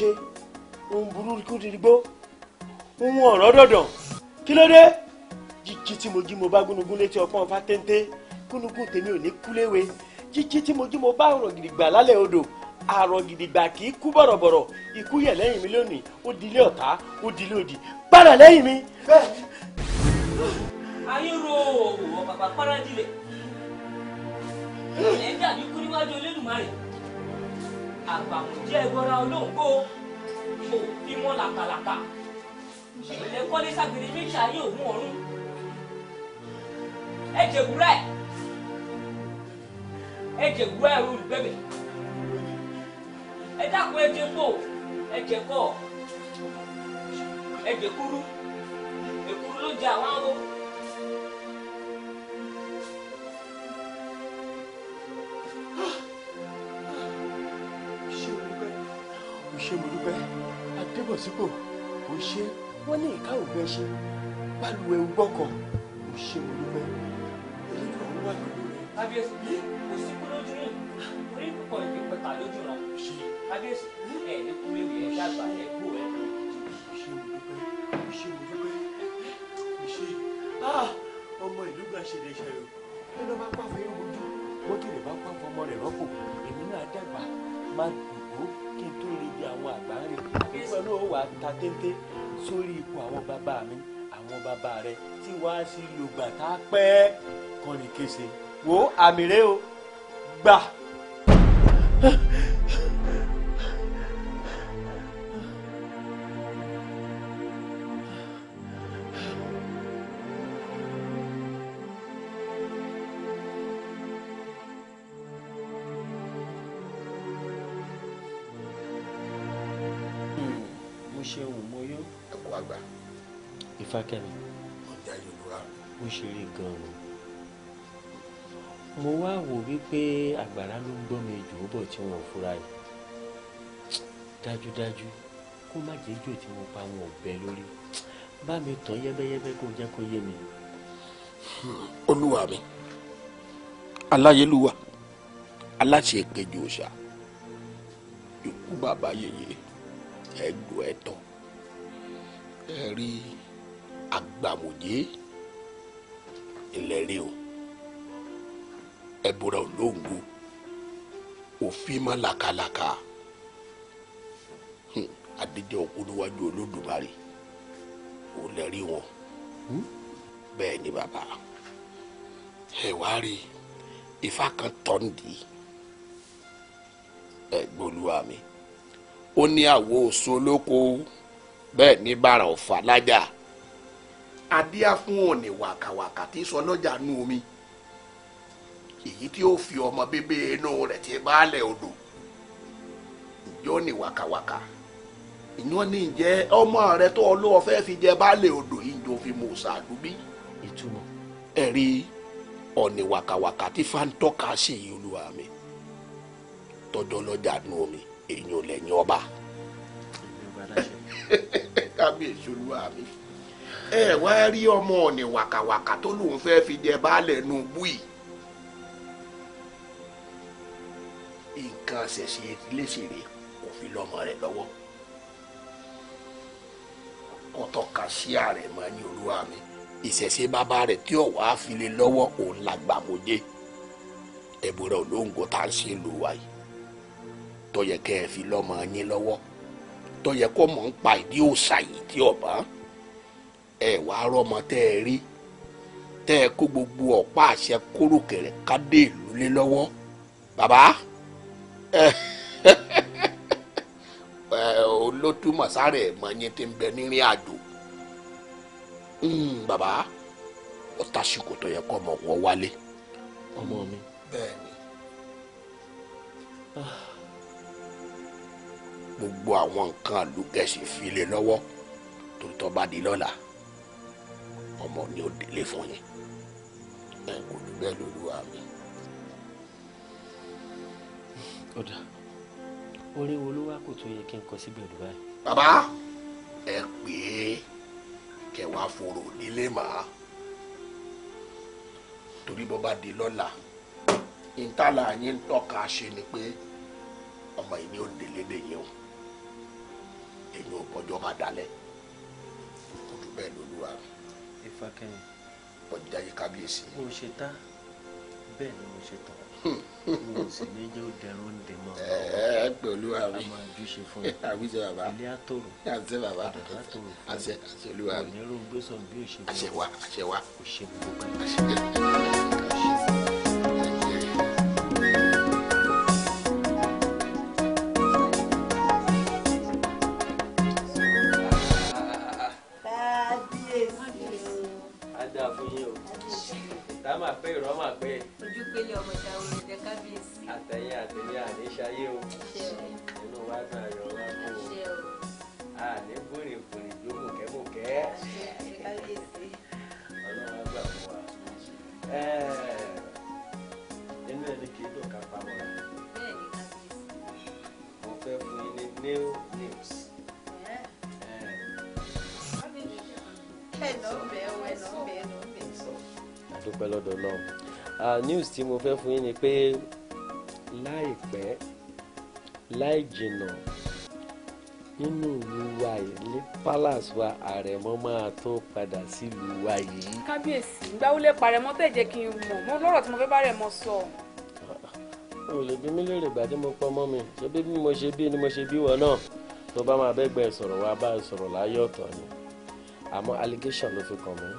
ṣe ohun burúkú ti gbó ohun ọ̀rọ̀ dọ̀dàn kí ló dé jíjí tí mo jí mo bá gúnugún létí ọpọ́n ọ̀fà téńté gúnugún tèmi ò ní kúléwe jíjí tí mo jí mo bá ọ̀rọ̀ gidigba lálẹ́ odò àrọ̀ gidigba kì í kú bọ̀rọ̀bọ̀rọ̀ ikú yẹ̀ lẹ́yìn mi lónìí ó di ilé ọ̀tá ó di ilé òdì padà lẹ́yìn mi. ayé ro òwò bàbá paradílé ẹ̀ ń dàbí kú níwájú Olódùmarè àgbàmùjẹ́ ìwọra olóńgbò òfin mọ́ làkàlàkà ìrìnlẹ̀ kọ́lé ságbèrè méjì ayé òun ọ̀run ẹ jẹ̀wúrẹ́ ẹ jẹ̀wúrẹ́ ẹ̀rù olùgbẹ̀bẹ̀ ẹ dákun ẹ jẹ pò ẹ jẹ kúrú èkúrú ló jẹ àwọn aró. ṣe mo dúpẹ́ adébọ̀sípò ò ṣe wọ́n ní ìka ò bẹ́ ṣe balùwẹ̀ ń gbọ́kọ̀ ò ṣe mo dúpẹ́ èyí ló ń wá pẹ̀lú rẹ̀. kábíyèsí bí kò sí kú lójú yìí orí púpọ̀ ìdí pẹ̀ta lójú rán ṣe kábíyèsí ẹ̀ ní kúrẹ́ rẹ̀ dàgbà ẹ̀ kú ẹ̀ lọ. ò ṣe mo dúpẹ́ ò ṣe mo dúpẹ́ ò ṣe ah, ọmọ ìlú gba ṣẹlẹ̀ ṣẹlẹ̀ ẹ lọ́ bá pàfẹ́ ìrùjú mọ́tò rẹ̀ bá pàfọ́ kí n tó rebi àwọn àgbà ń rebi ìwọ náà wà ta téńté sórí ipò àwọn bàbá mi àwọn bàbá rẹ tí wàá sí lògbà tá a pẹ́ kàn ní kése wo àmì rẹ o gbà. wípé àgbàrá ló ń gbọ́mi ejò bọ̀ tí wọn ò fura yìí dájúdájú kó má jẹ́ ejò tí mo pa wọn ò bẹ lórí bá mi tàn yẹ́bẹ́yẹ́bẹ́ kó jẹ́ kó yé mi. olúwa mi aláyélúwà aláṣẹ ìkejì òòṣà ikú bàbá yèyé ẹgbẹ́ ẹ̀tọ́ ẹ rí agbàmọ̀jẹ́ ilẹ̀ o ẹbùra olóńgbò òfin má làkàlàkà adídẹ òkú níwájú olódùmarè ò lè rí wọn hmm? bẹ́ẹ̀ ni bàbá ẹ wá rí ifá kan tọ́ǹdì ẹgbọ́lúwa mi ó ní àwo oṣù olóko bẹ́ẹ̀ ní bàrà ọ̀fà lájà adíá fún òní wàkàwàkà tí sọ lọ́jà nú omi. No èyí tí ó fi ọmọ bíbí inú rẹ̀ ti baálẹ̀ odò ìjọ ní wàkàwàkà ìyọ́n ní ìjẹ́ ọmọ rẹ tó ọlọ́wọ́ fẹ́ fi jẹ baálẹ̀ odò ìjọ fi mọ̀ ṣáàdú bí. ìtumọ̀. ẹ̀rí ọ̀nì wàkàwàkà tí fáńtọ́ka ṣe yìí olúwa mi tọjọ́ lọ́jà nù omi èèyàn lẹ́yìn ọba. kábíyèsí olúwa mi ẹ wá rí ọmọ ọ̀nì wàkàwàkà tó lóun fẹ́ fi jẹ baálẹ̀ nù bú nǹkan ṣẹ̀ṣẹ̀ léṣèré kò fi lọ́mọ rẹ̀ lọ́wọ́ kò tọ́ka sí ààrẹ mọ́ ní olúwa mi ìṣẹ̀ṣe bàbá rẹ̀ tí ò wá fi lé lọ́wọ́ òun la gbà mọ́ dé ẹ̀bùrọ̀ olóńgó tá a ṣe lò wáyé tó kẹ́ ẹ fi lọ́mọ yín lọ́wọ́ tó kó mọ̀ ń pa ìdí òòṣà yìí tí ọ̀bá ẹ wá rọ́mọ tẹ́ ẹ rí tẹ́ ẹ kó gbogbo ọ̀pá àṣẹ kóròkèrè ká dé ìlú lé lọ́wọ́ bàbá. Eh, olótúmọ̀ sáré ẹ̀mọ́ yín ti ń bẹ nírìn àjò hmm, bàbá ọ̀tàṣìkò tó yẹ kọ́ ọmọ wọn wálé. ọmọ mi. bẹ́ẹ̀ni gbogbo àwọn nǹkan àlùgẹ̀ẹ́sì file lọ́wọ́ tó tọ́ bá di lọ́la ọmọ ni ó délé fún yín ẹ kò dúpẹ́ lóluwà mi ọ̀dà orí wo ló wá kò tó yẹ kí n kọ sí gbẹ̀dú bàbá ẹ pè é kẹwàá fòrò nílé màá torí bó bá di lọ́la ìtàlà yín tọ́ka ṣe ni pé ọmọ yìí ni ó délé dè yín o èyí ò bọ́jọ́ máa dalẹ̀ kò tún bẹ́ẹ̀ lóluwa. ìfakẹ́yìn. bọ́jú dáyé kábíyèsí. mo ṣe tá bẹ́ẹ̀ ni mo ṣe tán mo sì ní jẹ́ òdẹ̀rún òde mọ́. ẹ pẹ̀lú àwí àwí ṣe bàbá ilé àtòrò àṣẹ bàbá àṣẹ àṣẹ olúwa mi òní rògbòsàn máa pẹ́ ìrọ́ máa pẹ́. ojú pélé ọmọ ìta omi ìjẹ kábíyèsí. àtẹ̀yìn àtẹ̀yìn àní ṣayé o inú wa náà yọ wá kó o àní bòrè bòrè ló mùkẹ́mùkẹ́. ọlọ́run gbà fún wa inú ẹni kì í dùn ká pamọ́ rẹ̀. mo fẹ́ fún yín ní new news. ẹ̀ ẹ̀ lọ́bẹ̀ẹ́ o ẹ̀ lọ́bẹ̀ẹ́ dúpẹ́ lọ́dọ̀ Ọlọ́run news tí mo fẹ́ fún yín ni pé láìpẹ́ láì jìnnà nínú ìlú wa yìí ní palace wa àrẹ̀mọ máa tó padà sílùú wa yìí. kábíyèsí ìgbà wo lè parẹ́mọ́ tẹ̀ jẹ́ kí n mọ̀ mo lọ́rọ̀ tí mo fẹ́ bá rẹ̀ mọ sọ. o lè bí mi lérè ìgbà tí mo pọ́ mọ́ mi ṣé bí mo ṣe bí ni mo ṣe bí wọn náà tó bá máa bẹ́gbẹ́ sọ̀rọ̀ wa bá sọ̀rọ̀ láyọ̀ ọ̀tọ̀ ni àmọ́ allegation ló fi kàn mí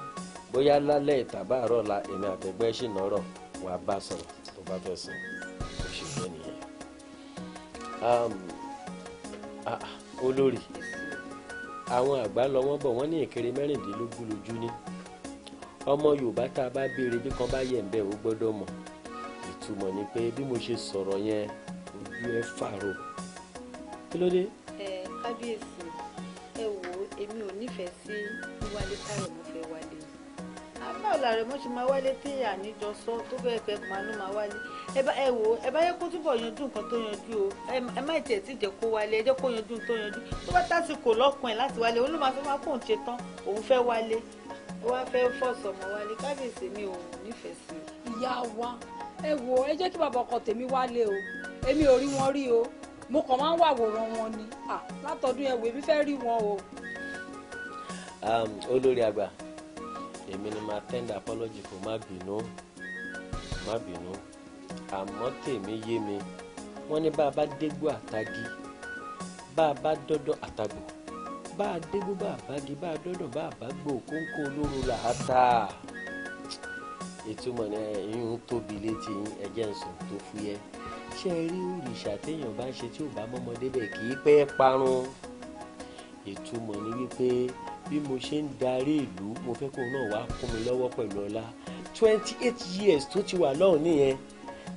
bóyá lálẹ́ ìtàbá àárọ̀ la èmi àtẹ̀gbẹ́ ṣì nọ́rọ̀ wàá bá sọ̀rọ̀ tó bá fẹ́ sọ kò sì fẹ́ nìyẹn. olórí àwọn àgbà lọ wọ́n bọ̀ wọ́n ní ìkéré mẹ́rìndínlógún lójú ní ọmọ Yorùbá tá a bá béèrè bí kan bá yẹ̀ ń bẹ̀ ó gbọ́dọ̀ mọ̀ ìtumọ̀ ni pé bí mo ṣe sọ̀rọ̀ yẹn ojú ẹ fàrò kí ló dé. ẹ kábíyèsí ẹ wò èmi ò nífẹ̀ẹ́ sí wíwálé táyọ̀ mọ́ báwo làrẹ̀ máa wálé tí àníjọ sọ tó bẹ́ẹ̀ fẹ́ máa ló máa wálé ẹ wò ẹ bá yẹ kó túbọ̀ yanjú nǹkan tó yanjú o ẹ má tiẹ̀ tí jẹ́ kó wálé ẹ jẹ́ kó yanjú tó yanjú tó bá tásìkò lọ́kùn ẹ̀ láti wálé òun ló máa fẹ́ máa kóun ṣe tán òun fẹ́ wálé wá fẹ́ fọ̀sọ̀ mọ́ wálé kábíyèsí mi ò nífẹ̀ẹ́ sí i. ìyá wa ẹ wò ẹ jẹ́ kí bàbá ọkọ tèmi wálé o èmi ò rí wọn rí o mo kàn máa ń wá àwòrán wọn ni látọdún ẹ wò èmi fẹ́ rí wọn o. olórí àgbà èmi ni máa tender apology fún má bínú má bínú àmọ́ tèmi yé mi wọ́n ní bá a bá dégbò àtagi bá a bá dọ́dọ̀ àtagbò bá a dégbò bá a bági bá a dọ́dọ̀ bá a bá gbò kóńkó olóró là á ta ìtumọ̀ ní ẹ̀yìn ń tóbi létí ẹ̀jẹ̀ ń sùn tó fúyẹ́ ṣé ẹ rí òrìṣà téèyàn bá ń ṣe tí ò bá mọ́mọdé bẹ̀ kì í pẹ́ parun ìtumọ̀ ní wípé bí mo ṣe ń darí ìlú mo fẹ́ kóun náà wá kún mi lọ́wọ́ pẹ̀lú ọlá twenty eight years tó ti wà lọ́hùn nìyẹn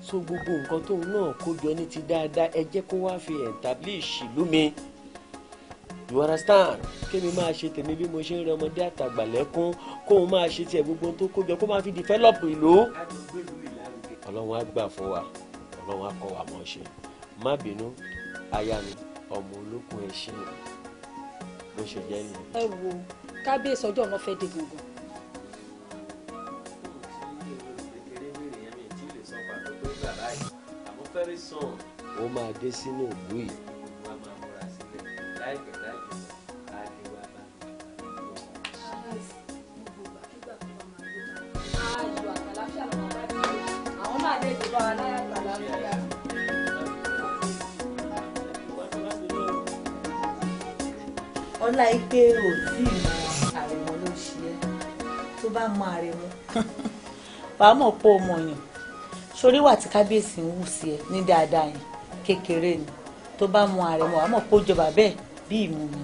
so gbogbo nǹkan tóun náà kó jọ ní ti dáadáa ẹ jẹ́ kó wá fi establish ìlú mi you understand kémi máa ṣe tèmi bí mo ṣe ń rẹ ọmọdé àtàgbà lẹ́kún kóun máa ṣe tiẹ̀ gbogbo tó kó jọ kó máa fi develop ìlú ọlọ́run á gbà fún wa ọlọ́run á kọ́ wa mọ̀ ṣe má bínú aya mi ọmọ olókun ẹ̀ ṣe é bó ṣe jẹ́ ni. ẹ wo kábíyèsí ọjọ́ ọ̀nà fẹ́ dé gbogbo. ó máa dé sínú ìlú yìí. láìpẹ́ ọlá ipe ò tí ì àrẹ̀mọ ló ṣe é tó bá mọ àrẹ̀mọ. wàá mọ̀ pé o mọ̀ yàn sórí wà tí kábíyèsí ń wù sí ẹ ní dáadáa yẹn kékeré ni tó bá mọ àrẹ̀mọ wàá mọ̀ pé ó jọ bàbá ẹ̀ bí ìmùmí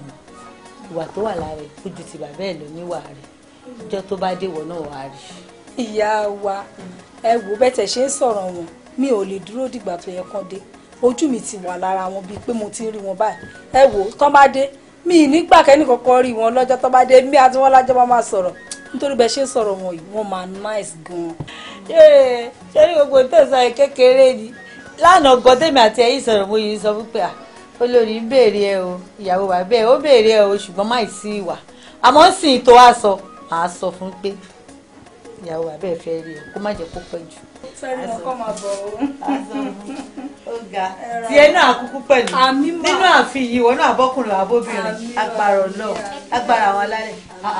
ìwà tó wà lára ẹ̀ ó ju ti bàbá ẹ̀ lọ níwà rẹ̀ ìjọ tó bá dé wọ̀ náà wàá rí. ìyá wa ẹ wò bẹ́tẹ̀ ṣe ń sọ̀rọ̀ wọn mi ò lè dúró dìgbà tó yẹ kán dé ojú mi ti wà lára wọn bíi pé mo ti rí wọn báyìí ẹ wò tán bá dé mi nígbà kẹ́ni kankan rí wọn lọ́jọ́ tó bá dé mí àti wọn lájọ́ bá máa sọ̀rọ̀ nítorí bẹ́ẹ̀ ṣe ń sọ̀rọ̀ wọn yìí wọ́n máa nice gan-an. ṣé ní gbogbo yìí kékeré ni lánàá gan àti ẹ̀yìn sọ̀rọ̀ mo yìí sọ wípé à olórí béèrè o ìyàwó o ṣùgbọ́n má ìwà àmọ́ tó a sọ sọ fún pé ìyàwó sẹ́ni mo kọ́ máa bọ̀ o. tí ẹ náà kúkú pẹ̀lú nínú ààfin yìí wọn náà bọ́kùnrin àbóbìnrin agbára ọlọ́ọ̀ agbára àwọn alálẹ̀. Ah,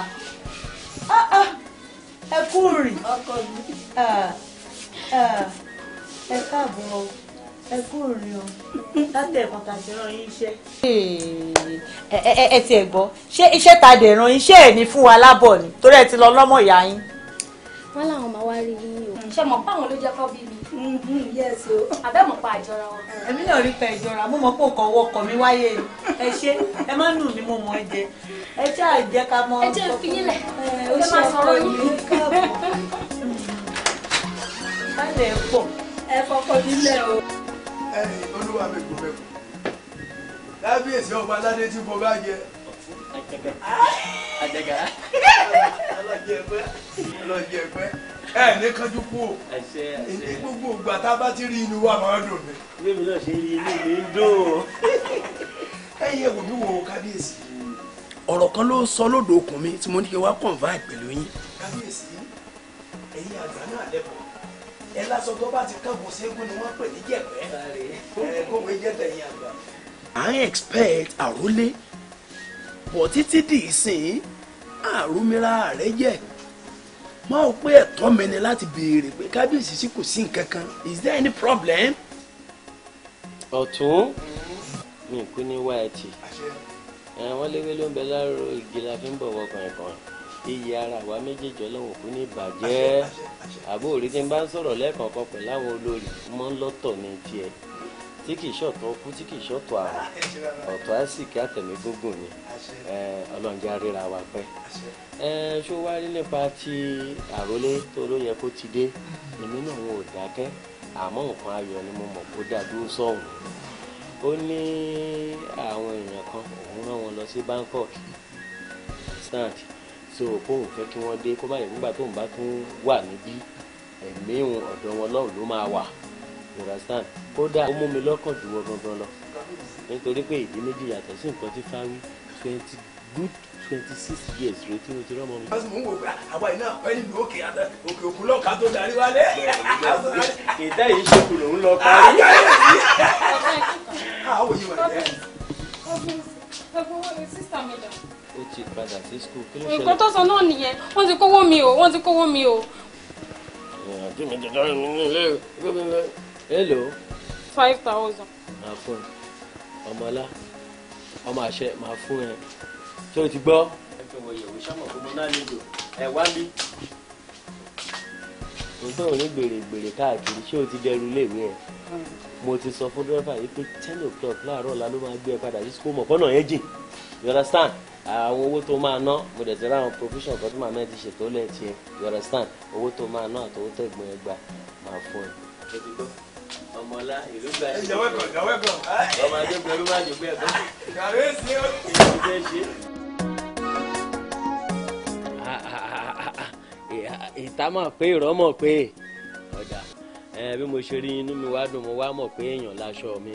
ah, ah. ẹ kú rìn ẹ káàbọ̀ o ẹ kú rìn o láti ẹ̀kọ́ tàbí ràn yín iṣẹ́. ẹ ẹ ẹ tiẹ̀ gbọ́ ṣé iṣẹ́ ta dẹ̀ ràn iṣẹ́ ẹ̀ ní fún wa lábọ̀ ni torí ẹ ti lọ lọ́mọ ìyá yín wọ́n làwọn máa wá rí yín o. ṣé mọ̀ páwọn ló jẹ́ kọ́ bí mi. Mm-hmm, yes o. abẹ́ mọ̀ pa àjọra wọn. èmi náà rí pa ìjọra mo mọ̀ pé òkò owó ọkọ̀ mi wáyé ẹ ṣe ẹ má nù mí mo mọ̀ ẹ jẹ ẹ jẹ́ àjẹ ká mọ́. ẹ jẹ́ ìfiyínlẹ̀ ẹ máa sọ̀rọ̀ yín. ká lè pọ̀ ẹ fọkọ nílẹ̀ o. ẹyìn olúwa mi kò fẹ́ kù lábíyèsí ọba aládé tí mo bá jẹ àjàgà àjàgà. ẹ ní kánjú kú o ní gbogbo ìgbà tá a bá ti rí inú wa máa dùn mí. bébí náà ṣe rí inú mi ń dùn o. ẹ̀yin ẹwò mi wo kábíyèsí. ọ̀rọ̀ kan ló sọ lódò okùn mi tí mo ní kí wá kọ̀ǹfà pẹ̀lú yín. kábíyèsí ẹ̀yin àgbà náà lẹ́kọ̀ọ́ ẹ lásán tó bá ti kẹ́kọ̀ọ́ ségun ni wọ́n pè ní jẹ̀pẹ́. ẹ kó wọ́n jẹ́ tẹ̀yìn àgbà. I expect àrólé bọ̀ títí dì í sìn àrùmíra rẹ yẹ mọ ò pé ẹ̀tọ́ mi ni láti béèrè pé kábíyèsí sí kò sí nǹkan kan is there any problem. ọ̀tún mi kú ní wáyẹ̀tì wọ́n léwé ló ń bẹ láàárọ̀ igi la fi ń bọ̀ wọkàn ẹ̀kan iyì ara àwa méjèèjì ọlọ́run kú ní ìbàjẹ́ àbó òrí tí n bá ń sọ̀rọ̀ lẹ́ẹ̀kọ̀ọ̀kan pẹ̀lú àwọn olórí mọ́ lọ́tọ̀ ní tiẹ̀ tí kì í ṣọ̀tọ̀ ọkú tí kì í ṣọ̀tọ̀ àrùn ọ̀tọ̀ àìsíkì àtẹ̀mí gúngùn ni ọlọ́njẹ́ aríra wa pẹ́. ṣó wá rí nípa ti àròlé tó ló yẹ kó ti dé èmi náà wọn ò dákẹ́ àmọ́ nǹkan ayọ̀ ni mo mọ̀ kó dàdúró sọ̀hún. ó ní àwọn èèyàn kan òun rán wọn lọ sí Bangkok stand so kóun fẹ́ kí wọ́n dé kó má yẹ nígbà tóun bá tún wà níbí ẹ̀mí ọ̀dọ̀ wọn lọ́hùn ló máa wà understand kódà ó mú mi lọ́kàn jù wọ́n gangan lọ nítorí pé ìdí méjì yàtọ̀ sí nǹkan tí fáwí twenty good twenty six years rẹ tí mo ti rọ́mọ mi. pásítọ̀ mò ń wò pé àwa iná ọ̀pẹ́ nínú òkè òkè òkun lọ́ka tó darí wálé. ìdá yìí ṣekú lòún lọ parí. àwọn yìí wà lẹ́yìn. ẹ̀gbọ́n wọn ni sísá mi lọ. ó ti padà sí skul kí ló ṣẹlẹ̀. nǹkan tó sọ náà nìyẹn wọ́n ti kówó mi o wọ́n ti kówó mi o. àti mi ti dárí mi ní ilé ìgbẹ́ mi lẹ́yìn hello. five thousand. máa fún ẹ ọmọlá ọmọ àṣẹ máa fún ẹ ṣé o ti gbọ́. ẹ fi wọ ìyẹ̀wò sámọ̀ fún mi náà nílò ẹ wá bí. nǹkan ò ní gbèrè gbèrè káàkiri ṣé o ti dẹrù iléèwé ẹ mm. mo ti sọ fún dírẹ́fà yìí pé ten o'clock láàárọ̀ la ló máa gbé ẹ padà sí school mọ̀ kọ́nà yẹn jìn you understand àwọn owó tó máa ná mo dẹ̀ ti rá àwọn profession kan tó máa mẹ́ẹ̀ ti ṣètò lẹ́ẹ̀tì you understand owó tó máa ná àtọwọ́ tẹ̀gbọ́n ẹ gbà máa fún ẹ. mọ́lá ìlú gba ìta mọ̀ pé ìrọ́ mọ̀ pé bí mo ṣe rí inú mi wá dùn mo wá mọ̀ pé èèyàn láṣọ mi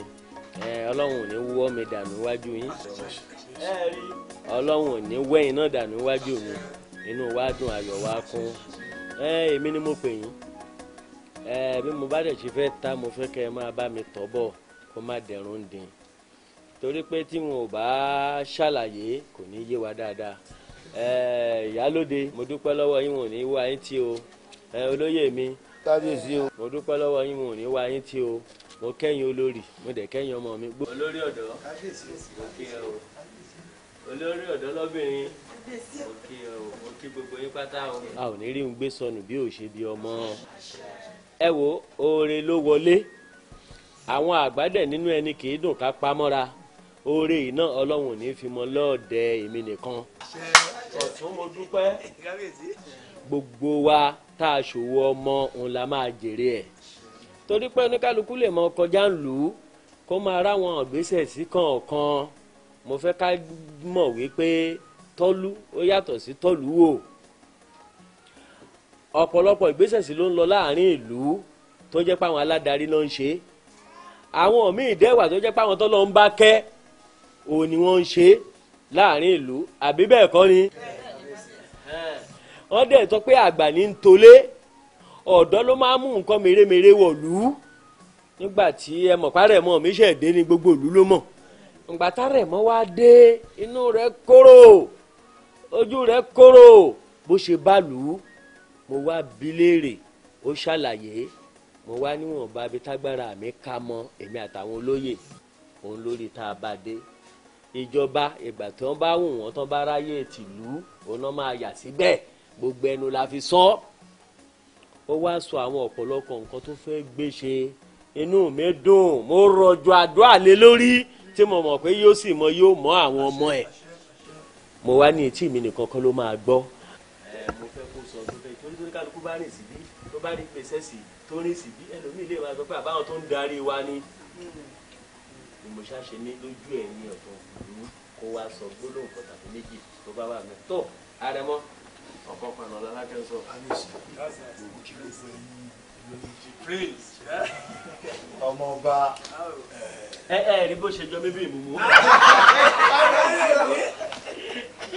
ọlọ́run ò ní wọ́ mi dànù iwájú yín ọlọ́run ò ní wẹ́yìn náà dànù iwájú mi inú dùn ayọ̀ kún èmi ni mo pè yín. bí mo bá dẹ̀ ṣe fẹ́ ta mo fẹ́ kẹ́ ẹ máa bá mi tọ́ bọ̀ kó má dẹ̀rùn dín torí pé tí wọn bá ṣàlàyé kò ní yé wa dáadáa ìyálóde mo dúpẹ́ lọ́wọ́ yín wọn ní wá yín tí o olóyè mi mo dúpẹ́ lọ́wọ́ yín wọn ní wá yín tí o mo kẹ́yìn olórí mo dẹ̀ kẹ́yìn ọmọ mi. olórí ọ̀dọ́ mo kí ẹ o olórí ọ̀dọ́ lọ́bìnrin mo kí ẹ o mo kí gbogbo yín pátá o. a ò ní rí n gbé sọnù bí ò ṣe bí ọmọ ẹ wo oore ló wọlé àwọn àgbàdẹ nínú ẹni kì í dùn ká pamọ́ra oore yìí náà ọlọ́run ò ní fi mọ lọ́ọ̀dẹ èmi nìkan ọ̀tún mo dúpẹ́ gbogbo wa tá a ṣòwò ọmọ òun la máa jèrè ẹ̀ torí pé oníkálukú lè mọ kọjá ń lù ú kó máa ráwọn ìgbésẹ̀ sí kọ̀ọ̀kan mo fẹ́ ká mọ̀ wípé tọ́lú ó yàtọ̀ sí tọ́lú wò ọ̀pọ̀lọpọ̀ ìgbésẹ̀ sí ló ń lọ láàrin ìlú tó jẹ́ páwọn aládarí ló ń ṣe àwọn míì dẹ́wà tó jẹ́ páwọn tó lọ ń bá kẹ́ òun ni wọ́n ń ṣe láàrin ìlú àbí bẹ́ẹ̀ kọ́ ni wọ́n dẹ̀ sọ pé àgbà ní ń tolé ọ̀dọ́ ló máa ń mú nǹkan mèremère wọ̀lú nígbà tí ẹ mọ̀ párẹ̀ mọ́ mi ṣẹ̀ dé ní gbogbo ìlú ló mọ̀ ìgbà tárẹ̀ mọ́ wá dé inú rẹ̀ kóró ojú rẹ̀ kóró bó ṣe bá lù mo wá bi léèrè ó ṣàlàyé mo wá níwọ̀nba bí tágbára mi ká mọ èmi àtàwọn olóyè òun lórí tá a bá dé ìjọba ìgbà tí wọ́n bá wù wọ́n tán bá ráyè tìlú òun náà máa yà síbẹ̀ gbogbo ẹnu la fi sọ ó wá sọ àwọn ọ̀pọ̀lọpọ̀ nǹkan tó fẹ́ gbé ṣe inú mi dùn mo rọ̀jò àdúrà lé lórí tí mo mọ̀ pé yóò sì mọ yóò mọ àwọn ọmọ ẹ̀ mo wá ní etí mi nìkan kan ló máa gbọ́ bá rìn síbí tó bá rí gbèsè sí tó rìn síbí ẹlòmíì lè máa sọ pé àbáwọn tó ń darí wa ni ìmọ̀ṣáṣe ní lójú ẹ̀yìn ọ̀tọ̀ òru kó wá sọ gbólóhùn kan méjì tó bá wà mẹ́tọ́ àrẹ̀mọ ọ̀kan panà ọ̀la lákẹ́ sọ. kábíyèsí gbogbo kí ló fẹ́ yí ọmọọba. ẹ oh. ẹ eh, eh, rí bó ṣe jọ mí bí ìmúmú.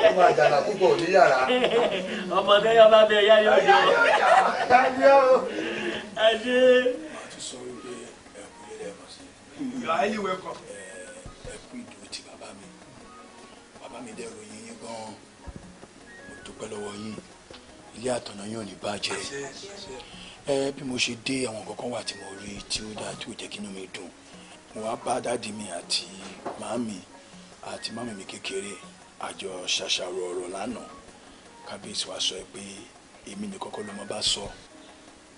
ọmọ àjàlá púpọ̀ ní yàrá. ọmọ tẹ́yọ̀ bá bẹ ẹ̀yá yóò jọ. ẹ ṣe. màá ti sọ wípé ẹ kú ilé ẹ̀kọ́ sí. yọ ayé ìwé kọ. ẹ kú ìdúró ti bàbá mi bàbá mi dẹ̀ ròyìn yín gan-an mo dúpẹ́ lọ́wọ́ yín ilé àtọ̀nà yín ní bàjẹ́ pẹ́ bí mo ṣe dé àwọn kankan wà tí mo rí tí ó dáa tí ó jẹ́ kí inú mi dùn mo wá bá dáàdi mi àti màámi àti màámi mi kékeré àjọ ṣàṣàrò ọ̀rọ̀ lánàá kábíyèsí wa sọ pé èmi ní kọ́kọ́ ló mọ bá sọ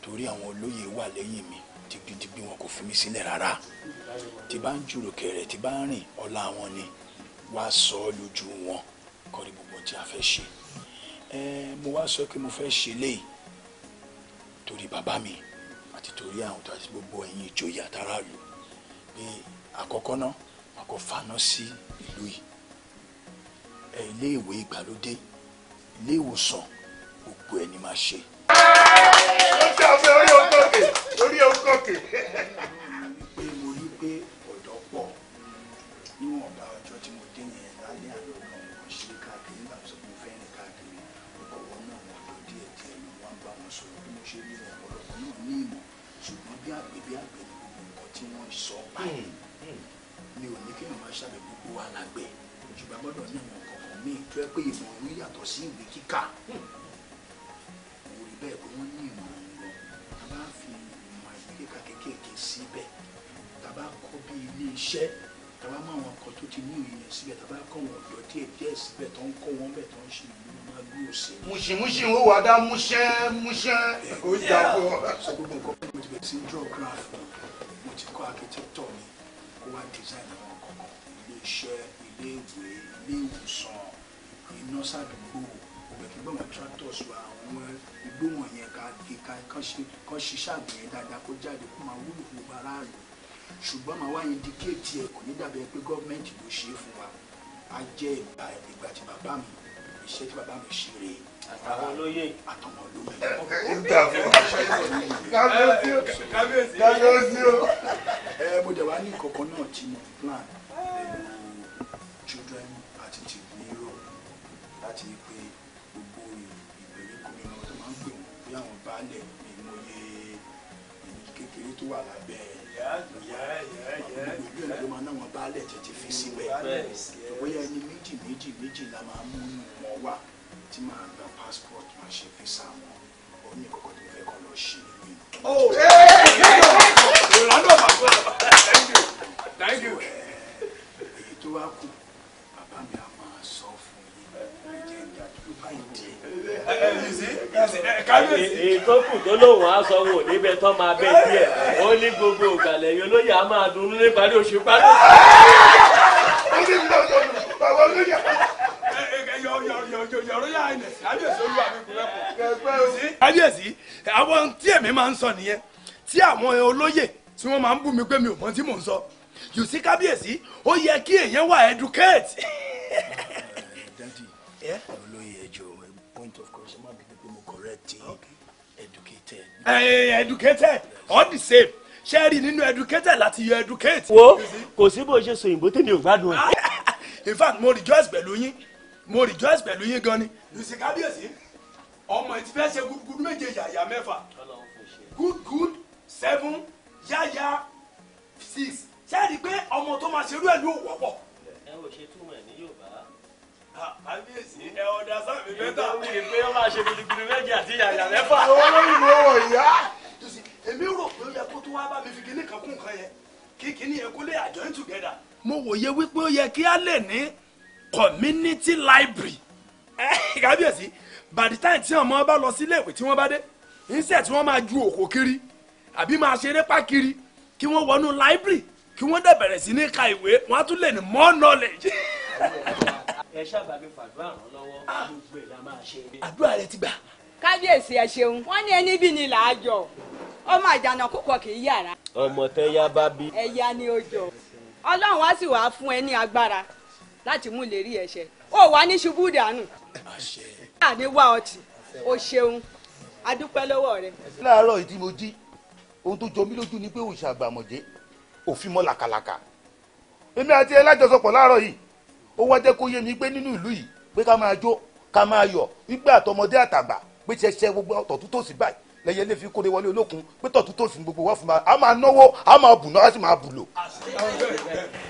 torí àwọn olóyè wà lẹ́yìn mi digbidigbi wọn kò fi mí sílẹ̀ rárá tí bá ń jùrò kẹrẹ̀ tí bá ń rìn ọlá wọn ni wàá sọ ọ́ lójú wọn kọ́ni gbogbo tí a fẹ́ ṣe ẹ mo wá sọ pé mo fẹ́ ṣe léyìí torí bàbá mi àti torí àwọn tó àti gbogbo ẹ̀yin ìjòyè àtàràlù pé àkọ́kọ́ náà màá kọ́ faná sí ìlú yìí ẹ̀ ilé ìwé ìgbàlódé ilé gbogbo ẹni máa ṣe. ó ṣe àfẹ́ orí ọgọ́kè orí ọgọ́kè. ṣe rí ọ̀pọ̀lọpọ̀ náà ní ìmọ̀ ṣùgbọ́n bí àgbẹ̀ bí gbogbo nǹkan tí wọ́n sọ báyìí hmm, hmm. mi ò ní kéèyàn máa ṣàbẹ̀ gbogbo wa lágbẹ̀ ṣùgbọ́n gbọ́dọ̀ ní ìmọ̀ kọ̀ọ̀kan míì tó yẹ pé ìmọ̀ ìwé yàtọ̀ sí ìwé kíkà hmm. mo bẹ́ẹ̀ pé wọ́n ní ìmọ̀ ìwọ̀n a bá fi ìmọ̀ ìwé kíkà síbẹ̀ tá a bá kọ́ bí ilé iṣẹ́ tá a bá mọ àwọn ọkọ̀ tó ti ní òye síbẹ̀ tá a bá kọ́ wọn ọ̀dọ́ díẹ̀ díẹ̀ síbẹ̀ tó ń kọ́ wọn bẹ́ẹ̀ tó ń ṣe ìw mùsìmùsì ó wà dá múṣẹ́ múṣẹ́. ó yà wọ sọ gbogbo nǹkan pé mo ti bẹ̀rẹ̀ sí draw graph mo ti kọ́ architecture mi kó wá design àwọn kọ̀ọ̀kan ilé iṣẹ́ ilé ìwé ilé ìwòsàn iná sàdúgbò ọ̀gbẹ̀ kí gbọ́n tractors wa àwọn igbó wọ̀nyẹn ká kíka kán ṣiṣẹ́ àgbẹ̀ yẹn dáadáa kó jáde kó máa wúlò fún gbogbo aráàlú ṣùgbọ́n màá wá indicate ẹ̀ kò ní dàbí ẹ pé gọ́ọ̀mẹ̀ntì ló ṣe é fún wa á jẹ́ ìgbà ìgbà tí bàbá mi iṣẹ́ tí bàbá mi ṣe rèé àtàwọn olóyè àtọmọ olóyè. ó dà fún kábíyèsí kábíyèsí o. ẹ mo dẹ̀ wá ní ìkọ̀kan náà tí mo plan children àti ti nírò láti rí pé gbogbo ìgbèríko mi ọmọ tó máa ń pè wọ́n bí àwọn baálẹ̀ ìmọye èyí kékeré tó wà lábẹ́ ìyá ìyá ìyá ìyá gbogbo ìlú ẹ̀ ló máa náwọn baálẹ̀ tètè fi síbẹ̀ bóyá ẹni méjì méjì méjì la máa mú inú wọn wà tí màá gba passport máa ṣe visa wọn ó ní kọ́kọ́ tó fẹ́ kọ́ lọ ṣe mí. Oh, Rolando thank you thank you. èyí tó wá kù bàbá mi á máa sọ fún yín ẹ jẹ́ ìdádúró báyìí ìtókù tó lóun á sọ wò níbẹ̀ tó máa bẹ díẹ̀ ó ní gbogbo ògbàlẹ̀ yìí olóyè á máa dunnú ní parí oṣù parí oṣù. kábíyèsí àwọn tí èmi máa ń sọ nìyẹn tí àwọn olóyè tí wọ́n máa ń bú mi pé mi ò mọ tí mò ń sọ you see kábíyèsí ó yẹ kí èèyàn wà educate. Eh? educate educated. Eh, eh, eh, educated all the same ṣé rí nínú educated láti yọ educate. wo kò sí bó ṣe sòyìnbó tèmi ò gbádùn ẹ. Ah, in fact mo rejoice pẹ̀lú yín mo rejoice pẹ̀lú yín gan ni. lucy kábíyèsí ọmọ ìtí fẹ́ ṣe gúdúgúdú méje yàyà mẹ́fà good good seven yàyà six ṣé rí i pé ọmọ tó máa ṣerú ẹ̀ ló wọ́pọ̀. ẹ ò ṣe túmọ̀ mo wòye wípé ó yẹ kí a lè ní community library kábíyèsí bàdí táyì tí ọmọ bá lọ sílé ìwé tí wọ́n bá dé iṣẹ́ tí wọ́n máa ju òkò kiri àbí máa ṣeré pa kiri kí wọ́n wọnú library kí wọ́n dẹ̀ bẹ̀rẹ̀ sí ní ka ìwé wọ́n á tún lè ní more knowledge. ẹ ṣáàbà mi fàdúrà ràn lọ́wọ́ ah! gbogbo ẹ̀ la máa ṣe. àdúrà rẹ ti gbà. kábíyèsí ẹ ṣeun wọn ní ẹni bí ni làájọ ọmọ àjànà kúkọ kì í yàrá. ọmọ tẹ yá bá bí. ẹ̀yà ni ó jọ ọlọ́run wá sì wàá fún ẹ ní agbára láti mú lè rí ó wà ní ṣubú dànù. àní wá ọtí o ṣeun a dúpẹ́ lọ́wọ́ rẹ. láàárọ̀ ìdí mo jí ohun tó jọ mí lójú ni pé òòṣà òfin mọ́ làkàlàkà èmi àti ẹ lájọsọpọ̀ láàárọ̀ yìí ó wá jẹ́ kó yé mi pé nínú ìlú yìí pé ká máa jó ká máa yọ̀ wípé àtọmọdé àtàgbà pé ṣẹṣẹ gbogbo ọ̀tọ̀tún tòsí báyìí lẹ́yìn ilé fi kóde wọlé olókun pé tọ̀tún tòsí gbogbo wá fún ma a máa náwó a máa bùnà a sì máa bùlò.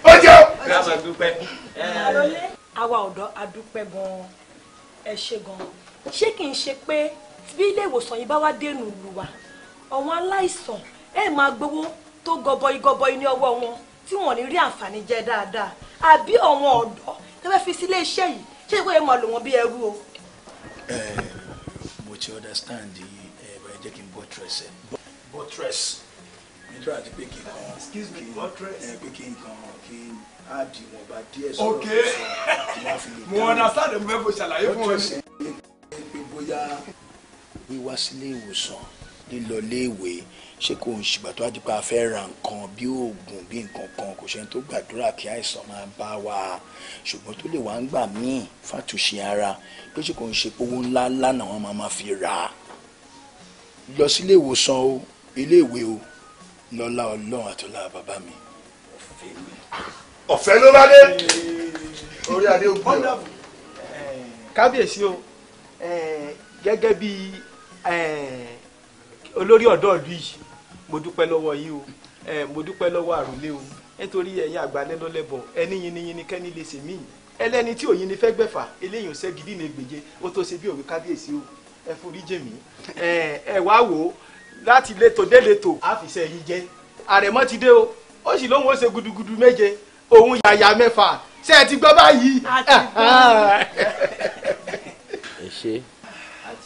ó jẹ́ o. àwa ọ̀dọ́ adúpẹ́ gan-an ẹ ṣe gan-an ṣé kì í ṣe pé bí ilé ìwòsàn yìí bá wá dénú lù wá àwọn aláìsàn ẹ máa gbowó tó gọbọi gọbọi ní ọwọ́ wọn tí wọ́n ní rí àǹfààní jẹ dáadáa àbí àwọn ọ̀dọ́ tó fẹ́ fi sílé iṣẹ́ yìí ṣé ìwé mọ̀ lò bí ẹrú o. mo ti understand ẹ̀rọ ẹ jẹ́ kí n buttress ẹ. buttress nítorí àti pé kí n kan excuse me buttress pé kí n kan kí n add ìwọ̀nba díẹ̀ sọ̀rọ̀ ok mo understand mo fẹ́ fò ṣàlàyé fún ọ. buttress ẹ pé bóyá wíwá sílé ìwòsàn lílọ léèwé ṣé kò ń ṣùgbọ́n tó wá dípa fẹ́ ra nǹkan bí oògùn bí nǹkan kan kò ṣẹ́ni tó gbàdúrà kí àìsàn máa bá wa ṣùgbọ́n tó lè wá ń gbà míì fàtúnṣe ara pé ṣé kò ń ṣe owó ńlá ńlá náà wọ́n máa fi rà á lọ sí ilé ìwòsàn o ilé ìwé o lọ́lá ọlọ́run àtọ́lá bàbá mi. ọ̀fẹ́ ló bá dé orí adé ó gbé ọ. Eh. kábíyèsí o eh, gẹ́gẹ́ bí eh, olórí ọ̀dọ́ ìlú yìí mo dúpẹ́ lọ́wọ́ yìí o ẹ mo dúpẹ́ lọ́wọ́ àròlé o nítorí ẹ̀yin àgbàlẹ́lọ́lẹ́bọ̀ ẹni ni kẹ́ni lè ṣe mí ẹlẹ́ni tí òyin ni fẹ́ gbẹ̀fà eléyìí ò ṣẹ́gidì ní gbèje ó tó ṣe bí òwe kábíyèsí o ẹ forí jèmí ẹ ẹ wá wò ó láti létò dé létò àfìṣẹ́ yìí jẹ́ àrẹ̀mọ ti dé o ó sì lóun ó ṣe gudugudu méje òun yàyà mẹ́fà ṣé ẹ ti gbọ́ báyìí. ẹ ṣe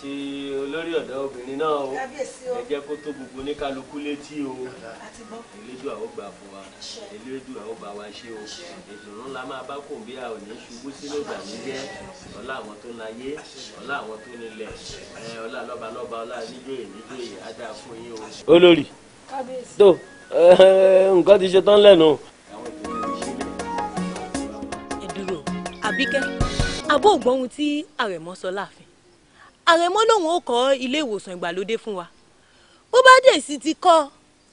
àti olórí ọ̀dọ́ obìnrin náà o ẹ jẹ́ kó tó gbogbo oníkálukú létí o elédùn àwọn gbà fún wa elédùn àwọn bá wa ṣe o ìdùnnú la máa bá kò bí a ò ní ṣubú sínú ìbànújẹ́ ọlá àwọn tó láyé ọlá àwọn tó nílẹ̀ ọlá lọ́balọ́ba ọlá níjòyè níjòyè á fún yín o. olórí tó nǹkan ti ṣe tán lẹ́nu. àbíkẹ́ àbó ògbóhun tí àrẹ̀mọ sọ láàfin àrẹ̀mọ lòun ó kọ́ ilé ìwòsàn ìgbàlódé fún wa bó bá dé sí ti kọ́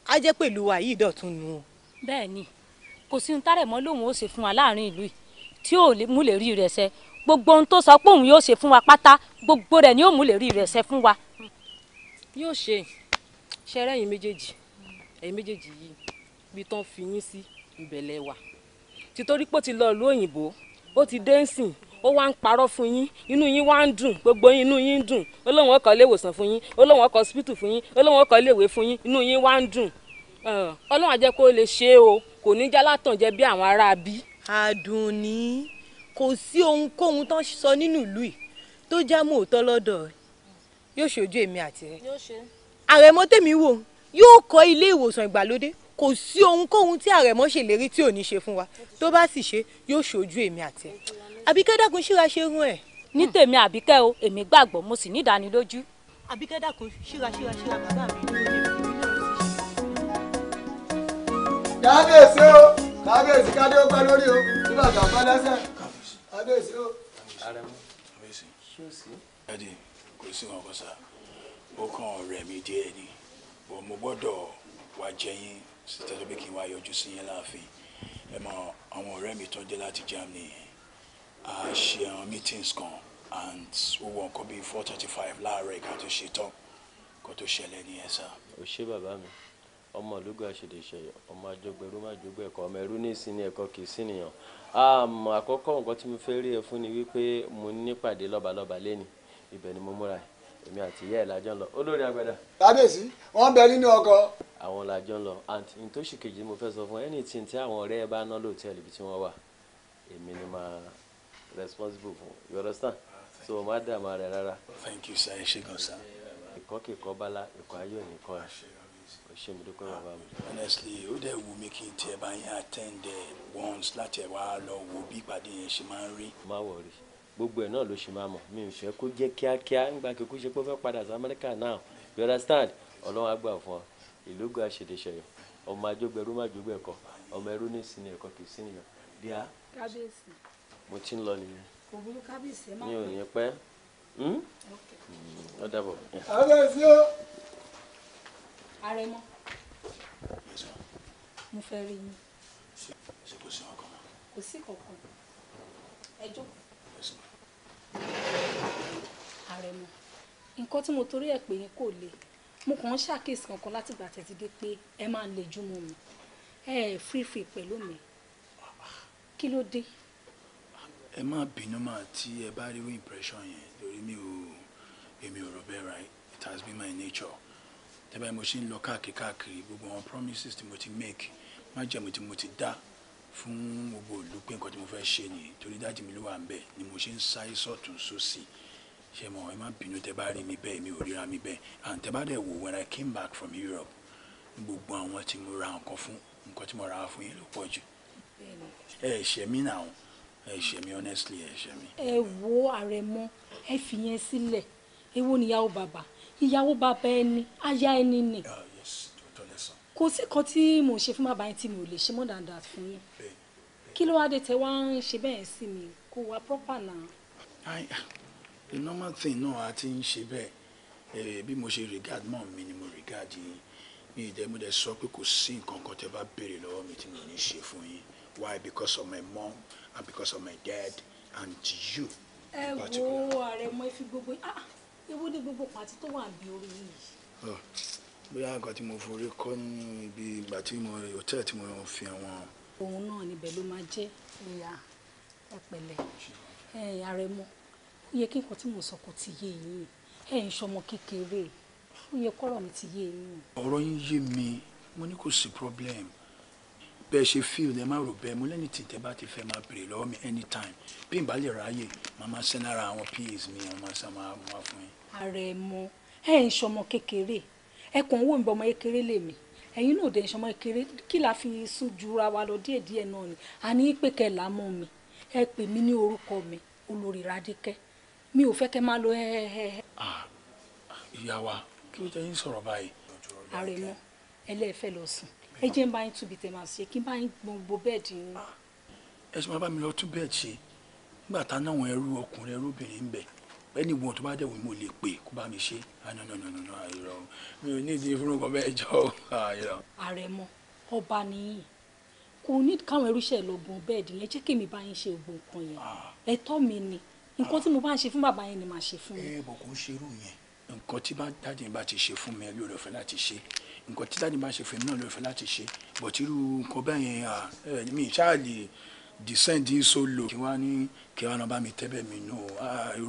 á jẹ́ pẹ̀lú wa yìí dọ̀tun nù o. bẹ́ẹ̀ ni kò sí ohun tárẹ̀mọ lòun ó ṣe fún wa láàrin ìlú yìí tí ò mú lè rí rẹ̀ ṣẹ gbogbo ohun tó sọ pé òun yóò ṣe fún wa pátá gbogbo rẹ̀ ni ó mú lè rí rẹ̀ ṣẹ fún wa. yóò ṣe ṣẹrẹ yín méjèèjì ẹ̀yin méjèèjì yìí bí tán fi yín sí ìbẹ̀lẹ̀ wa títorí pé ó ti lọ ìlú òyìnbó ó ti dé ń sìn ó wá ń parọ́ fún yín inú yín wá ń dùn gbogbo yín inú yín ń dùn ó lóun ọkọ̀ ilé ìwòsàn fún yín ó lóun ọkọ̀ hospital fún yín ó lóun ọkọ̀ ilé ìwé fún yín inú yín wá ń dùn ọlọ́run á jẹ́ kó lè ṣe é o kò ní jálátàn jẹ́ bí àwọn ará bí. àdùnní kò sí ohunkóhun tó ń sọ nínú ìlú yìí tó já mọ́ òótọ́ lọ́dọ̀ yóò ṣojú èmi àti rẹ àrẹ̀mọ tèmi wò yóò kọ́ ilé ìwòsàn ìgbàlódé kò sí ohunkóhun tí àrẹ̀mọ ṣèlérí tí ò ní ṣe fún wa tó bá sì ṣe yóò ṣojú èmi àti ẹ àbíkẹ́ dákun ṣíra ṣe run ẹ̀. ní tèmi àbíkẹ́ o èmi gbàgbọ́ mo sì ní ìdánilójú. àbíkẹ́ dákun ṣíra ṣíra ṣíra bàbá mi ló dé mi náà o kábíyèsí kádé ó gbá lórí o bí bàtà bá lẹ́sẹ̀ kábíyèsí o. kábíyèsí ẹdí kò sí wọn kọ sá ó kàn rẹ̀ mí díẹ̀ ni bò mo gbọ́dọ̀ wá jẹyìn sí tẹsán pé kí n wá yọjú sí yẹn láàfin ẹ mọ àwọn ọ̀rẹ́ mi tó dé láti Germany a ṣe àwọn meetings kan and ó wọ nǹkan bíi four thirty five láàárọ̀ ìka tó ṣe tán kó tó ṣẹlẹ̀ nìyẹn sá. ò ṣe bàbá mi ọmọ ológun àṣèdèṣe ọmọ àjọgbẹrú má jogbo ẹkọ ọmọ ẹrú ní ìsinmi ẹkọ kì í sínìyàn àkọ́kọ́ nǹkan tí mo fẹ́ rí ẹ fún ni wípé mo nípàdé lọ́balọ́ba lẹ́ni ibẹ̀ ni mo múra ẹ̀ èmi àti ìyá ẹ̀ lájọ ń lọ olórí agbada. kábíyèsí wọn bẹ nínú ọkọ. àwọn lájọ ń lọ and ntòsí kejì mo fẹ́ sọ fún anything tí àwọn ọ̀rẹ́ ẹ bá ná lóòótọ́ ẹ̀ tí wọ́n wà èmi ni máa responsible fún you understand so má dààmú rẹ rárá. thank you sir ẹ ṣe gan sir. ìkọ́ kì í kọ́ bala ìkọ́ ayọ̀ nìkan ẹ ṣe mi dúpẹ́ bàbá mi. honestly ó dẹ̀ wù mí kí n tiẹ̀ bá yín attend once láti ẹ̀ wá lọ wo bí ìpàdé yẹn ṣe máa ń rí. má wọrí gbogbo ẹ̀ náà ló ṣe máa mọ̀ mi ò fẹ́ kó jẹ́ kíákíá ńgbà kíkú ṣe pé ó fẹ́ padà sí amẹ́ríkà now you understand ọlọ́run á gbà fún ọ ìlú gba ṣèdèṣẹyọ ọmọ ajógbẹrú má jógbẹkọ ọmọ ẹrú ní sinmi ẹkọ kì í sinmi yọ díà. kábíyèsí mo ti ń lọ nìyẹn. kò burú kábíyèsí ẹ má pẹ́. mi ò ní pẹ́ hmm? Hmm, ó dàbọ̀. kábíyèsí o. àrẹ̀mọ. mo fẹ́ rí yín. ṣé kò sí ọkọ mọ́. kò sí kankan ẹ jókòó. àrẹ̀mọ nǹkan tí mo torí ẹ̀ pè yín kò le mo kàn ń ṣàkíyèsí kankan látìgbà tẹ̀sí dé pé ẹ máa ń jùmọ̀ mi ẹ fífi pẹ̀lú mi kí ló dé ẹ má bínú mà tí ẹ bá rí impression yẹn lórí mi ò èmi ò rò bẹ́ẹ̀ it has been my nature tẹ́bá mo ṣe ń lọ káàkiri káàkiri gbogbo àwọn promises tí mo ti make májẹ̀mú tí mo ti dá fún gbogbo ìlú pé nǹkan tí mo fẹ́ ṣe nìyí torí dájú mi ló wà ń bẹ̀ ni mo ṣe ń sáré sọ̀tún sósì ṣe mọ̀ ẹ má bínú tẹ́ bá rí mi bẹ́ẹ̀ mi ò ríra mi bẹ́ẹ̀ and tẹ́ bá dẹ̀ wò when I came back from Europe gbogbo àwọn tí mo ra nǹkan fún nǹkan tí mo ra fún yẹn ló pọ̀ jù ẹ ṣẹ̀ náà ẹ ṣe mi honestly ẹ ṣe mi. ẹ wo àrẹ̀mọ ẹ fi yẹn sílẹ̀ wo níyàwó bàbá ìyàwó bàbá ẹni aya ẹni ni ah, kò sí kan tí mò ń ṣe fún bàbá yẹn tí mi ò lè ṣe more than that fún yín kí ló wá dé tẹ wá ń ṣe bẹ́ẹ̀ sí mi kò wá proper náà. Ah, the normal thing náà a ti ń ṣe bẹ́ẹ̀ eh, bí mo ṣe regard mọ́ mi ni mo regard yín mi ìdẹ́ mo dẹ̀ sọ pé kò sí nǹkan kan tẹ́ bá béèrè lọ́wọ́ mi tí mo ní ṣe fún yín why because of my mom and because of my dad and you. ẹ wo ààrẹ mọ ifi gbogbo ah ewu ni gbogbo pàtí tó wà bí orí yìí. Oh, bóyá nǹkan tí mo forí kọ́ ní ibi ìgbà tí mo hòtẹ́ẹ̀lì tí mo fi àwọn. òun náà níbẹ̀ ló máa jẹ́ ìyá ẹ̀pẹ̀lẹ̀ ààrẹ mọ ó yẹ kí nǹkan tí mo sọ kò ti yé yín ẹ̀ ń ṣọmọ kékeré ó yẹ kọ́rọ̀ mi ti yé yín. ọ̀rọ̀ yín yé mi mo ní kò sí problem bẹ́ẹ̀ ṣe fíl ẹ má rò bẹ́ẹ̀ mo lẹ́ni tí tẹ́ bá ti fẹ́ máa bèrè lọ́wọ́ mi anytime bí n bá lè ráyè màá máa ṣe lára àwọn pas mi àwọn máa ṣe máa wá fún yín. ààrẹ mo ẹ ń ṣọmọ kékeré ẹ kàn ń wò mí bọmọ kékeré lèmi ẹ̀yin náà ò dé ń ṣọmọ kékeré kí la fi sùn jura wa lọ díẹ̀ díẹ̀ náà ni àní pé kẹ là mi ẹ pè mí ní orúkọ mi olórí Radíkẹ́ mi ò fẹ́ kẹ má lọ ẹ ẹ ẹ. ìyá wa kí ló jẹ́ yín sọ̀rọ̀ báyìí. ààrẹ mo ẹlẹ́ẹ̀fẹ́ lọ sùn ẹ jẹ́ ń bá yín túbi tẹ̀ máa ṣe kí n bá yín gbogbo bẹ́ẹ̀dì yín. Ah, ẹ ṣe máa bá mi lọ tún bẹ́ẹ̀ ṣe nígbà tá náà wọn ẹrú ọkùnrin ẹrú obìnrin ń bẹ bẹ́ẹ̀ni wọn tó bá dẹ̀ wọ́n mo lè pè kó bá mi ṣe ànànànànà ah, àìrọ̀ mi ò ní ìdí fúnrúkọ bẹ́ẹ̀ jọ àìrọ̀. àrẹ̀mọ ọba nìyí kò ní káwọn ẹrúṣẹ́ lọ gun bẹ́ẹ̀dì yẹn jẹ́ kí mi bá yín ṣe ògùn kan yẹn ah. ẹ̀tọ́ mi ni nǹkan tí mo bá ń ṣe fún bàbá yẹn ni màá ṣe fún mi. ẹ eh, bọ̀ kò ń ṣerú yẹn nǹkan tí bá dáàdì bá ti ṣe fún mi ẹ lóore ọ̀fẹ́ láti ṣe nǹkan títà ní bá ṣe fèmí náà ló fẹ́ láti ṣe but nǹkan bẹ́ẹ̀ yẹn mi ṣáà lè descending solo kí wàá ní kí wàá náà mi tẹ́bẹ̀ mi nù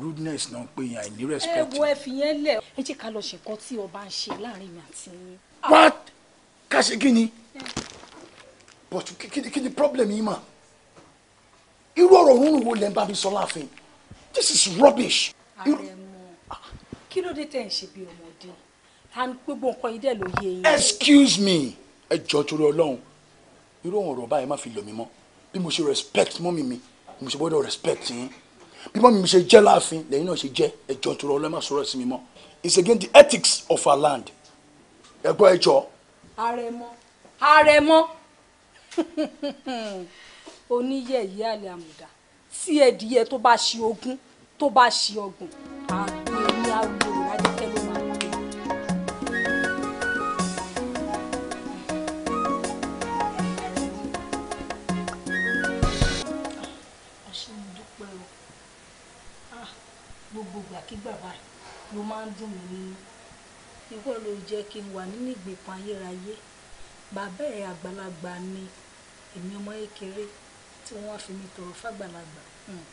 rudeness náà pé yẹn àìní respect. ẹ wo ẹ fi yẹn lẹ ẹ jẹ́ ká lọ ṣe nǹkan tí ọba ń ṣe láàrin mi àti yín. Ah. what ká ṣe kí ni but kí ni problem yìí mà irú ọ̀rọ̀ òun wo lẹ́ ń bá mi sọ láàfin this is rubbish. ààrẹ mọ kí ló dé tẹ̀ ń ṣe bí ọmọ ta ni gbogbo nǹkan yìí dẹ̀ ló yé yín. excuse me ẹ jọ torí ọlọ́run irú òun ọ̀rọ̀ báyìí má fi lọ mí mọ́ bí mo ṣe respect mọ́mì mi mo ṣe gbọ́dọ̀ respect yín bí mọ́mì mi ṣe jẹ́ láàfin lẹ́yìn náà ṣe jẹ́ ẹ jọ torí ọlọ́run má sọ̀rọ̀ sí mi mọ́ it's against the ethics of our land ẹ gbọ́ ẹ jọ. àrẹ̀mọ àrẹ̀mọ oníyẹ̀yẹ́ àlẹ́ àmùdá tí ẹ̀dìyẹ tó bá ṣe ogún tó bá ṣe ọgbọ̀n àgbẹ̀ ní àwòrán gbogbo ìgbàkigbà báyìí ló máa ń dùn mí nínú ìwọ ló jẹ́ kí n wà nínú ìgbèkùn ayérayé bàbá ẹ̀ àgbàlagbà ni èmi ọmọ kékeré tí wọ́n fi mi tọrọ fàgbàlagbà hmm.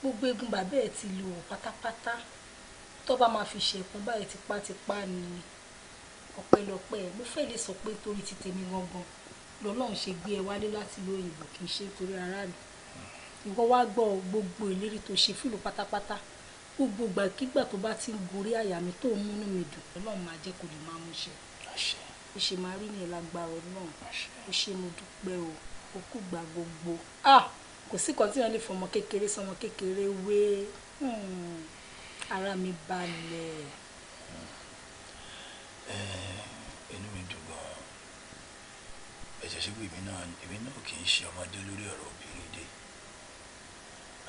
gbogbo eegun bàbá ẹ̀ ti lù wọ́n pátápátá tó bá máa fi ṣẹ̀kún báyìí tipátipá ni ọ̀pẹ̀lọpẹ̀ ló fẹ́ lè sọ pé torí ti tèmi gangan lọ́lọ́run ṣe gbé ẹ wálé láti lo òyìnbó kì í ṣe torí aráàlú ìwọ wá gbọ́ gbogbo ìlérí tó ṣe fúlù pátápátá gbogbo ìgbàkígbà tó bá ti ń gorí àyà mi tó ń múnú mi dùn ọlọ́run máa jẹ́ kó lè máa mú ṣe o ṣe máa rí ní ìlágbára ọlọ́run ó ṣe mo dúpẹ́ o ó kú gba gbogbo kò sí kan tí wọ́n lè fọmọ kékeré sọmọ kékeré wé hmm, ara mi balẹ̀. inú mi dùn gan-an ẹ̀jẹ̀ ṣe pé èmi náà èmi náà kì í ṣe ọmọdé lórí ọ̀rọ̀ òbí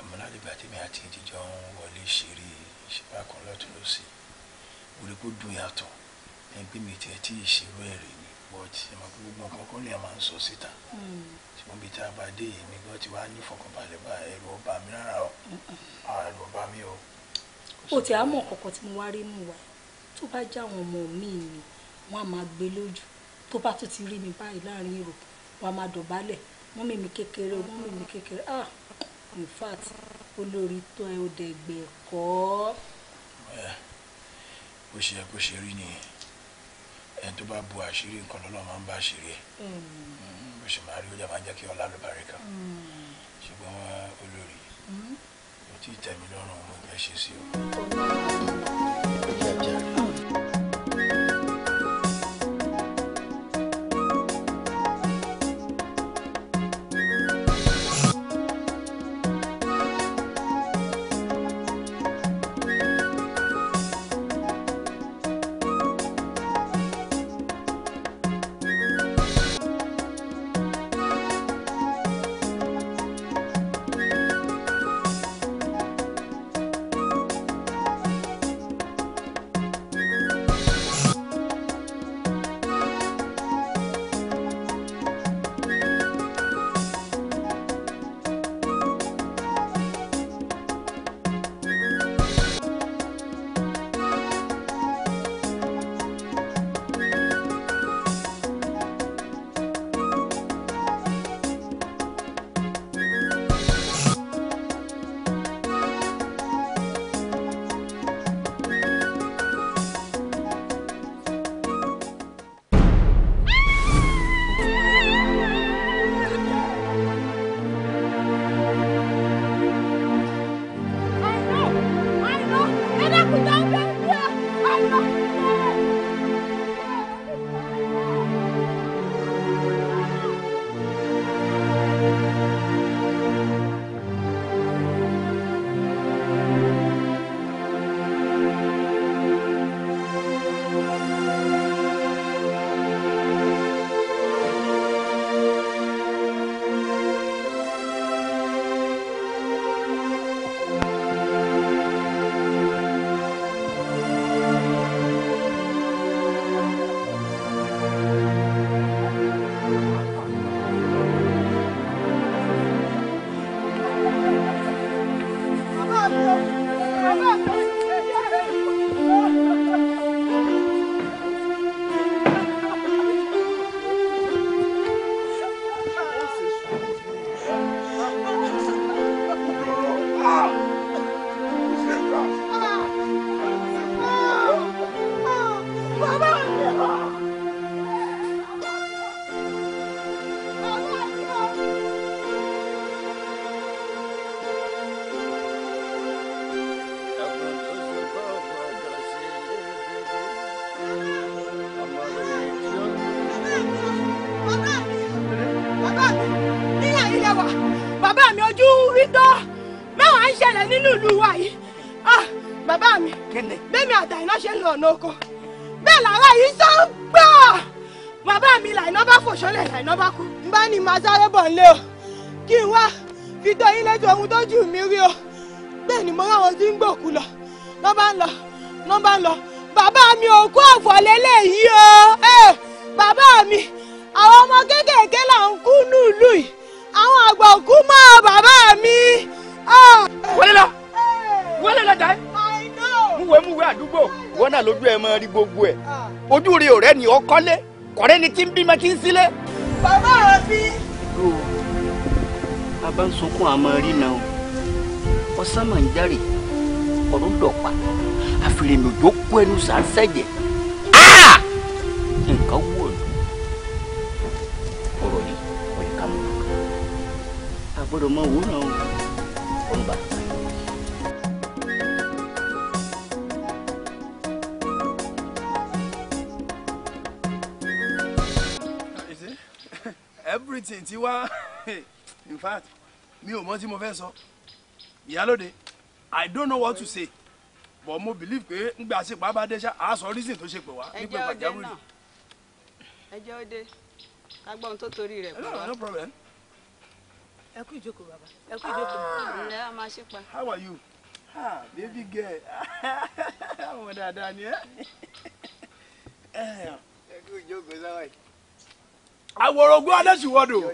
àmọ́ ládìgbà tèmi àti ìdíjọ ń wọlé ṣeré ìṣèpá kan lọ́tún lọ́sì orí kó dùn yàtọ̀ ẹni pé mi tiẹ̀ tí ìṣerú ẹ̀ rè ni but ẹ̀mọ́ pé gbogbo nǹkan kan lè máa ń sọ síta ṣùgbọ́n bí tá a bá dé yìí nígbà tí wàá ní ìfọkànbalẹ̀ bá ẹ̀rù ọba mi rárá o ah, ẹ̀rù ọba mi o. o ti àmọ̀ kọ̀ọ̀kan tí mo wá rí nù wá tó bá já àwọn ọmọ mi ni wọ́n á máa gbé lójú tó bá tún ti rí mi báyìí láàrin èrò wọ́n á máa dọ̀bálẹ̀ mọ́mì mi kékeré mọ́mì mi kékeré ah in fact olórí tó ẹ ò dẹ̀gbẹ̀ kọ́. bó ṣe yẹ kó ṣe rí nìyẹn ẹni tó bá bu àṣírí nǹkan lọ́lọ́ máa ń bá àṣírí ẹ̀ bó ṣe máa rí ọjà máa ń jẹ́ kí ọlá ló bá rí kan ṣùgbọ́n olórí hmm? kò tí tẹ̀mí lọ́rùn mo fẹ́ ṣe sí o. kún àmọ́ rí náà ọ̀sán mọ̀ ń járe ọ̀rọ̀ dọ̀pá àfìlẹ̀mọ̀jọ́ kú ẹnu sàǹsẹ̀jẹ̀ nǹkan wù ọ̀dọ́ ọ̀rọ̀ yìí ọ̀yẹ̀ ká mọ̀ lọ́kàn àgbọ̀dọ̀ mọ̀ wúràn ọ̀nba. everything ti wá in fact nǹkan tí mo fẹ́ sọ ìyálòde i don't know what to say but mo believe pé ngbà ṣe pàápàá dé ṣá àá sọ reason tó ṣe pè wá nípa pàjáwìrì. ẹ jẹ́ ká gbọ́ tó torí rẹ̀ pọ̀ wá. no problem. ẹ kú ìjókòó bàbá ẹ kú ìjókòó. ǹlẹ́ a máa ṣe pa. how are you? ah baby girl ọmọ dáadáa ni ẹ. ẹ kú ìjókòó sáwáyé. àwòrán ogún adásùwọ̀dọ̀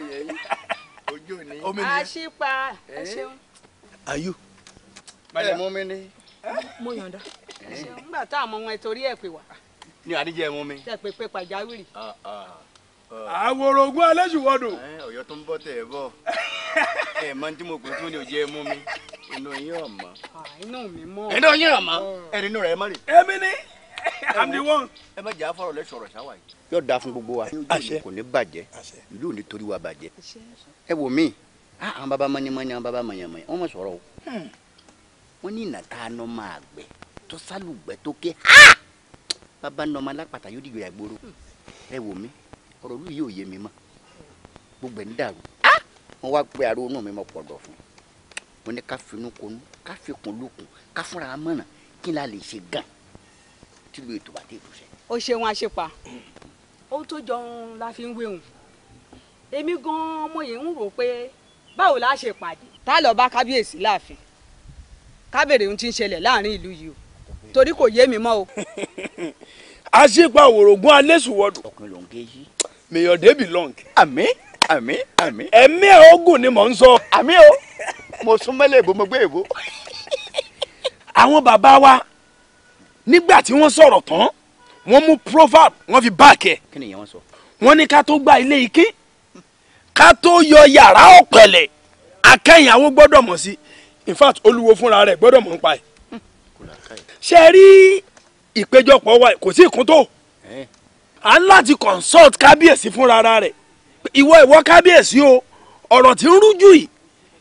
ojú ni. omi ni. àṣìpa ẹ eh? ṣeun. ayo. ẹ mú mi ní. mo yànda. Eh? nígbà tá a mọ wọn torí ẹ pè wá. ni àdíjẹ mú mi. tẹ pé pé pàjáwìrì. Ah, ah, ah. àwòrògùn alẹ́sùwọ̀dù. Eh, ọ̀yọ́ tó ń bọ́ tẹ̀ ẹ́ bọ̀ ẹ mọ tí mo pè tún ni òjẹ́ mú mi inú yín ọ̀mọ́. inú mi mọ́. inú yín ọ̀mọ́ oh. ẹ̀rínú rẹ̀ mọ́rì. èmi ni. I'm the one. ẹ má jà fọ̀rọ̀ lẹ sọ̀rọ̀ sáwà yìí. yóò dáa fún gbogbo wa kò ní bàjẹ́ ìlú ò ní torí wa bàjẹ́ ẹ wò mí ah, àwọn baba mọ́nyẹ́mọ́nyẹ́ àwọn baba mọ̀nyẹ́mọ́nyẹ́ wọ́n mọ̀ sọ̀rọ̀ o hmm. wọ́n ní ìnàta aná máa gbẹ tó sálùgbẹ́ tó ké baba nọmọ alápàtà yóò dìgbò àgbòrò ẹ wò mí ọ̀rọ̀ olú yìí ò yé mi mọ́ gbogbo ẹ̀ ń dàrú wọ́n wá pé aró inú mi mọ̀ pọ̀dọ̀ fún un mo ní ká finú konú ká fikùn lukùn ká fúnra mọ̀nà kí n la lè ṣe gan tí mi ò tó bá dé ìbùsẹ̀. ó ṣeun àṣepa ohun tó jọ ohun la fi ń wéhùn èmi gan-an ọmọ yìí ń rò pé báwo la ṣe pàdé. tá a lọ bá kábíyèsí láàfin kábèrè ohun tí ń ṣẹlẹ̀ láàrin ìlú yìí o torí kò yé mi mọ́ o. àṣepa òrògùn alẹ́sùwọ̀dù. ọkùnrin ló ń gé yí. mayor david long. àmín àmín àmín. ẹ̀mí ẹ̀ ogun ni mò ń sọ. àmín o mo sún mẹ́lẹ̀ èbó mo gbé èbó. àwọn bàbá wa nígbà tí wọ́n sọ̀rọ̀ tán wọ́n mú proverb wọ́n fi báàkì ẹ̀. kí ni ìyẹn wọ́n sọ. wọ́n ní ká tó gba ilé ikín ká tó yọ yàrá ọ̀pẹ̀lẹ̀ akẹ́yìn gbọ́dọ̀ mọ̀ sí in fact olúwo fúnra rẹ̀ gbọ́dọ̀ mọ̀ nípa ẹ̀. ṣe rí ìpéjọpọ̀ wa kò sí ìkún tó ń láti consult kábíyèsí fúnra rẹ̀ ìwọ ìwọ kábíyèsí o ọ̀rọ̀ tí ń rújú yìí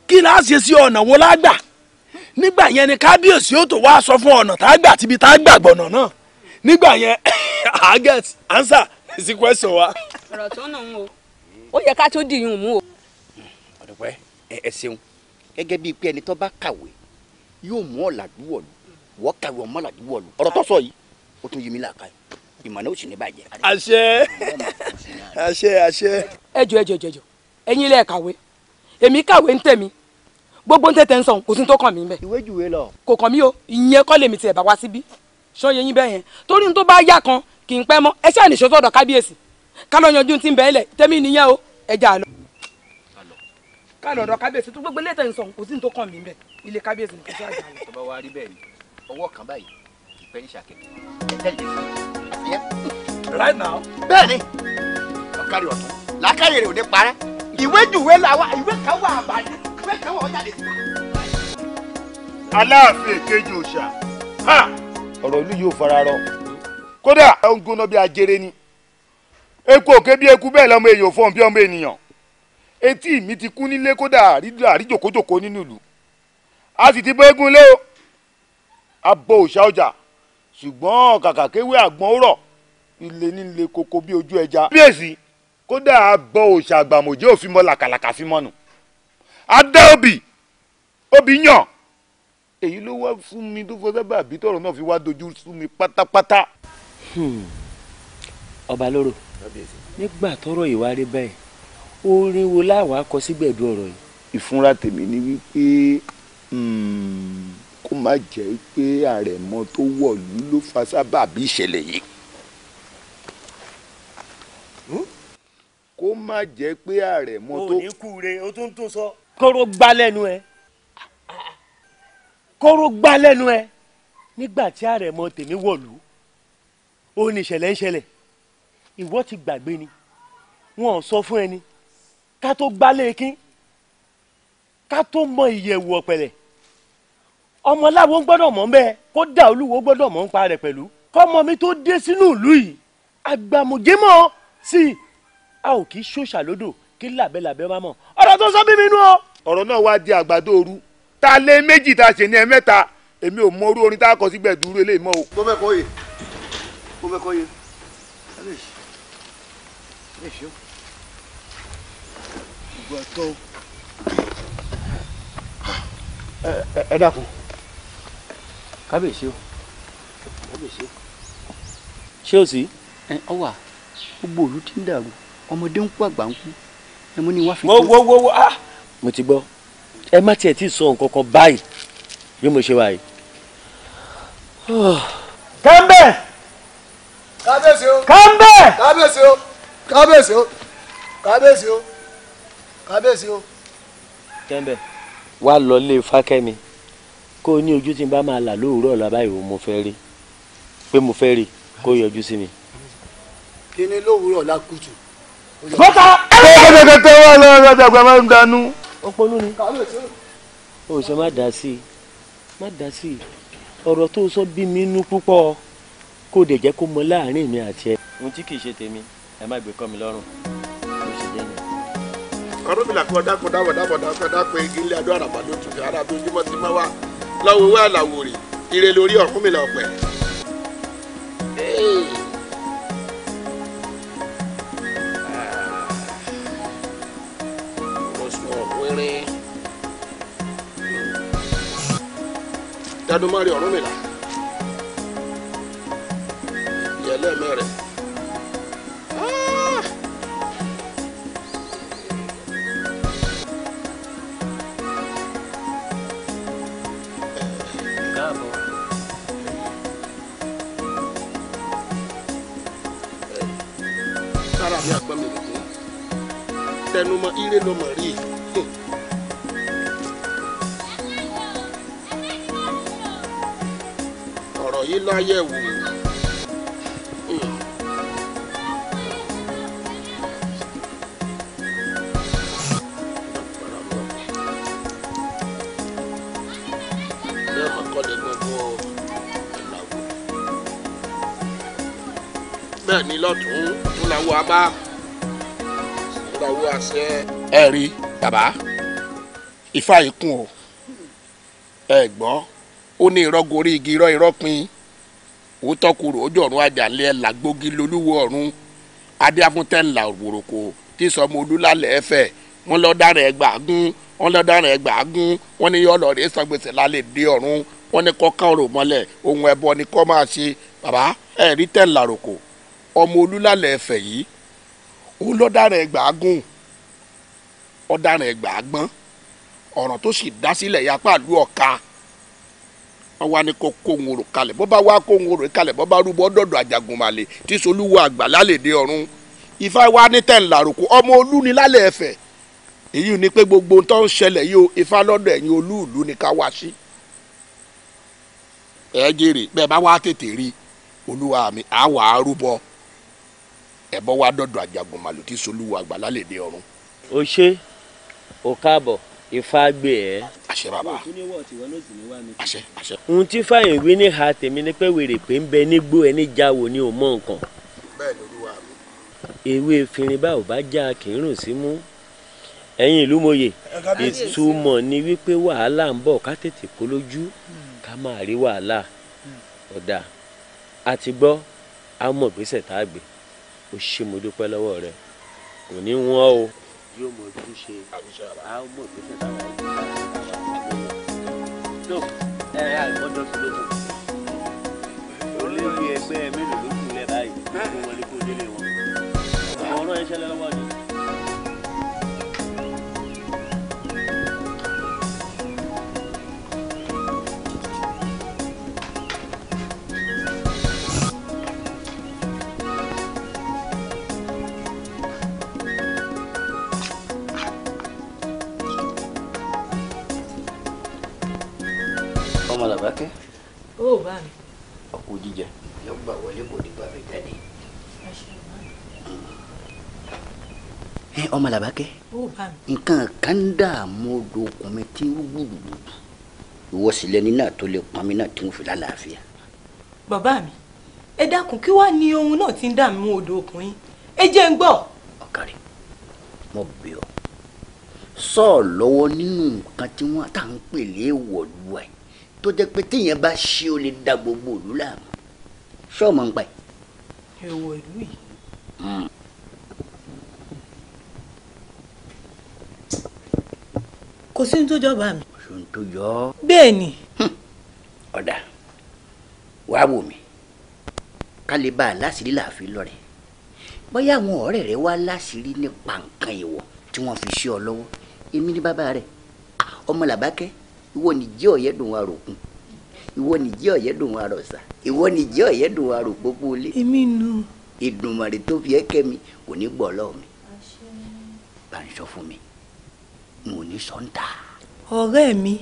kí láá ṣe sí ọ̀nà wo lágbà nígbà yẹn ni kábíyèsí ó tó wá sọ fún ọ̀nà tá a gbà tíbi tá a gbà gbọ̀nà náà nígbà yẹn i get answer sí question wa. ọ̀rọ̀ tó nà ń o ó yẹ ká tó di yùn mú o. ọ̀dọ̀pẹ́ ẹ ṣeun gẹ́gẹ́ bíi pé ẹni tó bá kàwé yóò mú ọ̀làjú wọ̀lú wọ́n kàwé ọmọ ọ̀làjú wọ̀lú ọ̀rọ̀ tó sọ yìí ó tún yí mi làákà ìmọ̀nà ó sì ní bàjẹ́. àṣẹ àṣẹ àṣẹ. ẹjọ ẹjọ ẹjọ ẹyin lẹ kàwé èmi kàwé ń tẹ̀mí gbogbo ń tètè ń sọ kò sí tó kàn mí bẹ́ẹ̀. ìwé jùwé lọ. kò kàn mí o ìyẹn kọ́ lèmi tiẹ̀ bá wá síbí ṣọ́ yẹ yín bẹ́ẹ̀ yẹn torí tó bá yá kan kì í pẹ́ mọ́ ẹ ṣáà nìṣó sọ̀dọ̀ kábíyèsí ká lọ yanjú ti ń bẹ́ẹ̀ lẹ̀ tẹ́mí nìyẹn o ẹ jà lọ. ká lọ ọ̀dọ̀ kábíyèsí tó gbogbo létẹ̀ ń sọ kò sí tó kàn mí bẹ́ẹ̀ ilé kábíyèsí kò sí àjà lọ. ọba wa rí bẹ́ẹ̀ ni ọwọ́ kan báyìí ìpẹ́ ń tẹ́lẹ̀ right now. bẹ́ẹ̀ni ọkàrí ọtún làákàrí rẹ ò ní parẹ́ ìwé jùwé làwọn aláàfin èkejì òòṣà ọ̀rọ̀ ìlú yóò fara rọ kódà ó ń gbóná bí ajere ni eku òkè bí eku bẹ́ẹ̀ lọ́mọ èèyàn fọ́n bí ọmọ ènìyàn etí mi ti kú nílé kódà àríjòkójòkó nínú ìlú a sì ti bọ́ eégún lé o abọ òòṣà ọjà ṣùgbọ́n kàkà kéwé àgbọn ó rọ̀ ilé nílé koko bí ojú ẹja. bí èsì kódà abọ òòṣà àgbàmọ̀jẹ́ òfin mọ́ làkàlàkà fi mọ́nu adá obì obì yàn èyí ló wá fún mi tó fọdá bàbí tọ̀rọ̀ náà fi wá dojú sú mi pátápátá. Hmm. ọba lóró nígbà tọ́rọ̀ yìí wá rí báyìí orin wo láwa kọ sígbẹ̀dú ọ̀rọ̀ yìí. ìfúnra tèmi ni wípé hmm, hmm? kó má jẹ́ pé àrẹ̀mọ tó wọ̀lú ló fa sábàbí ìṣẹ̀lẹ̀ yìí. kó má jẹ́ pé àrẹ̀mọ tó. o ò ní kú re o tún tún sọ. So kóró gbá lẹ́nu ẹ kóró gbá lẹ́nu ẹ nígbà tí àrẹ̀mọ tèmi wọ̀lú ó ní ìṣẹ̀lẹ̀ ń ṣẹlẹ̀ ti gbàgbé ni wọn ò sọ fún ẹni ká tó gbálé kín ká tó mọ ìyẹ̀wò ọ̀pẹ̀lẹ̀ ọmọláwo gbọ́dọ̀ mọ̀ bẹ́ẹ̀ kódà olúwo gbọ́dọ̀ mọ̀ ń pa rẹ̀ pẹ̀lú kọ́mọ mi tó dé sínú ìlú yìí àgbàmùjẹ́mọ́ sí i a ò kì í ṣòṣà lódò kí làbẹ́làbẹ́ máa mọ̀ ọ̀rọ̀ tó sọ bí mi nú o. ọ̀rọ̀ náà wá di àgbàdo ooru ta lé méjì ṣe ní ẹ mẹ́ta èmi ò mọ orú orin tá a kọ sígbẹ̀ dúró eléyìí mọ́ o. tó fẹ́ kọ́ fẹ́ kọ́ ẹ lè ṣe ẹ lè ṣe o. ẹ kábíyèsí o kábíyèsí o. ṣé o sì. gbogbo ti ń dàrú ọmọdé ń kú àgbà ń kú ẹ mú ni wá fi tó. wo wo ah. mo ti gbọ́ ẹ má tiẹ̀ tí ì sọ nǹkan kan báyìí bí mo ṣe wà yìí. kẹ́ńbẹ́. kábíyèsí o. kẹ́ńbẹ́. kábíyèsí o. kábíyèsí o. kábíyèsí o. kábíyèsí o. kẹ́ńbẹ́ wá lọ lé fákẹ́mi kó o ní ojú tí n bá máa là lóòrọ̀ làbá mo fẹ́ rí pé mo fẹ́ rí kó o yọjú sí mi. kí ni lóòrọ̀ la kùtù bọ́tà. ó kọ́ni kẹtẹ wà lọ́wọ́ ọjà pé a máa ń danú. ọpọlọ ni o ṣe má dá sí i má dá sí i ọ̀rọ̀ tó sọ bí mi nú púpọ̀ kó o dẹ̀ jẹ́ kó mọ láàrin mi àti ẹ. ohun tí kì í ṣe tèmi ẹ má gbé kọ́ mi lọ́rùn mo ṣe jẹ́ mi. ọdún bìlà kan dákun dáwọ̀ dáwọ̀ dákun dákun igi ilé adó àràbà ló tún fi ara bí ojúmọ́ ti máa wá láwo wá làwòrì ire lórí ọ̀kúnmìlà ọ̀pẹ. Hey. ọkùnrin dadumari Ọ̀rúnmìlà yẹlẹ mẹrẹ ara ah! mi àgbọn mi lòkun tẹnumọ́ ire ló mọ yìí láyẹ̀wò. bẹ́ẹ̀ ni lọ́tún tún làwọ̀ abá tún làwọ̀ àṣẹ. ẹ rí bàbá ifá ikùn o ẹ gbọ́ ó ní irọ́ igi irọ́ irọ́ òótọ́ kúrò ojú ọ̀run àjàlẹ̀ ẹ̀là gbógi lolúwo ọ̀run adéafúntẹ́ ńlá òwòròkò tí sọmọ olúlalẹ̀ ẹ̀fẹ̀ wọn lọ dára ẹgbà gún wọn lọ dára ẹgbà gún wọn ní yọ lọrẹ sọgbèsè lálẹ́ dé ọ̀run wọn ní kọkàn rò mọ́lẹ̀ ohun ẹbọ ni kọ máa ṣe bàbá ẹrí tẹ ńlá ròkò ọmọ olúlalẹ̀ ẹ̀fẹ̀ yìí òun lọ dára ẹgbà gún ọ̀daràn ẹgbà gbọn ọ̀ràn tó sì dá sílẹ̀ yapa lu ọ̀ka wọn wá ní kó kóhun orò kalẹ̀ bọ́ bá wá kóhun orò kalẹ̀ bọ́ bá rúbọ dọ̀dọ̀ àjàgùnmalè tí solúwo àgbà lálẹ́ dé ọ̀run ifá wá ní tẹ̀lárùkù ọmọ olú ni lálẹ́ ẹ̀fẹ̀ èyí ni pé gbogbo tó ń ṣẹlẹ̀ yìí o ifá lọ́dọ̀ ẹ̀yin olú ìlú ni ká wá sí ẹ jèrè bẹ́ẹ̀ bá wá tètè rí olúwa mi á wà á rúbọ ẹ̀bọ wá dọ̀dọ̀ àjàgùnmalè tí solúwo àgbà lálẹ́ dé ọ̀run. o ṣe o káàbọ̀ ifá gbé ẹ àṣẹ bàbá àṣẹ àṣẹ. ohun tí fàyìn wí ní ha tèmi ni pé wèrè pé ń bẹ nígbó ẹni jáwo ni ò mọ nǹkan. bẹ́ẹ̀ lolúwa mi. ewé fínrin bá ò bá já kì í rùn sí mú ẹ̀yin ìlú mòye ìtumọ̀ ni wípé wàhálà ń bọ̀ ká tètè kó lójú ká máa rí wàhálà ọ̀dà àti gbọ́ àmọ̀ gbèsè tá a gbé o ṣe mo dúpẹ́ lọ́wọ́ rẹ kò ní wọ́n o yóò mọ̀ ojúṣe àwọn mọ̀ gbèsè tá a tó ẹ ẹ àgbọ̀dọ̀ sí lóko olórí ẹgbẹ́ mélòó ló kù lẹ́ báyìí kó wọlé kó délé wọn ọ̀rọ̀ ẹ lọ́wọ́ ni. Àbákẹ́. Oh, bá mi. ọkọ jíjẹ. yóò gbà wọlé kò ní bá mi Oh, ẹ ọmọ làbákẹ́. ó bá mi. nǹkan kan dààmú odò okùn mi tí ó gbùdùgbùdù ìwọ sì lẹni náà mi náà tí mo fi lálàáfíà. bàbá mi ẹ dákun kí wàá odò okùn yín ẹ jẹ́ ń gbọ́. ọ̀kàrẹ̀ mo bẹ̀ ọ́ sọ̀ọ́ lọ́wọ́ nínú nǹkan tí wọ́n tà ń pè léèwọ̀ lúwa yìí tó jẹ́ pé téèyàn bá ṣe ó lè da gbogbo ìlú láàmú ṣọ́ọ̀mù ń pa ẹ̀. èèwọ̀ ìlú yìí. Hmm. kò sí ní tó jọba mi. kò sí ní tó jọ. bẹ́ẹ̀ ni. Hmm. ọ̀dà wàá wò mí ká lè bá a láṣìírí làáfin lọ́rẹ̀ bóyá àwọn ọ̀rẹ́ rẹ wá láṣìírí nípa nǹkan ìwọ̀ tí wọ́n fi ṣe ọ lọ́wọ́ èmi ni bàbá rẹ̀ ọmọ làbákẹ́ ìwọ nìjẹ́ ọ̀yẹ́ dùn wa rò kún ìwọ nìjẹ́ ọ̀yẹ́ dùn wa rò sà ìwọ nìjẹ́ ọ̀yẹ́ dùn wa rò pópó lé. èmi nù. ìdùnmọ̀rì tó fi ẹ́ kẹ́ mi kò ní gbọ́ ọlọ́ọ̀ mi bá ń sọ fún mi n ò ní sọ ń ta. ọ̀rẹ́ mi.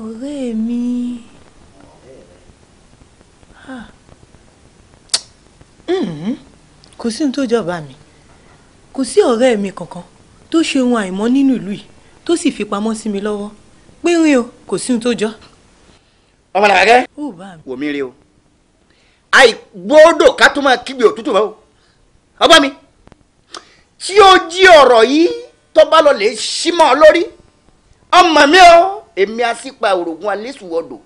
ọ̀rẹ́ mi. Mm-hmm. kò sí ní tó jọba mi kò sí ọ̀rẹ́ mi kankan tó ṣe ohun àìmọ́ nínú ìlú yìí tó sì fi pamọ́ sí mi lọ́wọ́ pínrín o kò sí ohun tó jọ. ọmọ làkàkẹ́ wò mí rí o àìgbódò ká tó máa kígbe òtútù mọ́ o ọgbọ́n mi tí ó jí ọ̀rọ̀ yìí tó bá lọ lè ṣí mọ́ ọ lórí ọmọ mi o èmi àsìpa òrògùn alẹ́sùwọ̀dọ̀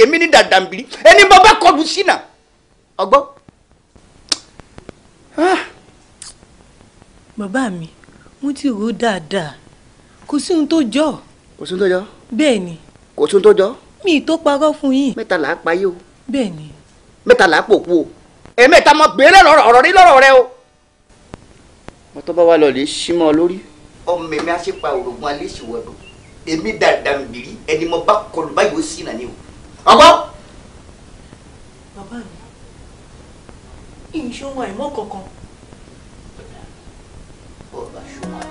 èmi ní dàdàmbìrì ẹni bọ́ bá kọlu sínà ọgbọ́n. Ah. bàbá mi mo ti rò dáadáa kò sí ohun tó jọ. kò sí ohun tó jọ. bẹ́ẹ̀ ni. kò sí ohun tó jọ. mi ì tó parọ́ fún yín. mẹ́ta là á payé o. bẹ́ẹ̀ ni. mẹ́ta là á pòpò o. ẹ̀ẹ́mẹ́ta mọ béèrè ọ̀rọ̀ rí lọ́rọ̀ rẹ o. mo tọ́ bá wa lọ lè ṣí mọ́ ọ lórí. ọmọ èmi àṣepa òrògùn alẹ́ ìṣèwọ̀dọ̀ èmi dàdà ń bìrì ẹni mo bá kọlù báyìí ó sì nà ní o. ọgbọ́. bàbá mi ìṣòwò àìmọ́ kankan God that you have.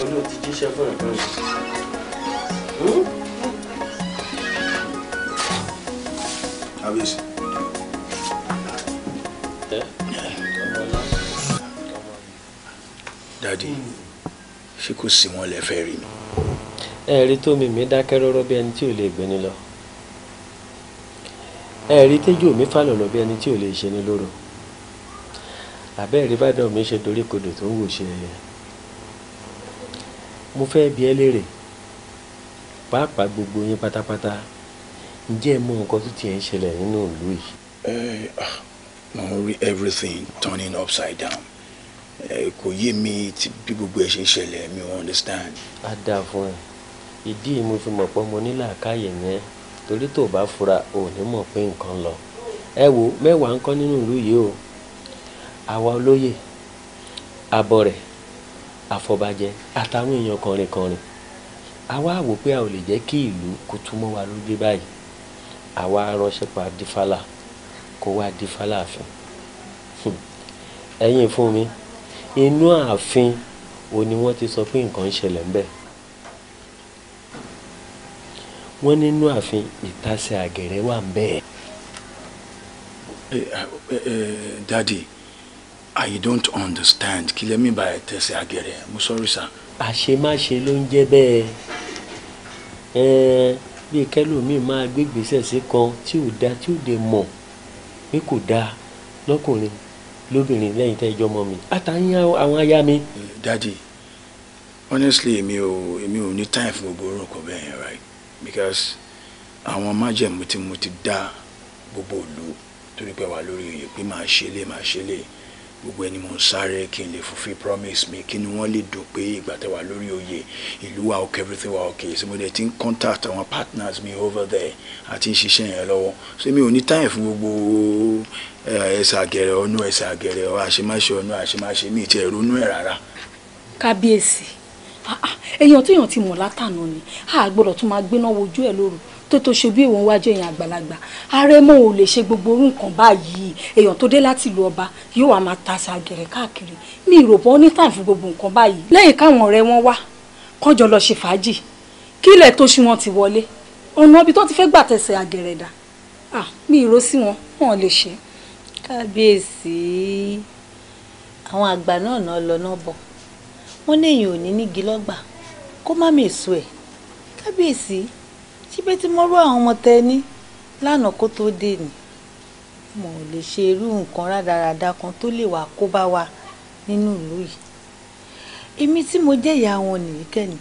Olha o Titi Chavanhão. Hum? Avisa. É? Daddy, ficou Simão Leferi ẹ̀rí tó mímí dákẹ́ rọ́rọ́ bí ẹni tí ò lè gbéni lọ ẹ̀rí tẹ́jú mi fàlọ̀lọ̀ bí ẹni tí ò lè ṣe ni lóró àbẹ́ẹ̀rí bàdàn mi ṣe dorí kodò tó ń wò ṣe ẹ̀yẹ mo fẹ́ bi ẹ́ léèrè pàápàá gbogbo yín pátápátá ǹjẹ́ ẹ mọ nǹkan tó tiẹ̀ ń ṣẹlẹ̀ nínú ìlú yìí. Ah, mo ń rí everything turning upside down kò yé mi bí gbogbo ẹ ṣe ń ṣẹlẹ̀ mi ò understand. a dáa fún ẹ ìdí mo fi mọ̀ pé mo ní làákàyè yẹn torí tó bá fura ò ní mọ̀ pé nǹkan lọ ẹ wo mẹ́wàá ń kọ́ nínú ìlú yìí o àwa olóyè abọrẹ̀ àfọbàjẹ àtàwọn èèyàn kọrinkọrin àwa wò pé a ò lè jẹ́ kí ìlú kó túmọ̀ wa lójú báyìí àwa ránṣẹ́ pa dífálà kó wá dífálà àfin hmm. ẹ̀yin fún mi inú ààfin o ni wọ́n ti sọ pé nǹkan ń ṣẹlẹ̀ ń bẹ̀ wọ́n nínú ààfin ìtasẹ̀ àgẹ̀rẹ̀ wà ń bẹ́ẹ̀. Eh, eh, eh, dadi i don't understand kí lẹ́mí bá ẹ tẹ̀sẹ̀ àgẹ̀rẹ̀ mo sọ́rí sá. àṣemáṣe ló ń jẹ́ bẹ́ẹ̀ bí kẹlòmíì máa gbégbèsè sí kan tí ò da tí ò dé mọ̀ pé kò dáa lọ́kùnrin lóbìnrin lẹ́yìn tẹ́ ìjọ́mọ mi àtàyìn àwọn aya mi. dadi honestly èmi ò èmi ò ní time fún gbogbo orúkọ bẹ́ẹ̀ yẹn right because àwọn májẹ̀mú tí mo ti dá gbogbo ìlú torí pé wà lórí oyè pé màá ṣe lè màá ṣe lè gbogbo ẹni mò ń sáré kí n lè fulfill promise mi kí ni wọ́n lè dò pé ìgbà tẹ wà lórí oyè ìlú wa ok everything wa ok so mo dẹ̀ ti ń contact àwọn partners mi over there àti ń ṣiṣẹ́ yẹn lọ́wọ́ so mi ò ní time fún gbogbo eh, ẹsẹ̀ àgẹ̀rẹ̀ ọ̀nù ẹsẹ̀ àgẹ̀rẹ̀ àṣemáṣe ọ̀nù àṣemáṣe mi ti ẹ̀rọ inú ẹ̀ rárá. kábíyèsí Ah, èèyàn tó yàn ti mọ̀ látànà ni a gbọ́dọ̀ tún máa gbéná wojú ẹ̀ lóru tó tó ṣe bí èèwọ̀n wájú èèyàn àgbàlagbà àrẹ̀mọ ò lè ṣe gbogbo orú nǹkan báyìí èèyàn tó dé láti ìlú ọba yóò wá máa tasà gẹ̀rẹ̀ káàkiri mi ìrò bọ́ ní tàǹfù gbogbo nǹkan báyìí lẹ́yìn káwọn ọ̀rẹ́ wọn wá kọjọ lọ ṣe fàájì kí ilẹ̀ tó ṣí wọn ti wọlé ọ̀nà ibi tó ti fẹ́ gbà tẹ̀sẹ̀ àgẹ̀rẹ̀ dà ah, mi ìró sí wọn wọn lè ṣe. kábíyèsí àwọn àgbà náà náà lọ náà bọ̀ wọ́n léèyàn ò ní nígi lọ́gbà kó má mèso ẹ̀ kábíyèsí síbẹ̀ tí mo rú àwọn ọmọ tẹ ní lánàá kó tó dé ni mo lè ṣe irú nǹkan rádaràda kan tó lè wàá kó bá wa nínú ìlú yìí èmi tí mo jẹ́ ìyá wọn nìyí kẹ́ni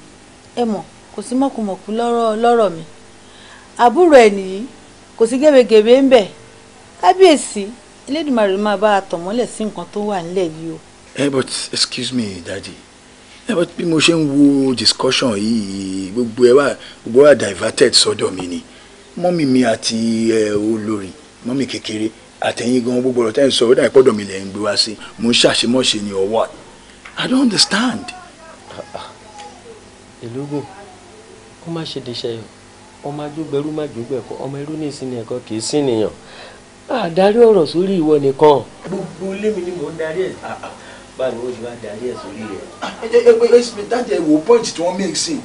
ẹ mọ̀ kò sí mọ̀kùmọ̀kù lọ́rọ̀ lọ́rọ̀ mi àbúrò ẹ̀ nìyí kò sí gébégébé ń bẹ̀ kábíyèsí Elédùmarè máa bá a tọ̀ mọ́lẹ̀ sí nǹkan tó wà nílẹ̀ yìí o. ẹ eh, but excuse me daddy bí mo ṣe ń wo discussion yìí gbogbo ẹ wà gbogbo wà diverted sọ́dọ̀ mi ni mọ́mì mi àti olórí mọ́mì kékeré àtẹ̀yìn gan gbogbo ọ̀rọ̀ tẹ́yìn sọ ó dàbí pọ́dọ̀ mi lẹ̀ ń gbé wá sí mo ń ṣàṣemọ́ṣe ni ọwọ́ I don't understand. ìlúgùn ó má ṣe dìṣẹ́ yọ ọmọ ajógbẹrú má jógbẹ̀kọ ọmọ irú ní ìsinmi ẹ̀kọ́ kì í sínìyàn àdárí ọ̀rọ̀ sórí ìwọ nìkan. gbogbo ilé mi ni mò ń darí ẹ̀ báwo ni wọ́n ti wá darí ẹ̀ sórí rẹ̀. Ah, ẹ ẹ dájú ẹ wo point tí wọ́n make sí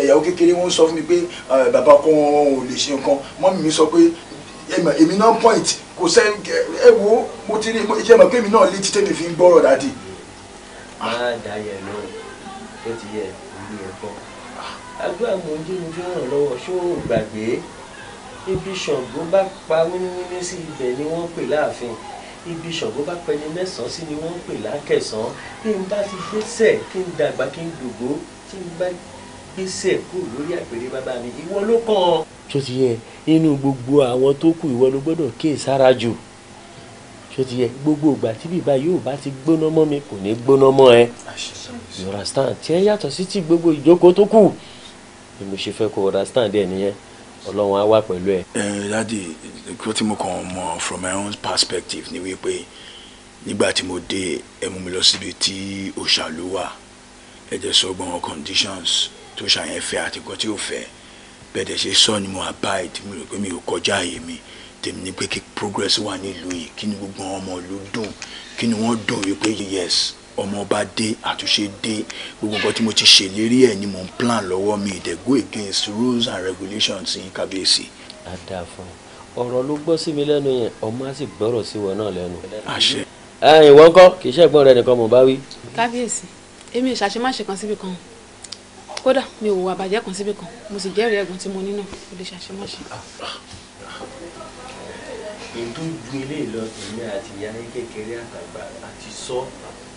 ẹ̀yàwó kékeré wọ́n sọ fún mi pé ah, bàbá kan ò lè ṣe nǹkan mọ́mí mi sọ pé èmi náà point kò sẹ́ ẹ wo mo ti rí iṣẹ́ mọ̀ pé èmi náà létí tèmi fi ń gbọ́rọ̀ dáadé. má dayẹ lọ tó ti yẹ ìlú ẹ bọ àdúrà mo ń dín ojú lọ́wọ́ ṣó o gbàgbé ibi ṣọ̀gbọ́n bá pa wíníwíní sí ibẹ̀ ni wọ́n pè láàfin ibi ṣọ̀gbó bá pẹni mẹ́sàn-án sí ni wọ́n ń pè lákẹ̀sán bí n bá ti gbésẹ̀ kí n dàgbà kí n dògbó tí n bá gbésẹ̀ kú lórí àpèrè bàbá mi ìwọ ló kàn án. tó ti yẹ inú gbogbo àwọn tó kù ìwọ ló gbọ́dọ̀ kíì sára jù tó ti yẹ gbogbo ìgbà tí bíbá yóò bá ti gbóná mọ́ mi kò ní gbóná mọ́ ẹ you understand tí sí ti gbogbo ìjókòó tó kù ni mo ṣe fẹ́ kó understand ẹ nìyẹn ọlọ́run á wà pẹ̀lú ẹ. ẹ eh, dadi tí mo kàn mọ̀ from my own perspective ni wípé nígbà tí mo dé ẹ mú mi lọ síbi tí òṣàlú wà ẹ jẹ́ conditions tó ṣàyẹn fẹ́ àti nǹkan tí ò fẹ́ bẹ́ẹ̀ dẹ̀ ṣe sọ ni mo abide mi rò pé mi ò kọjá àyè mi tèmi ni pé kí progress wà nílùú yìí kí ni gbogbo ọmọ ìlú dùn kí ni wọ́n dùn wípé yes ọmọọba dé àtúnṣe dé gbogbo nǹkan tí mo ti ṣèlérí ẹ̀ ni mo ń plan lọ́wọ́ mi they go against rules and regulations in kábíyèsí. a dáa fún un ọ̀rọ̀ ló gbọ́ sí mi lẹ́nu yẹn ọmọ á sì gbọ́rọ̀ sí wọn náà lẹ́nu. àṣẹ. ìwọ ńkọ́ kì í ṣẹ́gbọ́n rẹ nìkan mò ń bá wí. kábíyèsí èmi ò ṣàṣemáṣe kan síbi kan kódà mi ò wà bàjẹ́ kan síbi kan mo sì jẹ́rìí ẹ̀gùn tí mo ní náà kò lè ṣàṣemáṣe ètò ju ilé lọ èmi àti ìyá ní kékeré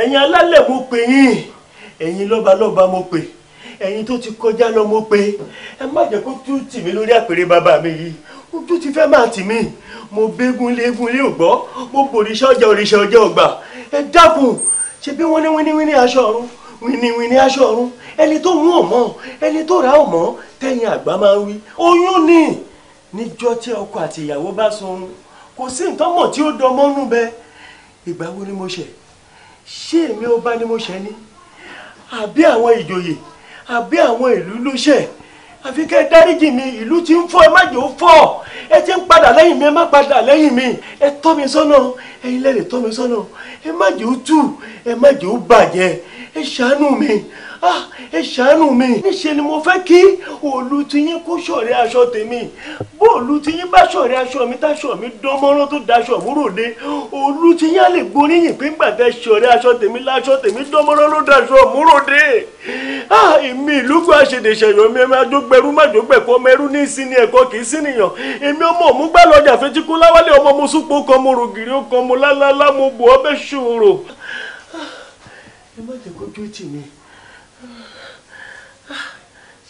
ẹ̀yin alálẹ̀ mo pè yín ẹ̀yin lọ́balọ́ba mo pè ẹ̀yin tó ti kọjá lọ mo pè ẹ má jẹ́ kó tún tì mí lórí àpèrè bàbá mi yìí ojú ti fẹ́ máa tì mí mo bégúnlé égúnlé ògbọ́ mo bòrìṣà ọjà òrìṣà ọjà ọgbà ẹ dákun ṣe bí wọ́n ní wíníwíní aṣọ ọ̀run wíníwíní aṣọ ọ̀run ẹni tó mú ọ̀mọ́ ẹni tó rà ọ̀mọ́ tẹ̀yìn àgbà máa ń wí oyún ni níjọ́ tí ọkọ àti ìyàwó bá sun kò sí nǹkan mọ̀ tí ó dọmọ́nú bẹ ìgbà wo ni mo ṣe ṣé èmi ọba ni mo ṣẹ̀ ni àbí àwọn ìjòyè àbí àwọn ìlú ló ṣẹ̀ àfi kẹ́ dáríjì mi ìlú ti ń fọ́ ẹ má jẹ́ ó fọ́ ẹ ti ń padà lẹ́yìn mi ẹ má padà lẹ́yìn mi ẹ tọ́ mi sọ́nà ẹ̀yin lẹ́lẹ̀ tọ́ mi sọ́nà ẹ má jẹ́ ó tú ẹ má jẹ́ ó bàjẹ́ ẹ ṣàánú mi. Ah, ẹ ṣàánú mi níṣẹ́ ni mo fẹ́ kí òòlù tiyín kó ṣọ̀rẹ́ aṣọ tèmi bó òòlù tiyín bá ṣọ̀rẹ́ aṣọ mi táṣọ mi dán mọ́rán tó daṣọ òwúròde òòlù tiyín á lè gboríyìn pé ńgbà tẹ ṣọ̀rẹ́ aṣọ tèmi láṣọ tèmi dán mọ́rán ló daṣọ òwúròde ah, èmi ìlúgbọ́ àṣedèṣẹ̀yọ̀ mi ẹ̀mí adógbẹ̀rú májògbẹ̀kọ́ ọmọ ẹrú ní ìsinmi ẹ̀kọ́ kì í sínìyàn èmi ọmọ òmùgbà lọ́jà fẹ́tíkú láwálé ọmọ mo súpò kan mo rògìrì ó kan mo lálálá mo bò ọ́ bẹ́ ṣòro. Ah, ẹ má jẹ́ kójú tì mí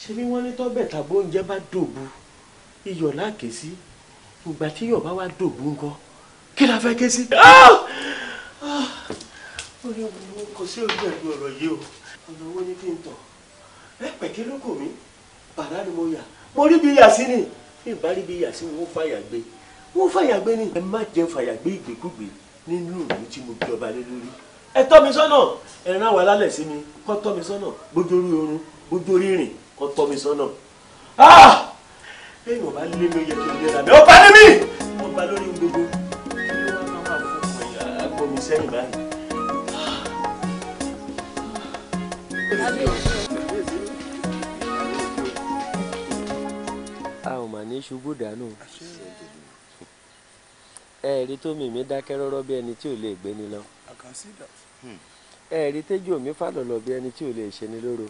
ṣe bí wọ́n ní tọ́bẹ̀ tàbó oúnjẹ bá dòbu iyọ̀ láàké sí ìgbà tí iyọ̀ bá wá dòbu ńkọ́ kí la fẹ́ ké sí. Ah! Ah! kò sí ojú ẹ̀dùn ọ̀rọ̀ yìí o ọ̀nà owó ní kí n tọ̀ ẹ pẹ̀kẹ́ ló kò mí bàdá ni mo yà mo rí bí yà sí ni ìbá rí bí yà sí wọn fàyà gbé wọn fàyà gbé ni. ẹ má jẹ fàyà gbé ìgbékúgbé nínú ìlú tí mo jọba lé lórí ẹ tọ́ mi sọ́nà ẹ rán wa lálẹ́ sí mi kọ́ tọ́ mi sọ́nà bójú orí oorun bójú orí rìn kó tọ́ mi sọ́nà ah! ẹ̀yìn ọba lé mi ó yẹ kí n lé làbẹ́ ọba lé mi ọba lórí gbogbo ilé wa máa wà fún ẹ̀yà àgbọ̀ mi sẹ́yìn báyìí. a ò mà ní ṣubú dànù ẹ̀ẹ̀rí tó mìmí dákẹ́ rọ́rọ́ bí ẹni tí ò lè gbé ni lọ ẹ̀ẹ̀rí tẹ́jú omi fàlọ́lọ́ bí ẹni tí ò lè ṣe ni lóró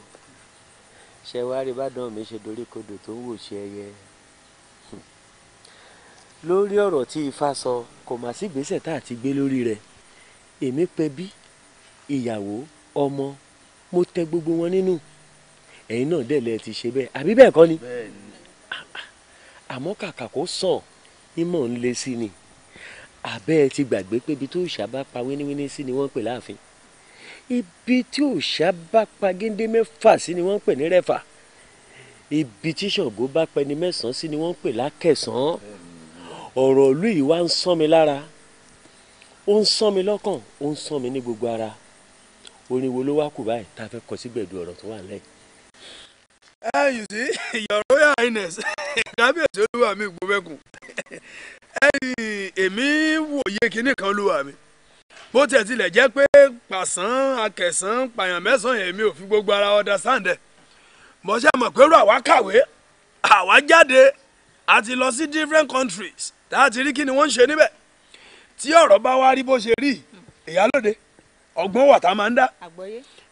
ṣe wá rí bàdàn mi ṣe doríkodò tó ń wò ṣe ẹyẹ lórí ọ̀rọ̀ tí ifá sọ kò mà sí ìgbésẹ̀ tá a ti gbé lórí rẹ̀ èmi pẹ bí ìyàwó ọmọ mo tẹ gbogbo wọn nínú ẹ̀yin náà dẹ̀ lẹ ti ṣe bẹ́ẹ̀ àbí bẹ́ẹ̀ kọ́ ni àmọ́ kàkà kó sàn ìmọ̀ ń le sí ni àbẹ́ ẹ ti gbàgbé pé ibi tó ìṣàbá pa wíníwíní sí ni wọ́n pè láàfin ibi tí òòṣà bá pa géńdé mẹ́fà sí ni wọ́n ń pè ní rẹ́fà ibi tí ṣàngó bá pẹni mẹ́sàn-án sí ni wọ́n ń pè lákẹ̀sán ọ̀rọ̀ ìlú yìí wá ń sán mi lára ó ń sán mi lọ́kàn ó ń sán mi ní gbogbo ara orin wo ló wá kù báyìí tá a fẹ́ kọ sí ọ̀rọ̀ tó wà lẹ́yìn. you see your royal highness èmi wòye kinní kan olúwa mi bó tiẹ̀ tilẹ̀ jẹ́ pé pàṣán akẹ̀sán pààyàn mẹ́sàn-án èmi ò fi gbogbo ara understand ẹ̀ mo ṣe mọ̀ pé rú àwa kàwé àwa jáde a ti lọ sí different countries tá a ti rí kí ni wọ́n ń ṣe níbẹ̀ tí ọ̀rọ̀ bá wá rí bó ṣe rí ìyálòde ọgbọ́n wà tá a máa ń dá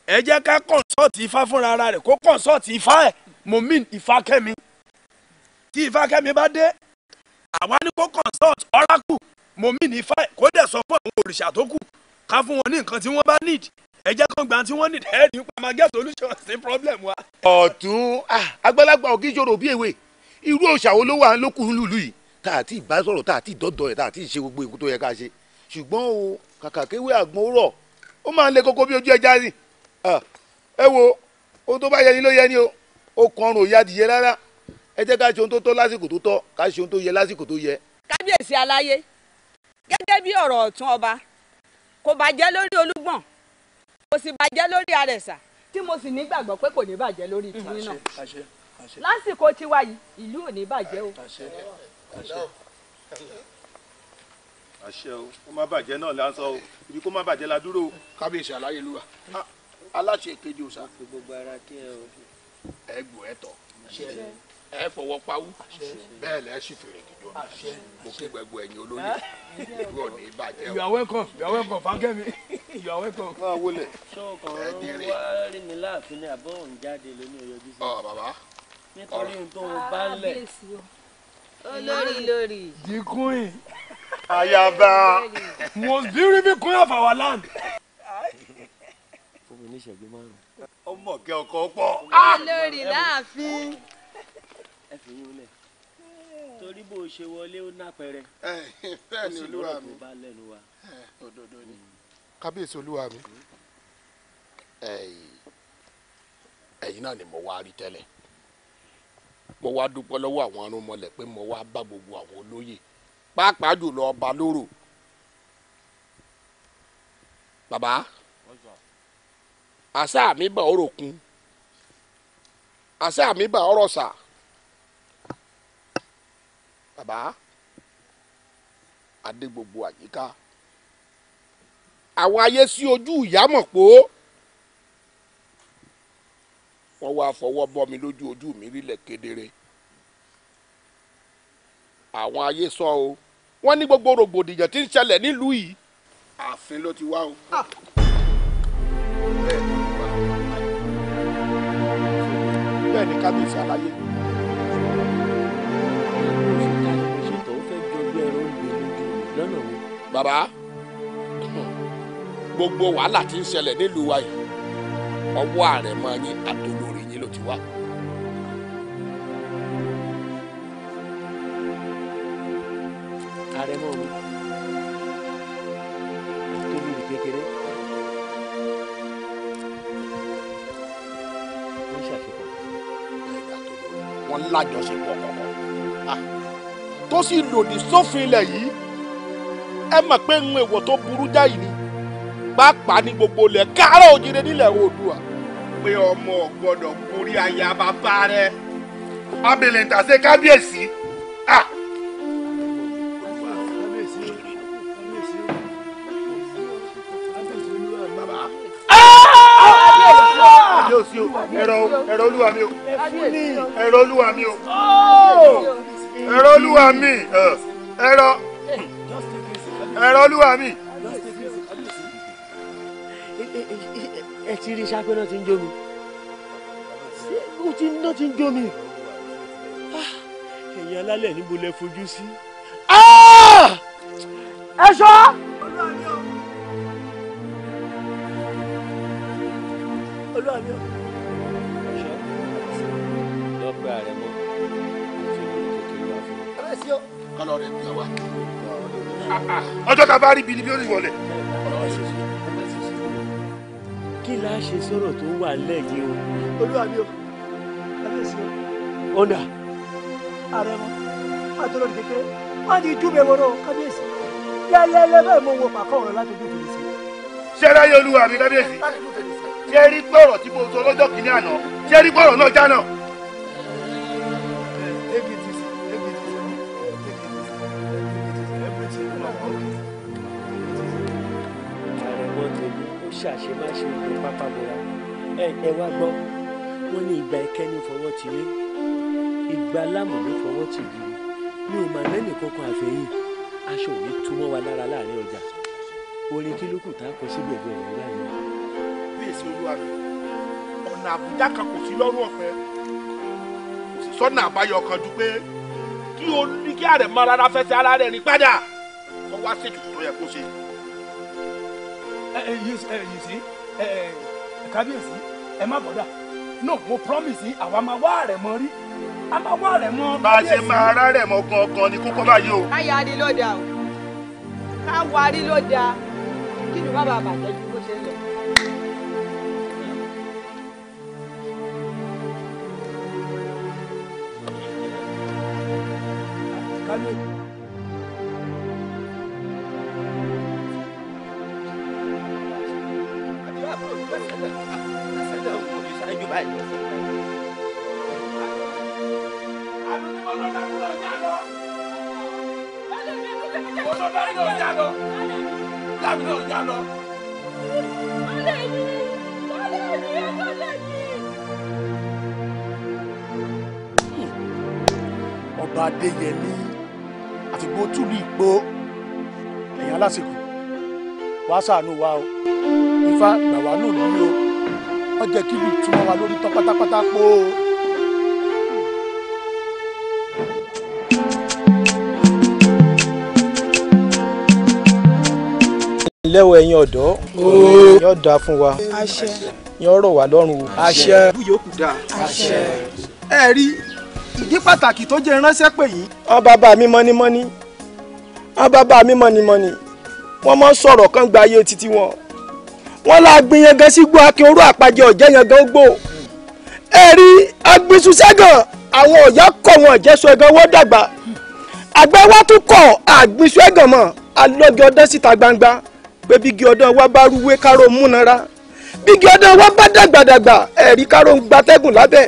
ẹ jẹ́ ká kọ̀ǹsọ́ọ̀tì ifá fúnra ara rẹ̀ kó kọ̀ǹsọ́ọ̀tì ifá ẹ̀ mo mean ifá kẹ́mi tí ifá kẹ́mi bá dé àwa ní kó consult oracle mo mí ní fáì kó dẹ̀ sọ fún àwọn òrìṣà tó kù ká fún wọn ní nǹkan tí wọ́n bá need ẹ jẹ́ kán gba tí wọ́n need ẹ̀ nípa máa get solution sí problem wa. ọ̀tún ah, àgbàlagbà òkè ìṣòro bí èwe irú òòṣà wo ló wà lókùn lùlù yìí tá a ti bá sọ̀rọ̀ tá a ti dọ́dọ̀ ẹ̀ tá a ti ṣe gbogbo èkó tó yẹ ká ṣe ṣùgbọ́n o kàkà kéwé àgbọn rọ̀ ó máa ń le koko bí ojú ẹja rìn ah, ẹ wo ohun tó bá yẹ ló yẹ ni o ó kan ọrùn òye adìyẹ rárá ẹ jẹ́ ká ṣe ohun tó tọ́ lásìkò tó tọ́ ká ṣe ohun tó yẹ lásìkò tó yẹ. kábíyèsí aláyé gẹ́gẹ́ bí ọ̀rọ̀ ọ̀tún ọba kò bàjẹ́ lórí olúgbọ̀n kò sì bàjẹ́ lórí àrẹ̀sà tí mo sì nígbàgbọ́ pé kò ní bàjẹ́ lórí tìyín náà lásìkò tiwa yìí ìlú ò ní bàjẹ́ o. àṣẹ o kó má bàjẹ́ náà la sọ o ibi kó má bàjẹ́ la dúró o. kábíyèsí aláyé lu wa aláṣẹ kejì òsà. gbogbo ara kí ẹ o. ẹ gbọ́ ẹ tọ́ ẹ fọwọ́ pawú bẹ́ẹ̀ lẹ́ sì fèrè dìjọ́ mo kí gbogbo ẹ̀yin olóyè ah. yóò ní ìbàjẹ́ o. you are welcome you are welcome fagẹ́mi you are welcome. máa wọlé ẹ jẹrè. ṣé ọkàn rí mi láàfin ní àbọ̀ òun jáde lónìí ọyọ́jú sí. ọ bàbá. nítorí ohun tó ń ah, bá lẹ̀. olórí lórí. the queen. ayaba. most beautiful queen of our land. fún mi ní ìṣẹ́jú márùn-ún. ọmọ kí ọkọ pọ̀. olórí láàfin ẹ fi yún lẹ̀ torí bó o ṣe wọlé ó nápẹrẹ bẹ́ẹ̀ ni olúwa mi òdodo ni mm. kábíyèsí olúwa mi mm. ẹ̀yin náà ni mo wá rí tẹ́lẹ̀ mo wá dúpọ́ lọ́wọ́ àwọn arúnmọlẹ̀ pé mo wá bá gbogbo àwọn olóyè pàápàá jùlọ ọba lóró bàbá àṣà mi bá ọ̀rọ̀ kun àṣà mi bá ọ̀rọ̀ sà bàbá adé gbogbo àyíká àwọn ayé sí ojú ìyá mọ̀ pé wọ́n wá fọwọ́ bọ́ mi lójú ojú mi rílẹ̀ kedere àwọn ayé sọ o wọ́n ní gbogbo rògbòdìyàn tí ń ṣẹlẹ̀ nílùú yìí ààfin ló ti wá o. Ah. bẹ́ẹ̀ ni kábíyèsí aláyé. bàbá gbogbo wàhálà tí ń ṣẹlẹ̀ nílùú wa yìí ọwọ́ àrẹ̀mọ yín àtolórí yín ló ti wá. àrẹ̀mọ mi àtolórí kékeré. wọ́n lájọṣepọ̀ kọ̀ọ̀kan ah, tó sì lòdì sófin ilẹ̀ yìí ẹ mọ̀ pé ń èwọ̀ tó burú jáì ni pàápàá ní gbogbo ilẹ̀ káàárọ̀ òjìrè nílẹ̀ oòdùà. pé ọmọ gbọ́dọ̀ borí aya bàbá rẹ abẹ́lẹ̀ ntàṣe kábíyèsí. ẹ̀rọ ẹ̀rọ olúwa mi o ẹ̀rọ olúwa mi o ẹ̀rọ olúwa mi ẹ̀rọ ẹ̀rọ olúwa mi. ẹ ti rí sápẹ́ náà ti ń jó mi náà ti ń jó mi ah, ẹ̀yin alálẹ̀ níbo lẹ fojú sí. Ah! ẹ ṣọ́. olúwa mi ò. lọ́pẹ́ àrẹ mọ́ àti olórí kékeré wá fún mi. kọ́lọ́ rẹ̀ bí ọ wá ọjọ́ ta bá rí ibi ni bí ó lè wọlé. kí la ṣe sọ̀rọ̀ tó wà lẹ́yìn o olúwa mi o kábíyèsí o ọ̀nà àrẹ̀mọ àtọ́lọ́ ní kékeré wọ́n ti dúbẹ̀ wọ́rọ̀ kábíyèsí lẹ́lẹ́lẹ́ bẹ́ẹ̀ mo wọ pàkọ́ ọ̀rọ̀ láti ojú fèrèsé. ṣé ẹ ráyè olúwa mi kábíyèsí ṣé ẹ rí pé ọ̀rọ̀ tí mo sọ lọ́jọ́ kìíní àná ṣé pé ọ̀rọ̀ náà já náà. ṣàṣemáṣe ìlú pápábọra ẹ ẹ wá gbọ́ wọ́n ní ìgbà ẹkẹ́ni fọwọ́ ti lé ìgbà lámùlé fọwọ́ ti lù mí ò máa lẹ́nì kankan àfẹ́yìn aṣọ òní túmọ̀ wa lára láàrin ọjà orin kí ló kù tá a kọ síbi ẹ̀gbẹ́ ọ̀rọ̀ báyìí. bí èsì olúwa mi ọ̀nà àbújá kan kò sí lọ́rùn ọ̀fẹ́ kò sí sọ́nà àbáyọ kan ju pé kí o ní kí àrẹ̀mọ́ rárá fẹsẹ̀ ara rẹ̀ ní padà ọwọ́ àṣetùtù tó yẹ kó ṣe. Eh, eh, yìí eh, kábíyèsí ẹ má See, no mo promise yín àwa máa wá rẹ̀ mọ́ rí a máa wá rẹ̀ mọ́. bá a ṣe máa rá rẹ̀ mọ́ gan-an ni kókó báyìí o. ká yára rí ló o ká wá rí ló dáa kí ni bàbá bàjẹ́ ju bó ṣe lọ. adéyẹmí àtìgbò túlù ìgbó ẹ̀yìn alásìkò wàá ṣàánú wa o ifá gbà wá nù lórí o wọ́n jẹ́ kí lùtú mọ́ wa lórí tán pátápátá pò ó. lẹ́wọ̀ ẹ̀yin ọ̀dọ́ yóò dáa fún wa yóò rọ̀ wá lọ́rùn o. àṣẹ ìdí pàtàkì tó jẹ́ ránṣẹ́ pè yìí. wọn bàbá mi mọ́nímọ́ní wọn bàbá mi mọ́nímọ́ní wọn mọ sọ̀rọ̀ kan gba ayé títí wọn wọn la gbin yangan sí gbó akin oró àpàjẹ ọ̀jẹ́ yangan gbó ẹ̀rí agbésùsẹ́gàn àwọn ọ̀yá kọ̀ wọn ìjẹ́sọ ẹ̀gàn wọ́n dàgbà àgbẹ̀ wa tún kọ̀ àgbésùsẹ́gàn mọ́ alọ́gẹ ọdán síta gbangba pé bígi ọdán wa bá rúwé káró múnara bígi ọdán wa bá dàgbàdàgbà ẹ̀rí káró gbatẹ́gùn lábẹ́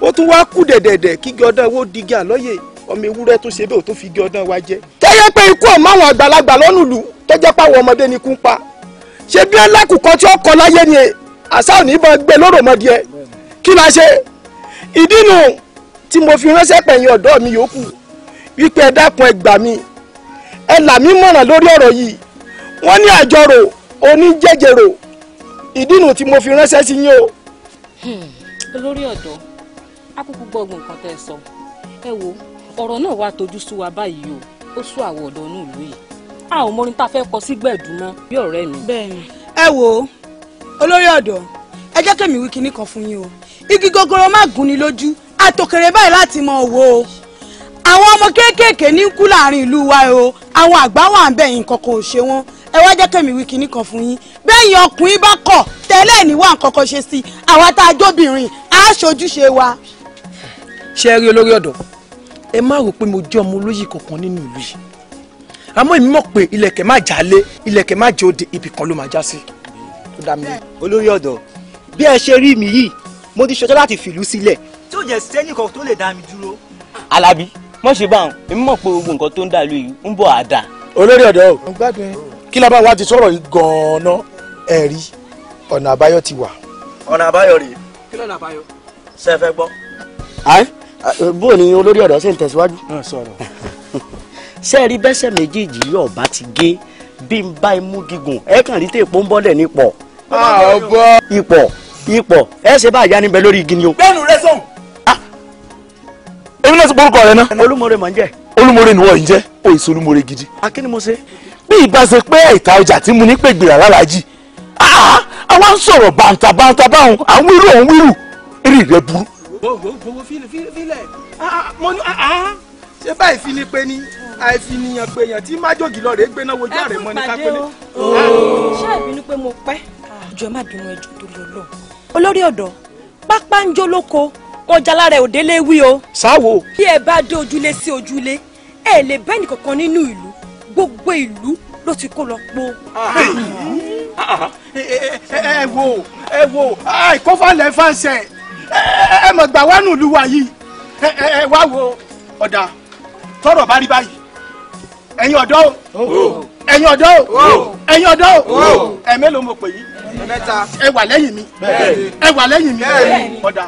ó tún wá kú dẹ̀dẹ̀dẹ̀ kí gé ọdán wo digi àlọ́yè ọmọ ewúrẹ́ tó ṣe bẹ́ẹ̀ ò tó fi gé ọdán wa jẹ. tẹ́yẹ pé ikú ọmọ àwọn àgbàlagbà lọ́nù lù tó jẹ́ pàwọ́ ọmọdé ni kú ń pa ṣé bí ẹlẹ́kùnkọ́ tí ó kọ láyé ni àṣà ò ní bọ́ gbé lóró ọmọdé kí la ṣe ìdí nu tí mo fi ránṣẹ́ pẹ̀yìn ọ̀dọ́ mi yòókù wípé ẹ dákun ẹ gbà mí ẹ là mí mọ̀ràn lórí ọ̀rọ̀ yìí wọ́n ní àjọrò oníjẹjẹrò ìdí nu tí mo fi ránṣẹ́ sí yín o. Hmm, olórí ọ̀dọ́ akúkú gbọ́gbọ̀n nǹkan tẹ́ ẹ sọ ẹ wo ọ̀rọ̀ náà wàá tojú sú wa báyìí o ó sú àwọn ọ̀dọ́ inú ìlú yìí a ò mọrin tá a fẹ́ kọ sí gbẹ̀dùn mọ́ bí ọ̀rẹ́ mi. bẹ́ẹ̀ni ẹ wo olórí ọ̀dọ́ ẹ jẹ́ kẹ́mi wí kinní kan fún yín o igi gogoro má gún ni lójú àtòkèrè báyìí láti mọ òwò o àwọn ọmọ kéékèèké ní kú láàrin ìlú wa o àwọn àgbà wà ń bẹ̀ nǹkan ò ṣe wọ́n ẹ wá jẹ́ kẹ́mi wí kinní kan fún yín bẹ́yìn ọkùnrin bá kọ̀ tẹ́lẹ̀ ní wà nǹkan kan ṣe sí àwa tá a jóbìnrin àá ṣojúṣe wa ṣe rí olórí ọ̀dọ́ ẹ má rò pé mo jẹ́ ọmọ olóyè kankan nínú ìlú yìí àmọ́ èmi mọ̀ pé ilẹ̀kẹ̀ má jà lé ilẹ̀kẹ̀ má jẹ́ òde ibì kan ló máa já sí tó dá mi. olórí ọ̀dọ́ bí ẹ ṣe rí mi yìí mo ti ṣetán láti fìlú sílẹ̀. tí ò jẹ́ sẹ́nìkan tó lè dá mi dúró. alábí mọ̀ ṣe báwọn èmi mọ̀ pé gbogbo nǹkan tó ń dà lóyún ń bọ̀ àdá. olórí ọ̀dọ́ o kí la bá wa ti sọ̀rọ̀ yìí gan-an ẹ̀rí ọ̀nà àbáyọ ti wà. ọ̀nà àbáyọ rèé. kí lọ́nà àbáyọ. ṣé fẹ́ gbọ́ bó ni olórí ọ̀dọ́ ṣe ń tẹ̀síwájú. ṣé ẹ rí bẹ́sẹ̀ méjèèjì yóò bá ti gé bí n bá imú gígùn ẹ kàn rí tèèpo ń bọ́lẹ̀ ní ipò. ipò ipò ẹ ṣe bá àyà níbẹ̀ lórí igi ni o. bẹ́ẹ̀nu rẹ sọ̀hún. Ah. èmi náà ti borúkọ rẹ náà. olúmọ̀rẹ́ mà ń jẹ́. olúmọ̀rẹ́ ni wọ́n ń jẹ́ o èso olúmọ̀rẹ́ gidi. akíní mo ṣe. bí ìbá ṣe pé ìta ọjà tí mo ní pè gbèrà lálàájì ah, ah, àwa ń sọ̀rọ̀ bàǹtàbàǹtà báwọn àwọn irú òun wírù eré rẹ burú wo wo wo fílẹ̀ fílẹ̀ fílẹ̀ mo ní ah, ah. ṣe báyìí fi ni pé ni àìfiniyàn pé èèyàn tí májògì lọ rèé gbéná wojú ààrẹ mọ ní kápẹ́lẹ́. Ah. ṣé àbínú pé mo pẹ́. ìjọ má bínú ẹjọ́ tó lọ lọ. olórí ọ̀dọ́ pápá ń jó lóko wọn jalára ẹ̀ òdélé wí o. sáwo. bí ẹ bá dé ojúlé sí ojúlé ẹ lè bẹ́ẹ̀ nìkankan nínú ìlú gbogbo ìlú ló ti kó lọ po. Eh, eh, eh, ẹ wo ẹ wo àìkófà lẹ́fà sẹ́ẹ̀ ẹ mọ̀ gbà wá nù lùwà yìí ẹ ẹ wá wo ọ̀dà tọrọ bá rí báyìí ẹ̀yin ọ̀dọ́ o ẹ̀yin ọ̀dọ́ o ẹ̀yin ọ̀dọ́ o ẹ̀ mélòó mo pè yí ẹ wà lẹ́yìn mi ẹ wà lẹ́yìn mi ọ̀dà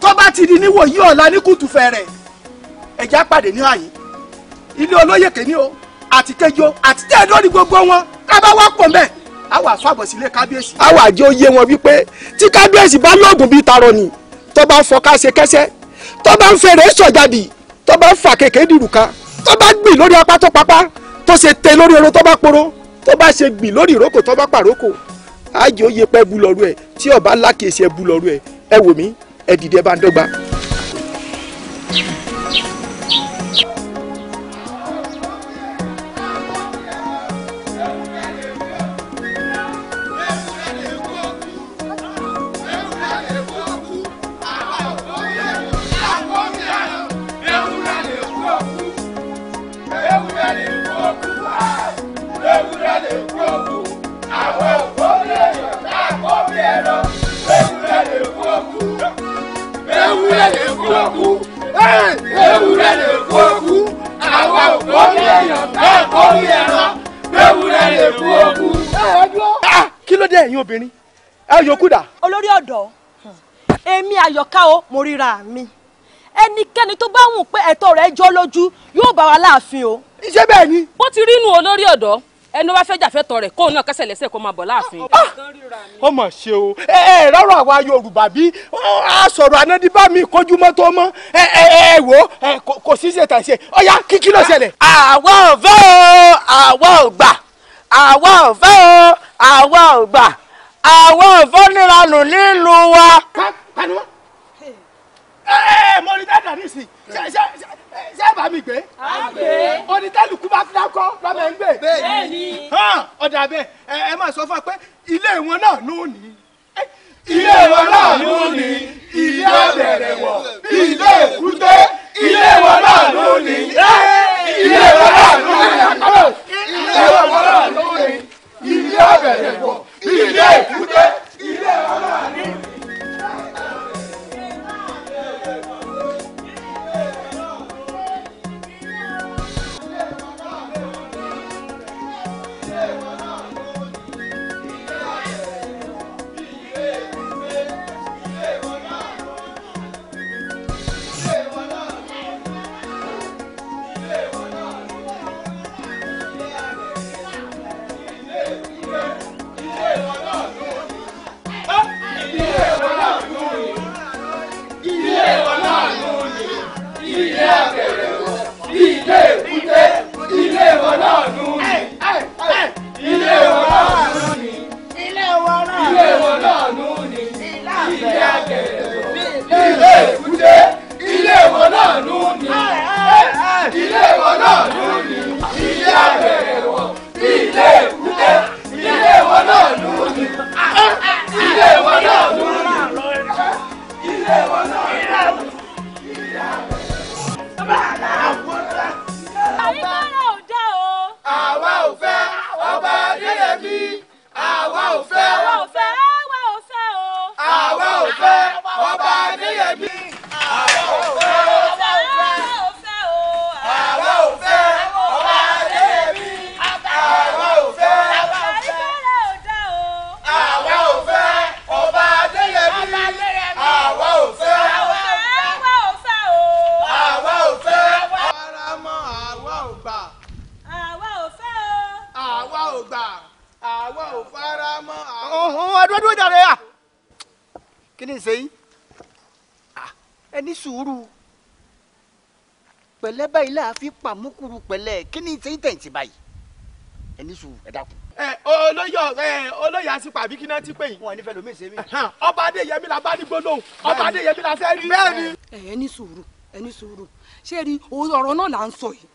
tó bá ti di níwò yí ọ̀la ní kùtùfẹ́ rẹ̀ ẹ̀já pàdé ní àyè ilé olóyè kìíní o àti kẹjọ àti tẹ́ lórí gbogbo wọn kábà wá pọ̀ mẹ́ àwọn àfàbọ̀sílẹ̀ kábíyèsí. àwọn àjẹ́ oyè wọn wípé tí kábíyèsí bá lóògùn bíi tarọ ni tó bá ń fọká ṣe kẹsẹ tó bá ń fèrè sọjàdì tó bá ń fà kéèké dìrùka tó bá gbìn lórí apá tó papá tó ṣe tẹ lórí oró tó bá poro tó bá ṣe gbìn lórí ìrókò tó bá pàrókò ààyè ó yẹ bu lọ́rú ẹ̀ tí ọba lákèsí ẹ bu lọ́rú ẹ ẹ wò mí ẹ dìde bá ń dọ́gba. ewúrẹ́ lè kú òkú ewúrẹ́ lè kú òkú àwa ò kórè èèyàn tá a kórè ẹran ewúrẹ́ lè kú òkú. Ah, kí ló dé ẹ̀yin obìnrin ẹ olórí ọ̀dọ́ èmi àyọ̀ká o mo ríra mi ẹnikẹ́ni tó bá wù pé ẹ̀tọ́ rẹ̀ jọ lójú yóò bá wa láàfin o. iṣẹ́ bẹ́ẹ̀ ni. bó ti rí inú olórí ọ̀dọ́ ẹni wá fẹ́ jàfẹ́tọ̀ rẹ̀ kóun náà kẹsẹ̀ lẹ́sẹ̀ kó máa bọ̀ láàfin. Ah, ah. ó ṣe o ẹ ẹ rọrọ àwa yorùbá bí a sọ̀rọ̀ ànádi bá mi kojú mọ́tò mọ́ ẹ ẹ ẹ wò ó kò sí ṣe tà ṣe ọ̀ya kí kí ló ṣẹlẹ̀. àwa ò fẹ́ o àwa ò gbà àwa ò fẹ́ o àwa ò gbà àwa ò fọ́ níranù nílùú wa. ẹ ẹ mọ̀rí dáadáa nísìnyí ṣé bá mi gbé. a gbé. bá fi dákọ́ lọ́mọ ẹ̀ ń gbé. bẹ́ẹ̀ni. ọ̀dà bẹ́ẹ̀ ẹ máa sọ fún wa pé ilé wọn náà ló ní. ilé wọn náà ló ní ilé ọ̀bẹ̀rẹ̀ wọ̀ ilé èkúté ilé wọn náà ló ní ilé wọn náà ló ní ilé wọn náà ló ní ilé ọ̀bẹ̀rẹ̀ wọ̀ ilé èkúté ilé wọn náà ló ní. ilé èkúté ilé wọn náà dùn ní. ilé wọn náà dùn ní. ilé wọn náà dùn ní. ilé àgẹ̀dẹ̀ ilé èkúté ilé wọn náà dùn ní. ilé wọn náà dùn ní. ilé àgẹ̀dẹ̀ wọn ilé èkúté ilé wọn náà dùn ní. ilé wọn náà dùn ní. dúró dúró jàre à kí ni ìsẹ́yìn ẹ ní sùúrù pẹ̀lẹ́ báyìí láàfin pàmùkùrù pẹ̀lẹ́ kí ni ìsẹ́yìn tẹ̀yìntì báyìí ẹ ní sùúrù ẹ dákun. ẹ olóyè ẹ olóyè àsìpà àbí kí náà ti pè yín. wọn ò ní fẹ́ lómi ìsẹ́mi. ọba adéyẹmí la bá ní gbólóhùn ọba adéyẹmí la fẹ́ rí. bẹ́ẹ̀ni. ẹ ẹ ní sùúrù ẹ ní sùúrù ṣé rí ọ̀rọ̀ náà là ń sọ yìí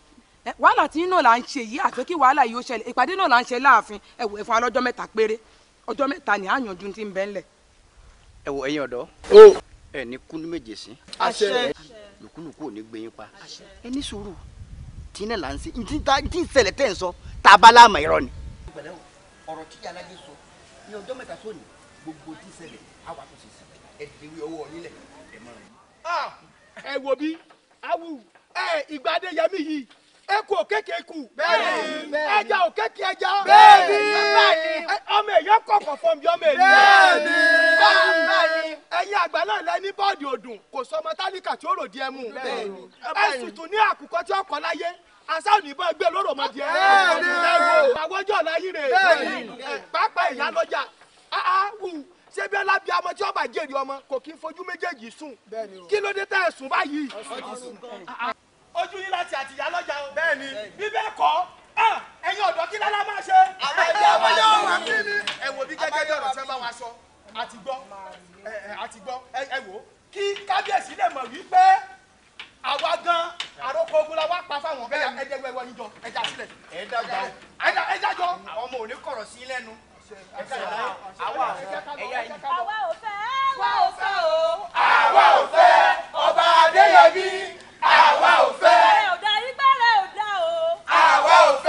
wàhálà tí náà là ń ṣe yìí àfẹ́ kí wàhálà yìí ó ṣẹlẹ̀ ìpàdé náà là ń ṣe láàfin ẹ̀wọ̀ ẹ̀fọn alọ́jọ́ mẹ́ta péré ọjọ́ mẹ́ta ni àyànjú ti ń bẹ ńlẹ̀. ẹ wo ẹ̀yin ọ̀dọ́. o ẹ ní kúnú méje sí. àṣẹ lùkúlùkù ò ní gbé yín pa. ẹ ní sùúrù tí náà là ń ṣe tí ń ṣẹlẹ̀ tẹ̀ ń sọ tá a bá láàmà irọ́ ni. ọ̀rọ̀ tí alájẹ sọ ní ọjọ́ mẹ́ta sóni gbogbo tí ṣẹlẹ̀ àwa tó ṣe sí ẹ dèwé ọwọ́ nílẹ̀ ẹ mọ̀ ah, bí awu ẹ ìgbà adéyẹmí yìí eku òkèké eku. bẹ́ẹ̀ni ẹja òkèké ẹja. bẹ́ẹ̀ni ọmọ èèyàn kọkàn fún mi ọmọ èèyàn. bẹ́ẹ̀ni ẹ̀yin àgbà náà lẹni bọọdì ọdún kò sọmọ tálíkà tí ó rò díẹ̀ mú. ẹ sì tún ní àkùkọ tí ó kọ láyé asa ò ní bọ́ ẹgbẹ́ lóró ọmọ díẹ̀. bẹ́ẹ̀ni àwọjọ́ láyé rè é pàápàá ìyá lọ́jà ṣé bí ọlábí ọmọ tí ọba jèrè ọmọ kò kí ń fojú méjèèjì sùn kí ló dé tẹ́ ẹ̀ sùn báyìí ojú yín láti àtìyá lọ́jà o. bẹ́ẹ̀ni. bíbẹ́ kọ́ ẹ̀yin ọ̀dọ́ kí lálá máa ṣe. àwọn ẹgbẹ́ wa yóò wá kí ni. ẹ wo bí gẹ́gẹ́ bí ọ̀rọ̀ tí wọ́n bá wa sọ àti gbọ́ àti gbọ́ ẹ wò ó kí kábíyèsí lè mọ̀ wípé àwa gan àròkọ ogun la wá pa fáwọn ẹja ẹja ẹwẹ ẹwẹ níjọ ẹja sílẹ̀. ẹja ẹja jọ. àwọn ọmọ ò ní kọ̀rọ̀ sí lẹ́nu. àwa ò fẹ́ àwa ò fẹ́ ọba adéyẹbí àwa ò fẹ́. ẹ ò dá yín ò dá o. àwa ò fẹ́.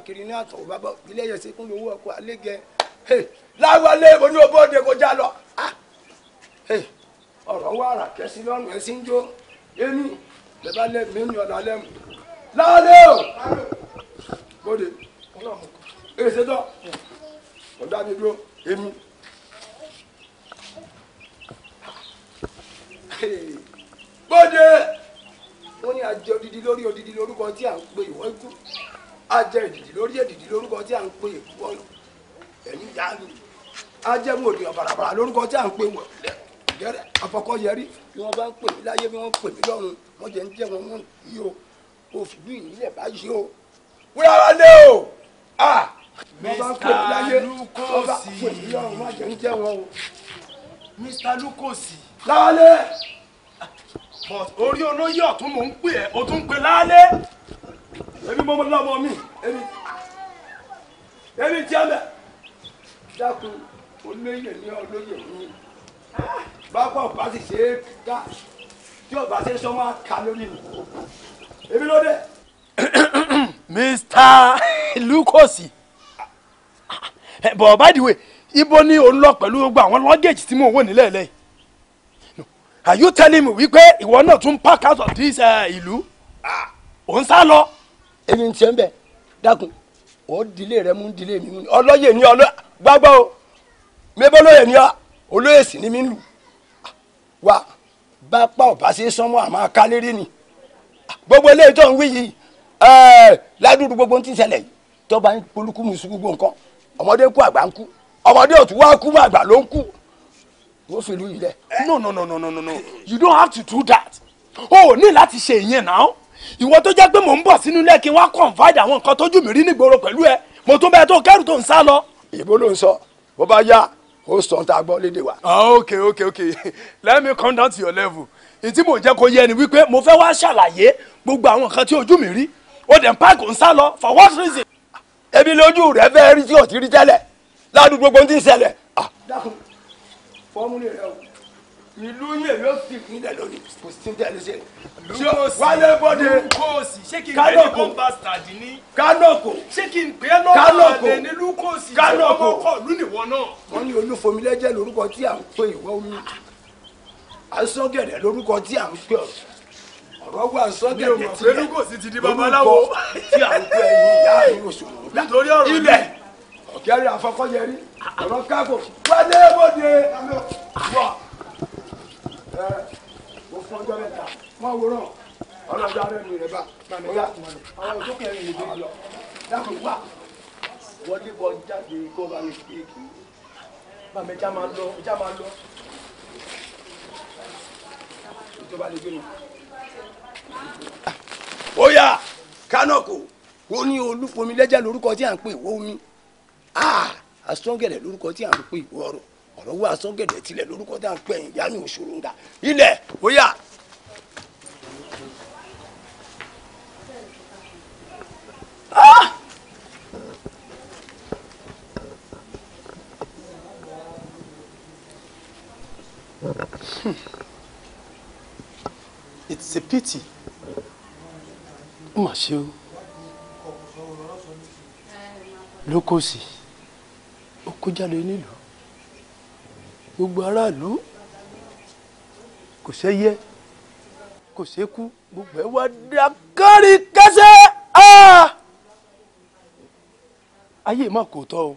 káàkiri ní àtọ̀ bàbá ilé ẹ̀yẹ sí kúnlẹ̀ owó ọkọ̀ alégẹ láwọlé oní obóde kọjá lọ ah, ọ̀rọ̀ wà rà kẹ́sí lọ́rùn ẹ̀ jó èmi bẹ́ẹ̀ lẹ́ mi ní ọ̀nà láwọlé o bóde èsè tọ́ ọ̀dà mi dúró èmi. bóde wọ́n ní àjọ odidi lórí odidi lórúkọ tí à ń pè wọ́n kú a jẹ èdìdì lórí èdìdì lórúkọ tí a ń pè wọn ẹ̀yìn ìyá a jẹ mú òdìyàn bàràbàrà lórúkọ tí a ń pè wọn gẹ́rẹ́ afọkọ́yẹrí bí wọ́n bá ń pè mí láyé bí wọ́n pè mí lọ́run wọ́n jẹ́ ń jẹ́ wọn mú yìí o kò báyìí o wúlò wá lé o wọ́n bá ń Mr. Lukosi. lálẹ́. but orí olóyè ọ̀tún mò ń pè ẹ́ o tún ń pè lálẹ́ èmi mọ́mọ́ lọ́mọ mi èmi èmi jẹ́ mẹ́ dákun olóyè ní olóyè mi bákan ọba sì ṣe é ká tí ọba ṣe sọ máa kà lórí mi èmi ló dé. Mr. Lukosi eh, but by the way ibo ni o ń lọ pẹ̀lú gbogbo àwọn luggage tí mo wò nílẹ̀ lẹ́yìn are you telling me wípé ìwọ náà tún pack out of this eh, ìlú ò ah. ń sá lọ èmi ń tiẹ̀ ń bẹ̀ dákun ó dilé rẹ mú dilé mi mú ọlọ́yè ni ọlọ́ gbágbá o mébọ́lóyè ni olóyè sì ni mí lù wá bá pa ọ̀bá sí sánmọ́ àmọ́ akálérí ni gbogbo eléyìí tó ń wí yìí ládùúgbò gbogbo ń ti ṣẹlẹ̀ yìí ń polúkú mu sí nǹkan ọmọdé kú àgbà ń kú ọmọdé ò wá kú mọ́ àgbà ló ń kú ó fi ìlú yìí lẹ̀. no no no no no no you don't have to do that o oh, ní láti ṣe ìyẹn náà ìwọ tó jẹ́ pé mò ń bọ̀ sínú ilé kí n wá confide àwọn nǹkan tójú mi rí nígboro pẹ̀lú ẹ mo tún bẹ́ẹ̀ tó kẹ́rù tó ń sá lọ. ìbò ló ń sọ bó bá yá ó sọ tá a gbọ́ lédè wa. Ah, ok ok ok let me come down to your level ìtí mò ń jẹ́ kó yé ni wípé mo fẹ́ wá ṣàlàyé gbogbo àwọn nǹkan tí ojú mi rí ó dẹ̀ ń páàkì ń sá lọ for what reason. ebi lójú rẹ fẹ́ rí tí ò ti rí tẹ́lẹ̀ ládùúgbò gbogbo ti ń ṣẹlẹ̀. Ah, dákun fọ́ọ̀mù rẹ̀ o ìlú yẹn yóò fi ìpínlẹ̀ lórí kò sí tẹ̀ lé ṣe. wálé bọ́dé kánòkò kánòkò kánòkò kánòkò wọ́n ní olúfomilẹ́jẹ́ lórúkọ tí à ń pè ìwọ́ omi asọ́gẹ̀dẹ̀ lórúkọ tí à ń pè ọ̀sán ọ̀rọ̀ wà sọ́gẹ̀dẹ̀ tiẹ̀ lórúkọ tí à ń pè ìyá ìrọ̀sọ̀rọ̀ ilẹ̀ ọ̀kẹ́rẹ́ afọkọ́yẹrí ọ̀rọ̀ kákò wálé bọ́dé wà ẹ mo fún ọjọ́ mẹ́ta wọ́n wúrọ̀ ọlọ́jọ́ arẹ́ mi rẹ̀ bá bóyá àwọn ìjókòó ẹ̀rìn lè dé lọ dákun wá wọlé bọ jáde kó bá mi kí èkì bàmí ẹja máa lọ ẹja máa lọ ìjọba lè gbé mi. ó yá kánọ̀kù wo ni olúfomi lẹ́jẹ̀ lórúkọ tí a ń pè wọ́n mi àsọ̀ngẹ̀rẹ̀ lórúkọ tí à ń pè wọ́ọ̀rọ̀ ọ̀rọ̀ wà sọ́gẹ̀dẹ̀ tilẹ̀ lórúkọ tá à pẹ́ yín òṣòro ń ilẹ̀ bóyá. Ah! Hmm. It's a pity. Ó mà ṣe o. Lókòsì, ó kó jáde nílùú gbogbo aráàlú kò sẹ́yẹ kò sẹ́kú gbogbo ẹ̀ wá dá kárí kẹsẹ́ ayé mà kò tọ́ o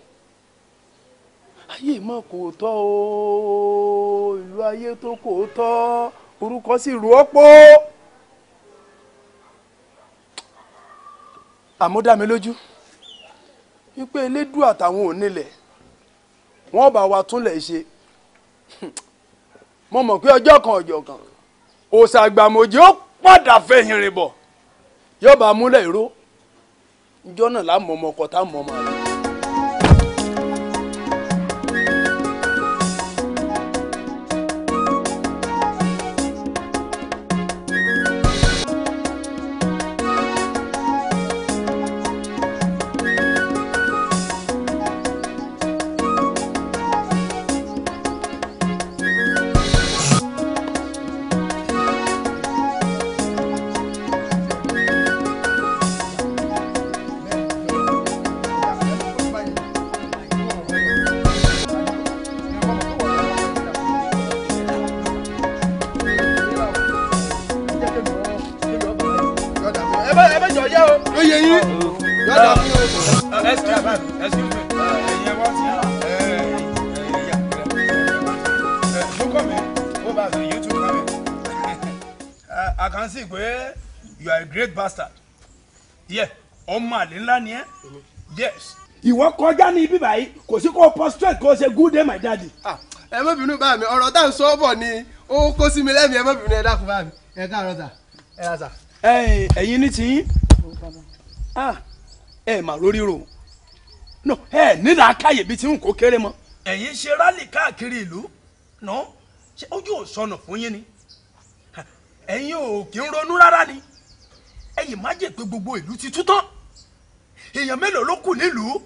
ayé mà kò tọ́ o ìlú ayé tó kò tọ́ orúkọ sì rú ọ́pọ́ àmúdámilójú wípé elédùn àtàwọn onílẹ̀ wọ́n bá wa túnlẹ̀ ṣe mo mọ̀ pé ọjọ́ kan ọjọ́ kan òòsà àgbàmọ̀jì ó padà fẹ̀yìn rìn bọ̀ yóò bá múlẹ̀ ìró ìjọ náà lámọ̀ ọmọ ọkọ̀ tá mọ̀ ọmọ rẹ̀. kọjá ní ibi báyìí kò sí kó prostrate kó ṣe good day my daddy. Ah, ẹ má bínú bá mi ọ̀rọ̀ tá à sọ bọ̀ ni ó kó sí mi lẹ́mìí ẹ má bínú ẹ dákun bá mi ẹ káàárọ̀ sà ẹ rà sà. ẹ̀yin ní tiyín ah, ẹ mà lórí rò no ẹ nílà akáyè bíi tí n kò kéré mọ. ẹ̀yin ṣe rálì káàkiri ìlú nọ ṣé ojú ò sọnà fún yín ni ẹ̀yin ò kí ń ronú rárá ni ẹ̀yin má jẹ́ pé gbogbo ìlú ti tú tán èèyàn mélòó ló kù nílùú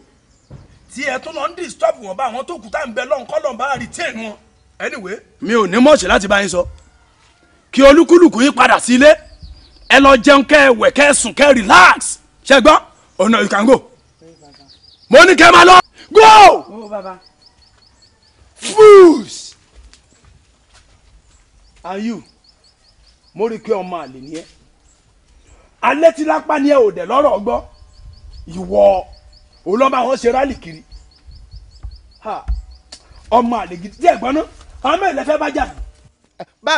tí ẹ tó lọ ń disturb wọn bá àwọn tó kù tá ń bẹ lọ́nkọ́ lọ́n bá retain wọn. anyway. mi ò ní mọ̀ọ́sì láti bá yín sọ kí olúkúlùkù yín padà sí ilé ẹ lọ jẹun kẹ ẹ wẹ kẹ ẹ sùn kẹ ẹ relax ṣe gbọ́ ọ̀nà you can go mo ní kẹ́ ẹ máa lọ go fools and you mo rí i pé ọmọ àlè ni ẹ alẹ́ tí lápá ni ẹ ò dẹ̀ lọ́rọ̀ ọgbọ́ ìwọ òun lọ́ọ́ ṣe rálì kiri ọmọ àlejò tí ẹ̀gbọ́n náà àwọn lẹ́fẹ́ bá jà. bá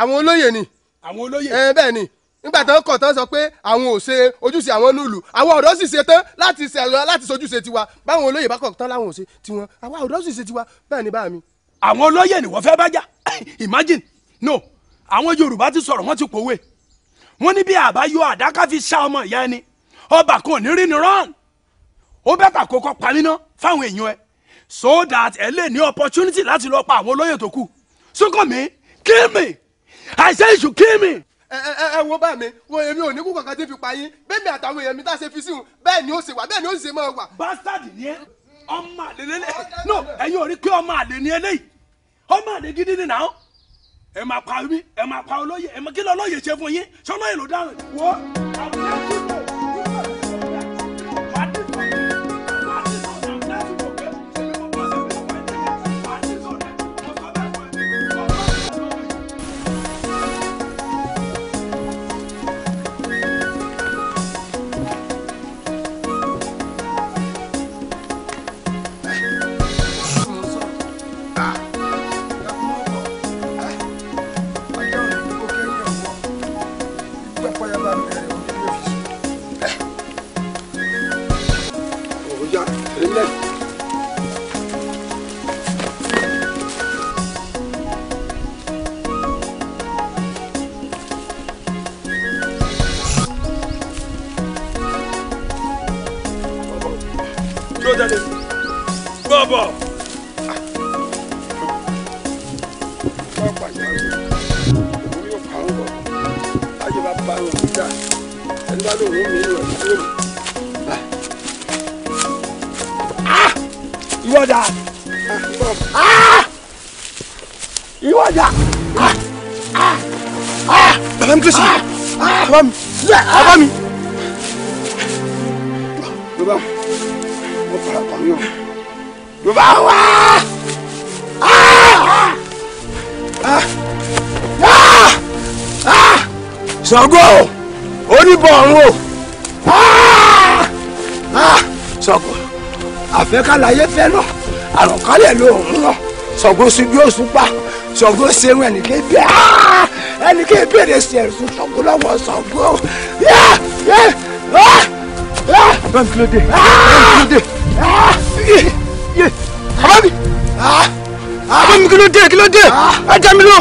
àwọn olóyè ni. àwọn olóyè. ẹ bẹ́ẹ̀ ni nígbà tó ń kọ̀ tán sọ pé àwọn ò ṣe ojúṣe àwọn nílùú àwọn ọ̀dọ́ sì ṣe tán láti ṣẹlọ láti ṣojúṣe tiwa báwọn olóyè bá kọ̀ tán láwọn ò ṣe tiwọn àwọn ọ̀dọ́ sì ṣe tiwa bẹ́ẹ̀ ni bá àwọn olóyè ni wọ́n fẹ́ bá jà imagine no àwọn yorùbá ti sọ̀rọ̀ wọ́n ti pòwe wọ́n ní bí àbáyọ àdá ṣá ọmọ ìyá ẹni ọba ò ní rí ni rán ó bẹ́tà kó kọ́ parí fáwọn èèyàn ẹ so that ẹ lè ní opportunity láti lọ pa àwọn olóyè tó kù mi kill me I say you kill me. ẹ ẹ ẹ wo bá mi wo èmi ò ní kú kankan tí fi pa yín bẹ́ẹ̀ mi àtàwọn èèyàn mi tá a ṣe fi sí un bẹ́ẹ̀ ni ó ṣe wà bẹ́ẹ̀ ni ó ṣe máa wà. bastard ni ẹ ọmọ àlè lélẹ̀ no ẹ̀yin ò rí pé ọmọ àlè ni eléyìí ọmọ àlè gidi ni náà ẹ máa pa mí ẹ máa pa olóyè ẹ máa kí lọ olóyè ṣe fún yín ṣọlọ́yè ló dáhùn wọ́n àwọn ẹ̀kọ́. ìwọ dà ìwọ dà. bàbá mi kílósì bàbá mi bàbá mi. bàbá mo fara pa mí o bàbá wá. Ṣàngó oníbọ̀ ọ̀run o Ṣàngó àfẹ́kàlàyé fẹ́ lọ àrùnkálẹ̀ ló ń lọ sọ̀gbọ́n síbi oṣù pa sọ̀gbọ́n ṣeun ẹnìkan bí ah! ẹnìkan ìbéèrè ṣe ẹ̀sùn sọ̀gbọ́n lọ́wọ́ sọ̀gbọ́n. Ah! Ah! bàbá mi kílódé bàbá mi kílódé bàbá mi kílódé kílódé ẹ jẹ́ mi lọ.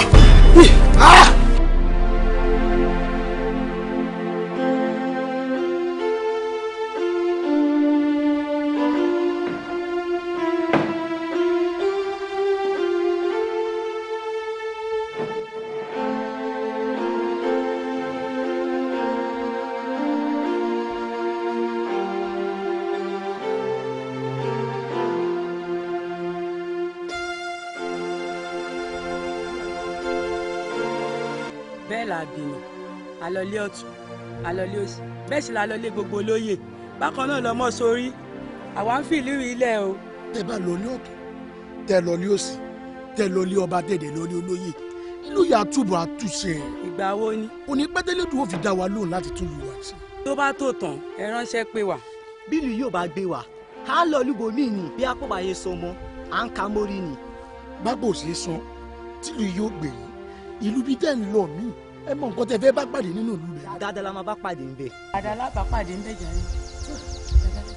àbìnì àlọ́lé ọ̀tún àlọ́lé òsì bẹ́ẹ̀ sì lálọ́lé gbogbo olóyè bákan náà lọ́mọ sórí àwa ń fi ìlú ilẹ̀ o. tẹ bá lọlé ọ̀tún tẹ lọlé òsì tẹ lọlé ọba tẹ̀dẹ̀ lọlé olóyè ìlú yà á túbọ̀ àtúnṣe. ìgbà wo ni. òní pẹ́tẹ́lẹ́dùn ó fi dá wa lóhùn láti tún lù wá sí. tó bá tó tán ẹ pé wà. bílù yóò bá gbé wa ká lọ lúbo míì ni bí akóbáyé sọ mọ à ń ka mórí ni. bábò ṣe san tìlú yóò gbè ìlú bíi tẹ́ ń lọ míì ẹ mọ nǹkan tẹ fẹ́ bá pàdé nínú ìlú rẹ. dáadáa la máa bá pàdé nbẹ. dáadáa la bá pàdé nbẹ jàre.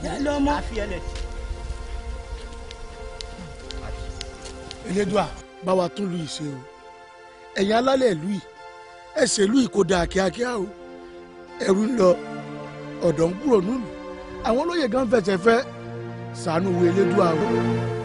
yálò ọmọ. àfiyẹlẹ. elédùà tún lu ìṣe o ẹ̀yin alálẹ̀ ìlú yìí ẹ ṣe ìlú yìí kó dáa kíákíá o ẹrú ń lọ ọ̀dọ́ ń kúrò nílùú àwọn olóyè gan fẹsẹ̀ fẹ́ ṣàánú wo elédùà o.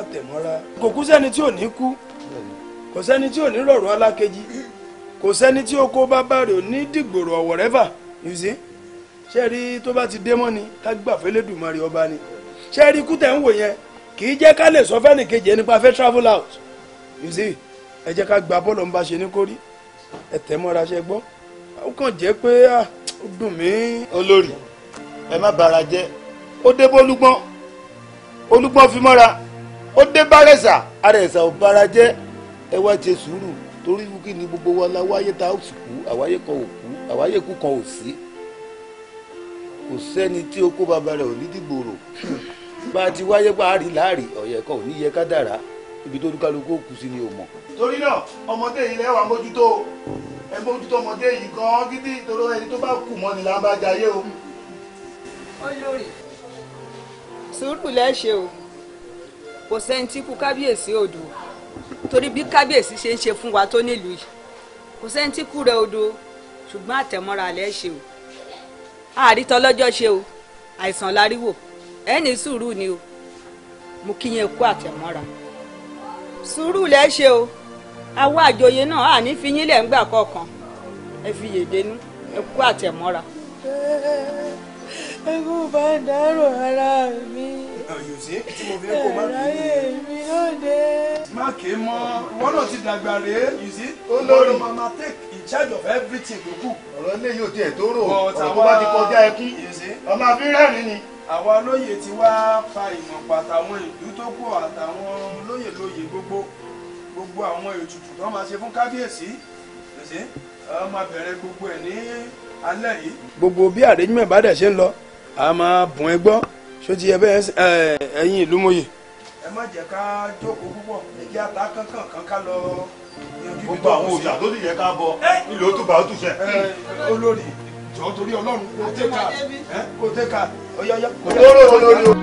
àtẹ̀mọ́ra kò kú sẹ́ni tí ò ní kú kò sẹ́ni tí ò ní rọ̀rùn alákejì kò sẹ́ni tí ó kó bábà rẹ̀ ní dìgbòrò ọ̀wọ̀ rẹ̀ bà you see ṣé rí tó bá ti dé mọ́ ni ká gbà fẹ́lẹ́dùmarè ọba ni ṣé rí kú tẹ̀ ń wò yẹn kì í jẹ́ ká lè sọ fẹ́ni kejì ẹni pa fẹ́ travel out you see ẹ jẹ́ ká gba bọ́ọ̀lù ń bá ṣe ní kórí ẹ tẹ̀ mọ́ra ṣe gbọ́ ó kàn jẹ́ pé ah, ó dùn mí. olórí ẹ má bara jẹ́ ó dé bólúgbọ́n olúgbọ́n fi mọ́ra ó dé bárẹ̀sà àrẹ̀sà ò bára jẹ́ ẹ wá ṣe sùúrù torí kí ni gbogbo wa la wáyé ta ó sì kú àwáyé kan ò kú àwáyé kú kan ò sí kò sẹ́ni tí ó kó bàbá rẹ̀ ò ní dìgbòrò bá a ti wáyé pa àárín láàrín ọ̀yẹ̀ kan ò ní yẹ ká dára ibi tó dúkàlùkù kù sí ni ò mọ̀. torí náà ọmọdé yìí lẹ́wà mójútó ẹ mójútó ọmọdé yìí gan-an gidi ìtòrò ẹni tó bá kù mọ́ ni là o. ó lórí sùúrù lẹ́ ṣe o kò sẹ́ni tí kú kábíyèsí odò torí bí kábíyèsí ṣe ń ṣe fún wa tó nílùú yìí kò sẹ́ni tí kú rẹ odò ṣùgbọ́n àtẹ̀mọ́ra alẹ́ ṣe o àrítọ́ lọ́jọ́ ṣe o àìsàn láríwò ẹni sùúrù ni o mo kí yẹn kú àtẹ̀mọ́ra sùúrù lẹ́ ṣe o àwọn àjòyè náà àní fi yín lẹ̀ kọ̀ọ̀kan ẹ fi yèdè ẹ kú àtẹ̀mọ́ra ẹkú bá ń dárò ara mi. yòòsí tí mo fi ń kó má bí. àráyé mi yóò dé. má kì mọ wọn náà ti dàgbà rèé yòòsí. olórí wọn máa take in charge of everything tó ọ̀rọ̀ ilé yóò tiẹ̀ tó rò ọ̀rọ̀ bá ti kọjá ẹkún ọmọ abirẹ́rìn ni àwa lóye ti wá fa ìmọ̀ pàtàwọn ìlú tó kù àtàwọn lóye lóye gbogbo gbogbo àwọn ètùtù tó máa ṣe fún kábíyèsí ọmọ bẹ̀rẹ̀ gbogbo ẹ̀ ní alẹ́ yìí. gbogbo bí àrègbè bá dẹ̀ ṣe ń lọ a máa bùn ẹ gbọ́ sóti ẹ bẹ́ẹ̀ ẹ̀yin ìlú mòye. ẹ má jẹ́ ká jókòó púpọ̀ ẹ̀jẹ̀ ata kankan kan ká lọ. gbogbo àwọn òòṣà tó sì yẹ ká bọ ilé ó tún bá ó tún ṣe. olórí jọ̀ọ́ torí ọlọ́run kò tẹ́ka kò tẹ́ka ọ̀yọ́yọ́. olórí olórí o.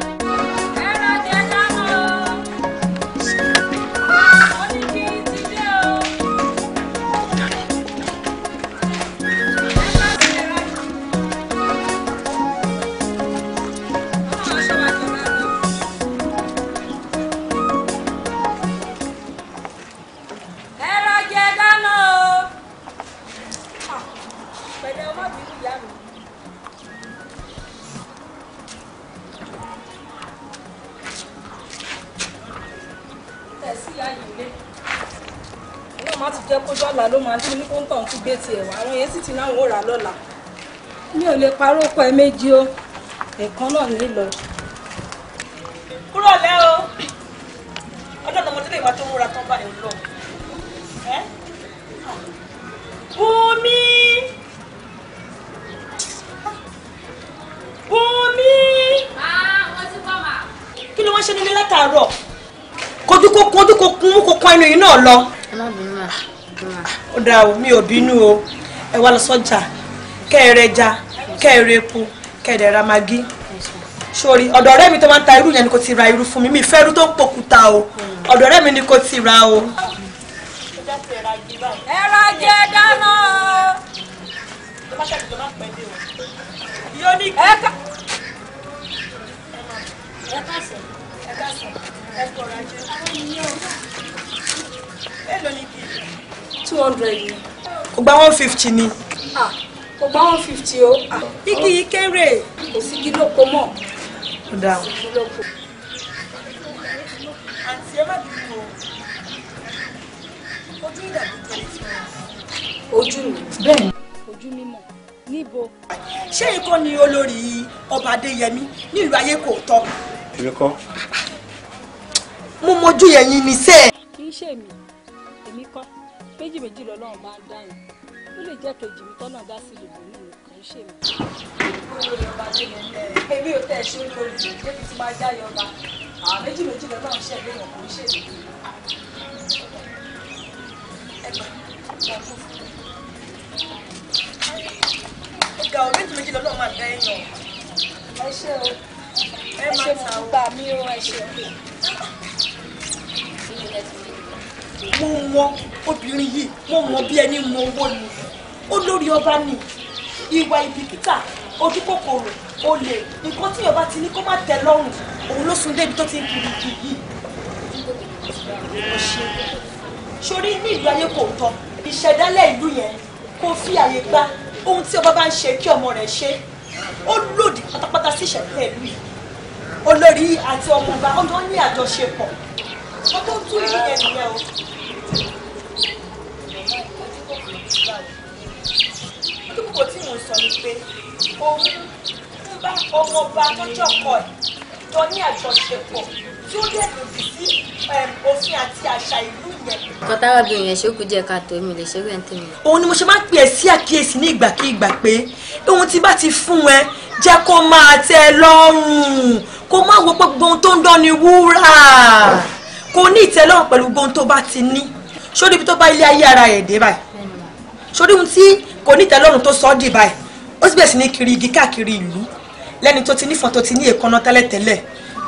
gbé tiẹ̀ wá àwọn yẹn sì ti náà wòrà lọ́la mi ò lè parọ́ ọkọ ẹ méjì o ẹ̀kan náà nílò. kúrò lẹ́ o ọjọ́ ọ̀nà ọmọdé lè wá tó múra tán bá ẹ̀ lọ. Bùnmi Bùnmi. àwọn ti kọ́ mà. kí ló wá ṣe nílé látàárọ̀ kojú kó kojú kó kún kó kan inú yìí náà lọ ó dáa o mi ò bínú o ẹ wá lọ sọ́jà kẹ́ẹ̀rẹ́ja kẹ́ẹ̀rẹ́po kẹ́ẹ̀dẹ̀ra magi sórí ọ̀dọ̀ ọ̀rẹ́ mi tó máa ń ta irú yẹn ni kò ti ra irú fún mi mi ìfẹ́ irú tó ń pokùta o ọ̀dọ̀ ọ̀rẹ́ mi ni kò ti ra o. ẹ ra jẹ dáná èlò ni kì í two hundred ni. kò gba one fifty ni. Ah, gba one fifty o. igi yìí kéré kò sí igi lóko mọ́. ó dáa. àǹtí ẹ má bínú o ojú ìdàgbé tẹ̀lé tí wọ́n ojú mi. bẹ́ẹ̀ni ojú mímọ́ níbo. ṣé ikọ́ ni olórí ọba adéyẹmí nílùú ayé kò tọ́. èmi kọ́. mo mọjú yẹn yín ní sẹ́ẹ̀. kì í ṣe mi èmi kọ́ méjì méjì lọ́lọ́run máa ń dáyàn ó lè jẹ́ kejì mi tọ́nà dá sí ìlú mi kì í ṣe mi. èmi ò tẹ̀ ṣe olórí débi tí máa já yọba àwọn méjì méjì lọ́lọ́run ṣẹ̀ lé wọn kò ń ṣèlú. ọ̀gá ò méjì méjì lọ́lọ́run máa dá èèyàn. ẹ ṣe o ẹ ṣe mo gbà mí o ẹ ṣe o mo wọn obìnrin yìí mo wọn bí ẹni mọ owó ni ó lórí ọba ni ìwà ìbìkítà ojú kòkòrò olè nǹkan tí ọba ti ní kó má tẹ lọ́rùn òun ló sún débi tó ti ń kiri kiri yìí ní ìlú ayé kò tọ́ ìṣẹ̀dálẹ̀ ìlú yẹn kò fi àyè gba ohun tí ọba bá ń ṣe kí ọmọ rẹ̀ ṣe ó lòdì pátápátá sí ìṣẹ̀dálẹ̀ ìlú yìí olórí àti ọmọọba ọjọ́ ní àjọṣepọ̀ ọjọ́ tún yìí yẹn nìyẹn o dúpọ̀ tí mò ń sọ ni pé òun ń bá ọmọọba tọ́jọ́ kọ ẹ̀ jọ ní àjọṣepọ̀ tí ó lè lòdì sí òfin àti àṣà ìlú yẹn. kọtara bí èèyàn ṣe kú jẹ ká tó èmi lè ṣe rẹ ń tèmi. òun ni mo ṣe máa ń pè é sí àkíyèsí ní ìgbàkigbà pé ohun tí bá ti fún ẹ jẹ́ kó máa tẹ́ ẹ lọ́rùn kó má wo pé gbogbo ohun tó ń dán ni wúrà kó ní ìtẹ́lọ́rùn pẹ̀lú gbogbo ohun tó bá ti ní sórí ibi tó bá ilé ayé ara ẹ̀ dé báyìí sórí ohun tí kò ní ìtẹ́lọ́rùn tó sọ ọ́ dì báyìí ó sì bẹ̀rẹ̀ sí ní kiri igi káàkiri ìlú lẹ́ni tó ti nífọ̀n tó ti ní èékánná tẹ́lẹ̀tẹ́lẹ̀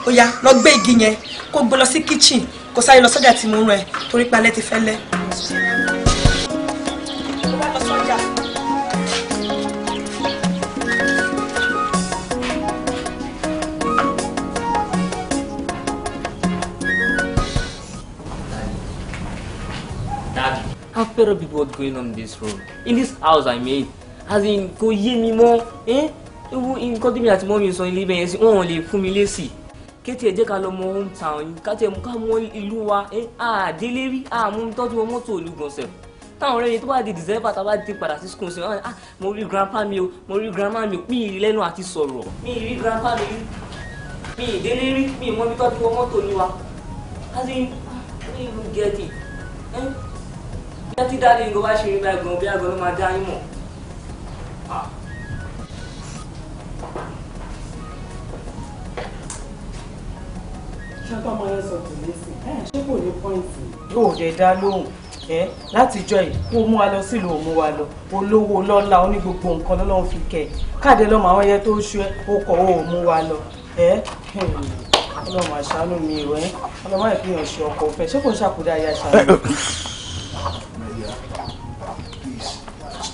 ó yá lọ gbé igi yẹn kó gbé lọ sí kitchen kó sáré lọ sọ́jà tí mo rún ẹ torí pé alẹ́ ti fẹ́ lẹ́. I've fed people with going on in this room. In this house I made. As in, kò yé mi mọ́, eh? Nǹkan tí mi àti mọ́mi sọ ilé bẹ́yẹn sí, wọ́n lè fún mi lésì. Kété ẹ jẹ́ ká lọ mọ hometown yìí, ká tẹ̀ mú ká mọ wa, eh? Àdélé rí, àmú tọ́jú wọn mọ́tò olúgbọ̀nsẹ̀. Táwọn ọ̀rẹ́ yẹn tó bá di December tá a bá di padà sí school sí, ah, mo rí grandpa mi o, mo rí grandma mi o, mi ì lẹ́nu àti sọ̀rọ̀. Mi ì rí grandpa mi rí, mi ì mi ì mọ ibi tọ́jú wọn ni wa. As in, ah, I don't even get it. Eh? ẹ ti dáadé nǹkan bá ṣe rí báyìí bí àgọ́ ló máa dá yín mọ̀. ṣáàbà máa ń sọ tòlé sí ẹ ṣé kò ní pọ́ìntì. yóò dé dá lóhùn ẹ látijọ́ yìí kó mú wa lọ sílùú òun wa lọ olówó lọ́la oní gbogbo nǹkan lọ́lọ́run fi kẹ̀ káàdé lọ́mọ àwọn ẹyẹ tó ń ṣe ó kọ̀ ó mú wa lọ ẹ ọlọ́mọ àṣàánú mi ìrọ̀ ẹ ọlọ́mọ ìpínyàn ṣe ọkọ̀ ọ̀fẹ́ ṣé kò ń ṣàkóso ayé àṣàánú.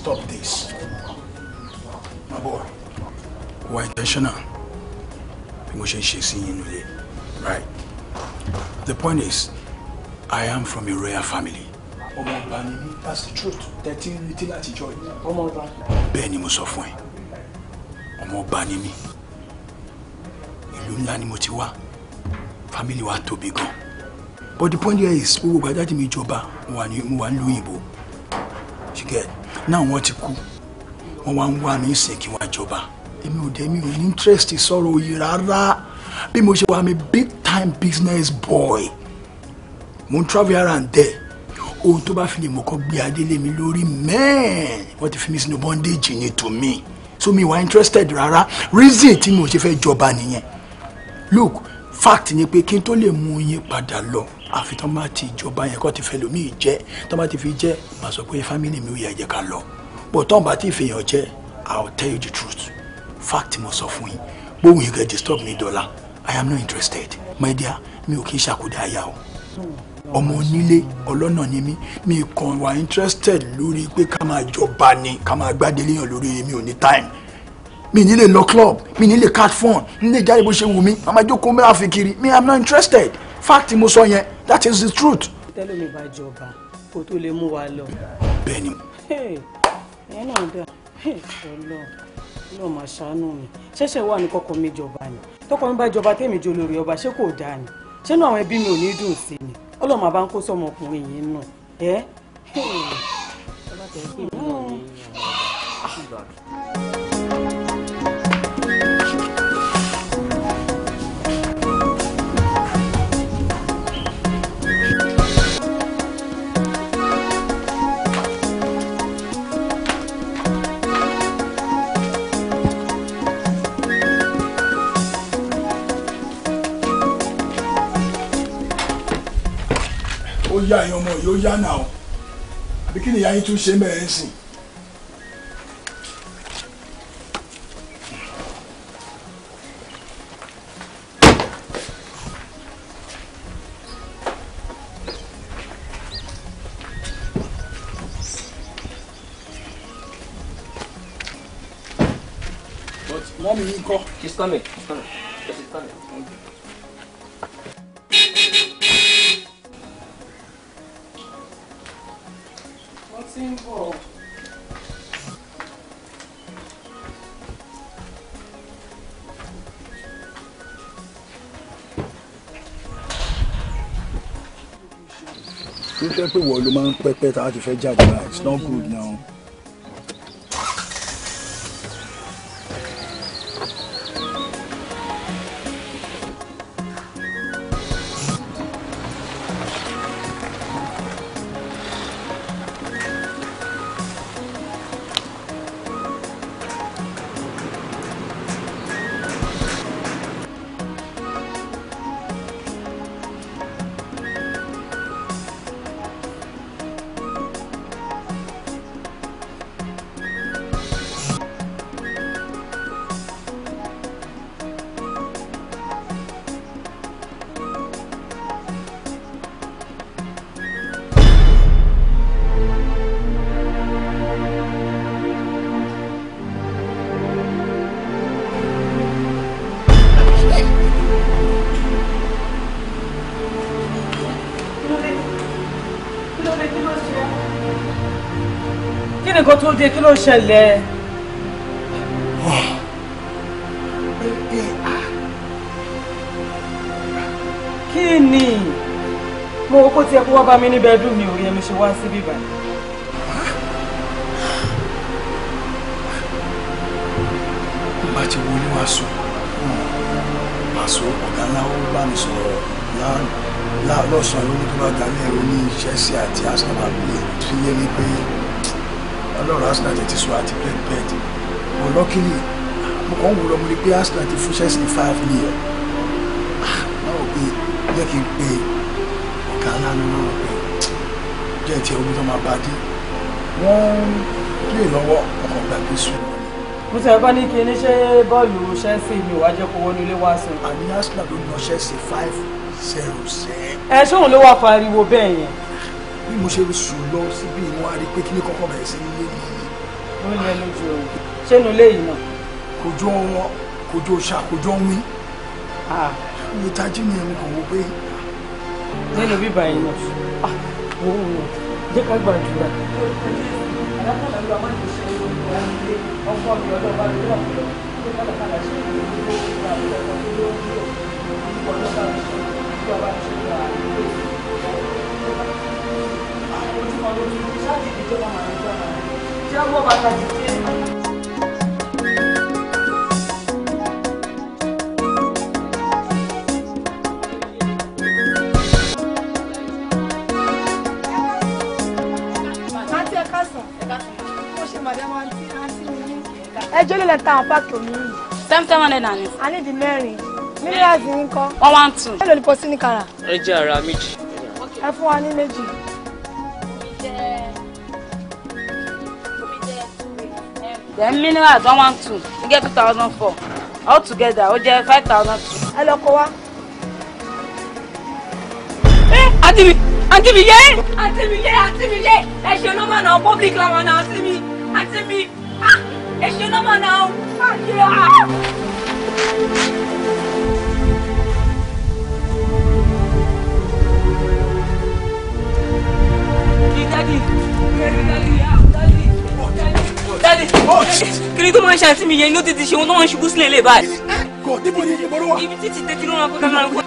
stop this. My boy, were intentional. Bí mo ṣe ń ṣe Right. The point is, I am from a royal family. Ọmọọba ni that's the truth. Tẹ̀tí ń retí láti jọ yìí. Omo Bẹ́ẹ̀ ni mo sọ fún ẹ. ni motiwa. Family ńlá ni mo ti wa tóbi gan. But the point here is, gbogbo gbàdájì mi jọba, mo wà ní ìlú òyìnbó. She get náà wọ́n ti kú wọ́n wá ń wá ní ìsìn kí wọ́n jọba èmi ò dé mi ò ní interest sọ̀rọ̀ òye rárá bí mo ṣe wà mí big time business boy mo ń travel around there ohun tó bá fi lè mọ̀ kọ́ gbé adé lé mi lórí mẹ́ẹ̀n wọ́n ti fi mí sínú bondage ni to me so mi wà interested rárá reason tí mo ṣe fẹ́ jọba nìyẹn look fact ni pé kí n tó lè mú yín padà lọ àfi tán bá ti ìjọba yẹn kọ́ ti fẹ́ lómi jẹ́ tán bá ti fi jẹ́ màá sọ pé fámìlì mi ò yẹ ẹ̀jẹ̀ ká lọ bọ̀ tán bá ti fèèyàn jẹ́ i will tell you the truth fact mo sọ fún yín gbóhùn yìí kẹ́ disturb mi dọ́là i am not interested my dear mi ò kí ń ṣàkóde àyà o ọmọ onílé ọlọ́nà ni mí mi kàn wá interested lórí pé ká máa jọba ni ká máa gbádẹ́léyàn lórí mi ò ní time mi ní lọ club mi ní lè phone mi jáde bó ṣe wù mí màmá jókòó mẹ́ra fi kiri mi i'm not interested fact mo sọ yẹn that is the truth. tẹ́lẹ̀ mi bá jọba kó tó lè mú wa lọ. bẹ́ẹ̀ni. ẹ̀yẹ́ náà dà ọlọ́ọ̀ ọlọ́ọ̀ máa ṣàánú mi ṣẹ̀ṣẹ̀ wà ní kọ́kọ́ mi jọba ni tọkọ mi bá jọba tẹ́mi jọ lórí ọba ṣé kò dáa ni ṣé náà àwọn ẹbí mi ò ní dùn sí ni ọlọ́ọ̀ bá ń kó sọmọkùnrin yìí nù ẹ́. ọlọ́tẹ̀ẹ́ pé mi ò ní ìyàwó ó yá ẹ̀yin ọmọ yìí yá nà ọ́ àbí kí ni ìyá yín tún ṣe mẹ́rin sìn. but wọ́n mi ń Just kìsítọ́mì kìsítọ́mì. jẹ́ pé wọ́n ló máa ń pẹ́pẹ́ tá a ti fẹ́ jáde it's not good now. dé kí ló ṣẹlẹ̀. kí ni mo kó tiẹ̀ kó wá bá mi ní bedroom mi ò rí ẹmi ṣe wá síbí báyìí. bá wo ni wàá sùn màá sọ ọ̀gá ńlá ó bá mi sọ̀rọ̀ lọ́sàn-án lórí tó bá dalẹ̀ oní ìṣẹ́sí àti àṣàbàbí fi yé mi pé ọlọ́run arsenal ti ti sọ àti bẹ́ẹ̀ bẹ́ẹ̀ tí mo lọ́kìlì mo kàn ń wúlọ mo rí pé arsenal ti fún chelsea five million báwo ah, pé jẹ́ kí n pe ọ̀gá ńlá lọ́wọ́ pé jẹ́ ti ọmọ tó máa bá dé wọ́n lè e lọ́wọ́ ọkọ̀ gbàgbé sùn mo ti ẹ̀kọ́ ní kí ní ṣe bọ́ọ̀lù Chelsea mi wá jẹ́ kó wọnú ilé wá sí. àmì Arsenal ló ń lọ Chelsea five zero zero. ẹ ṣóun ló wà pariwo bẹ́ẹ̀ yẹn mo ṣe sùn lọ síbi ìwọ̀n àrí pé kíní kọ́kọ́ bẹ̀rẹ̀ sí nílé yìí. ló ní ẹnu ju ọ̀rọ̀ ṣé inú ilé yìí náà. kojú wọn kojú ṣá kojú wín. iye tají ni ẹnu kò wọ pé. nínú bíbá yìí náà wò ó jẹ́ ká gbàdúrà. ọkọ mi Thank you kan lójú ní sáà ti di tó bá máa ń gbà máa ń tí wọ́n bọ́ bàtà ti dé. ẹjọ́ lè lẹ́ta àwọn páàkì omi yìí. ten ten hundred and. a ní ìdí mẹ́rin mílíọ̀nù ní kọ́. one one two. ẹ lóni pọ̀ ní kara. ẹ jẹ́ ara méjì. ẹ fún wa ní méjì. then minerals one one two you get two thousand four all together ó jẹ́ five thousand two. ẹ lọ kó wá. ẹ àti mi àti mi yé. àti mi yé àti mi yé ẹ ṣe nọ́mọ̀ náà public làwọn náà àti mi àti mi ẹ ṣe nọ́mọ̀ náà ó. Daddy, daddy, daddy, daddy dáàdi oh, kiri tó máa ń ṣàtìmí yẹn inú tètè ṣe wọn tó máa ń ṣubú sílẹ̀ lè báyìí. ibi títí tètè ló máa kó kámẹ́rà kó.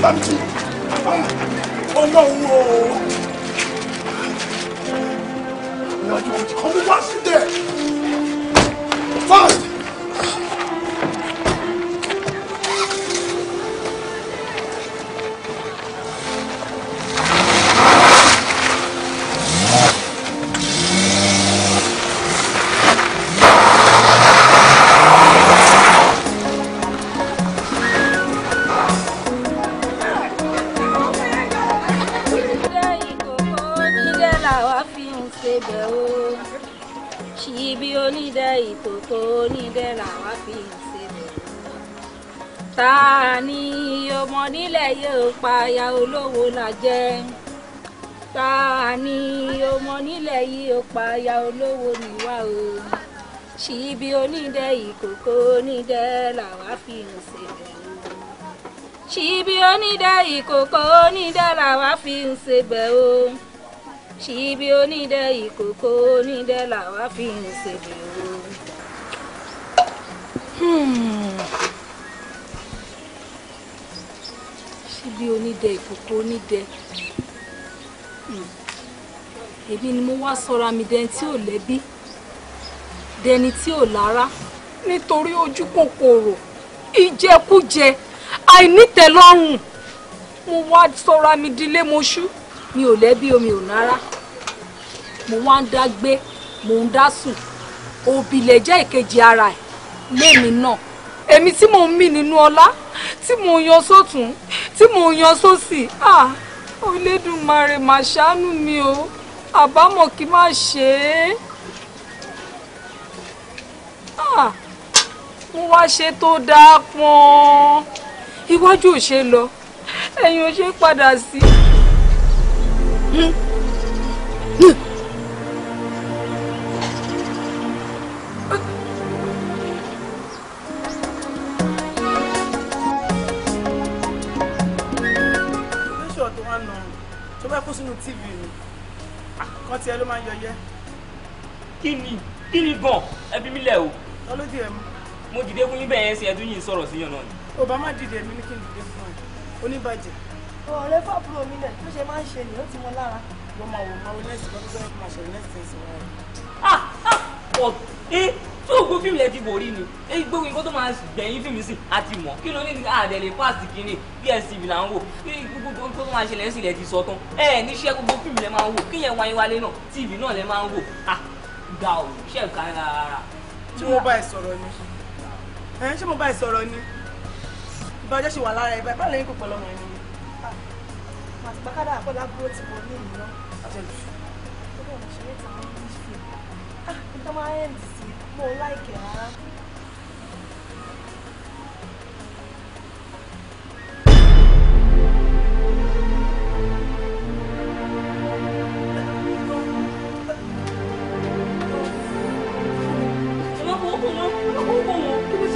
something. kó nídẹ́ làwa fi ń ṣèlè o. síbi hmm. onídẹ ìkòkò onídẹ hmm. èmi ni mo wá sọra mi dẹni tí ò lẹ́bí dẹni tí ò lára nítorí ojú kòkòrò ìjẹkújẹ àìnítẹ̀lọ́rùn mo wá sọra mi dilé moṣú mi ò lẹ́bí omi ò nára mo wá ń dá gbé mo ń dá sùn òbí lè jẹ́ ìkejì ara ẹ̀ lémi náà èmi tí mò ń mì nínú ọlá tí mò yan sọ́tún tí mò yan sósì ah Olódùmarè mà ṣàánú mi o àbámọ̀ kí má ṣe é mo wá ṣe tó dáa pọ́n iwájú ò ṣe lọ ẹ̀yìn ò ṣe padà sí. Mm. bá kó sínú tv ni ah, kan tiẹ̀ ló máa ń yọyẹ. kí ni kí ni gan ẹbí mi lẹ o. ọlódì ẹ mú. mo dìde fún yín bẹ́ẹ̀ yẹn sí yìí sọ̀rọ̀ sí yàn ni. ò bá má dìde mi ní kí n dìde fún ẹ oníbàjẹ́. ọ̀rẹ́ fàbúrò mi lẹ̀ tó ṣe máa ń ṣe nìyó tí mo lára. wọ́n máa wò máa wọ nẹ́ẹ̀sì lọ́dún tó yẹ kó máa ṣe nẹ́ẹ̀sì tẹ̀sí wáyé but ẹ tó o gbó fíìmù lẹ ti wò rí ni ẹ eh, gbó nǹkan tó máa gbẹ̀yìn fíìmù sí àti mọ̀ kí ló ní ní àdẹ̀lẹ̀ ah, pàṣẹ kínní pstv là ń wò kí gbogbo nǹkan tó máa ṣẹlẹ̀ ń sì lẹ ti sọ tán ẹ eh, níṣẹ́ gbogbo fíìmù lẹ máa ń wò kí yẹn wáyé wálé náà tv náà lẹ máa ń wò à ah, gbà ò ṣe nǹkan rárá. tí mo bá ẹ sọ̀rọ̀ ni ẹ ṣé mo bá ẹ sọ̀rọ̀ ni ìbàjẹ́ ṣe wà lára ẹ báyìí Come on, tó máa ń sí mo láìkẹ̀ rárá.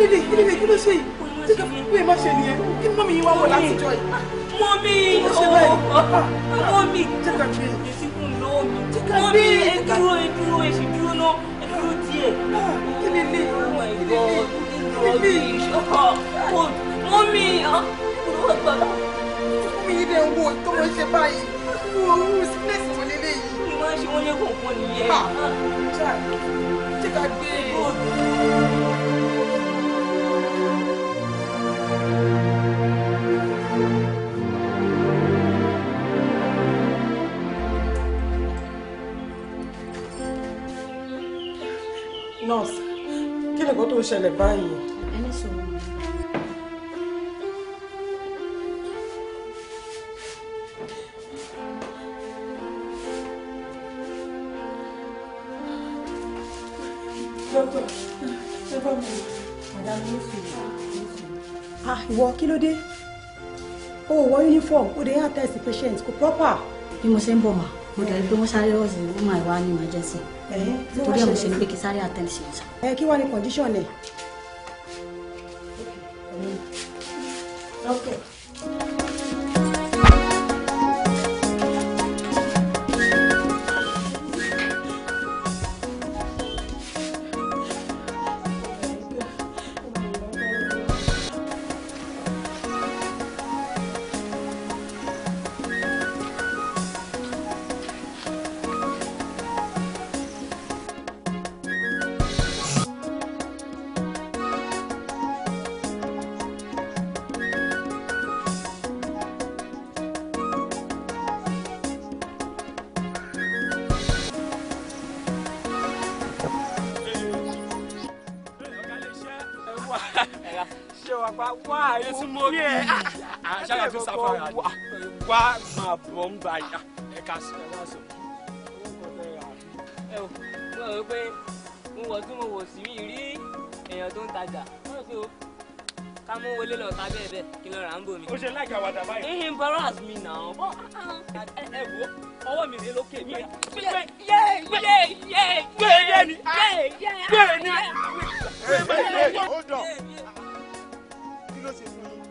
kí ló ṣe yìí tí kò fún pé má ṣe nìyẹn kí mọ́ mi wá wọ̀ láti jọ yìí. mọ mi ọwọ́ mọ mi jẹ́ ká gbé yìí. jẹ́ ká gbé yìí. mọ mi ẹ dúró ẹ dúró ẹ sì dúró náà dúró díẹ̀. kí ni ní ìwọ ìwọ ìṣọkọ mọ mi mi ilé ń wo tó ń ṣe báyìí wo ohun sílẹ̀sì tó lélẹ̀ yìí. mo máa ń ṣe wọ́n ní kòkó nìyẹn. ṣé ká gbé e. nurse kí ni nǹkan tó ń ṣẹlẹ̀ báyìí. ẹni sọ̀rọ̀ mi. Ah, ìwọ kí ló dé? O wọ uniform, o dey attest patient kò proper. Bí mo ṣe ń bọ̀ mà, mo dẹ̀ rí pé wọ́n sáré ọ̀sìn ní ọmọ ìwà ní emergency torí ẹ̀ mo ṣe ní pé kí sáré attend sí ìta. ẹ kí wàá ní condition ẹ. Okay. wọ́n ń gba ìyá ẹ̀ka sí ẹ̀ wá sọ. ẹ o mo rò pé mo wọ̀ tí mo wò sí mi rí èèyàn tó ń tajà mo rò pé o ká mú wọlé lọ ta bẹ́ẹ̀ bẹ́ẹ̀ kí lọ rà ń bò mí. o ṣe láìka wàdà báyìí. ìhìn embarrass mi nà ọ́ bọ́ ẹ wo ọwọ́ mi rè lókè mi. gbé yé yé yé gbé yé ni gbé ni gbé ni ó dàn kí ló ṣe fún mi.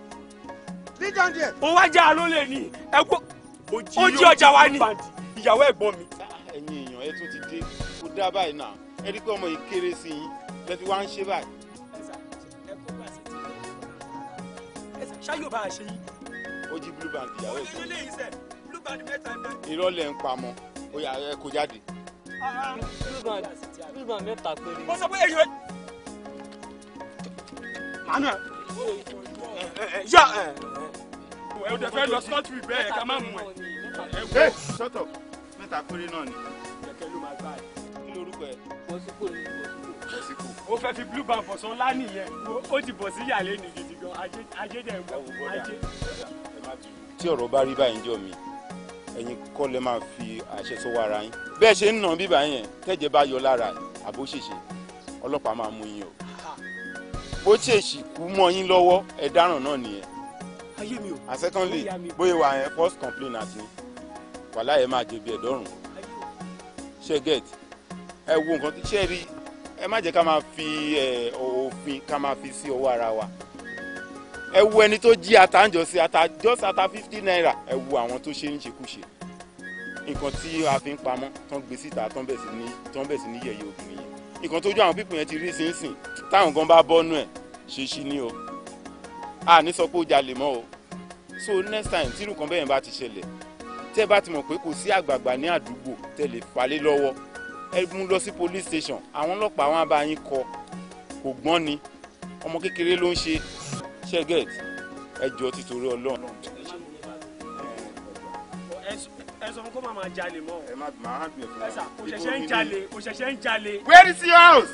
dídán díẹ̀. mo wá já a lólè ní ẹ kó ó jí ọjà wa ni ìyàwó ẹ̀gbọ́n mi. Ah, ẹ̀yin èèyàn ẹ tún ti dé kó dá báyìí náà ẹ rí i pé ọmọ yìí kéré sí yín lẹ fi wá ń ṣe báyìí. ṣáyò bá a ṣe yí. ó jí blue band ìyàwó ẹ̀gbọ́n. ó ní ilé iṣẹ́ blue band mẹ́ta ẹ̀gbọ́n. ìrọ̀lẹ́ ń pamọ́ ó yà ẹ kó jáde. Ah, ah. blue band blue band mẹ́ta péré. mo sọ pé èyí. manuel yọ ẹ ò dẹ fẹ́ lọ sọtìrì bẹ́ẹ̀ ká má mú ẹ. ẹ sọ́tọ̀ mẹ́ta péré náà ni. kẹ̀kẹ́ ló máa gbà ẹ kí lorúkọ ẹ. bọ̀sípò ni bọ̀sípò. ó fẹ́ fi blue band fọ̀sán lánìí yẹn ó ti bọ̀ sí yàlẹ́ ní gidi gan ajé dẹ̀ ń bọ̀ ajé. tí ọ̀rọ̀ bá rí báyìí jọ mi ẹ̀yin kọ́ lẹ máa fi àṣẹ sọ́wọ́ ara yín bẹ́ẹ̀ ṣe ń nà bíbá yẹn tẹ́jẹ̀ bá yọ lára àbóṣèṣe ọlọ́pàá máa mú yín o bó ṣèṣì kú mọ́ yín lọ́wọ́ ẹ dáràn náà nìyẹn ayé mi o. and secondly bóyá wà yẹn first complain àti wàhálà yẹn máa jẹbi ẹ̀dọ́rùn ṣe get ẹ wo nǹkan ṣe rí ẹ má jẹ́ ká máa fi òfin ká máa fi sí ọwọ́ ara wa ẹ wo ẹni tó jí ata sí ata just ata fifty naira ẹ wo àwọn tó ṣe ń ṣekúṣe nǹkan tí a fi ń pamọ́ tán gbé síta tán bẹ̀ sí ní tán bẹ̀ sí ní yẹ̀yẹ́ obìnrin yẹn nǹkan tójú àwọn pípọ̀ yẹn ti rí sínsìn táwọn gan bá bọ́nú ẹ̀ ṣe sí ni o a ní sọ pé ó jalè mọ́ o so next time tí irú kan bẹ́ẹ̀ bá ti ṣẹlẹ̀ tẹ́ bá ti mọ̀ pé kò sí àgbààgbà ní àdúgbò tẹ́ lè falé lọ́wọ́ ẹ mú lọ sí police station àwọn ọlọ́pàá wọn bá yín kọ kò gbọ́n ni ọmọ kékeré ló ń ṣe ṣẹ́gẹ̀t ẹjọ́ ti torí ọlọ́run. ẹ sọ fún kó máa jalè mọ́ ẹ má máa bìí fún ẹ sà kò ṣẹ̀ṣẹ̀ ń jalè kò ṣẹ̀ṣẹ̀ ń jalè. where is your house?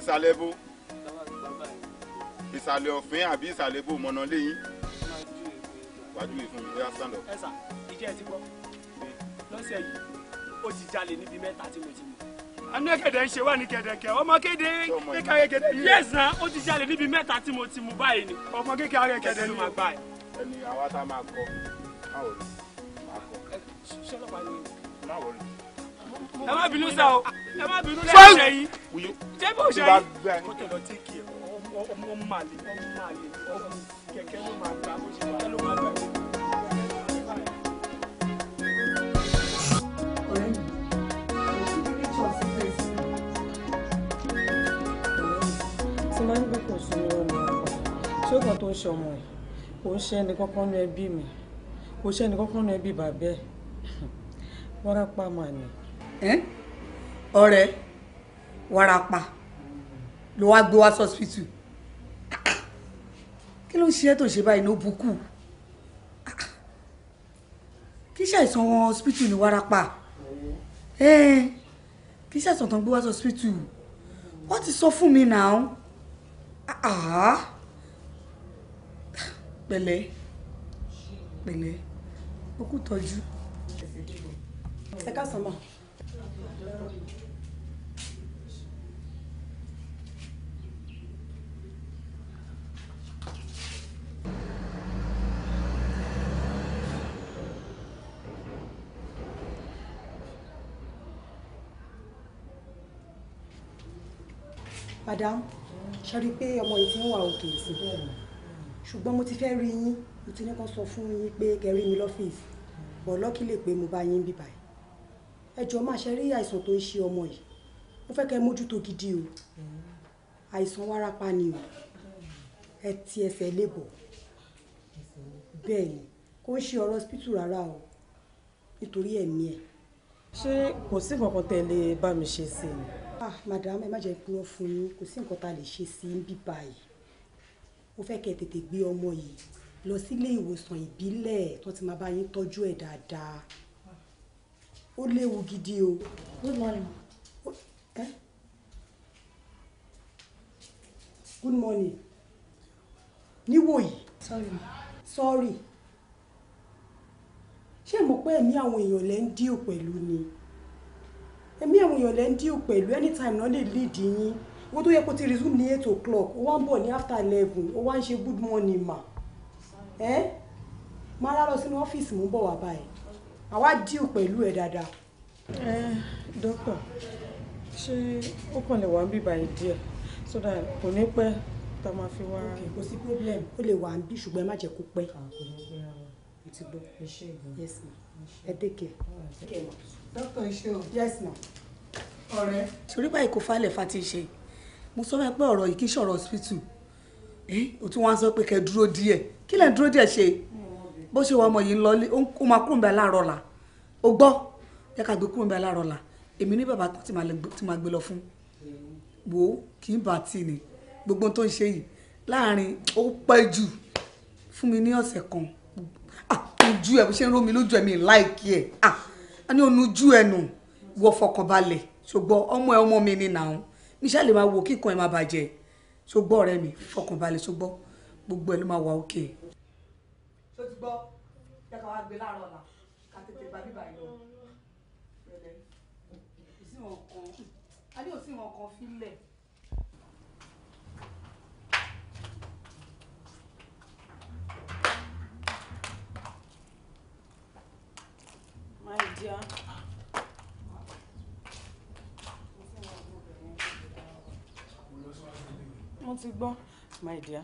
ìsàlẹ̀ bò ìsàlẹ̀ ọ̀fin àbí ìsàlẹ̀ bò mọ̀nà lẹ́yìn. wájú ìfún mi bóyá stand up. ẹ sà ìjẹ́ ẹ ti gbọ́ lọ́sẹ̀ yìí ó ti jalè níbi mẹ́ta tí mo ti mú. anú ẹ̀kẹ̀dẹ̀ ń ṣe wá ní kẹ̀dẹ̀kẹ̀ ọmọ kéde kékeré kẹ̀dẹ̀ yìí. yes na ó ti jalè níbi mẹ́ta tí mo ti mú báyìí ni. ọmọ kékeré kẹ̀dẹ̀ ló máa gbà ẹ̀. ẹni àwa tá a máa kọ ni máa kọ. ṣọlọ́pàá ni. ni ẹ má bínú sá o ẹ má bínú lẹ́yìn ẹ̀yìn jẹ́ bó ṣe yìí ọmọ Mali, ọmọ Mali, ọmọ kẹ̀kẹ́ ló máa gbà bó ṣe wà ló máa gbà. máa ń gbé kò sí irọ́ ni tó ń ṣe ọmọ yìí kò ń ṣe ẹni kọ́kọ́ nu ẹbí mi kò ṣe ẹni kọ́kọ́ nu ẹbí bàbẹ́ wárápá mà ní. ọ̀rẹ́ wárápá ló wá gbé wá sọ́sìpìtì kí ló ń ṣe ẹ́ tó ṣe báyìí ní òbúkù kí ṣàìsàn wọn hospital ní warapa kí ṣàìsàn tán gbé wá hospital wọ́n ti sọ fún mi náà pẹ̀lẹ́ pẹ̀lẹ́ ó kú tọ́jú. ẹ ká sọ mọ́. madam ṣe rí i pé ọmọ yìí ti ń wà òkè sí ṣùgbọ́n mo ti fẹ́ rí yín mo ti ní kàn sọ fún yín pé kẹ́ rí mi lọ́fíìsì bọ̀ lọ́kì lè pé mo bá yín bí báyìí ẹ jọ̀ọ́ máa ṣe rí àìsàn tó ń ṣe ọmọ yìí mo fẹ́ kẹ́ mójútó gidi o àìsàn wárápá ni o ẹ ti ẹsẹ̀ lébọ̀ bẹ́ẹ̀ ni kò ń ṣe ọ̀rọ̀ hospital rárá o nítorí ẹ̀mí ẹ̀. ṣé kò sí kankan tẹ́ bá mi ṣe sí i ah madam ẹ má jẹ́ kúrọ́ fún yín kò sí nǹkan tá a lè ṣe sí ń bí báyìí ó fẹ́ kẹ́ tètè gbé ọmọ yìí lọ sílé ìwòsàn ìbílẹ̀ tó ti máa bá yín tọ́jú ẹ̀ dáadáa ó léwu gidi o. good morning. Eh? good morning. níwò yìí. sorry. sorry. ṣé mo pé ẹ̀mí àwọn èèyàn lẹ́ ń díò pẹ̀lú ni ẹ̀mí àwọn èèyàn lẹ́ ń díò pẹ̀lú anytime náà lè lead yín owó tó yẹ kó ti resume ní eight o'clock ó wá ń bọ̀ ní after eleven ó wá ń ṣe good morning ma ẹ́ máa rárọ sínú ọ́fíìsì mú bọ̀ wá báyìí àwa díò pẹ̀lú ẹ̀ dáadáa. ẹ dókítà ṣé ó kàn lè wá ń bíbá yìí so that kò ní pẹ́ tá a máa fi wá. ok kò sí problem ó lè wà ń bí ṣùgbọ́n ẹ má jẹ́ kó pẹ́. àkùnrin gbéra wọn ti gbọ́ ẹ ṣe ẹ sì mọ́ dókítà iṣẹ́ o. yes ma. ọ̀rẹ́. torí báyìí kò falẹ̀ fati ṣe mo sọ fẹ́ pé ọ̀rọ̀ yìí kì í ṣọ̀rọ̀ hospital ẹ̀ o tún wá sọ pé kẹ́ dúró díẹ̀ kí lẹ̀ ń dúró díẹ̀ ṣe bó ṣe wà ọmọ yìí ń lọ ó máa kúrò níbẹ̀ láàárọ̀ la o gbọ́ ẹ ká gbé kúrò níbẹ̀ láàárọ̀ la èmi ní bàbá tó ti máa gbé lọ fún wo kì í bá tì ní gbogbo tó ń ṣe yìí láàrin ó pẹ́ jù fún mi ní ọ̀sẹ̀ kan ah, ojú ẹ̀ bó ṣe ń rómi lójú ẹ̀mí láìkí ẹ̀ ah a ní onujú ẹnu wọ fọkànbalẹ̀ ṣùgbọ́n ọmọ ẹ ọmọ mi ni nàá níṣẹ́ lè máa wo kíkan ẹ máa bàjẹ́ ṣùgbọ́n ọ̀rẹ́ mi fọkànbalẹ̀ ṣùgbọ́n gbogbo ẹ ló máa wà òkè. ṣó ti gbọ́ jẹ́ ká wá gbé láàárọ̀ ọ̀la ká wọn kan a ní My dear. Mo ti gbọ́, my dear.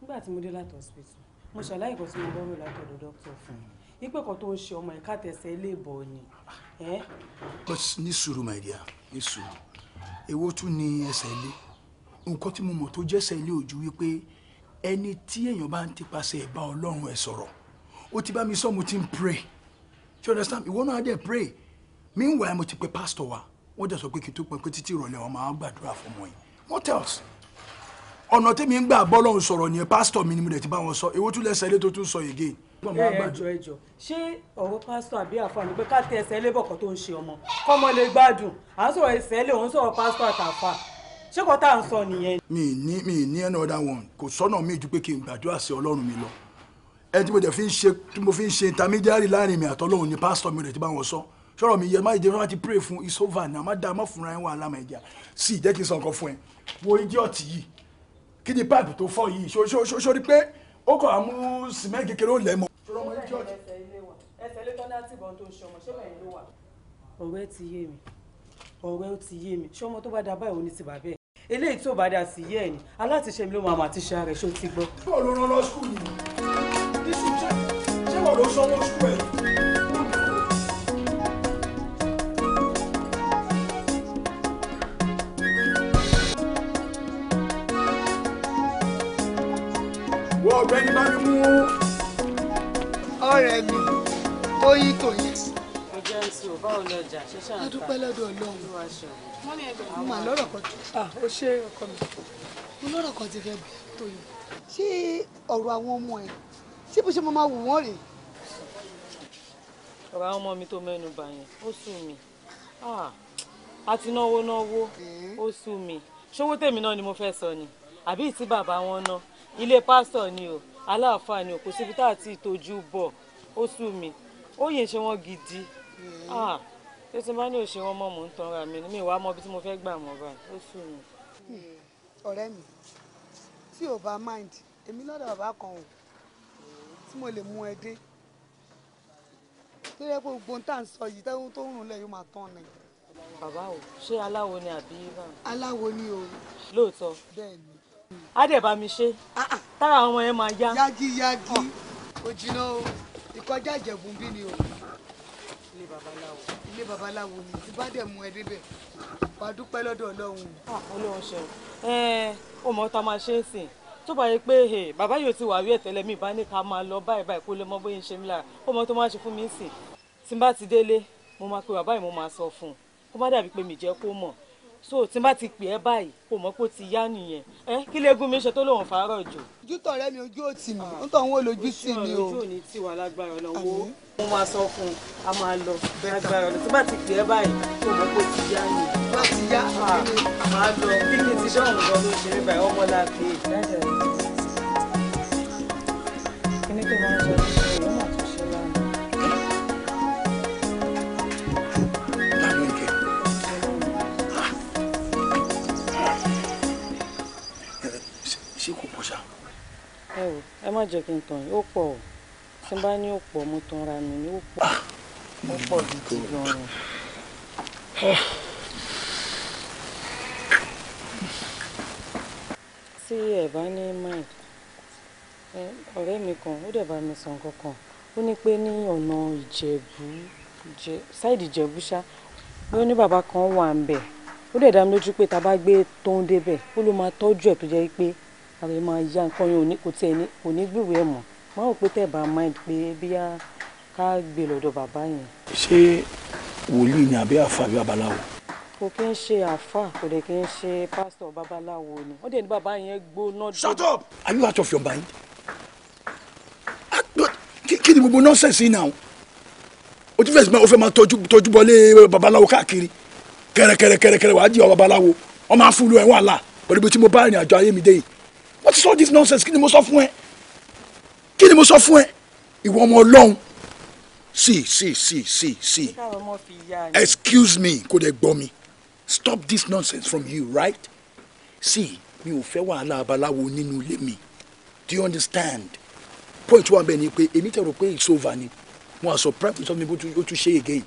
Nígbà tí mo dé láti hospital, mo ṣàlàyé nǹkan tí mo bọ́ rò látọ̀dọ̀ doctor. fún mi. Ipò kan tó ń ṣe ọmọ ẹ̀ka tẹ̀sẹ̀ ilé ìbọn ni. But ní sùúrù, my dear, ní sùúrù. Èwo tún ni ẹsẹ̀ ilé? Nǹkan tí mo mọ̀ tó jẹ́sẹ̀ ilé ojú wípé ẹni tí èèyàn bá ń tipasẹ̀ ẹ̀bá Ọlọ́run ẹ̀ sọ̀rọ̀. Ó ti bá mi sọ mo ń pray you understand ìwọ náà dẹ̀ pray meanwhile mo ti pe pastor What does dẹ̀ sọ to put n tó pẹ́ pé títí ìrọ̀lẹ́ wọn máa gbàdúrà fún ọmọ yìí what else ọ̀nà tèmi ń gbà bọ́ lọ́hùn sọ̀rọ̀ nìyẹn pastor mi ni mo dẹ̀ ti bá wọn sọ èwo tún lẹ́sẹ̀ ilé tó tún sọ again. ẹjọ ẹjọ ṣé ọ̀rọ̀ pastor àbí àfààní pé ká tẹ ẹsẹ̀ ilé bọ̀kọ̀ tó ń ṣe ọmọ kọ́mọ lè gbádùn à ń sọ̀rọ̀ ẹsẹ̀ ilé òun sọ̀rọ̀ pastor àtàfà ṣé kò tá à ń sọ nìyẹn. mi ní mi ní another one kò sọ́nà mi ju pé kí n gbàdúrà sí ọlọ́run mi lọ ẹ tí mo jẹ fi ń ṣe tí mo fi ń ṣe intermediary láàrin mi àtọ́lọ́hún ni pásítọ̀ mi rẹ̀ ti bá wọn sọ sọ̀rọ̀ mi yẹ má ìdí wọn ti pray fún isova náà má dáa má fúnra ẹ̀ wà lámà ìjà sí jẹ́ kí n sọ nǹkan fún ẹ wo idiot yìí kí ni pipe tó fọ́ yìí sori pé ó kọ̀ àmú cement kékeré ó lẹ̀ mọ́. ọ̀rọ̀ ti yé mi ọ̀rọ̀ ẹ ti yé mi ṣọmọ tó bá da báyìí ò ní ti bàbẹ́ eléyìí tó bá da sí yé ẹ̀ ni aláàtìṣe mi ló máa máa ti ṣe ara ẹ̀ ṣó ti gbọ́. bọ́ọ̀lù rán lọ sùkúù nìyí. Bísí ṣé ṣé wọ́n ló sanwó sùkúù ẹ̀? Wọ ọ̀gbẹ́ni bá mi mú. Ọ̀rẹ́ mi, ó yí kò yẹ. A dúpẹ́ lọ́dọ̀ Ọlọ́run. Mo mà lọ́rọ̀ kan tó. Ah, ó ṣe ọkọ mi. Mo lọ́rọ̀ kan ti fẹ́ bẹ̀rẹ̀ tó yẹ. Ṣé ọ̀rọ̀ àwọn ọmọ ẹ̀ ṣé bó ṣe mo máa wò wọ́n rèé. ọ̀rọ̀ àwọn ọmọ mi tó mẹ́nu bà yẹn ó sú mi ah, a ti náwó náwó ó sú mi ṣówó tèmi náà ni mo fẹ́ sọ ni àbí ìtí bàbá wọn ná ilé pásítọ̀ ni o aláàfáà ni o kò síbi tá a ti tọ́jú bọ̀ ó sú mi ó yẹn ṣe wọ́n gidi ah, ṣé tí n bá ní òṣè wọn mọ̀ mò ń tanra mi ni mi wàá mọ ibi tí mo fẹ́ gbà mọ́ báyìí ó sú mi. Hmm, ọ̀rẹ́ mi tí ò bá mind èmi lọ́dọ̀ bàbá kan o tí mo lè mú ẹ dé tó yẹ kó gbóhùn tá à ń sọ yìí tẹ́wọ́n tó ń rùn lẹ̀ yóò máa tán ni. bàbá o ṣé aláwo ni àbí ibà. aláwo ni o. lóòótọ́. bẹ́ẹ̀ ni. á dẹ̀ bá mi ṣe. Ah, ah. tára ọmọ yẹn máa yá. yági yági ó jiná o ìkọjá ìjẹ̀bù bí ni o. ilé babaláwo. ilé babaláwo ni tí bá dẹ̀ mú ẹ débẹ̀ wàá dúpẹ́ lọ́dọ̀ ọlọ́run. Ah, ọlọ́run ṣeun ẹ ọmọ ta máa ṣe é sìn tó bá yẹ pé bàbá yóò ti wà wí ẹ̀tẹ́lẹ̀ mi bá ní ká máa lọ báyìí báyìí kó lè mọ bóyá ń ṣe mí lára ó mọ tó máa ṣe fún mi sìn tí n bá ti délé mo máa pe bàbá yìí mo máa sọ fún un kó má dàbí pé mi jẹ́ kó mọ̀ so tí n bá ti pè ẹ́ báyìí kò mọ̀ pé ó ti yá nìyẹn ẹ kí lẹ́gùn mi ṣe tó lòun fàárọ̀ jù. ojú tọ̀rẹ́ mi ojú òtì mi ń tọ̀ wọ́n lójú sí mi o. ojú òní tí wà lágbára ọ̀nà wo mo máa sọ fún un a máa lọ lágbára ọ̀nà tí n bá ti pè ẹ́ báyìí kò mọ̀ pé ti yá nìyẹn. bá ti yá ah, máa lọ bí kí n ti dọ́hùn gan ló ṣe báyìí ọmọ la pè é. kí ni máa ń sọ ṣé kò pọ̀ ṣá. ẹ O ẹ má jẹ́ kí n tàn yín ó pọ̀ o tí n bá ní ó pọ̀ mo tan ra mi ní ó pọ̀ ah! ó pọ̀ ju ti gan-an. tí ẹ bá ní mind ọ̀rẹ́ mi kan ó dẹ̀ bá mi sọ nǹkan kan ó ní pé ní ọ̀nà ìjẹ̀bú ṣáìdì ìjẹ̀bú ṣá ló ní bàbá kan wà ń bẹ̀ ó dẹ̀ dá mi lójú pé tá bá gbé tó ń débẹ̀ ó ló máa tọ́jú ẹ̀ tó jẹ́ pé ara ẹ̀ máa yá nǹkan yẹn kò tiẹ̀ ní kò ẹ̀ mọ̀ mo rò pé tẹ̀ bá máa pé bíyà ká gbé e lọ́dọ̀ bàbá yẹn. ṣé wòlíì ni àbí àfà babaláwo. kò kí n ṣe àfà kò dẹ̀ kí n ṣe pásítọ̀ babaláwo ni ó dẹ̀ ní bàbá yẹn gbóná. shut up are you out of your mind? Ah, kí ni gbogbo nọ́ọ̀sẹ̀sì yìí náà o ti fẹsẹ̀ o fẹ́ máa tọ́jú tọ́jú bọ́lé babaláwo káàkiri kẹrẹkẹrẹkẹrẹ wàá di ọ babaláwo ọmọ afúlù ẹ̀ wà láà pẹ̀lú bí tí mo bá ìrìn àjò ayé mi dé yìí wọ́n ti sọ this nonsense kí ni mo sọ fún ẹ kí ni mo sọ fún ẹ ìwọ ọmọ ọlọ́run sí sí sí sí sí excuse me kò dẹ̀ gbọ́ mi stop this nonsense from you right see mi ò fẹ́ wàhálà abaláwo nínú ilé mi do you understand point wa bẹ́ẹ̀ ni pé èmi tẹ̀rọ pé it's over ni wọn àṣọ prep sọ mi bó tún ṣe again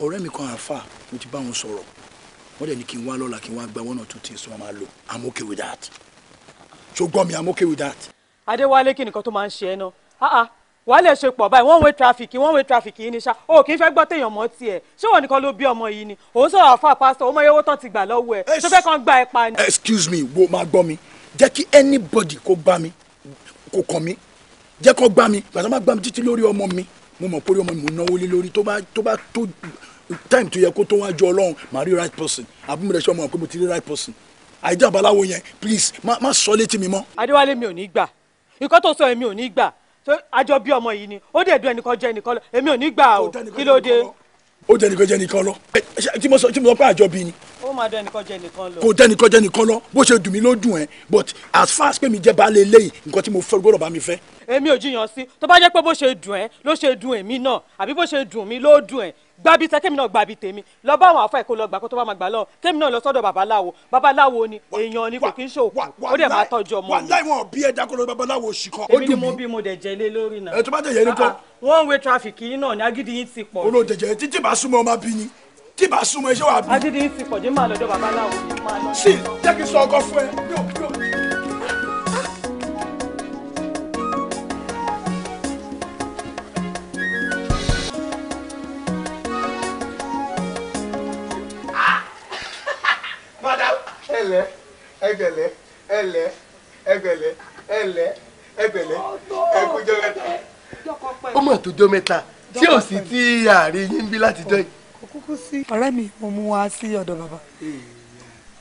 ọ̀rẹ́ mi kan àfa mo ti bá wọn sọ̀rọ̀ wọ́n dẹ̀ ní kí n wá lọ́la kí n wá gba one or two things wọ́n máa lò i'm okay with that ṣó gbọ́ mi i'm okay with that. adéwálé kí nìkan tó máa ń ṣe ẹ ah, ah. wàhálà ṣe pọ̀ báyìí one way traffic one way traffic yìí ni ṣá o kì í fẹ́ gbọ́ téèyàn mọ́ tiẹ̀ ṣé wọn nìkan ló bí ọmọ yìí ni òun sọ̀rọ̀ àfa pásítọ̀ ọmọ yẹwò tán ti gbà lọ́wọ́ ẹ̀ ṣé fẹ́ kàn gba ẹ̀ pa ni. excuse me wo máa gbọ́ mi jẹ́ kí anybody kó gbá mi kó kàn mí jẹ́ kó gbá mi gbàtà má gbá mi títí lórí ọmọ mi mo mọ̀ pórí ọmọ mi mo náwó lé lórí tó bá tó bá tó time tó yẹ kó tó wájú ọlọ́run màá rí right person àbúmọ̀rẹ́sọ̀ mọ̀ pé mo ti rí right person àìdá babaláwo yẹn please má má sọ létí mi mọ́. adéwálé mi ò ní gbà ikọ́ tó sọ èmi ò ní gbà àjọ bí ọmọ yìí ni ó dẹ̀ dún ẹnìkan jẹ́ ẹnìkan lọ èmi ò ní gbà o kí ló dé. ó dẹ̀ ẹnìkan jẹ́ ẹnìkan lọ tí mo sọ tí mo sọ pé àjọ bí ni. ó máa dún ẹnìkan jẹ́ ẹnìkan lọ. kò dẹ̀ ẹnìkan jẹ́ ẹnìkan lọ bó ṣe dùn mí ló dùn ẹ́ but as far as pé mi jẹ́ baálé eléyìí nǹkan tí mo fẹ́ gbọ́dọ̀ bá mi fẹ́. èmi ò jiyàn sí tó bá jẹ́ pé bó ṣe dùn ẹ́ ló ṣe dùn èmi náà àbí bó ṣe dùn mí ló dùn ẹ́ gbabi tẹ kémi náà gbabi tèmi lọ bá àwọn àfọ ẹkọ lọ gbà kó tó bá máa gbà lọ kémi náà lọ sọ́dọ̀ babaláwo babaláwo ni èèyàn ni kò kí n ṣòkò ó dẹ̀ máa tọ́jú ọmọ mi. wàhálà ìwọ̀n bí ẹja kó lọ babaláwo sì kan. èmi ni mo bí mo dẹ̀ jẹ lé lórí náà. ètò bá dẹ̀ yẹn ní kọ́. one ah, ah, way traffic yìí náà ni agídí yín ti pọ̀. olóò jẹjẹ títí bá súnmọ́ ọmọ bí ni tí bá súnmọ́ iṣẹ́ wà bí. agídí yín ti pọ̀ jẹ́ máa lọ́dọ̀ babaláwo ni máa lọ. sí jẹ́ kí sọ ọkọ fún ẹlẹ ẹgbẹlẹ ẹlẹ ẹgbẹlẹ ẹlẹ ẹgbẹlẹ ẹkújọ mẹ́ta. ó mà tójọ́ mẹ́ta tí ò sí tí àárín yín bí látijọ́ yìí. kò kúkú sí ọ̀rẹ́ mi mo mú wa sí ọ̀dọ̀ bàbá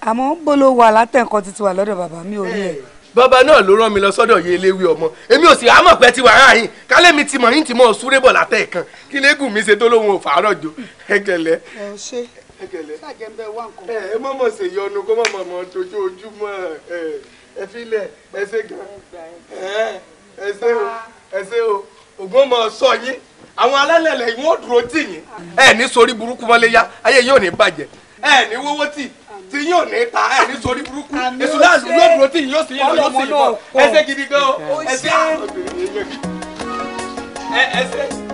àmọ́ bolo wà látẹ̀kọ́ ti ti wà lọ́dọ̀ bàbá mi ò rí ẹ̀ eh, bàbá náà ló rán mi lọ sọ́dọ̀ yé eléwé ọmọ èmi ò sì àmọ̀ pé ti wàrà yín kálẹ̀ mi ti mọ̀ yín ti mọ̀ súré bọ̀ látẹ̀ kan kí lẹ́gùn mi ṣe tó lóhun ò fàárọ̀ jò ẹ ṣe ẹkẹlẹ ẹ ẹ mọ mọ ṣe yọnu kó mọ mọ mọ tójóojúmọ́ ẹ ẹ filẹ ẹ ṣe gan ẹ ẹ ṣe o ẹ ṣe o ògùn mọ sọ yín àwọn alálẹ̀lẹ̀ yìí wọ́n dúró tì yín ẹ ní sórí burúkú mọ́lé yá ayé yóò ní bàjẹ́ ẹ ní wọ́wọ́ tì tí yóò ní ta ẹ ní sórí burúkú èso náà yóò dúró tì yín yóò sì yín lọ yóò sì yín bọ̀ ẹ ṣe gidi gan o ẹ ṣe ẹ ṣe.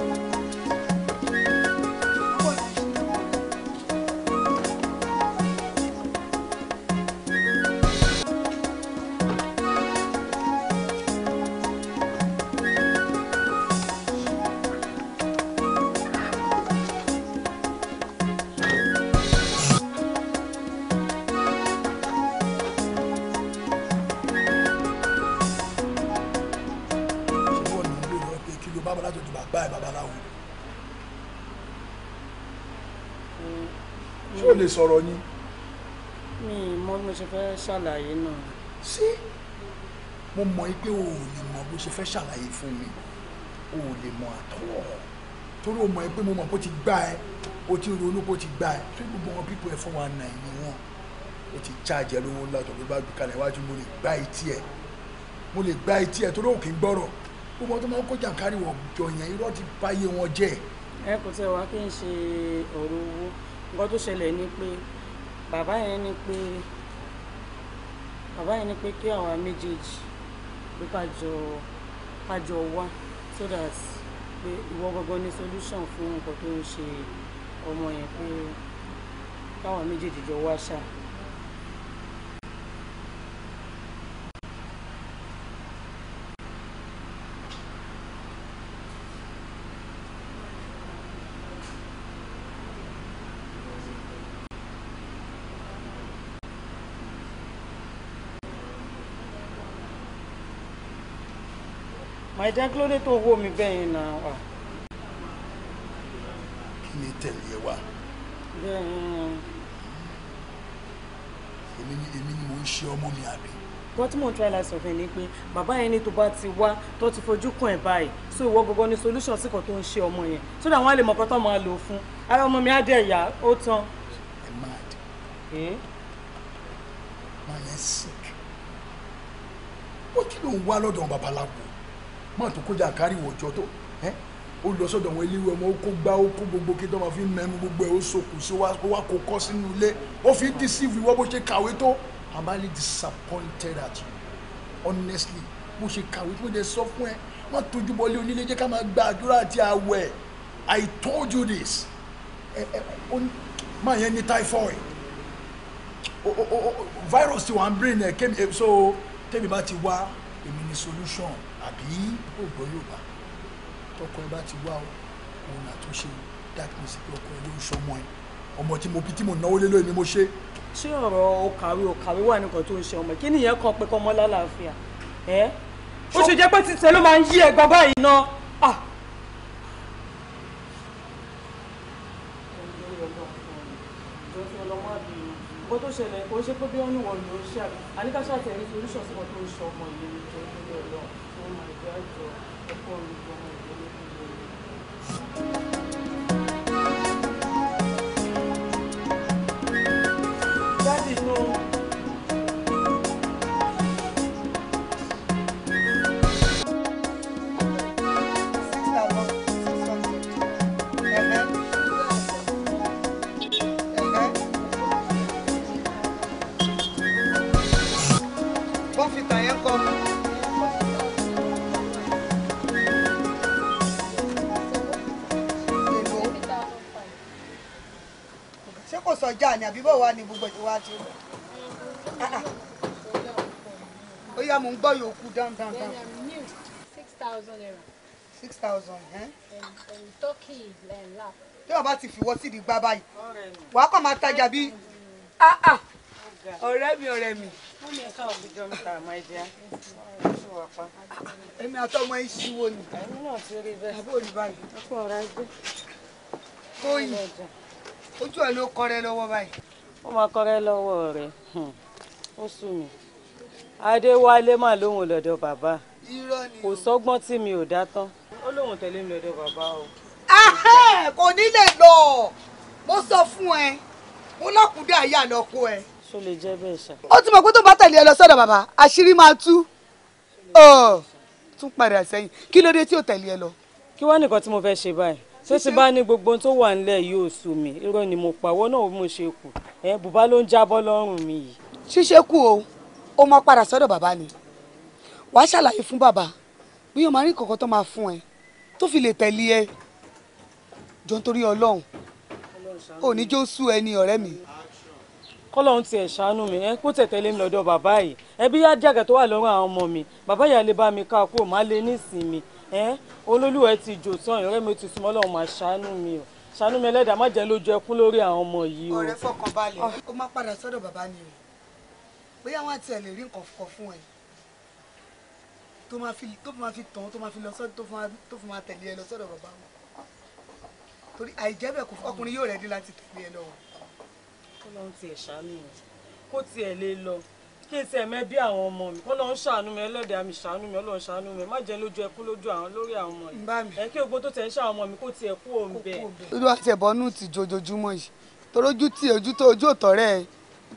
sọ̀rọ̀ yín. mi mọ bí mo ṣe fẹ́ ṣàlàyé náà. ṣé mo mọ pé o ò lè mọ bó ṣe fẹ́ ṣàlàyé fún mi o ò lè mọ àtọwọ́ torí o mọ pé mo mọ bó ti gbá ẹ o ti ronú bó ti gbá ẹ torí gbogbo wọn pípọ̀ ẹ fún wa nà ẹ ni wọn o ti jáàjẹ lówó ńlá tó fi bá dùn iwájú mo lè gbá etí ẹ mo lè gbá etí ẹ torí òkè ń gbọ́rọ̀ gbogbo ọdún máa ń kó jàǹkárì wọ̀ jọ̀yàn irọ́ ti báyé wọn jẹ́ ẹ kò tẹ wá kí n ṣe ọ̀rọ̀ owó nǹkan tó ṣẹlẹ̀ ni pé bàbá yẹn ni pé bàbá yẹn ni pé kí àwọn méjèèjì pé ká jọ ká jọ wá so that pé ìwọ gangan ní solution fún nǹkan tó ń ṣe ọmọ yẹn pé káwọn méjèèjì jọ wá ṣáà. my dear kí ló dé tó wó mi bẹ́ẹ̀ yẹn náà wà. kí ni tẹ̀lé wa. èmi ni èmi ni mo ń ṣe ọmọ mi àbí. wọ́n tí mò ń try láti sọ̀fẹ́ ni pé bàbá yẹn ní tó bá ti wá tó ti fojú kan ẹ̀ báyìí so ìwọ gbogbo ni solution sí kan tó ń ṣe ọmọ yẹn so that wọ́n á lè mọ̀kọ́ máa lò fún ara ọmọ mi á dẹ̀ yá ó tán. ẹ máa dì. máa yẹn sick. wọ́n kí ló ń wá lọ́dọ̀ babaláwo mọ́ tó kójà káríwò ọjọ́ tó ó lọ sọ́dọ̀ àwọn eléwé ọmọ ó kó gbá ó kó gbogbo kí tó máa fi nà ẹnu gbogbo ẹ̀ ó sokù sí wa ó wá kó kọ́ sínú ilé ó fi deceive ìwọ bó ṣe kàwé tó I'm highly disappointed at you honestly bó ṣe kàwé tó dé sọ fún ẹ má tójú bọlé onílé jẹ́ ká máa gba àdúrà àti àwẹ̀ I told you this máa yẹn ní typhoid virus ti wà ń brain ẹ̀ so tèmi bá ti wá èmi ní solution àbí ògbọ́ yorùbá tọkọ ẹ bá ti wá òun àtúnṣe darkness pé ọkọ ẹ ló ń sọmọ ẹ ọmọ tí mo bí tí mo náwó lé lóyún ni mo ṣe. ṣé ọ̀rọ̀ ọkàwé ọkàwé wà nìkan tó ń ṣe ọmọ kí nìyẹn kan pé kọ́mọ lálàáfíà ẹ́ ó ṣe jẹ́ pé títẹ ló máa ń yí ẹ̀ gbọ́ báyìí náà. Ah! ṣẹlẹ̀ kò ṣe pé bí wọ́n ní wọ́n lò ṣe àbí àníkàṣà tẹ̀lé solution sí wọn tó ń sọ ọmọ ìlú ìjọba. That is no. àbíbọ̀ wa ni gbogbo ìwà ti rẹ̀ ó yá mo ń gbọ́ yòókù dandan dandan. six thousand naira. six thousand. turkey lẹ́la. Eh, tí wọ́n bá ti fìwọ́ sí ìdí gbá báyìí wàá kàn máa tajà bí. Ah, ah. ọ̀rẹ́ mi ọ̀rẹ́ mi. wọ́n mi ẹ̀ka òbíjọ́ mi ta àmọ́ ẹ̀dẹ́ èmi àtọmọ yìí ṣíwó ni. ẹ̀yin náà ti rí bẹ́ẹ̀. àbúrò ní báyìí. ọkùnrin rẹ̀ gbé. tóyìn ojú ẹ̀ ló kọrẹ́ lọ́wọ́ báyìí. ó máa kọrẹ́ lọ́wọ́ rẹ̀ ó sú mi adéwálé mà lóhùn lọ́dọ̀ bàbá kò sọ́gbọ́n tí mi ò dá tán ó lóhùn tẹ̀lé mi lọ́dọ̀ bàbá o. kò ní lè lọ mo sọ fún ẹ mo lọkùnrin àyà lọkọ ẹ. ṣó lè jẹ́ bẹ́ẹ̀ ṣá. ó ti mọ̀ pé tó bá tẹ̀lé ẹ lọ sọ́dọ̀ bàbá àṣírí máa tú tún padà sẹ́yìn kí ló dé tí ò tẹ̀lé ẹ lọ. kí wọ́n nìkan tí mo fẹ́ ṣe báyìí tó ti bá ní gbogbo tó wà nílẹ̀ yóò sú mi irọ́ ni mo pa wọ́n náà mo ṣe kù ẹ̀ bùbá ló ń jábọ́ lọ́rùn mi yìí. ṣíṣe kù o ó máa padà sọ́dọ̀ bàbá ni wàá ṣàlàyé fún bàbá bí yóò máa rí kọ̀ọ̀kan tó máa fún ẹ tó fi lè tẹ̀lé ẹ jọ nítorí ọlọ́run ò ní jó sú ẹ ní ọ̀rẹ́ mi kọlọ́run tiẹ̀ ṣàánú mi ẹ kó tẹ̀tẹ̀lé mi lọ́dọ̀ bàbá yìí ẹbí yá jàgà tó wà lọ́rùn àwọn ọmọ mi bàbá yà ẹ olólùwẹ̀ ti jò tán ìrẹ́ mi ti súnmọ́ lọ́wọ́ máa ṣàánú mi o ṣàánú mi ẹlẹ́dàá má jẹ́ lójú ẹkún lórí àwọn ọmọ yìí o. ọ̀rẹ́ fọkàn balẹ̀ ah. má padà sọ́dọ̀ bàbá ni o bóyá wọn àti ẹ̀ lè rí nǹkan fọ fún ẹ tó máa fi tàn tó máa fi lọ sọ́dọ̀ tó fi máa tẹ̀lé ẹ lọ sọ́dọ̀ bàbá wọn torí àìjẹ́bẹ̀ kò fọkùnrin yóò rẹ̀ dé láti tẹ̀lé ẹ lọ́wọ́. kó tiẹ̀ kí n tiẹ̀ mẹ́bí àwọn ọmọ mi kọ́ lọ́n ṣàánú mi ẹlẹ́dẹ̀ àmì ṣàánú mi ọlọ́run ṣàánú mi má jẹ́ lójú ẹkún lójú àwọn lórí àwọn ọmọ yìí ẹ kí ogbó tó tẹ̀ ń ṣàwọn ọmọ mi kó tiẹ̀ kú òun bẹ́ẹ̀. olú àti ẹ̀bọnú ti jojoojúmọ́ yìí torójú tí ojú tó ojú òtọ̀ rẹ̀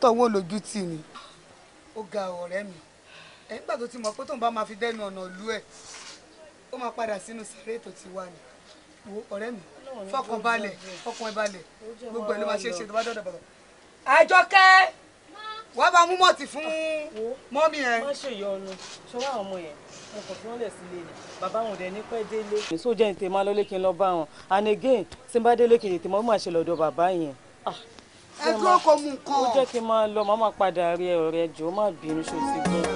tó wọ́n lójú tì ní. ó ga ọ̀rẹ́ mi ẹ̀ nígbà tó ti mọ̀ pé tóun bá máa fi dẹ́nu ọ̀nà lú ẹ̀ ó máa padà sínú sáré tó ti wà ní wo ọ̀rẹ́ mi fọkàn balẹ̀ fọkàn balẹ̀ gbogbo ẹ̀ ló máa ṣe é ṣe tó bá dọ̀dọ̀ bàbá. àjọkẹ́ wàá bá mú mọ́ọ̀tì fún mọ́mí ẹ. má ṣe yọnu ṣọwọ́ àwọn ọmọ yẹn mo kàn fi wọ́n lẹ̀ sílé ni bàbá wọn dẹ̀ ní pẹ́ délé. èso jẹ́ ní tèmi kí n lọ bá wọn and again tí n bá délé kí n tèmi ó ṣe lọ́dọ̀ bàbá yẹn. Ah, ẹ dúró kó mú nǹkan. ó jẹ́ kí n máa lọ màá padà rí ọ̀rẹ́ jù ó má bínú ṣó ti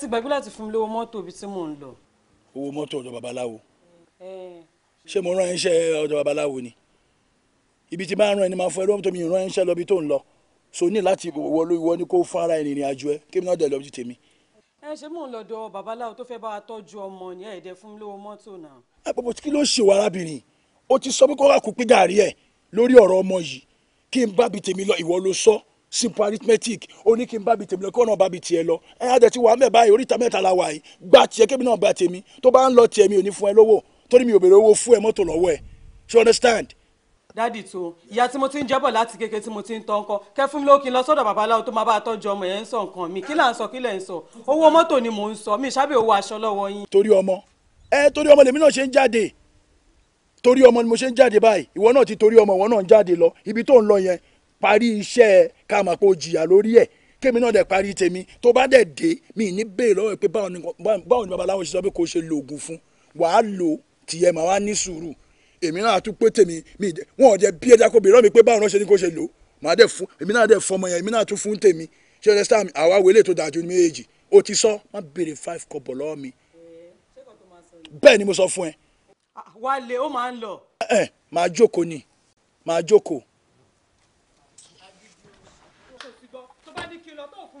ti gbàgbé láti fún mi lówó mọ́tò ibi tí mò ń lọ. owó mọ́tò ọ̀dọ̀ babaláwo ṣé mo rán iṣẹ́ ọ̀dọ̀ babaláwo ni ibi tí máa ń rán ẹni máa fọ ẹrú tó mi rán iṣẹ́ lọ ibi tó ń lọ so ní láti wọ ló ìwọ ni kó fún ara ẹni ìrìn àjò ẹ kí mi náà dẹ̀ lọ sí tèmi. ẹ ṣe mò ń lọ dọ̀ babaláwo tó fẹ́ bá a tọ́jú ọmọ ni ẹ̀ dẹ̀ fún mi lówó mọ́tò náà. àpapọ̀ kí ló ṣèwọ arábìnrin ó ti sọ pé kó wà kó pín gàrí ẹ̀ lórí ọ̀rọ̀ ọmọ yìí kí n bá bi tèmi lọ ìwọ ló sọ simple arithmetic ó ní kí n bá bi tèmi lọ kí wọn náà bá bi tiẹ̀ lọ ẹ á dẹ̀ ti wà mẹ́ẹ̀ báyìí oríta mẹ́ta la wà yìí gba tiẹ̀ kébì náà gba tèmi tó bá ń lọ tiẹ̀ mi ò ní fún ẹ lówó torí mi ò béèrè owó fún ẹ mọ́tò lọ́wọ́ ẹ ṣe understand. dádì tó ìyá tí mo ti ń jẹ́bọ̀ láti kéke tí mo ti ń tán kọ́ kẹ́ fún mi ló kí n lọ sọ́dọ̀ babaláwo tó máa bá a tọ́jú ọmọ yẹn ń sọ nǹkan mi kí là ń sọ kí lẹ̀ ń sọ owó mọ́tò ni mò ń sọ mi ṣábẹ̀ owó aṣọ lọ́wọ́ yín. torí ọmọ ẹ torí ọmọ lèmi náà ṣe ń jáde torí ọmọ ni mo ṣe ń jáde báyìí ìwọ náà ti torí ọmọ ìwọ náà ń jáde lọ ibi tó ń lọ yẹn parí iṣẹ́ ká mọ̀ pé o jìyà lórí ẹ̀ kémi náà dẹ̀ parí tèmi tó bá dẹ̀ dé mi ní béèrè lọ́wọ́ pé báwo ni babaláwo ṣe sọ pé kò ṣe lo oògùn fún wàá lò tìyẹ màá wá ní sùúrù èmi náà àtúpé tèmi mi dẹ̀ wọ́n ọ̀dẹ̀ bí ẹja kò béèrè lọ́wọ́ mi pé báwo náà ṣe ni kò ṣe lò màá dẹ̀ fún èmi náà dẹ̀ fọmọ yẹn èmi náà tún fún tèmi ṣé ọ̀dẹ̀ sáà àwa wẹlé tó dájú méjèèjì o ti sọ má béèrè five kọ́bọ̀ lọ́wọ́ mi bẹ́ẹ̀ ni mo sọ fún ẹ. Ah, wálé ó máa ń lọ. ẹ ẹ máa jókòó ni máa jókòó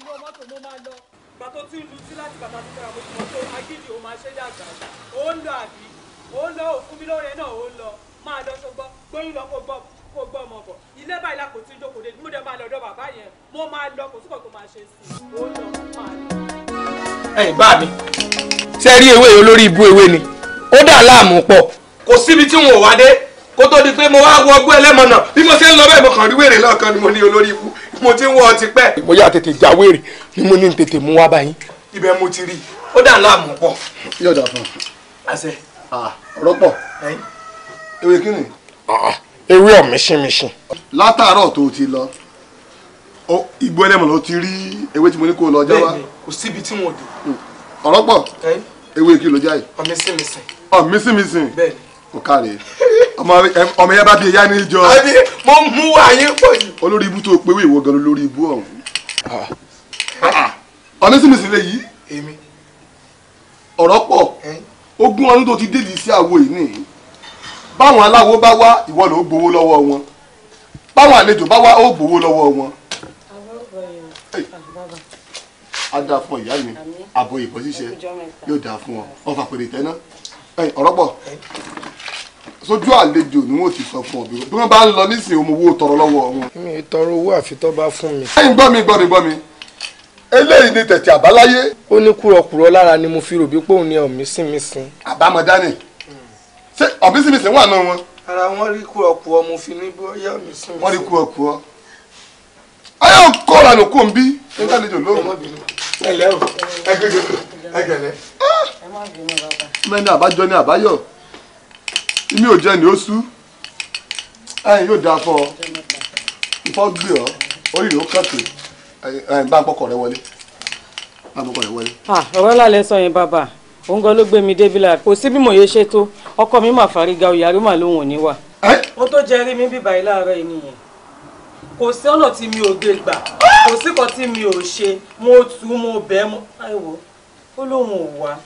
lọ mọ́tò mo máa lọ. ìgbà tó ti ń lu sí láti bàtà tó tẹ̀ra mo ti mọ̀ tó agídì ó máa ṣe dàgbà ó ń lọ àbí ó ń lọ òfun mi lóore náà ó ń lọ máa lọ ṣọgbọ́ gbóyún lọ kó gbọ́ kó gbọ́ ọmọ bọ̀ ilé báyìí la kò tí ń jókòó dé mo dẹ̀ máa lọ ọ̀dọ̀ bàbá yẹn mo máa lọ kò túbọ̀ tó máa ṣe sí i bá mi ṣe rí ewé olórí ibú ewé ni ó dà láàmú pọ̀ kò síbi tí wọn ò wá dé kó tó di pé mo wá wọgbó ẹlẹ́mọ̀nà bí mo ṣe ń lọ bẹ́ẹ̀ mo kàn rí wèrè lọ́ọ̀kan ni mo ní olórí ibú mo ti ń wọ ọtí pẹ́. mo yà tètè jáwèrè ni mo ní tètè mú wá báyìí. ibẹ̀ mo ti rí i ó dà láàmú pọ̀. yóò dà fún un. àṣẹ. rọpò ewé kínní. Ah, ewé ọ̀ mísínmísín. látàárọ̀ tó ti lọ ìgbó ẹlẹ́mọ̀ ló ti rí ewé tí mo ní kó lọ jáwá. bẹ́ẹ̀ni kò síbi tí wọn ò dé. Hmm. ọ̀rọ̀pọ̀ ewé kí ló jáì. ọ̀ mísínmísín. ọ̀ mísínmísín. bẹ́ẹ̀ni o káre ọmọ yẹn bá bí ẹyá ní ìjọ. àbí mo mú àyè pọ̀ jù. olórí ibú tó pé ìwọ gan lórí ibú ọ̀hún. Ah. Ah, ah. ọ̀nà sí mi sì lè yí. èmi. ọ̀rọ̀ pọ̀ ogún ọdún tó ti délì sí àwo yìí nìyí báwọn aláwo bá wá ìwọ ló gbowó lọ́wọ́ wọn báwọn àlejò bá wá ó gbowó lọ́wọ́ wọn. a dáa fún ìyá mi àbọ̀ ìkọ́síṣẹ́ yóò dáa fún ọ ọ̀fà pèrè tẹ́ná ọ̀rọ̀ pọ̀ sójú àlejò ni wọn ti sọ fún ọ bí wọn bá ń lọ nísìnyí ọmọ owó tọrọ lọ́wọ́ wọn. mi tọrọ owó àfitọ́ bá fún mi. ẹ̀yin gbọ́ mi gbọ́ mi gbọ́ mi eléyìí ni tẹ̀tẹ̀ àbáláyé. ó ní kúrọ̀kúrọ̀ lára ni mo fi rò bí póun ní ọ̀mísìmísìn. àbámọ̀dá ni ṣé ọ̀mísìmísìn wà náà wọn. ara wọn rí kúrọ̀kúrọ̀ mo fi ní bóyá ọ̀mísìmísìn. wọ́n rí kúrọ̀kúrọ̀ ayọ̀ kọ́ra lóko ń bí nígbà ẹgẹlẹ. mẹ́ni àbájọ ni àbáyọ̀ mi ò jẹ́ ni ó sú ẹ̀yin yóò dáa fọ́ ọ ifá gbé ọ orí ìlú kàtó bá ń pọkọ rẹ wọlé bá ń pọkọ rẹ wọlé. ọ̀rọ̀ lálẹ́ sọ yẹn bàbá òun gan ló gbé mi débi la kò sí bí mòye ṣe tó ọkọ mi mà fàrígà òyàrí mà lóhùn òní wà. ó tó jẹ rí mi bíbá yìí láàárọ̀ yìí nìyẹn kò sí ọ̀nà tí mi ò gbé gbà kò sí kan tí mi ò ṣe mo tù ú mo bẹ́ẹ̀ mo ó lóun ò wá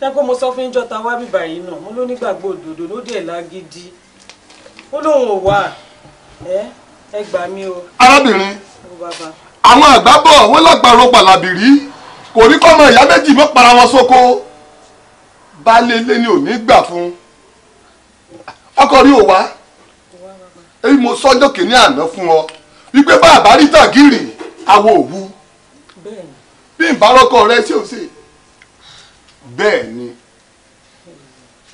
tẹ́kọ́ mo sọ fún yín jọ́ta wá bíbá yìí náà mo ló nígbàgbọ́ òdòdó ló dẹ̀ lágídí ó lóun ò wá ẹ ẹ gbà mí o. arábìnrin àwọn àgbábọ̀ wọn lágbàro pàlàbìrí kò rí kọ́mọ ìyá méjì mọ́ para wọn sóko baálé ilé ni ò ní gbà fún ọkọ rí ò wá èyí mo sọ́jọ́ kìíní àná fún ọ wípé bá àbárí tàgìrì àwọ̀ òwu bí ìbárọ́kọ rẹ ṣé ò ṣe bẹ́ẹ̀ ni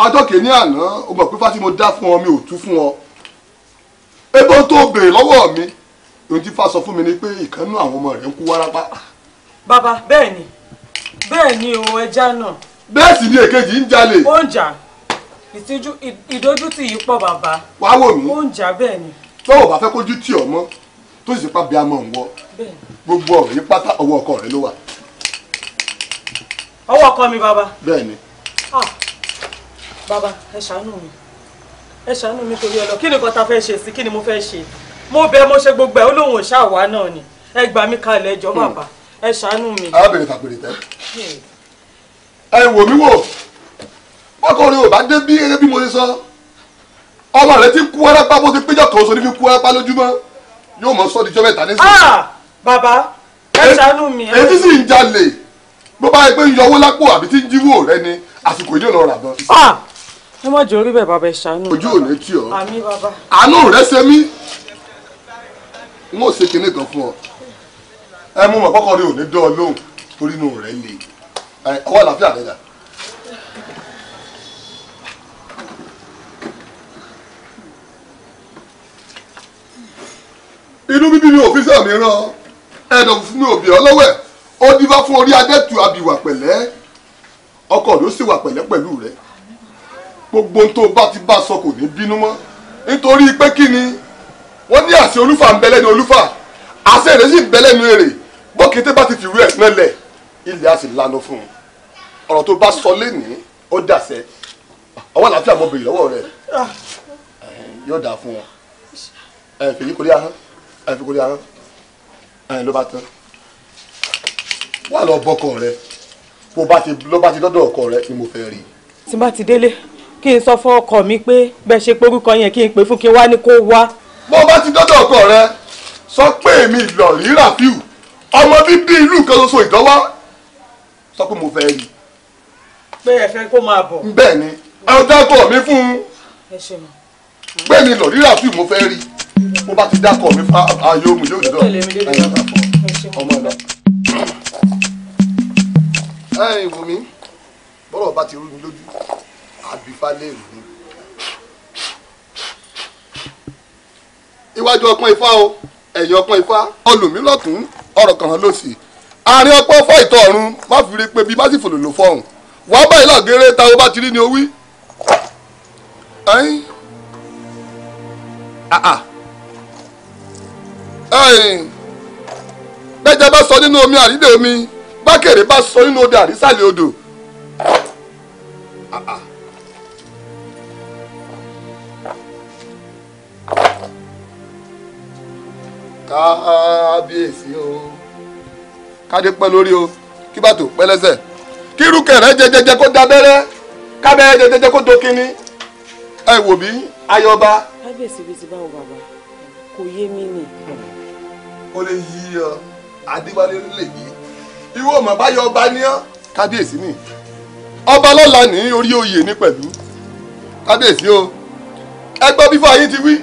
ọjọ́ kìíní àná o mọ̀ pé fásitì mo dá fún ọ mi ò tú fún ọ ebo tó béèrè lọ́wọ́ mi ohun tí fa sọ fún mi ni pé ìkànnú àwọn ọmọ rẹ̀ ń kú wárápá. bàbá bẹ́ẹ̀ ni bẹ́ẹ̀ ni o ẹja náà. bẹ́ẹ̀ sì ni èkejì ń jalè. ó ń jà ìtìjú ìdójútì yìí pọ̀ bàbá. wá wò mí. ó ń jà bẹ́ẹ̀ ni. tó o bá fẹ́ kójú tì ọ mọ́ tó sì pa bí a mọ̀ ń wọ gbogbo ọ̀rọ̀ yìí pátá ọwọ́ ọkọ rẹ ló wà ọwọ́ ọkọ mi bàbá. bẹ́ẹ̀ni. Ah, bàbá ẹ ṣàánú mi ẹ ṣàánú mi torí ọlọ kí ni nǹkan ta fẹ́ ṣe sí kí ni mo fẹ́ ṣe mo bẹ mo ṣe gbogbo ẹ ó lóun ò ṣàwá náà ni ẹ gbà mí kalẹ̀ ẹjọ́ hmm. bàbá ẹ ṣàánú mi. arábìnrin tàbírí tẹ hmm. ẹ wò mí wò ọkùnrin ò bá dé bí eré bí mo ṣe sọ ọmọ rẹ ti kú arápá bó ti péjọ kan oṣù ní fi kú arápá lójúmọ́ yóò mọ sọ ọdíjọ mẹ́ta nísìnyí. Ah, bàbá ẹ ṣàánú mi. èyí sì ń jalè bó bá yẹ pé ń yọwó lápò àbí tí ń jíwó rẹ ni àsìkò yìí lọ rà gan. ẹ má jẹ́ orí bẹ́ẹ̀ bàbá ẹ ṣàánú. ojú ò ní tí ọ àánú rẹ ṣe mí n ó ṣe kinní kan fún ọ ẹ mú mọ kọkọ rẹ ò ní dán ọ lóhùn torí inú rẹ le ọwọ́ àlàáfíà rẹ dà. inú bíbí mi ò fi sẹ́mi rán ẹ̀dọ̀ fún mi ò bí ọ lọ́wọ́ ẹ̀ ó dífá fún orí adẹ́tù àbíwà pẹ̀lẹ́ ọkọ ló sì wà pẹ̀lẹ́ pẹ̀lú rẹ̀ gbogbo tó bá ti bá sọ kò ní bínú mọ́ nítorí pé kí ni wọ́n ní àṣẹ olúfà ń bẹ lẹ́nu olúfà àṣẹ èrè sì ń bẹ lẹ́nu èrè bọ́kété bá ti fìwé ẹ̀ náà lẹ̀ ilẹ̀ á sì lanu fún un ọ̀rọ̀ tó bá sọ lénìí ó dàṣẹ ọwọ́ àlàáfíà mo bèrè lọ́wọ́ rẹ̀ yóò dà fún wọn ẹ̀ fèyí kò rí ahọ́n ẹ̀ fi kò rí ahọ́n ẹ̀ ló bá tán wà lọ bọ́kọ rẹ bó bá ti lọ bá ti dọ́dọ̀ ọkọ rẹ ni mo fẹ́ rí. tí bá ti délé kí n sọ fún ọkọ mi pé bẹ́ẹ̀ ṣe pé orúkọ yẹn kí n pè fún kí n wá ní kó wá. bó bá ti dọ́dọ̀ ọkọ rẹ sọ pé èmi lọ rí Rafiu ọmọ bíbí ìlú kan ṣoṣo ìdánwá sọ pé mo fẹ́ rí. pé ẹ fẹ́ kó máa bọ̀. bẹ́ẹ̀ ni àwọn dákọ̀ mi fún un pé mi lọ rí Rafiu mo fẹ́ rí bó bá ti dákọ̀ mi fún ayé òmùdé òjò náà ọmọ náà ẹ̀yin wò mí bọ́rọ̀ bá ti rú mi lójú àbífálẹ̀ rù mí. iwájú ọpọ́n ifá o ẹ̀yìn ọpọ́n ifá olùmílọ́tún ọ̀rọ̀ kan ló sì àárín ọpọ́n fọ́ ìtọ́ ọ̀run má fi rí pé bí bá sì fòlò ló fọ́hùn wàá báyìí lọ́gẹ́rẹ́ ta o bá ti rí ni o wí. ẹ̀yin ẹ̀yin bẹ́ẹ̀ jẹ́ bá sọ nínú omi àrídè omi bákèrè bá sọ nínú odò àrísàlẹ̀ odò. kábíyèsí o kádé pẹ́ lórí o kí bàtò pẹ́ lẹ́sẹ̀ kí irúkẹ̀rẹ́ jẹjẹjẹ kó dábẹ́rẹ́ kábẹ́rẹ́ jẹjẹjẹ kó dokinni ẹ wò bí ayọba. kábíyèsí bíi ti báwo bàbá kò yé mi nì. ó lè yí ọ adéwálé lè yí irú ọmọ báyọ̀ ọba ní ọ́ kábíyèsí ni ọba lọ́la ní orí oyè ní pẹ̀lú kábíyèsí o ẹgbẹ́ bífọ́ ayé ti wí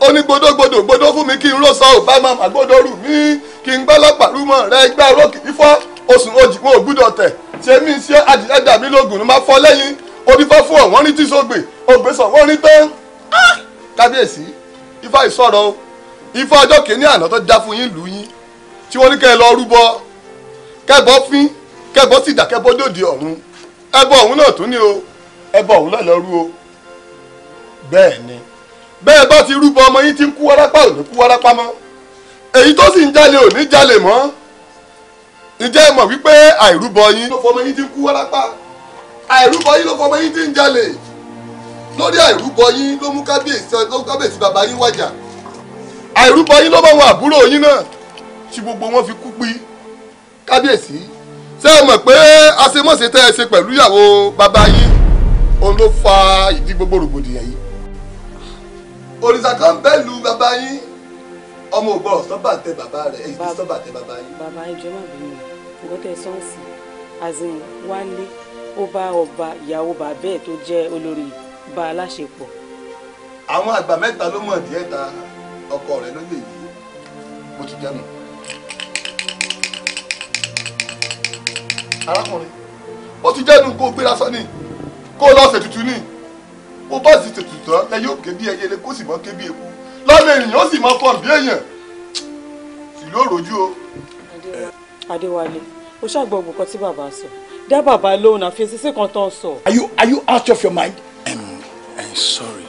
ó ní gbódógbodò gbódó fún mi kí n rọ́ṣọ́ ò bá máa má gbódó rù mí kí n gbẹ́ lọ́pàrú mọ̀ rẹ gbẹ́ rókì fífọ́ oṣù ojì wọn ò gbúdọ̀ tẹ̀ ṣé mi ṣe àdìẹ́dà mi lóògùn má fọ́ lẹ́yìn onífọ́ fún ọ̀wọ́n ní tíṣogbè ògbésọ̀ wọ́n ní tán ah! kábíyèsí ifá ìsọ̀rọ̀ ifá ọjọ́ kìíní àná tó já fún yín lù yín tí wọ́n ní kẹ́ ẹ lọ rúbọ kẹbọ fín kẹbọ sì dà kẹbọ dòde ọ̀run ẹbọ ọ̀hún náà tún ni o ẹbọ ọ̀hún náà lọ rú o bẹ́ẹ̀ ni bẹ́ẹ̀ bá ti rúbọ ọmọ yín ti ń kú wárápá ò ní kú wárápá mọ́ èyí tó sì ń jalè ò ní jalè mọ́ ǹjẹ́ ẹ mọ̀ wípé àìrúbọ yín ló fọmọ yín ti ń kú wárápá àìrúbọ yín ló fọmọ yín ti ń jalè lórí àìrúbọ yín ló mú kábíyèsí ló kábíyèsí bàbá yín wájà àìrúbọ yín ló bá wọn àbúrò yín náà tí gbogbo wọn fi kú pín kábíyèsí ṣé ẹ mọ̀ pé àṣemọ́ṣe tẹ́ ẹ ṣe pẹ̀lú ìyàwó bàbá yín òun ló fa ìdí gbogbo rògbòdìyàn yìí òrìṣà kan bẹ́ẹ̀ lu bàbá yín ọmọ ògbọ́ sọ́bà tẹ bàbá rẹ̀ èyí tí sọ́bà tẹ bàbá yín. bàbá ìjọ máa bí mi nǹkan tẹ sọ́ọ̀sì azin wálé ó bá ọba ìyàwó bàbá ẹ̀ tó jẹ́ olórí bá a láṣepọ̀. àwọn àgbà mẹ́ta ló mọ̀ díẹ̀ ta ọkọ rẹ̀ lóye yìí mo ti jẹ́ nù. arákùnrin ó ti jẹ́nu kó gbé lásán ni kó lọ ṣètùtù ni bó bá sì ṣètùtù tán lẹ yóò ké bí ẹyẹlé kó sì mọ ké bí eku lọ́nà ènìyàn ó sì mọ fọ́ọ̀n bí èèyàn sì ló rojú o. Adéwálé o ṣàgbọ́ ògùn tí bàbá sọ dá bàbá lóhùn àfi ẹsẹ̀ kan tán sọ. Are you are you out of your mind? I'm um, I'm sorry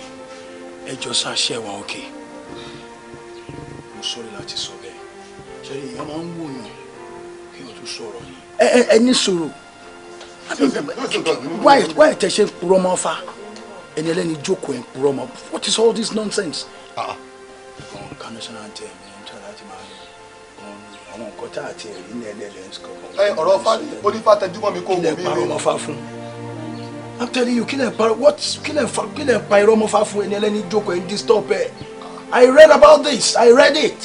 ẹ jọ sá ṣe wa òkè mo sọrí láti sọ bẹ́ẹ̀ ṣe èèyàn máa ń wòyàn kí wọ́n tún sọ̀rọ̀ yìí ẹ ní why why tẹ ṣe purọ́ mọ́ fa ẹni ẹlẹ́ni what is all this nonsense. Ah. kan national team ní ìtura láti máa ń àwọn nǹkan tá àti ẹ̀rí ní ẹlẹ́lẹ́nsì kankan. ẹ ọ̀rọ̀ fa onífà tẹjúmọ́ mi kó wọ́n mi i'm telling you kílẹ̀ parọ́ what kílẹ̀ fa kílẹ̀ pa irọ́ mọ́ fa fún ẹni ẹlẹ́ni jókòó disturb ẹ̀ i read about this i read it.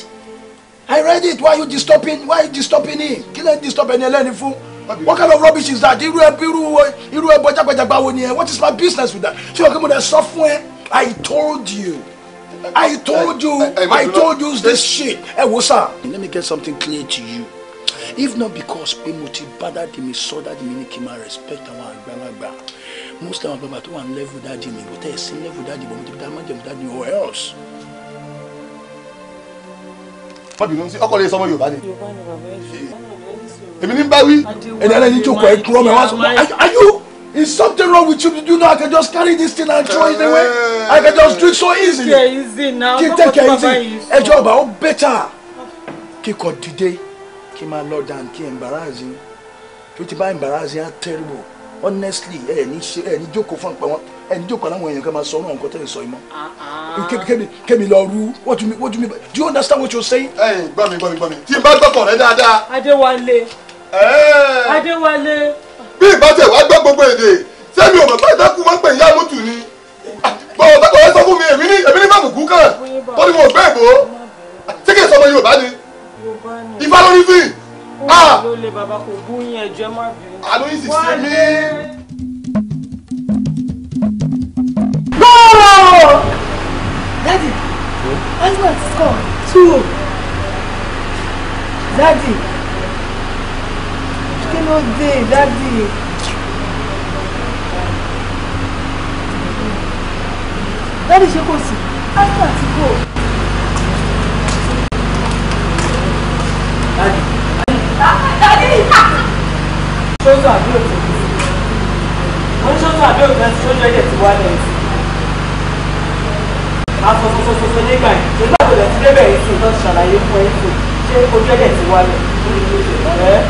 I read it. Why are you disturbing? Why are you disturbing him? Kí lẹ́ disturb ẹni ẹlẹ́ni fún? What kind of rubbish is that? Irú ẹbí irú irú ẹbọ jágbàjàgbà wo ni ẹ? What is my business with that? Ṣé o kí mo dẹ̀ sọ fún ẹ? I told you. I told you. I, told you this shit. Ẹ wo sá. Let me get something clear to you. If not because pé mo ti bá dáàdì mi sọ dáàdì mi ní kí n máa respect àwọn àgbàlagbà. Most àwọn àgbàlagbà tó wà ní level dáàdì mi, bó tẹ̀ sí level dáàdì mi, mo ti bí dáàdì mi or else má bínú sí ọkọ lè sọ ọmọ yorùbá ni. èmi ní bá wí ẹni ẹlẹ́yin jókòó ẹ kúrọ́ mẹ́wàá sọ are you is something wrong with you do you know i can just carry this thing and throw it away i can just do it so easily kí n take care easy ẹjọ́ ọba ó better kíkọ dìde kí n máa lọ down kí n embarrass yín tó ti bá embarrass yín á terrible honestly ẹ ní jókòó fún ọ̀pẹ wọn ẹni jókòó àwọn èèyàn kan máa sọ ọ̀rọ̀ nǹkan tẹ́ ẹ sọ ìmọ̀ ah, ah. kẹ́mi kẹ́mi lọ rú what do you mean what do you mean do you understand what you're saying. ẹ gbọ́ mi gbọ́ mi gbọ́ mi tí n bá gbọ́kọ̀ rẹ dáadáa. Adéwálé Adéwálé. bí ìbátẹ̀ wá gbọ́ gbogbo èdè sẹ́mi ò mọ̀ pé ìdákùn máa ń pè ní yálùtù ni bọ̀wọ̀ tó kọ̀wé sọ fún mi èmi ní èmi ní bàbù kú kàn tó ní mo gbé ìbò tí kì í sọmọ Yorùbá ni Ifá lórí fi. ó ah. lè bàbá kò gún yín ẹjọ́ má bínú. àlóyún sì sí mi. Goal! Daddy, hmm? Arsenal score two, Daddy, kí ló dé, Daddy? Daddy ṣe kò sí, Arsenal ti kò. Daddy, Daddy, ṣọ́jọ́ àbí òtún? Wọ́n ṣọ́jọ́ àbí òtún ṣọ́jọ́ ẹ̀jẹ̀ ti wá lẹ́yìn aṣọ tuntun tuntun nígbà yìí nígbà tó lẹ ti débẹ̀ yìí tó ti ṣàlàyé fún ẹ sùn ṣé ojú ẹ̀dẹ̀ ti wálẹ̀ ẹ̀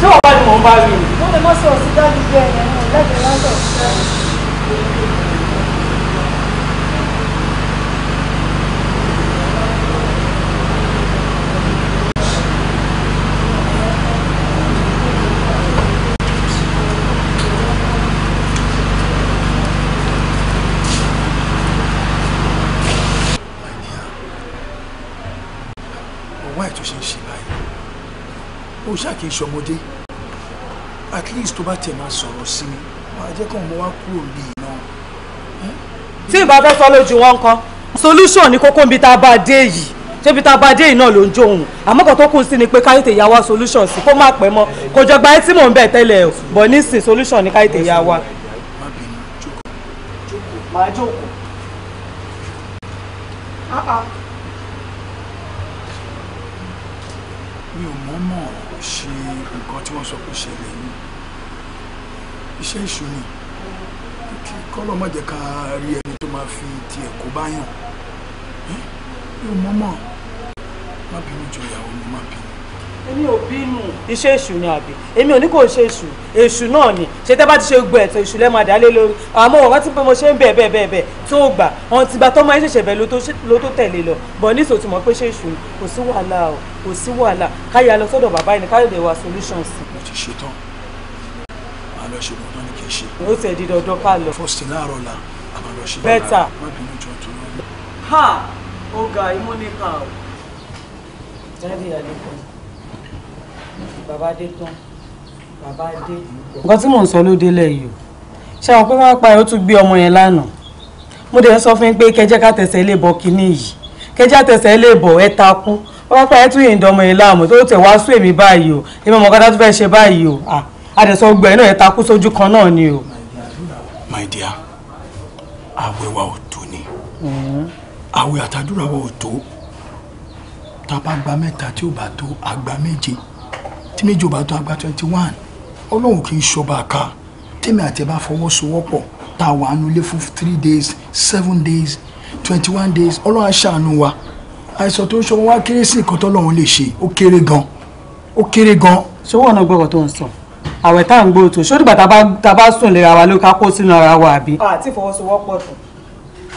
ṣé wàá bá ní mò ń bá rí i. mo lè mọ́ sọ̀rọ̀ sí dájú bẹ́ẹ̀ yẹn mo lẹ́gbẹ̀ẹ́ látọ̀ ṣáà kì í ṣọmọdé at least tó bá tẹ̀ máa sọ̀rọ̀ sí mi máa jẹ́ kó mo wá kúrò níbi iná. tí ìbá fẹ́ sọ lójú wọn kan solution ní kókó níbi tá a bá dé yìí débi tá a bá dé yìí náà ló ń jó òun àmọ́ kan tó kù sí ni pé káyọ̀tẹ̀ ìyá wa solution sí kó má pẹ́ mọ́ kò jọ gba ẹtí mò ń bẹ̀ tẹ́lẹ̀ o bọ̀ nísìn solution ní káyọ̀tẹ̀ ìyá wa. Ah, ah. mi ò mọ̀ mọ́ ṣe nǹkan tí wọ́n sọ pé ṣẹlẹ̀ yìí iṣẹ́ ìṣù ni kí kọ́lọ́ má jẹ́ ká rí ẹni tó máa fi tiẹ̀ kó bá yàn mi mọ́mọ́ má bínú jọ ìyàwó mi má bínú èmi ò bínú. iṣẹ́ èṣù ni àbí èmi ò ní kò ṣe èṣù èṣù náà ni ṣé tẹ́ bá ti ṣe gbọ́ ẹ̀tọ́ èṣù lẹ́ẹ̀ máa dálé lórí àmọ́ wọn ti pé mo ṣe ń bẹ̀ bẹ̀ bẹ̀ bẹ̀ tó gbà àwọn ti gba tọ́mọ ẹ̀ ṣẹ̀ṣẹ̀ bẹ̀ ló tó tẹ̀lé lọ bọ̀ níṣò tí mo pé ṣe èṣù kò sí wàhálà o kò sí wàhálà káyà lọ sọ́dọ̀ bàbá ẹni káyọ̀ wa solutions. mo ti ṣetán màá lọ ṣe gbọ́dọ̀ ní kí n ṣe. ó tẹ̀ di ha ọ̀gá imú nípa o. jáde bàbá dé tán bàbá dé. nǹkan tí mò ń sọ ló délẹ̀ yìí o ṣe àwọn pé wọ́n pa ẹ̀ ó tún gbé ọmọ yẹn lánàá mo dẹ̀ sọ fún yín pé kẹjẹ́ ká tẹ̀sẹ̀ ilé bọ̀ kínní yìí kẹjẹ́ tẹ̀sẹ̀ ilé bọ̀ ẹ takú wọ́n pa ẹ̀ tún yìí ń dọmọ yẹn láàmú tó tẹ̀ wá sún èmi báyìí o èmi ọmọ kọ́dá tó fẹ́ ṣe báyìí o àdẹ̀sọ gbọ́ ẹ̀ náà ẹ takú sójú kan náà ni o. my dear àwẹ̀ wa ò tó ni mm-hmm. àwẹ̀ àtàdúrà wa ò tó tá a bá gba mẹ́ta tí ò bá tó àgbà méje tí méjì ò bá tó àgbà twenty one ọlọ́run kì í ṣọba ká tèmi àti ẹ bá fọwọ́sowọ́pọ̀ tá a wà á nulẹ̀ fún three days seven days twenty one days ọlọ́run á ṣàánú wa àìsàn tó ń ṣọwọ́ wá kéré sí nǹkan tọ́lọ́run lè ṣe ó kéré gan ó kéré gan. ṣọwọ́ ọ̀nà gbọ́dọ̀ tó ń sọ àwẹ̀ tá à ń gbòòrò tó ṣó dìgbà tá a bá sùn lera wa ló ká kó sínú ara wa àbí. àti ìfọwọ́sowọ́pọ̀ tán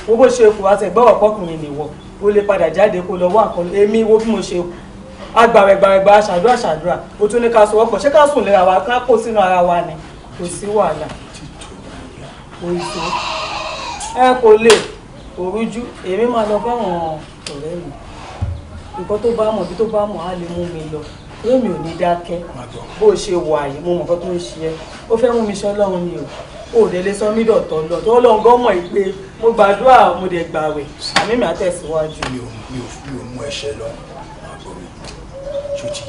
owó ṣe kù àti ẹ̀gbọ́n ọ̀pọ̀kùnrin lè wọ̀ o lè padà jáde kó lọ wá èmi wo bí mo ṣe kù agbàwẹ̀gbàwẹ̀gbà aṣàdúrà aṣàdúrà o tún ní ká sọ wọ́pọ̀ ṣé ká sùn lera wa ká kó sínú ara wa ni kò sí wàhálà kò sí ẹ kò lè òrújú èmi máa lọ báwọn ọ̀rẹ́ mi nǹkan tó bá mọ̀ bí tó bá mọ̀ á lè mú mi lọ èmi ò ní dákẹ́ bó ṣe wà yìí mo mọ̀ nǹkan tó ń ṣe ẹ́ ó fẹ́ mú mi ṣe ọlọ́run ni o ò dé lè sọ mí dọ̀tọ̀ lọ tó lọ́n gán mọ̀ pé mo gbàdúrà mo dẹ̀ gbàwẹ̀ àmì mi àtẹ̀síwájú. mi ò mú ẹ̀ṣẹ̀ lọ́rùn ṣòtì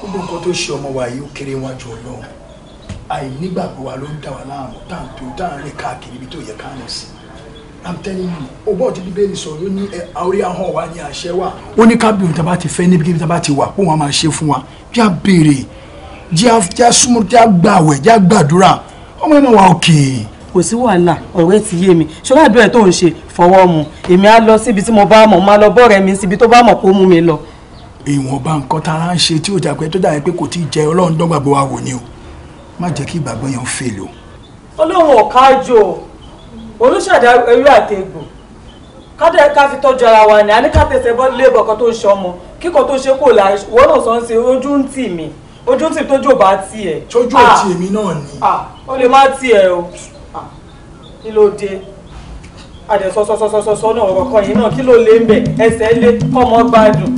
gbogbo nǹkan tó ṣe ọmọ wa yìí ó kéré wájú ọlọ́run àìnígbàgbọ́ wa ló ń dà wá láàmú tá à ń tó tá à ń rìn káàkiri ibi tó yẹ ká rìn sí i'm telling you ọgbọ́n ti bíbélì sọ̀rọ̀ ó ní orí ahọ́n wa ní àṣẹ wa ó ní ká bìrì tábà ti fẹ́ níbi kíbi tábà ti wà kó wọn máa ṣe fún wa bí a béèrè jẹ́ a súnmọ́ jẹ́ a gbà àwẹ̀ jẹ́ a gbàdúrà ọmọ ẹ̀ máa wà òkè. kò sí wàhálà ọ̀rẹ́ ti yé mi ṣọlá àdúrà tó ń ṣe fọwọ́ mu èmi á lọ síbi tí mo bá mọ̀ máa lọ bọ́ọ̀rẹ́ mi síbi tó bá mọ̀ kó mú mi lọ ìwọ̀nba nǹkan tá a ń ṣe tí ò jà pé tó dà yẹn pé kò tí ì jẹ ọlọ́run dọ́gba wa wò ni o má jẹ́ kí ìgbàgbọ́ yẹn fè lò. ọlọ́run ọ̀ká jò olùṣàdá ẹrú àtẹ̀gbò kádà ká fi tọ́jú ara wa ni a ní ká tẹsẹ̀ bọ́ lébọ̀ kan tó ń ṣe ọmọ kíkọ tó ṣe kò láì wọ́n náà sọ ń ṣe ojú ń tì mí ojú ń tì tójú bá tiẹ̀. tójú ò tì mí náà ni. ó lè má tiẹ̀ o kí ló dé àdẹ̀sọ́sọ́sọ́sọ́sọ́ náà ọ̀rọ̀ kan yìí náà kí ló lé ń bẹ̀ ẹsẹ̀ lé kọ́mọ gbádùn.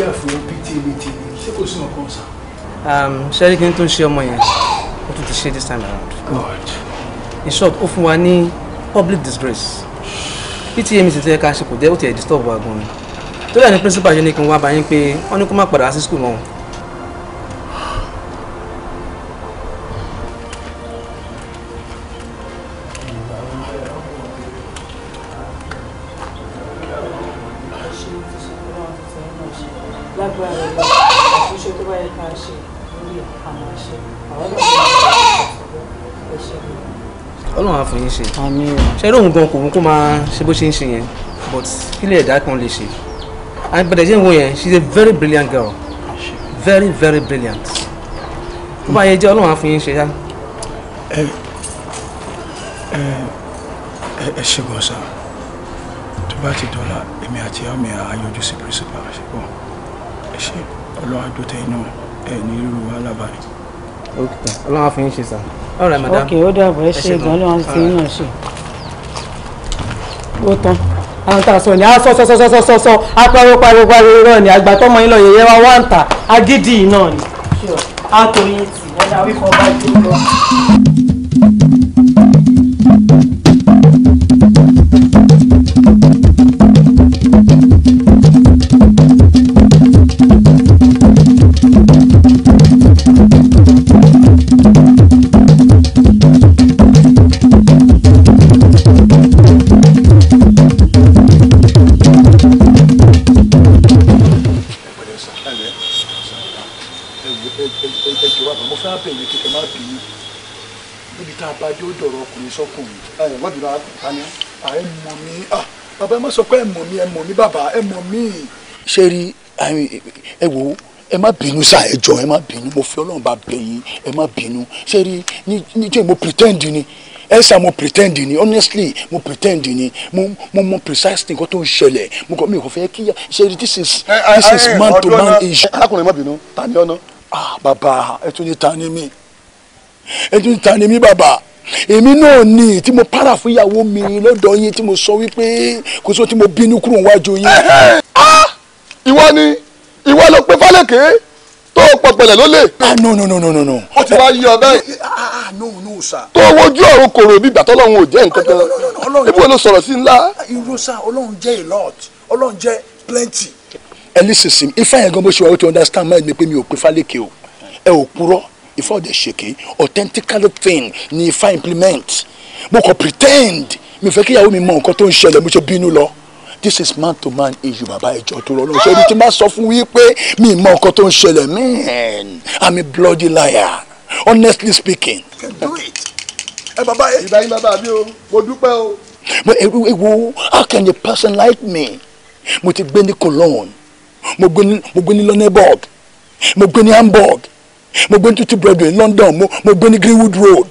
gbé àfọ bí tìrìtìrì ṣé kò sí ọkàn sá. ṣẹ́rí kí n tó ṣe ọmọ yẹn ó tún ti ṣe this time around. God. in short ó fún wa ní public disgrace bí tí èmi sì tẹ́ ká ṣe kò jẹ́ ó tiẹ̀ disturb wa gan-an tó dẹ̀ ní principal ṣe ni kí n wá bá pé wọ́n ní kó má padà wá sí school náà ẹ̀rọ òun gan kò mú kó máa ṣe bó ṣe ń ṣe yẹn but kílẹ̀ ẹ̀dá kan lè ṣe and bẹ̀rẹ̀ ṣe wo yẹn she is a very brilliant girl very very brilliant tó bá yẹ jẹ́ ọlọ́run á ṣe yá. ẹ ẹ ṣe gan tó bá ti dọ́là èmi àti ọmọ ẹ̀ ayọjú sí principal ṣe bọ̀ ẹ ṣe ọlọ́run àdótẹ́ iná ẹ̀ ní irú wàhálà ok ọlọ́run á ṣe sá. ok ó dàbọ̀ ẹ ṣe gan ọlọ́run ti ń ṣe ó tán àwọn tá a sọ ni a ah, sọ sọ sọ sọ sọ sọ pariwo pariwo náà ni àgbà tọmọ yín lọ yẹyẹ wa wá ń ta agídí náà ni. a tì wọ́n dá wípé ọba lọ. má sọ pé ẹ mọ̀ mí ẹ mọ̀ mí bàbá ẹ mọ̀ mí. ṣé rí ẹ wò ó ẹ má bínú sáà ẹ jọ ẹ má bínú mo fi Ọlọ́run bá bẹ̀ yín ẹ má bínú ṣé rí níjẹ́ mo pretend ni ẹ sá mo pretend ni honestly mo pretend ni mo mo mo precise nǹkan tó ń ṣẹlẹ̀ mo kàn mi ò fẹ́ kíyà ṣé rí this is this is man to man issue. arákùnrin má bínú ta ni ọ̀nà. ah bàbá ẹ tún ní ta ni mí ẹ tún ní ta ni mí bàbá èmi náà ni tí mo para fún ìyàwó mi lọ́dọ̀ yín tí mo sọ wípé kò sóò tí mo bínú kúrò wájú yín. Ah! ìwọ ni ìwọ ló pe fálẹ́kẹ́ tó o pọ̀ ló lè. Ah, no no no no no no. ó ti wá yí ọ bẹ́ẹ̀. Ah, no no sir. tó o wojú ọ̀run kòrò bí ìgbà tọ́lọ́run ò jẹ́ nǹkan kan ibo ló sọ̀rọ̀ sí ńlá. irú sá ọlọ́run jẹ́ a lot ọlọ́run jẹ́ plenty. ẹ ní sísìn ifá yẹn gan bó ṣe wà ó ti understand mind mi pé mi ò pe fálẹ́kẹ́ o ẹ ò purọ́ Ifá ò dẹ̀ ṣèké authentical thing ni ifa implement mo kàn pretend mi fẹ́ kí ìyàwó mi mọ nǹkan tó ń ṣẹlẹ̀ mo ṣe bínú lọ this is man to man issue bàbá ìjọ tó rọ lọ́wọ́ ṣẹ́ni tí máa sọ fún wí pé mi mọ nǹkan tó ń ṣẹlẹ̀ man i'm a bloody liar honestly speaking. do it ẹ bàbá ẹ ìgbà yín bàbá mi o mo dúpẹ́ o. but ewu how can a person like me mo ti gbé ní Cologne mo gbé ní London mo gbé ní Hamburg mo gbé ní tuntun broadway london mo mo gbé ní greenwood road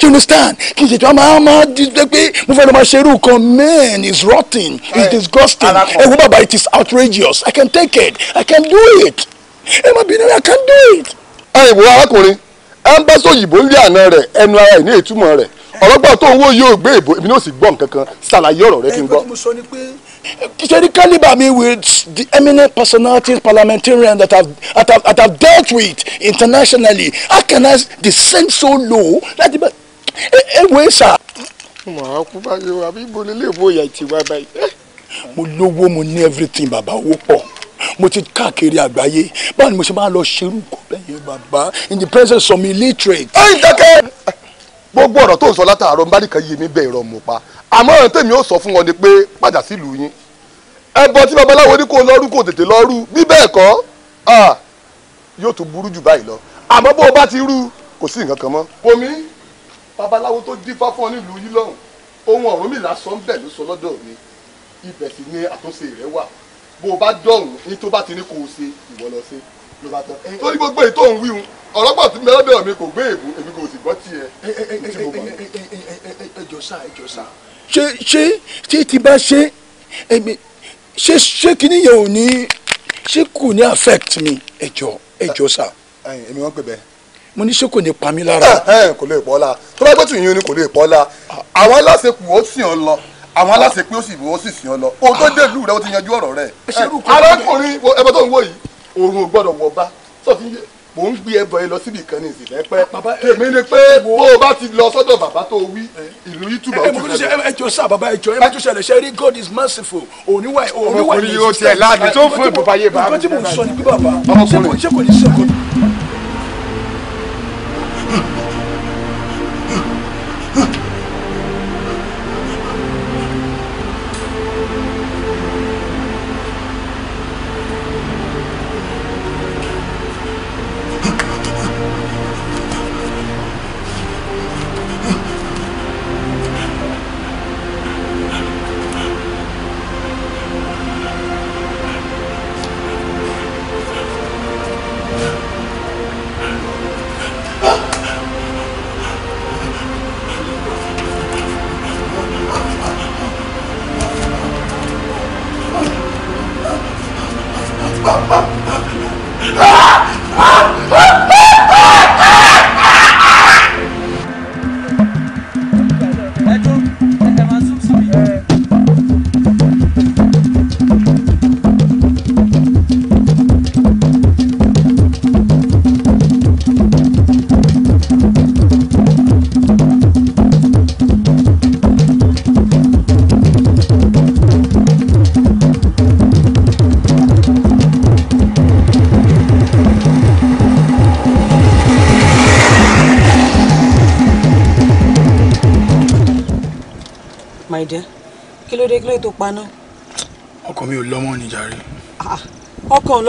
you understand kì í ṣe tí wọn máa máa dídé pé mo fẹ́ lọ máa ṣerú kan man is rotting. is disgusting ẹ wo bàbá it is outrageous i can take it i can do it ẹ má bínú i can do it. ẹ ìwọ arákùnrin ẹ ń bá sọ òyìnbó ń lé àná rẹ ẹnu ara ẹ ní ìtumọ̀ rẹ̀ ọ̀rọ̀gbọ́n tó ń wó yóò gbé ìbò èmi náà sì gbọ́ nǹkan kan ṣàlàyé ọ̀rọ̀ rẹ kí n gbọ́. Kìsẹ́rí Kálíbà mi with the eminent personalities parliamentarians that have that, I've, that I've dealt with internationally how can I descend so low láti bá ẹ wé sà. Mo máa kú báyìí àbí ibo nílé ìbò ìyá ìtì wá báyìí. Eh? Mo lówó mo ní everything bàbá owó pọ̀ mo ti káàkiri àgbáyé báwo ni mo ṣe máa lọ ṣerú kọ́ bẹ́yẹn bàbá in the presence of illiterate. Ó ń dákẹ́ gbogbo ọ̀rọ̀ tó ń sọ látàárọ̀ ń bá nìkan yé mi bẹ́ẹ̀ rọ mọ̀ pa àmọ́ ọ̀rọ̀ tèmi ó sọ fún wọn ni pé padà sílùú yín ẹbọ tí babaláwo ní kó lọ́rú kó tètè lọ́rú bí bẹ́ẹ̀ kọ́ yóò tún burú jù báyìí lọ àmọ́ bó o bá ti rú kò sí nǹkan kan mọ́. omi babaláwo tó dífá fún ọ nílùú yìí lọ́hùn ohun ọ̀run mi lásán ń bẹ̀ ló sọ lọ́dọ̀ mi ibẹ̀ sì ni àtúnṣe rẹ wà bó o bá dọ̀hún ní tó bá ti ní kó o ṣe ìwọ lọ ṣe ló bá tán torí gbogbo ètò òun wíhun ọlọ́pàá ti mẹ́lẹ́dẹ̀ mi kò gbé èbú èmi kò sì gbọ́ tiẹ̀ tí mo bọ̀. ẹjọ sá ẹjọ sá. ṣé ṣé tí ti bá ṣe èmi ṣé ṣé kíní yẹn ò ní ṣé kò ní affect mi ẹjọ ẹjọ sá. èmi wọn pè bẹ́ẹ̀ mo ní ṣé kò ní pa mí lára. kò lè pọ́ la tó bá gbẹ́tù yín ni kò lè pọ́ la àwọn aláṣẹ kù ó sìn ọ lọ àwọn aláṣẹ pé ó sì bò ó sì sìn ọ lọ ohun tó dé ìlú rẹ ó ti yanjú ọ̀rọ̀ rẹ. arákùnrin ẹbọ tó ń wò yìí oorun ò gbọ́dọ̀ wọ̀ bá sọ́ọ̀tì yẹ mò ń gbé ẹbọ yẹn lọ síbi kan ní ìsìlẹ̀ pẹ́ tèmi ni pé bó o bá ti lọ sọ́dọ̀ bàbá tó wí ìlú yútùbà ó ti rẹ̀ lọ. ẹ jọ sá bàbá ẹ jọ ẹ bá tún ṣẹlẹ̀ ṣe rí God is merciful òníwà òníwà ní ìsìlẹ̀ ọmọkùnrin yóò tiẹ̀ láàbì tó fún ìbùbáyé bá. ọmọkùnrin ṣé kò ní sẹ́kọ̀ọ́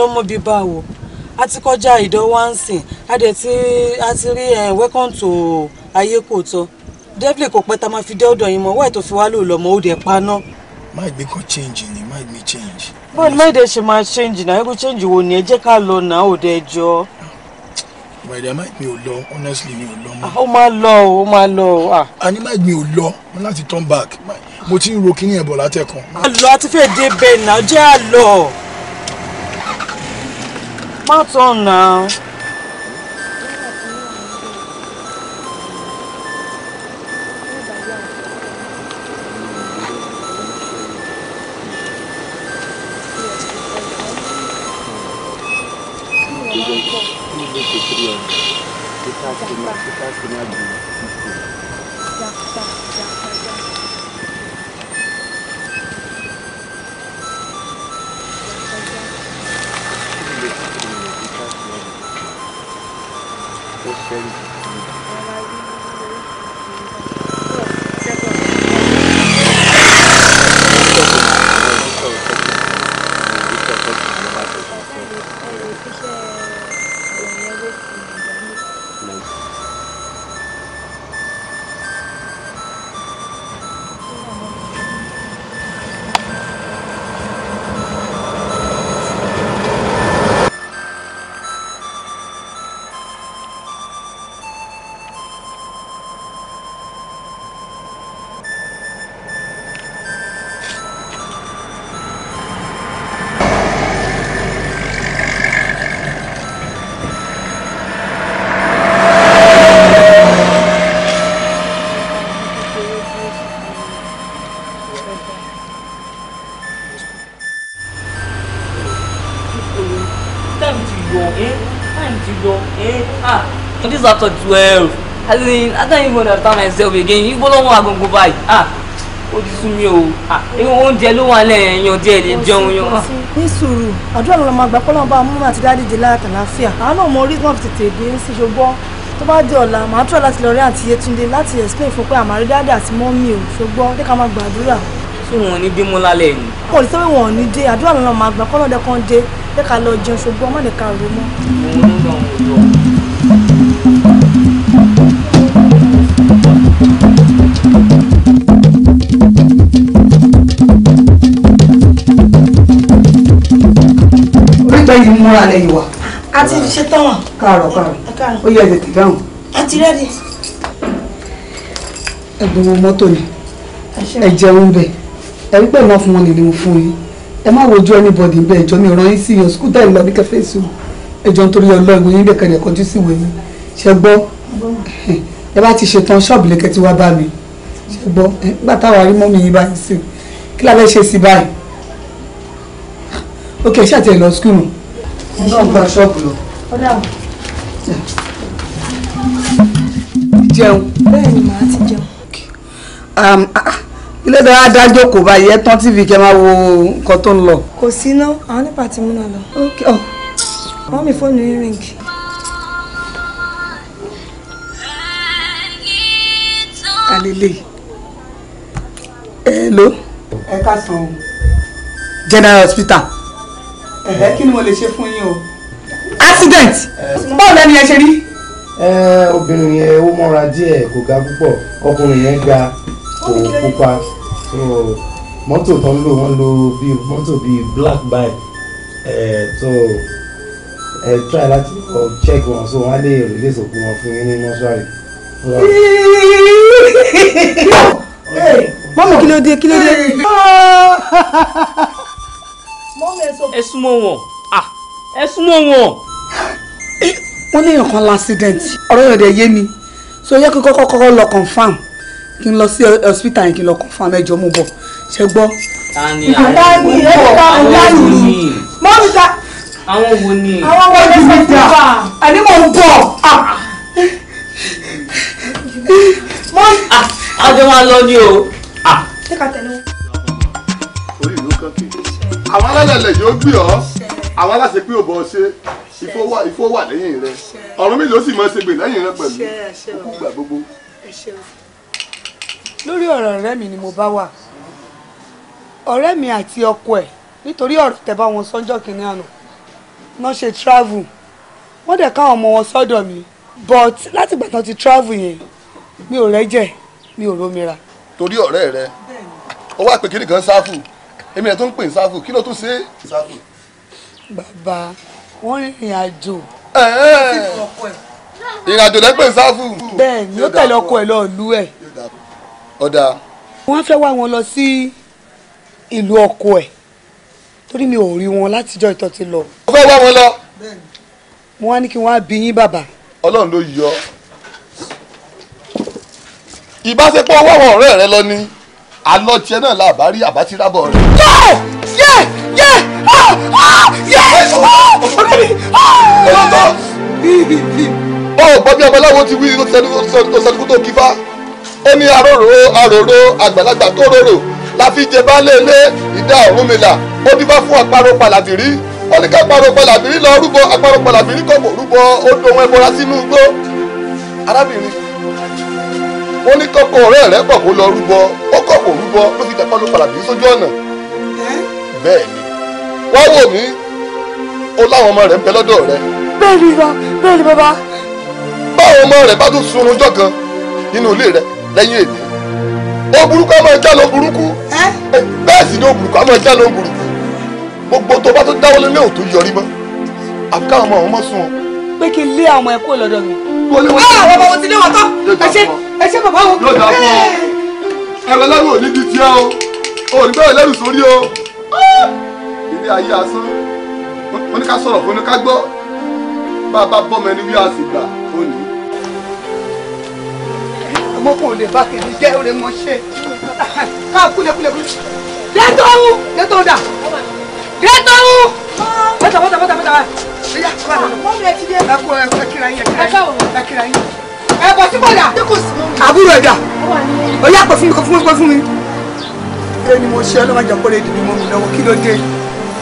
ọlọ́mọ bíi báwo a ti kọjá ìdánwánsìn a dẹ̀ ti a ti rí welcome to ayé kò tọ́ devil kò pẹ́ ta máa fi dé ọ̀dọ̀ yín mọ́ wáyé tó fi wá lò lọ́mọ ó dẹ̀ paná. má gbé kan change ni má gbé change. bọ́ọ̀lù má dẹ̀ ṣe máa change náà irú change wo ni ẹ jẹ́ ká lọ náà ò dẹ̀ jọ. ìwà ìdá má gbé o lọ honestly mi ò lọ mọ́. ó máa lọ o ó máa lọ o. àní ah. má gbé o lọ láti turn back mo ti ń ro kíní ẹ̀bọ̀ látẹ̀kan. àlọ́ àti fẹ́ẹ́ dé bẹ́ẹ̀ náà jẹ́ àlọ́. What's on now. this after twelve I in i don't even understand myself again You igbó lọ́wọ́ agogo báyìí ah ó ti sún mi o ah, oúnjẹ ló wà lẹ́yìn yan díẹ̀ lè jẹun yan. Ah. ní sùúrù àdúrà ló máa gbà pé ọlọ́run bá mú àti dáàdì dé láyà tàlàáfíà àwọn náà mọ orígun tètè dé sí ṣùgbọ́n tó bá dé ọ̀la màá tọ́ láti lọ rí àti Yétúndé láti explain fún pé àmàrí dáàdì àti mọ́mí o ṣùgbọ́n dé ká máa gbàdúrà. tí wọn ò ní dé mú lálẹ́ ni. kò ní sẹ́wọ́n wọn ò ní dé àdúrà ló máa gbà pé ọlọ́dẹ kan dé dé ká lọ jẹun ṣùgbọ́n má bẹ́yìn múra lẹ́yìn wa. a ti ṣe tán wọn. káàárọ̀ káàárọ̀ ó yẹ tètè dáhùn. a ti rẹ́dì. ẹ gbowó mọ́tò ni ẹ jẹun bẹ ẹ rí pẹ̀lú fún wọn nìyí fún yín ẹ má wojú anybody bẹ́ẹ̀ ìjọ mi ràn yín sí yan skúta ìlọ ní kẹfẹ́ sí o ẹjọ́ nítorí ọlọ́run yín bẹ̀kẹ̀rẹ̀ kọjú sí ìwé yín ṣe gbọ́ ẹ bá ti ṣetán ṣọ́ọ̀bù lẹ́kẹ́ tí wàá bá mi ṣe gbọ́ nígbà táwa rí mọ́mí yín báyìí sí kí la fẹ́ ṣe sí báyìí ok ṣé àti ẹ̀ lọ skul nù náà gba ṣọ́ọ̀bù lọ. jẹun. bẹ́ẹ̀ ni màá ti jẹun. Um, ah, ah, ilé ìdára dájọ́ kò bá yẹ tán tv kẹ́ máa wo nǹkan tó ń lọ. kò sí ná àwọn nípa ti múná lọ. mọ́mí fóònù yín rìngì. lélẹ́yìí hello. ẹ ká sàn o. general hospital. ẹ̀hẹ́ kí ni mo lè ṣe fún yín o. accident báwo lẹ́nu yẹn ṣe rí. obìnrin yẹn ó mọ́ra díẹ̀ kò ga púpọ̀ ọkùnrin yẹn ga kò pupa mọ́tò tán lò wọ́n lo mọ́tò bíi black bike tó ẹ try láti check wọn so wọ́n á lè release òkú wọn fún yín ní nọ́sọ̀rì. mọ́mí kí ló dé kí ló dé. ẹ súnmọ́ wọn ah, ẹ súnmọ́ wọn. wọ́n ní nǹkan l'accident ọ̀rọ̀ yóò dẹ̀ yé mi so yẹ kí kọ́kọ́ kọ́kọ́ lọ confam kí n lọ sí hospital yẹn kí n lọ confam ẹjọ́ mo bọ̀ ṣe gbọ́. tani àwọn wo ni àwọn wo ni mọ́mí ta àwọn wo ni àwọn wo ni sọ́jà àní mò ń bọ̀. Ah mo àjọ máa lọ ni o. orí ìlú kan kì í àwọn alálẹ̀lẹ̀ yóò gbé ọ àwọn aláṣẹ pé òbọ̀ ṣe ìfó wà lẹ́yìn rẹ ọ̀run mi ló sì mọ ṣe gbè lẹ́yìn rẹ pẹ̀lú òkú gbà gbogbo. lórí ọ̀rọ̀ ọ̀rẹ́ mi ni mo bá wà ọ̀rẹ́ mi àti ọkọ ẹ̀ nítorí ọ̀rọ̀ tẹ́ bá wọn sọ́jọ́ kìnínní àná náà ṣe travel wọ́n dẹ̀ káwọn ọmọ wọn sọ́dọ̀ mi but látìgbà tán ti travel yẹn mi ò rẹ́jẹ̀ mi ò rómira. torí ọ̀rẹ́ rẹ ó wá pé kí nìkan sáfù èmi ẹ̀ tó ń pè ní sáfù kí ló tún ṣe é. bàbá wọ́n rìnrìn àjò. ìrìn àjò lẹ́gbẹ̀ẹ́ sáfù. bẹ́ẹ̀ ni ó tẹ̀lé ọkọ ẹ̀ lọ́ọ́ lú ẹ̀. ọ̀dà. wọ́n fẹ́ wá wọn lọ sí ìlú ọkọ ẹ̀ torí mi ò rí wọn látijọ́ ìtọ́ ti lọ. ó fẹ́ wá wọn lọ. mo wá ní kí wọ́n á bí yín bàbá. ọlọ́run ló yọ ìbáṣepọ̀ ọwọ́ àwọn ọ̀rẹ́ rẹ lọ ni àlọ́ tiẹ̀ náà là bá rí àbátírábọ̀ rẹ. yẹ yẹ yẹ yẹ ọ gbọ́ bí ọbaláwo ti wí ló ti sẹ́ni kó tó kí fá ó ní aróró aróró àgbàlagbà tó rorò la fi jẹ baálé ilé ìdá Ọ̀rúnmìlà ó dífá fún àparò palàbìrí ó ní ká parò palàbìrí lọ rúbọ àparò palàbìrí kọ̀ mọ̀ rúbọ ó dohun ẹbọra sínú igbó arábìnrin ó ní kọ́kọ́ ọ̀rẹ́ rẹ̀ kọ̀ kó lọ rúbọ ó kọ̀ kó rúbọ ló fi tẹ̀kọ́ ló padà sójú ọ̀nà bẹ́ẹ̀ ni wá wò mí ó láwọn ọmọ rẹ̀ ń bẹ lọ́dọ̀ rẹ̀. bẹ́ẹ̀ ni bá bẹ́ẹ̀ ni bàbá. báwọn ọmọ rẹ̀ bá tún sunrun ọjọ́ kan nínú ilé rẹ̀ lẹ́yìn èdè ó burúkú ọmọ ìjà ló burúkú bẹ́ẹ̀ sì ni ó burúkú ọmọ ìjà ló burúkú gbogbo tó bá tó dáwọ́lé náà tó yọrí mọ́ àbíkáwọn ọmọ ọmọ sùn wọn pé kí n lé àwọn ọmọ ẹ kúrò lọ́dọ̀ mi. àwọn ọmọ wo ti lé wọn tán ẹ ṣe ẹ ṣe bàbá wo. yóò dáa fún ọ ẹ̀rọ lẹ́rù òní di tiẹ́ o òní bẹ́ẹ̀ lẹ́rù sórí o ilé ayé asán wọn ní ká sọ̀rọ̀ fún ní ká gbọ́ bá a bá bọ́ mẹ́ni wí àsìgbà òní. ọmọ kan ò lè bá kèmí jẹ́ ò lè mọ ṣe káà kúlẹ̀kúlẹ̀ kúlẹ̀ lẹ́tọ̀ọ́ lẹ́tọ̀ọ́ dà. Gẹ́tọ̀rù. Bọ́tà bọ́tà bọ́tà bọ́tà. Ẹyà bọ́tà. Mọ́mí ẹ ti dé. Ẹ kú ẹ kíra yín ẹ kíra yín. Ẹ kíra yín. Ẹ bọ̀ sí bọ̀dà. Ṣé kò sí mọ́mí? Àbúrò ẹ̀dà. Ó yà pẹ̀ fún mi kò fún mi kò fún mi. Ṣé ni mo ṣe ọlọ́mọdé kó lè dì mí mọ́mí lọ́wọ́ kí ló dé?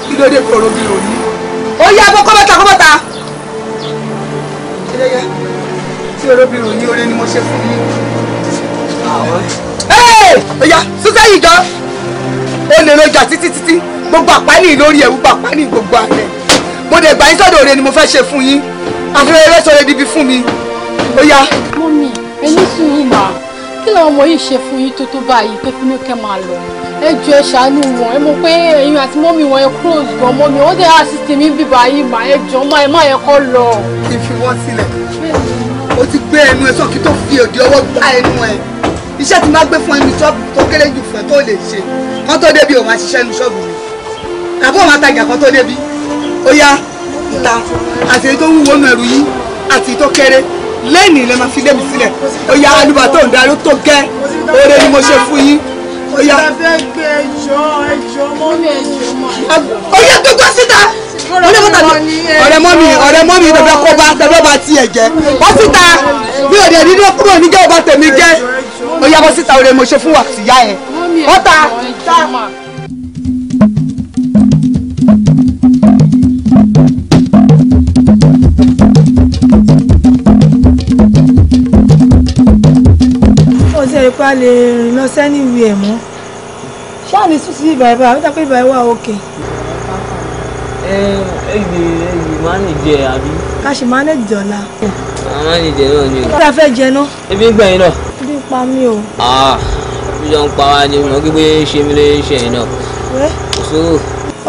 Kí ló dé kòrò mi lòdì? Ó yà bọ́ kọ́ bọ́tà kọ́ bọ́tà. Tí olóbìnrin ò ní oore ni mo ṣe fún mi. Ó yà sísẹ́ yìí gan ó lè lọ́jà títí títí gbogbo àpáni lórí ẹ̀wù pàpáni gbogbo alẹ́ mo dẹ̀ gbà yín sọ́dọ̀ òre ni mo fẹ́ ṣe fún yín àfihàn eré sọ̀rọ̀ ibi fún mi ó yá. mọ́mí ẹni sùn yìí mà kí làwọn ọmọ yìí ṣe fún yín tó tó báyìí pé fún kẹ́ máa lọ ẹ jọ ẹ ṣàánú wọn ẹ mọ̀ pé ẹ̀yin àti mọ́mí wọn ẹ close gan mọ́mí wọ́n dẹ̀ assist mi bí báyìí mà ẹ jọ má ẹ má yẹ kọ́ lọ. kí n fi wọ́n sílẹ̀ o ti gbé ẹnu ẹ sọ́kí tó fi òdì ọwọ́ gbá ẹnu ẹ iṣẹ́ tí máa gbé fún ẹnu ṣọ́ọ̀bù tó kéré jù fún ẹ tó lè ṣe kán tó débi òun máa ṣiṣẹ́ ẹnu ṣọ́ọ̀bù mi tàbí òun àtajà kan tó débi ó yá ìta àti èyí tó wúwo nù ẹrù yìí àti èyí tó kéré lẹ́nìí lè máa fi lé mi sílẹ̀ ó yá alúbà tó ń darí tó gẹ́ oore ni mo ṣe fún yín ó yá. ó yá gbogbo síta ọ̀rẹ́ mọ́mí ọ̀rẹ́ mọ́mí dọ̀dọ̀ kó bá dọ̀dọ̀ bá tiẹ̀ jẹ́ ó síta bí òde nínú kúrò níjẹ́ ọba tèmi jẹ́ ó yàbọ̀ síta oore mo ṣe fún wa síyá ẹ̀ wọ́n ta ta. ó ṣe ipa lè rìn lọ sẹ́ni ìwé ẹ̀ mọ́ ṣáà ní sùn sí ìbàbà ó dá pé ìbàbà wà òkè mánìjẹ àbí. ká ṣe mánìjẹ ọ̀la. mánìjẹ náà ni o. kí la fẹ́ jẹ náà. ebi gbẹ̀yìn náà pa mí o. ìjọ ah, ń pa wá ni mo gbé ṣe mí léṣe yìí náà. wẹ́ kò sówó.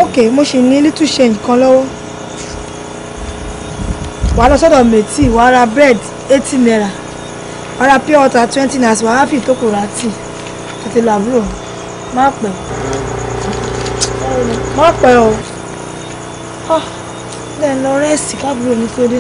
ok mo ṣì ní little change kan lọ́wọ́ wà á lọ sọ́dọ̀ mẹ́tì wà á ra bread eighty naira wà á ra pure water twenty naira wà á fi ìtókò ra tea àti làbúrò má pẹ́ má pẹ́ o lẹ́nu ah, lọ rẹ́sì káàbùrò ní tó dé.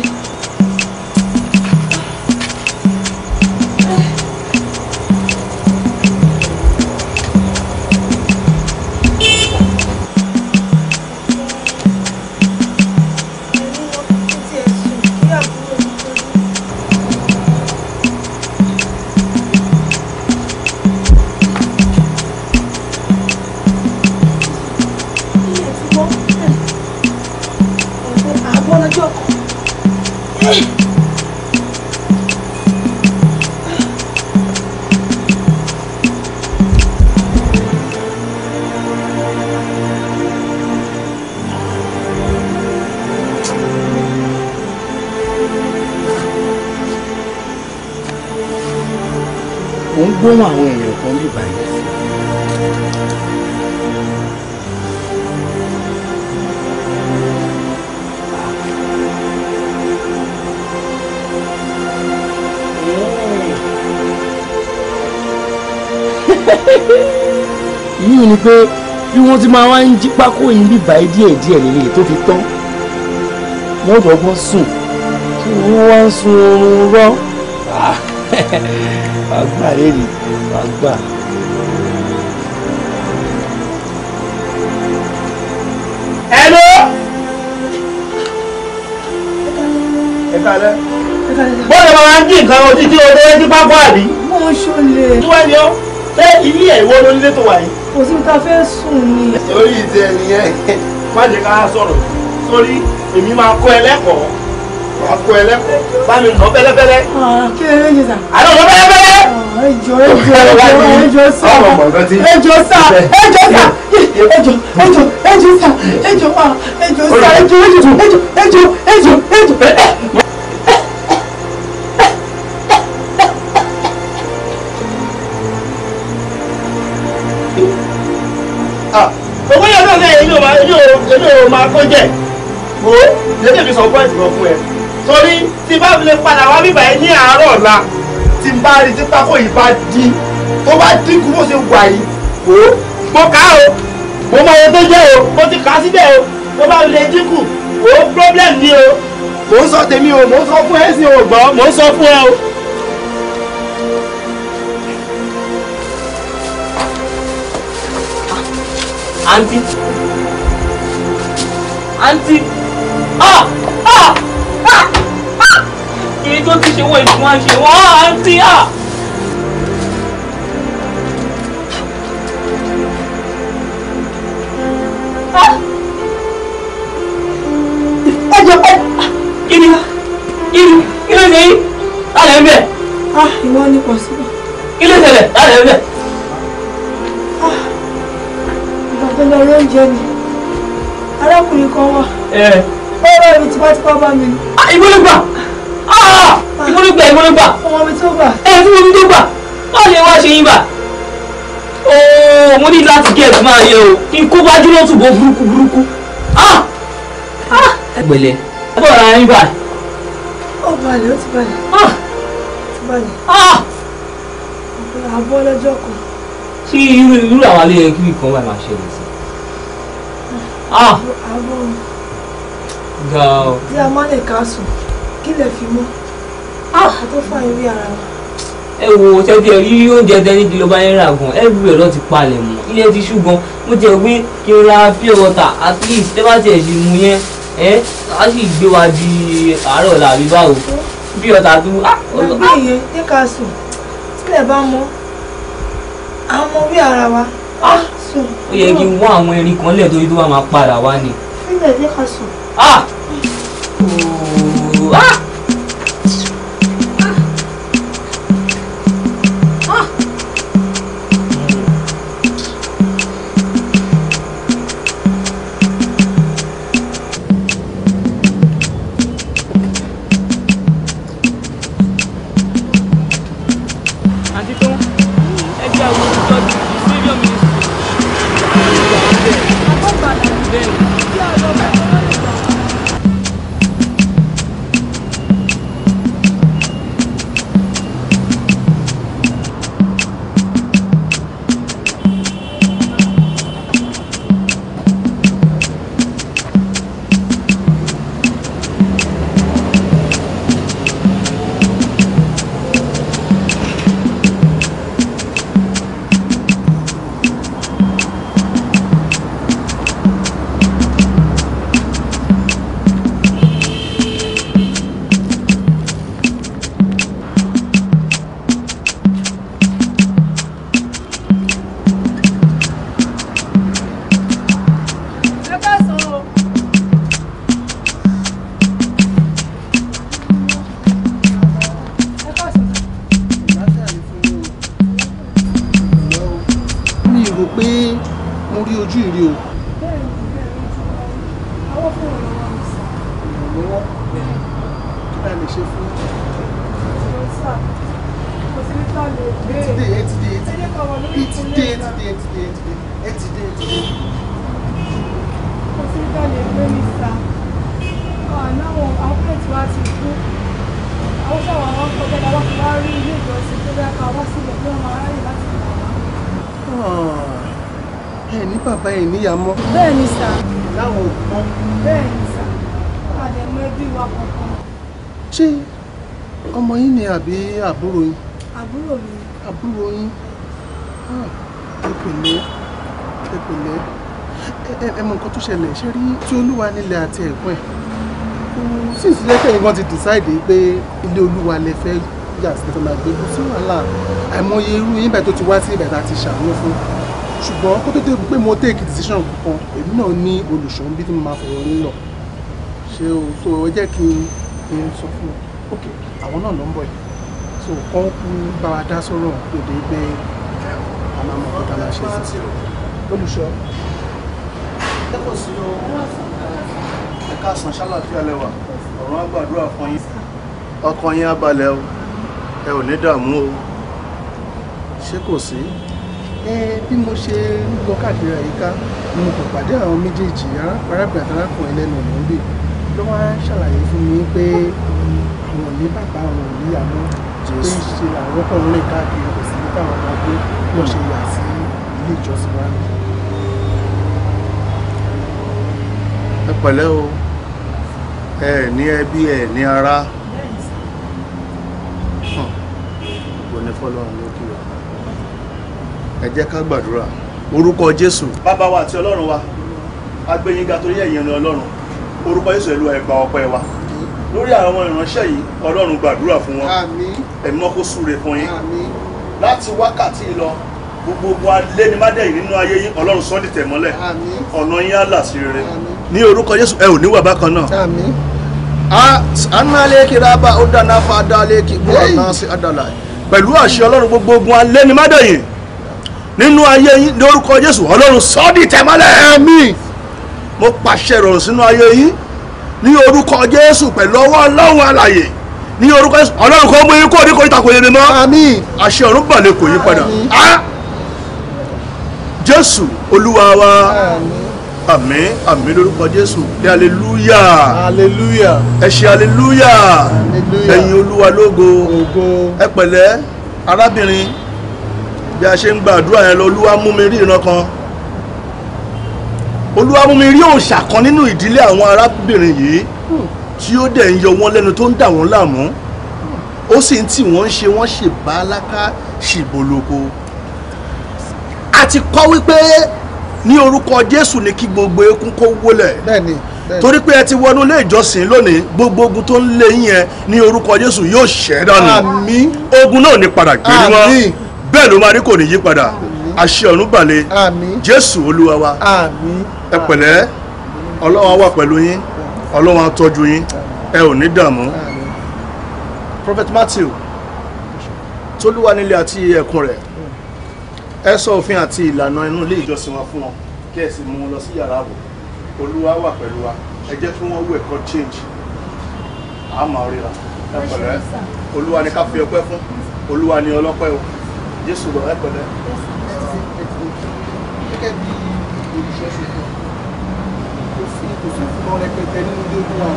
gbóhùn àwọn èèyàn kan ní ìbàyẹn. yìí ni pé bí wọ́n ti máa wá ń jí pákó yìí bí bàí díẹ̀díẹ̀ nílé tó fi tán wọ́n dọ́gbọ́n sùn kí wọ́n wá ń sun oorun rọ́ wàá gbà lẹ́nu wàá gbà. Hello. ẹ kálẹ́. bọ́ọ̀lù máa ń dín nǹkan ojú tí o dé ní pápá àbí. mo ṣọlẹ. tí wàá ní ọ fẹ́ ilé ẹ̀ ìwọ ló nílé tó wà yìí. kò sí ta fẹ́ sùn ni. orí ìtẹ̀ nìyẹn má jẹ́ ká sọ̀rọ̀ sórí èmi máa kọ́ ẹ lẹ́kọ̀ọ́ akọ ẹlẹ́kọ̀ọ́ bá mi nọ bẹ́lẹ́bẹ́lẹ́. Ah, kí ló ń jẹ sà. àlọ́ nọ bẹ́lẹ́bẹ́lẹ́. ẹjọ ẹjọ ẹjọ ah, ẹjọ sà ẹjọ sà ẹjọ sà ẹjọ ẹjọ ẹjọ sà ẹjọ wa ẹjọ sà ẹjọ ah, ẹjọ ẹjọ ẹjọ ẹjọ. ògbóyè náà ní èyí ò máa kó jẹ wo èdè mi sọ pọ́ìntì kan fún ẹ torí tí bá fi lè padà wá bíbà yẹn ní àárọ̀ ọ̀la tí n bá rí tí pákó yìí bá dí tó bá dín bó ṣe wà yìí kó mo kà á o mo mọ ohun tó jẹ́ o mo ti kà á síbẹ̀ o tó bá fi lè dínkù kó problem ni o mò ń sọ tèmi o mò ń sọ fún ẹ sí o gbọ́ mò ń sọ fún ẹ o. àǹtí àǹtí ah tó ti ṣe wọ́n ìṣúná ṣe wọ́n á ń tí à. ẹjọ ẹ kiri kiri kí ló ṣe yí lálẹ́ ń bẹ̀. Ah, ìwọ ni kò síbẹ̀. kí ló ṣẹlẹ̀ lálẹ́ ń bẹ̀. Ah, ìgbà tó lọ rí oúnjẹ ni arákùnrin kan wà. ó rọrùn tipátipá bá mi. Ah, ìgbóni gbà ló gbà ìwọ ló gbà. ọmọ mi tó gbà. ẹ fún mi tó gbà wọ́n lè wá ṣe yín bà. ooo mo ní láti kí ẹ̀sùn máa yẹ o kí n kó bá dúró túbọ̀ burúkú burúkú. ẹgbẹ̀lẹ̀ ah! ah! ẹ bọ̀ ra yín bà. ó balẹ̀ ó ti balẹ̀. Ah! ó ti balẹ̀. àbọ̀ ọlọ́jọ́ kan. ṣé irú irú àwọn alẹ́ yẹn kiri kan wà máa ṣẹlẹ̀ sí. àbọ̀ ga o. tí a má lè ká sùn kí lè fi mú. Ah, ẹ wo tẹ́bí ẹ rí oúnjẹ tẹ́ni kí ló bá yẹn rà gan ẹrù ẹ̀ lọ́ọ́ ti palẹ̀ mọ́ ilé ti ṣú gan mo jẹ́ pé kí n ra pure water at least tẹ́ bá tiẹ̀ ṣe mu yẹn ẹ á sì gbé wa di àárọ̀ làbí báwo pure water tó. Ah, gbàgbé ah. yẹn ní ká sùn tílẹ̀ bá mọ́ àwọn ọmọ wí ara wa. ó yẹ kí n wá àwọn erin kan lẹ̀ torí tó bá máa padà wá ni. àbúrò yín. àbúrò mi. àbúrò yín hmm. ẹ pẹ̀lẹ́ ẹ pẹ̀lẹ́ ẹ mọ nǹkan tó ṣẹlẹ̀ ṣe rí tí olúwa nílẹ̀ àti ẹ̀gbọ́n ẹ̀ sí ìsìlẹ́kẹ̀ yìí wọ́n ti dìsáìdì pé ilé olúwa lè fẹ́ yà sí ìtọ́nà gbé kò sí wàhálà àìmọye irú yín bẹ̀ tó ti wá sí ibẹ̀ tá a ti ṣàánú fún ṣùgbọ́n kó tó dé pé mo take decision kankan èmi náà ní olùṣọ́ bí tí mo máa fọ̀rọ̀ yín lọ ṣé o so ẹ jẹ́ kí n sọ fún ọ ok àwọn náà ló ń bọ̀ yìí so kàn kú bá wa dá sọ̀rọ̀ òde gbé àmà mọ̀kọ́tà máa ṣe sí olùṣọ́. lẹ́kọ̀ọ́ sí o ẹ̀ka sàn ṣàlàfíà lẹ́wà ọ̀run á gbàdúrà fún yín ọkàn yín á balẹ̀ o ẹ ò ní dààmú o ṣé kò sí. ẹ bí mo ṣe ń lọ káàkiri àyíká ni mo kò pàdé àwọn méjèèjì arábìnrin àtàlákùnrin lẹ́nu ọ̀nà ń bì ló wá ṣàlàyé fún mi pé àwọn ò ní bàbá àwọn ò ní àmọ́ pé ṣe àwọn kan rìn káàkiri kò sí ní táwọn máa gbé lọ ṣe yà sí ilé ìjọsìn wa ni. ẹ pẹ̀lẹ́ o ẹ ní ẹbí ẹ ní ara kò ní fọlọ́run lókè wa ẹ jẹ́ ká gbàdúrà orúkọ jésù. bàbá wa àti ọlọ́run wa a ga torí ẹ̀yin ọlọ́run orúkọ jésù ẹ̀lú ẹ̀gbà ọpẹ́ wa lórí àwọn ìránṣẹ́ yìí ọlọ́run gbàdúrà fún wọn ẹ̀mọ́ kó súre fún yín láti wákàtí lọ gbogbo alẹ́nimádẹ́ yìí nínú ayé yín ọlọ́run sọ́ dìtẹ̀ mọ́lẹ̀ ọ̀nà yín á là sí rere ní orúkọ Jésù ẹ ò ní wà bákan náà. anmaleki raba ó dáná fada leki buwana sí adala pẹ̀lú àṣẹ ọlọ́run gbogbo ogun alẹ́nimádẹ́ yìí nínú ayé yín ní orúkọ Jésù ọlọ́run sọ́ dìtẹ̀ mọ́lẹ̀. mo pàṣẹ ìrọ̀rùn sínú ayé yín ní orúkọ jésù pẹ̀lú ọwọ́ ọlọ́run alàyè ní orúkọ jésù ọlọ́run kò mú ikú oníkó ìtàkùn yẹn mọ́ àṣẹ ọ̀run bàlẹ̀ kò yí padà jésù olúwa wa àmín àmín lórúkọ jésù ní aleluya aleluya ẹ ṣe aleluya ẹyin olúwa lógo ẹ pẹ̀lẹ́ arábìnrin bí a ṣe ń gbàdúrà yẹn lọ olúwa mú mi rí ìran kan olúwamúmi rí òòṣà kan nínú ìdílé àwọn arábìnrin yìí tí ó dẹ̀ ń yọ wọ́n lẹ́nu tó ń dà wọ́n láàmú ó sì ń tì wọ́n ń ṣe wọ́n ṣèbá aláká ṣìbòlòkò a kọ́ wípé ní orúkọ jésù ni kí gbogbo eékún kó wólẹ̀ bẹ́ẹ̀ni torí pé ẹ ti wọnú ilé ìjọsìn lónìí gbogbo ogun tó ń lé yẹn ní orúkọ jésù yóò ṣẹ́ dànù ogun náà ní padà ni wọn bẹ́ẹ̀ ló máa rí kò ní yí padà àṣẹ ọ̀run jésù olúwa wa. Àmín ẹ pẹ̀lẹ́ ọlọ́wọ́n wà pẹ̀lú yín ọlọ́wọ́n á tọ́jú yín ẹ ò ní dààmú. prophet matthew tolúwa nílé àti ẹkùn rẹ̀ ẹ sọ òfin àti ìlànà inú ilé ìjọsìn wa fún wọn kí ẹ sì mú wọn lọ sí yàrá ààbò olúwa wà pẹ̀lú wa ẹ jẹ́ kí wọ́n wú ẹ̀kọ́ change a máa ríra ẹ pẹ̀lẹ́ olúwa ni ká fi ọpẹ́ fún olúwa ni ọlọ́pẹ́ o jésù lọ ẹ pẹ̀lẹ́ kò sí ìfúnná rẹpẹtẹ nínú dójú wa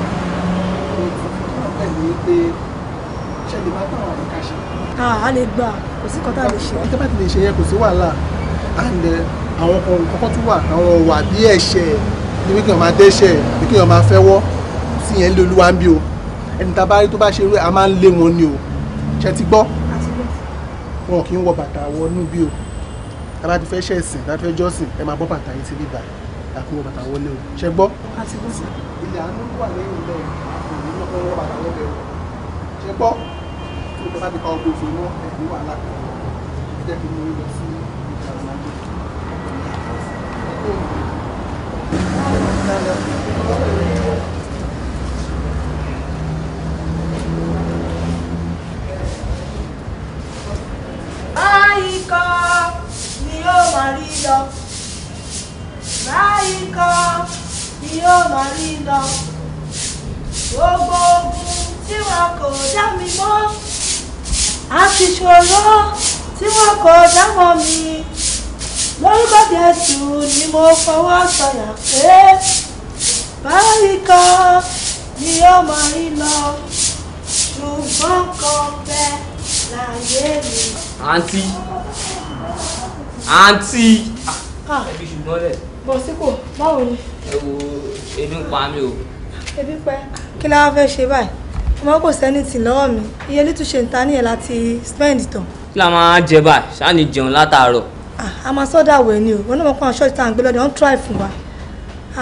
kò tún fún ọ̀pẹ̀ ní pé ṣe lè má tàn àyíká ṣe. a lè gbà kò sí kọ́tà lè ṣe. ọjọ́ bá ti lè ṣe yẹn and eh, àwọn kọ́kọ́ tún wà àwọn ọ̀wà bí ẹ̀ṣẹ̀ ní wíkì ọ̀ma dẹ́ṣẹ̀ wíkì ọ̀ma fẹ́wọ́ sí yẹn lé olúwa ń bí o ẹni tá a bá rí tó bá ṣe eré a máa ń lé wọn ni o ṣe ti gbọ́ wọn kì í wọ bàtà wọnú bí o tá a bá ti fẹ́ ṣẹ̀sìn tá a ti fẹ́ jọ́sìn ẹ máa bọ́ bàtà yìí sí bíbá yìí àfihàn bàtà wọlé o ṣe gbọ́. ilé àánú wà lẹ́yìn lẹ́yìn àfihàn nínú ọkọ̀ bàtà wọlé o ṣe gbọ́. kí o bá ti pa ọgbọ òfin mọ́ ẹ̀ ní wàhálà jẹ́ kí n lọ sí ìjà ìlànà báyìí kọ́ ni yóò máa rí lọ gbogbo ogun tí wọn kò dá mi mọ́ àti ìṣòro tí wọn kò dámọ̀ mi lórúkọ Jésù ni mo fọwọ́ sọyà pé báyìí kọ́ ni yóò máa rí lọ ṣùgbọ́n kan bẹ́ẹ̀ láyé mi. àǹtí àǹtí ah. ẹbí bọ̀síkò báwo ni. ẹ wo ebi ń pa mi o. ebi pẹ́ kí la wá fẹ́ ṣe báyìí ọmọ kò sẹ́ni tì lọ́wọ́ mi iye nítúnṣe ń ta níyẹn láti spend tán. kí la máa jẹ báyìí ṣáà ní jẹun látàárọ̀. a máa sọ́dà wẹ̀ ni o wọn náà mọ̀ pé àwọn ṣọ́ọ̀ṣì tá à ń gbé lọ́dẹ̀ wọ́n try fún wa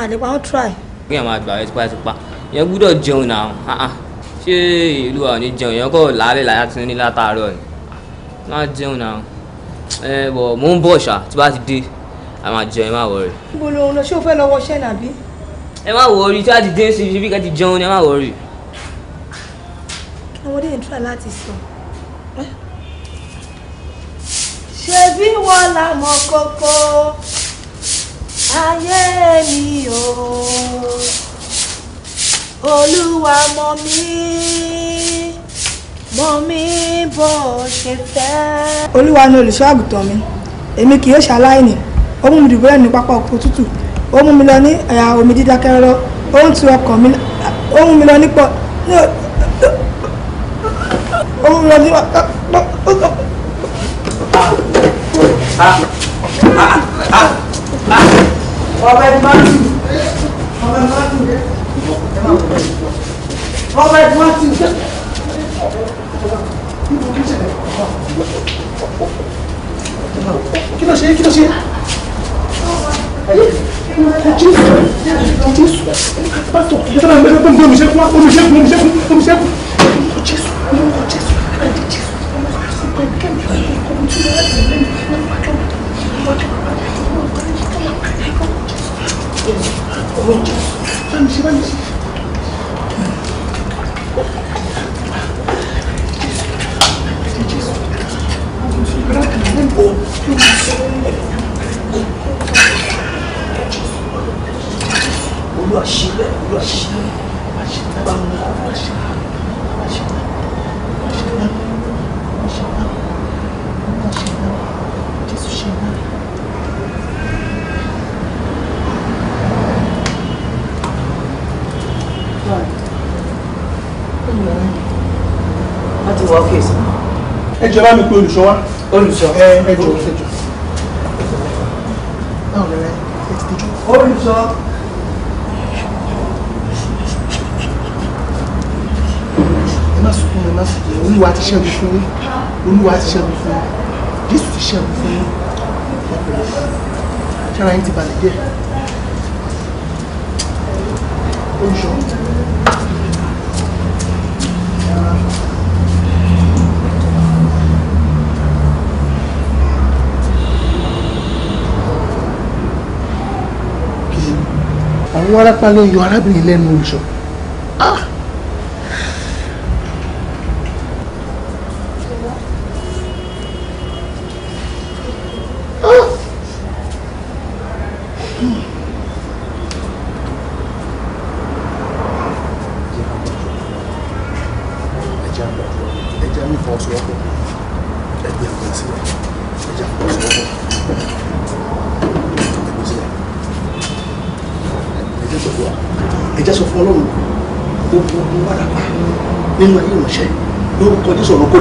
àlepa wọ́n try. kí ẹ máa gbà ẹ tipátipá yẹn gbúdọ̀ jẹun náà ṣé ìlú àwọn oníjẹun yẹn kọ́ làálẹ̀ láyà tí ní látàárọ̀ ni máa jẹun náà ẹ bọ̀ mò ń ti a máa jẹun ẹ má wọrí. níbo ló ń lọ ṣé o fẹ́ lọ wọṣẹ́ nàbí. ẹ má wọrí tí wàá ti dé ń sinmi bí ká ti jẹun ni ẹ má wọrí. kí ni dé ń láti sọ. ṣebí wọ́n la mọ kókó ayé mi o olúwa mọ̀ mí mọ̀ mí bó ṣe fẹ́. olúwa ni olùṣọ́ mi èmi kì yóò ṣe ó mú mi dùbúlẹ̀ ní pápá ọkọ̀ tútù ó mú mi lọ ní àyà omi dídákẹ́rọ́rọ́ ó ń tu ọkàn mi ó mú mi lọ nípọ̀ ó mú mi lọ ní ọbẹ̀ mọ́tì ọbẹ̀ mọ́tì ọbẹ̀ mọ́tì kí ló ṣe kí ló ṣe. Jésù pásítọ̀ ìjọba mi ló ń gbé omiṣẹ́kùn omiṣẹ́kùn omiṣẹ́kùn omiṣẹ́kùn Jésù lórúkọ Jésù àti Jésù Oh, olúwa ṣe bẹ́ẹ̀ olúwa ṣe bẹ́ẹ̀ bá mi olúwa ṣe bẹ́ẹ̀ olúwa ṣe bẹ́ẹ̀ olúwa ṣe bẹ́ẹ̀ olúwa ṣe bẹ́ẹ̀ olúwa ṣe bẹ́ẹ̀ jésù ṣe bẹ́ẹ̀. wọ́n ti wọ ọ́fíìsì. ẹ jọ bá mi pé olùṣọ́ wa. olùṣọ́ ẹ ẹ jọ ẹ jọ. olùṣọ́. má sunkún mi má sunkún mi olúwa ti ṣẹ́gun fún yín olúwa ti ṣẹ́gun fún yín jésù ti ṣẹ́gun fún yín ọ̀pọ̀lọpọ̀ ṣára yín ti balẹ̀ díẹ̀ olùṣọ́. àwọn arápá ló ń yọ arábìnrin lẹ́nu olùṣọ́ ah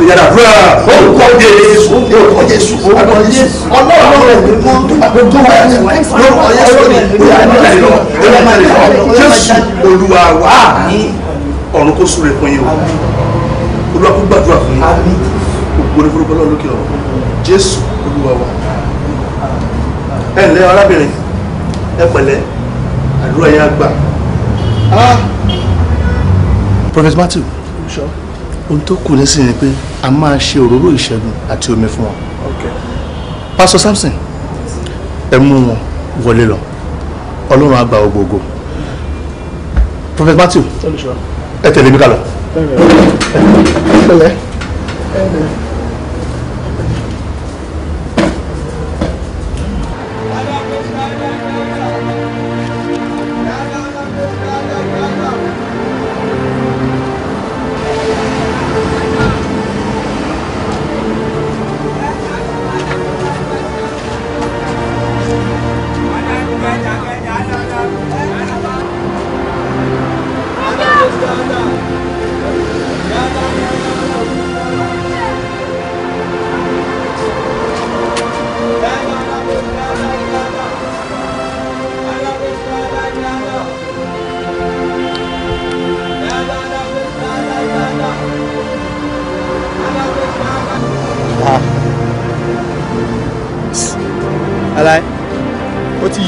yàrá fúra orúkọ jésù orúkọ jésù orúkọ jésù ọlọ́run rẹ̀ ní kó tó kó tó wà ní orúkọ jésù ní ìyá náà lọ ìyá náà lọ jésù olúwa wá ọ̀run kó súre fún yín o olúwa kó gbàdúrà fún yín ògbó ní forúkọ lọ́ọ́ lókè ọ̀rọ̀ jésù olúwa wá ẹ ǹlẹ́ arábìnrin ẹ pẹ̀lẹ́ àdúrà yẹn á gbà ah! Prophet Matthew ohun tó kù nísìnyí ni pé a máa ṣe òróró ìṣẹ́gun àti omi fún wọn. pásítọ̀ Samson ẹ mú wọn wọlé lọ ọlọ́run á gba ògbógbò prophet Matthew ẹ tẹ̀lé mi ká lọ. ẹ ẹ ẹ ẹ.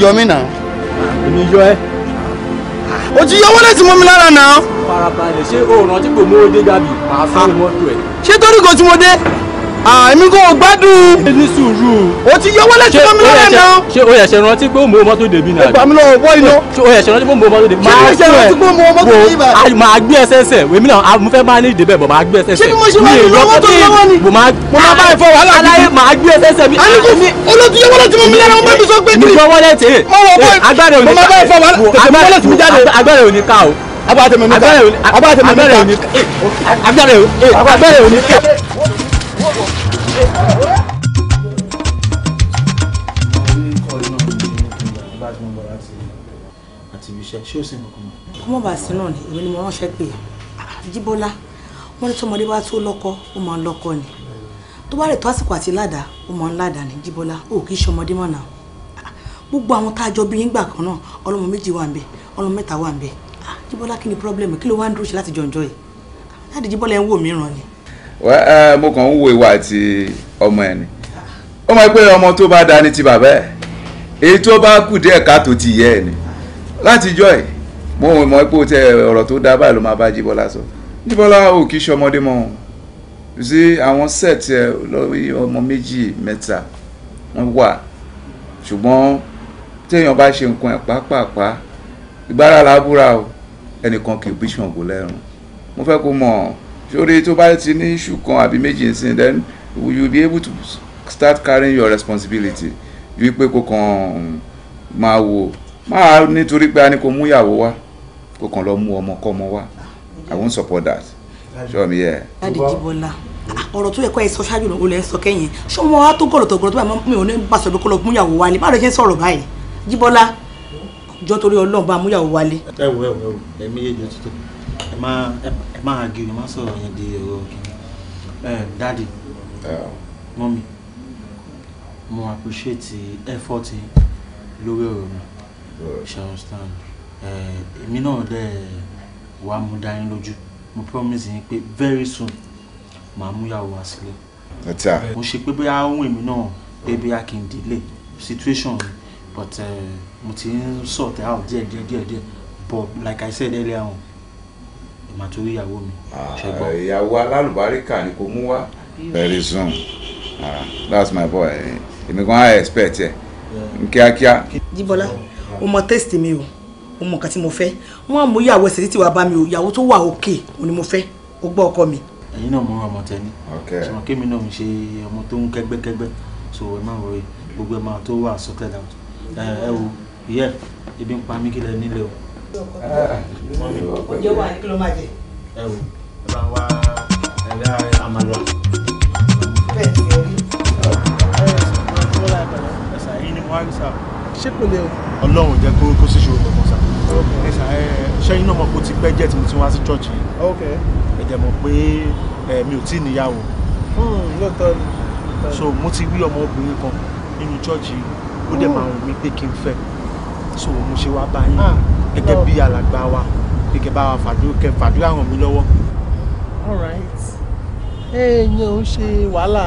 yọ mí náà. èmi yọ ẹ. o ti yọ wọlé tí mo mi lára náà. farabalẹ̀ ṣé òòrùn tí kò mú o dé gàbí màá fún mọ́tò ẹ̀. ṣé torí kò tí mo dé èmi kò gbádùn. ní sùúrù. o ti yọ wọlé tí wọn mi lọ́rẹ̀ náà. ṣé o yẹ ṣe rántí pé o mọ mọ́tò dèbí náà. ẹgbàá mi lọ wọ iná. ṣé o yẹ ṣe rántí pé o mọ mọ́tò dèbí. máa ṣe rántí pé o mọ mọ́tò dèbí bá. wo máa gbé ẹsẹ̀ ẹsẹ̀ èmi náà mo fẹ́ máa ní ìdè bẹ́ẹ̀ bọ̀ máa gbé ẹsẹ̀ ẹsẹ̀. ṣé bí mo ṣe máa ní lọ́wọ́ tó lọ́wọ́ ni. mo máa bá ẹ fọ wàhálà bí. aláyé máa gbé ẹsẹ̀ ẹsẹ̀ mi. olóòtú yọ wọlé tí mo mi lẹ́nu ọmọ mi sọ gbé kiri. mi gbọ́ wọlé tè. mo máa bá ẹ fọ wàhálà agbára òní ká o. agbára òní ká o. agbára òní ká o kọ́mọ́ bá sí náà ni èmi ni mo ránṣẹ́ pé jíbọ́lá wọ́n ní tọmọdé bá tó lọ́kọ ó máa ń lọ́kọ ni tó bá lè tó àsìkò àti ládàá ó máa ń ládàá ni jíbọ́lá ó kì í ṣọmọdé mọ̀nà gbogbo àwọn tá a jọ bí nígbà kan náà ọlọ́mọ méjì wà ń bẹ ọlọ́mọ mẹ́ta wà ń bẹ ah, jíbọ́lá kí ni pírọ́blẹ́mù kí ló wá ń dúró ṣe láti jọ̀ǹjọ́ yìí ah, láti jíbọ́lá ẹ̀ ń wò mí ràn ni mo kàn ń wo ìwà àti ọmọ ẹ̀ ni ó mọ̀ pé ọmọ tó bá da ni ti bàbá ẹ̀ èyí tó bá kù díẹ̀ káàtó ti yẹ ẹ̀ ni látijọ́ ẹ̀ mo mọ̀ pé o tẹ ọ̀rọ̀ tó dá báyìí ló máa bá Jíbọ́lá sọ Jíbọ́lá ò kì í ṣe ọmọdé o ọ́n sí àwọn set ẹ lórí ọmọ méjì mẹ́ta wọ́n wà ṣùgbọ́n téèyàn bá ṣe nǹkan ẹ̀ pápápá ìgbára làbúra o ẹnìkan kì í bí ṣàngó lẹ́rùn mo fẹ́ kó mọ̀ sórí tó bá ti ní issue kan àbí méjì nsìn then you be able to start carrying your responsibility ju pé kò kàn Ma. wò máa nítorí pé a ní kò mú ìyàwó wá kò kàn lọ mú ọmọ kọ́ ọmọ wá i won't support that Show me. yẹ. láti jíbọ́lá ọ̀rọ̀ tó yẹ kọ́ ẹ sọ ṣáájú ló lẹ sọ kẹ́yìn ṣọmọ wa tó gọ̀lọ̀tọ̀ gọ̀lọ̀tọ̀ báyìí mi ò ní bá sọ̀rọ̀ pé kó lọ mú ìyàwó wálé má lọ ṣe ń sọ̀rọ̀ báyìí jíbọ́lá jọ́ torí ọlọ́run mú ìyàwó wálé. ẹ wo ẹ wo ẹ wo ẹ méjèèjì ti ẹ má ẹ má so ẹ má sọ̀rọ̀ yẹn di ọ̀rọ̀ kìíní ẹ dáàdi mo appreciate effort lórí ọ̀rọ̀ mi ṣe understand èmi náà dẹ̀ wàá mú dání lójú mo promise yín pé very soon màá mú yàwó wá sílé. mo ṣe pé bóyá ohun èmi náà pé bóyá kí delay situation mi but mo ti ń sort out díẹ̀ díẹ̀ díẹ̀ díẹ̀ but like I said earlier on màá tó rí ìyàwó mi. Ah, ìyàwó alálùbáríkà ni kò mú wá. very soon ah that's my boy èmi kan á expect ẹ n kíákíá. jíbọlá o mọ tẹ́sítì mi o o mọ nǹkan tí mo fẹ́ wọn á mú ìyàwó ẹsẹ̀ títí wàá bá mi o ìyàwó tó wà òkè òun ni mo fẹ́ o gbọ́ ọkọ mi. ẹ̀yin náà mọ ọmọ tẹni ṣọmọ kémi náà ń ṣe ọmọ tó ń kẹ́gbẹ́kẹ́gbẹ́ so ẹ má worry gbogbo ẹ máa tó wà sorted out ẹ eh, ẹ wo ìyẹ ebi ń pa mí kílẹ̀ nílẹ̀ o o. ọlọ́run jẹ́ kó kó síṣòro kankan sá. ṣẹ́yìn náà mọ̀ pé ó ti pẹ́ jẹ́ tí mo ti wá sí church yìí. ẹ dẹ̀ mọ̀ pé mi ò tí ì níyàwó. lóòótọ́ ni. so mo ti rí ọmọ obìnrin kan nínú church yìí ó dẹ̀ máa wù mí pé kí n fẹ́ so mo ṣe wá bá gẹ́gẹ́ bí alàgbà wa gẹ́gẹ́ bá wa fàdúkẹ́ fàdúrà ràn mí lọ́wọ́. all right èèyàn ò ṣe wàhálà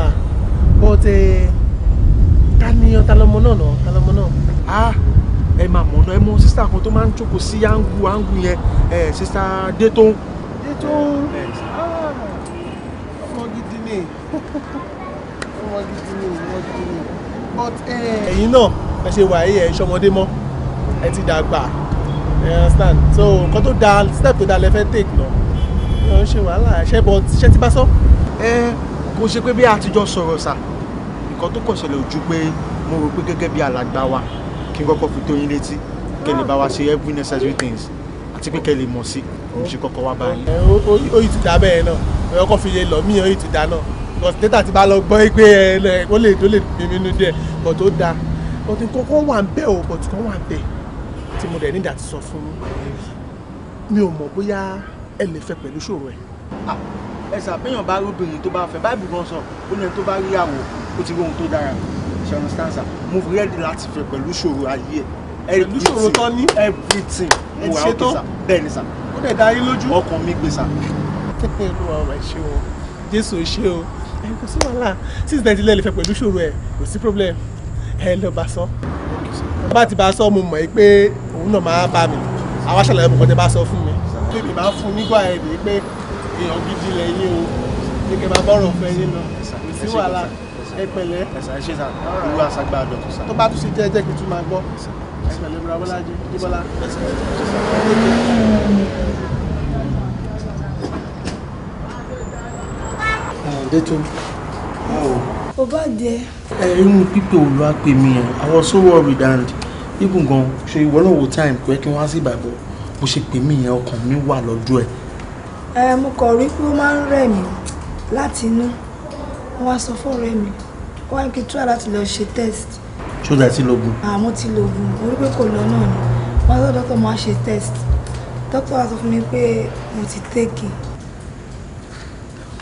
but ká eh, ní ọ̀tá lọ́mọ náà nà ọ̀tá lọ́mọ náà. ah ẹ máa mọ̀ ọ́nà ẹ mọ sísá kan tó máa ń jókòó sí yangu yangu yẹn ẹ sísá détò. détò ah, ọmọ gidi ni ọmọ gidi ni ọmọ gidi ni but eh, ẹ̀yin náà ẹ ṣe wàyí ẹ ṣọmọdé mọ́ ẹ ti dàgbà you understand so nǹkan tó da step to da lẹ fẹ́ take lọ yóò ṣe wàhálà ṣe but ṣe ti bá sọ. ẹ kò ṣe pé bí a ti jọ sọ̀rọ̀ sà nǹkan tó kàn ṣẹlẹ̀ ojú pé mo rò pé gẹ́gẹ́ bí alàgbà wa kí n kọ́kọ́ fi tó yín létí kẹ́ lè bá wa ṣe every necessary things àti pé kẹ́ lè mọ̀ sí mo ṣe kọ́kọ́ wá báyìí. ó yìí ti da bẹ́ẹ̀ náà ẹ̀rọ kọ́ fi lè lọ míì ó yìí ti da náà because data ti bá lọ gbọ́ pé ẹ ó lè tó lè mímínú díẹ̀ but ó da but nǹkan kan wà ń bẹ̀ o but nǹkan wà ń bẹ̀ tí mo dẹ̀ ní ìdàtí sọ fún mi ò mọ̀ bóyá ẹ lè fẹ́ pẹ̀lú ṣòro ẹ̀. ẹ ṣàpéyàn bá lóbìnrin tó bá fẹ́ báìbù gan sọ ó ní ẹni tó bá rí àwọ̀ ó ti rí ohun tó dára ṣẹ̀rùn stanza mo fi rẹ́ẹ̀dì láti fẹ́ pẹ̀lú ṣòro ayé ẹ̀ pẹ̀lú ṣòro tán ní everything mo wà ókè sá bẹ́ẹ̀ ni sá ó dẹ̀ darí lójú ọkàn mi gbé o jésù ṣé o ẹ kò sí wàhálà six ninety lẹ́ẹ̀lì fẹ́ pẹ̀lú ṣòro ẹ̀ kò sí problem ẹ lọ bá sọ bá ti bá sọ mo mọ̀ ẹ́ pé òun náà máa bá mi àwa ṣàlàyé bùkọ́ tẹ bá sọ fún mi. pé mi máa ń fún nígbà ẹ̀dí pé èèyàn gidi lẹ̀ yín o ní kẹ́ máa bọ́rọ̀ fẹ́ yín lọ kò sí wàhálà ẹ pẹ̀lẹ́. ẹ̀sán ẹ̀ṣẹ̀ sà ìlú àṣàgbà àdọ̀tún sà. tó bá tún ṣe jẹ́ ẹ̀jẹ̀ kì í tún máa gbọ́ ẹ pẹ̀lẹ́ mura bọ́lájú jíbọ́lá. Dẹ́tun báwo. ọba dẹ. ẹ irú pípé olùwàpẹ̀ mi yẹn I was so worried and even gan ṣe ìwọ náà wo time pé kí wọ́n á sí ìbàbọ̀ mo ṣe pè mí yẹn ọkàn mi wà lọ́dọ̀ ẹ̀. ẹ mo kàn rí pé ó máa ń rẹ̀ mí láti inú wọn á sọ fún ọ̀rẹ́ mi wọn á kí tura láti lọ ṣe test. ṣódà ti lògùn. àmọ́ ti lògùn orí pé kò lọ náà ni wọn sọ dókítà máa ṣe test dókítà wa sọ fún mi pé mo ti tẹ́kì.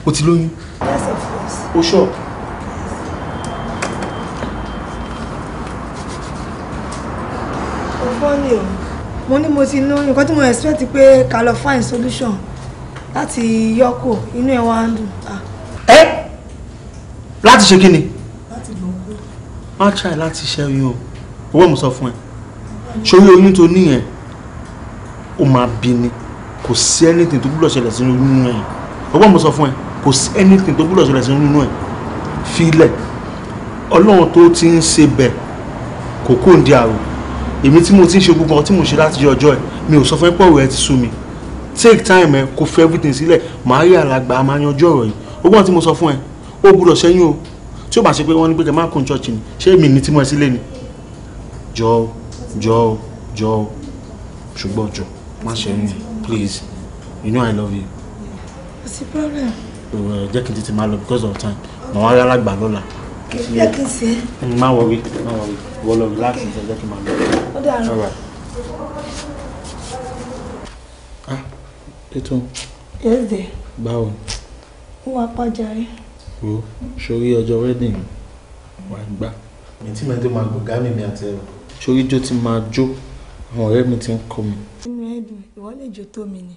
o ti lóyún. yes of course. o ṣọ́ọ̀. Sure. fọ́ọ̀nì o mo ní mo ti ná nǹkan tí mo expect pé ká lọ find solution láti yọkò inú ẹ̀ wá ń dùn. Ah. ẹ láti ṣe kí ni má try láti ṣe oyún o owó mo sọ fún ẹ ṣorí oyún tó níyẹn ó máa bí ni kò sí anything tó gbúdọ̀ ṣẹlẹ̀ sínú oyún ẹ̀ owó mo sọ fún ẹ kò sí anything tó gbúdọ̀ ṣẹlẹ̀ sínú oyún ẹ̀ fílẹ̀ ọlọ́run tó ti ń ṣe bẹ̀ kò kóńdé àrò èmi tí mo ti ń ṣe gbogbo ọtí mo ṣe láti jẹ ọjọ́ ẹ̀ mi ò sọ fún ẹ pọ̀ rẹ ti sú mi take time ẹ kò fi everything sílẹ̀ màá rí alàgbà máa yanjú ọ̀rọ̀ yìí ogbọ́n tí mo sọ fún ẹ ó gbúdọ̀ sẹ́yìn o tí ó bá ṣe pé wọ́n ní pé kẹ́ má kún church ni ṣé èmi ní tí mo ẹ sílé ni jọ jọ jọ ṣùgbọ́n jọ má ṣe ń please you know i love you. What's the problem. jẹ́ kí n tètè máa lọ because of time màá wá rí alàgbà lọ́la jẹ́ kí n ṣe é. má wọrí má wọrí wọ́n lọ relax ní ṣẹ́jẹ́ kí n máa lọ. ó ah ètò. yes de. báwo. ó wá pàjá rí. wo sórí ọjọ́ wedding wà gbà. mi tí mẹ́tò máa gbọ̀gá mi mi àti ẹ̀rọ. sórí jó ti máa jó àwọn ọ̀rẹ́ mi ti ń kọ́ mi. inú ẹ̀ dùn ìwọ lè jó tó mi ni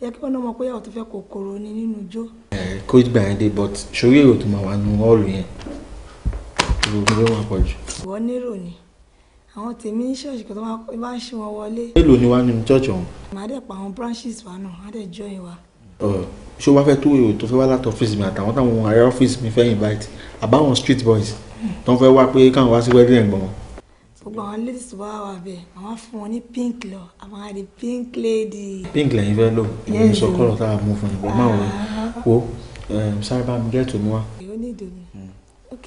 yẹ kí wọn náà mọ pé ìyàwó tó fẹ́ kòkòrò ni nínú ijó. ẹ kó ìgbà yẹn dé but sórí èrò tó máa wà nù ọ́ọ̀lù yẹn ìròyìn ló wà pọ̀ jù. ìwọ nírò ni àwọn tèmi ní ṣọ́ọ̀ṣì kan tó bá ń ṣí wọn wọlé. mélòó ni wàá nínú church ọ̀hún. màá dẹ̀ pa àwọn branches wa náà á dẹ̀ join wa. ṣé o wá fẹ́ tó èrò tó fẹ́ wá láti ọ́fíìsì mi àtàwọn táwọn ará ọ́fíìsì mi fẹ́ invite àbáwọn street boys tó ń fẹ́ wá pé káwọn wá sí wedding ẹ̀gbọ́n wọn. gbogbo àwọn ladies wá wà bẹ́ẹ̀ àwọn fún wọn ní pink lọ àwọn àdé pink lady. pink lẹ́yìn fẹ́ lò ìyẹn sọ kọ́lọ̀ tá a mú fún ìbọn máa wọ sáré bá mi gẹ́ẹ̀tì mi wá. èyí ó ní ìdòwú hmm. ok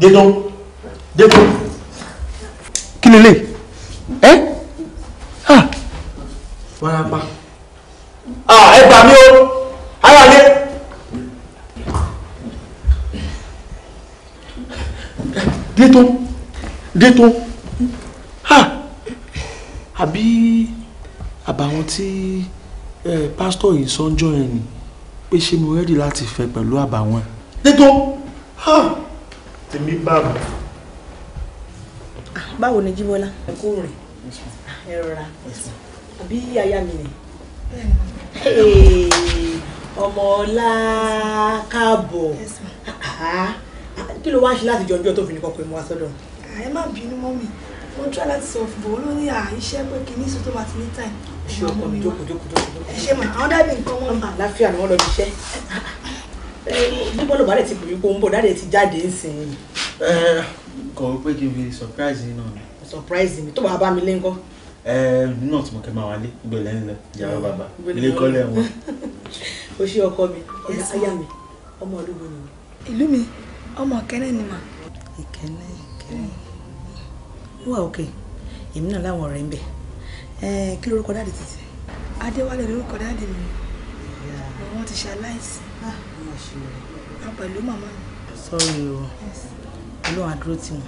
dédún dédún. kí ni lè ẹ́ wárápá. ẹ gbà mí o ara mi. dédún dédún àbí àbàwọn tí pásítọ̀ yìí sọ́njọ́ yẹn ni pé ṣé mo rẹ́dì láti fẹ́ pẹ̀lú àbàwọn ẹ̀. dẹ́tọ́ tèmi bá mi. Ah, báwo ni jíbọ́lá. ẹ kú rìn ẹ rọra àbí aya mi ni ọmọ ọlá káàbọ̀ ah, kí ló wá ń ṣe láti jọ ọjọ́ tó fi ní kọ́kọ́ ìmú wa sọ́dọ̀. Ah, ẹ má bínú mọ́ mi mo ń try láti sọ fún bò ó lórí àìṣe pé kì í ní sùn tó bá ti ní time ṣé ọkọ mi jókòó jókòó jókòó. ẹ ṣe mà àwọn dábì nǹkan wọn. àláfíà ni wọn lọ níṣẹ́. bíbọ́ lọ́ba rẹ̀ ti bìrì pé òun bọ̀ dáadé ti jáde ńsìn. kò ó pé kí n fi surprise yín náà ni. surprise mi tó bá bá mi lé ńkọ́. náà tí mo kẹ́ máa wálé ìgbẹ̀lẹ́ ńlẹ̀ ìyàwó bàbá ilé kọ́lẹ̀ o ṣe ọkọ mi aya mi ọmọ olúwo ni. ìlú mi ọmọ ìkẹ́nẹ́ ni mà. ìkẹ́nẹ́ ìkẹ́nẹ́ wà òkè èmi náà láwọn ọ̀rẹ́ ń bẹ̀. Eh, kí lorúkọ dáàdì títí adéwálé lorúkọ dáàdì mi wọ́n ti ṣe aláìsí ah, wọn pẹ̀lú màmá mi. sọ́ọ̀rì o ọlọ́run àdúró tí wọn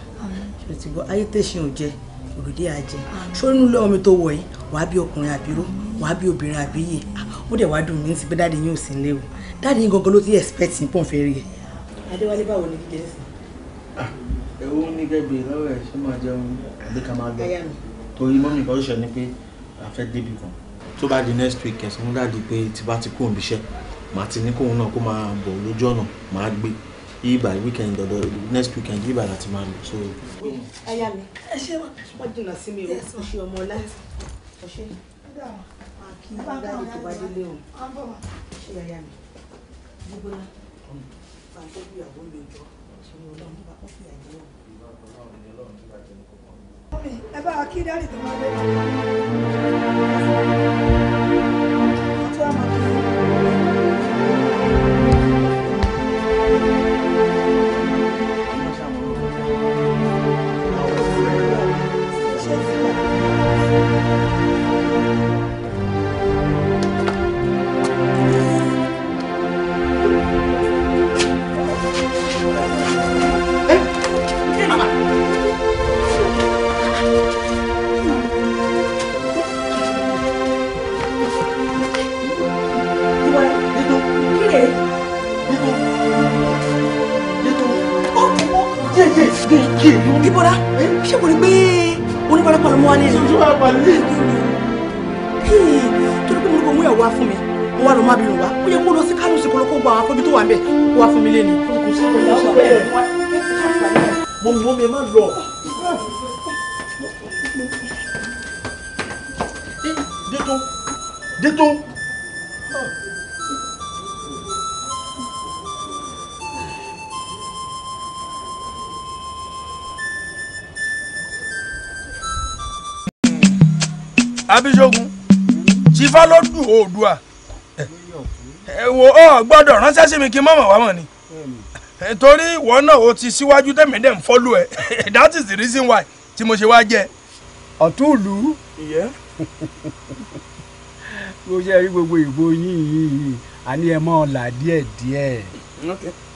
ṣe ti gbọ́ ayé tẹ̀sán ò jẹ́ òrùlé àjẹ sórí nílé ọmọ tó wọ̀ yìí wàá bí ọkùnrin àbíró wàá bí obìnrin àbíyè ah, ó dẹ̀ wá dùn mí ti pé dáàdì yín ò sí nílé o dáàdì yín gangan ló ti expect ní pọ́ǹfẹ́ rí ẹ. adéwálé báwo ni kíkẹ́ sí. ẹ̀wọ̀n ní gẹ́gbẹ́ lọ́wọ́ ẹ̀ ṣé máa jẹun àbí ká máa lọ torí mọ́mí kan ṣẹ̀ ni pé a fẹ́ débi kan tó bá di next week ẹ̀sán fún dáàdi pé tí bá ti kúrò níbi iṣẹ́ màá ti ní kóun náà kó máa bọ̀ lójú ọ̀nà màá gbé yíba weekend dọ̀dọ̀ next weekend yíba láti máa lò so. ẹyà mi ẹ ṣe wọ́n jìnnà sí mi o ṣe ọmọ ọlá ẹ kí n bá dáàbò tó bá délé o mi ẹ bá wa kí dáàdì tó máa bẹ̀rẹ̀. gbọ́dọ̀ ránṣẹ́ sí mi kí n mọ̀mọ̀ wá mọ̀ ni torí ìwọ náà o ti síwájú tẹ̀mí dẹ̀ ń fọ́lù ẹ̀ that is the reason why tí mo ṣe wá jẹ. ọ̀tún ìlú mo ṣe rí gbogbo ìbò yín yìí àní ẹ mọ́ ọ díẹ̀ díẹ̀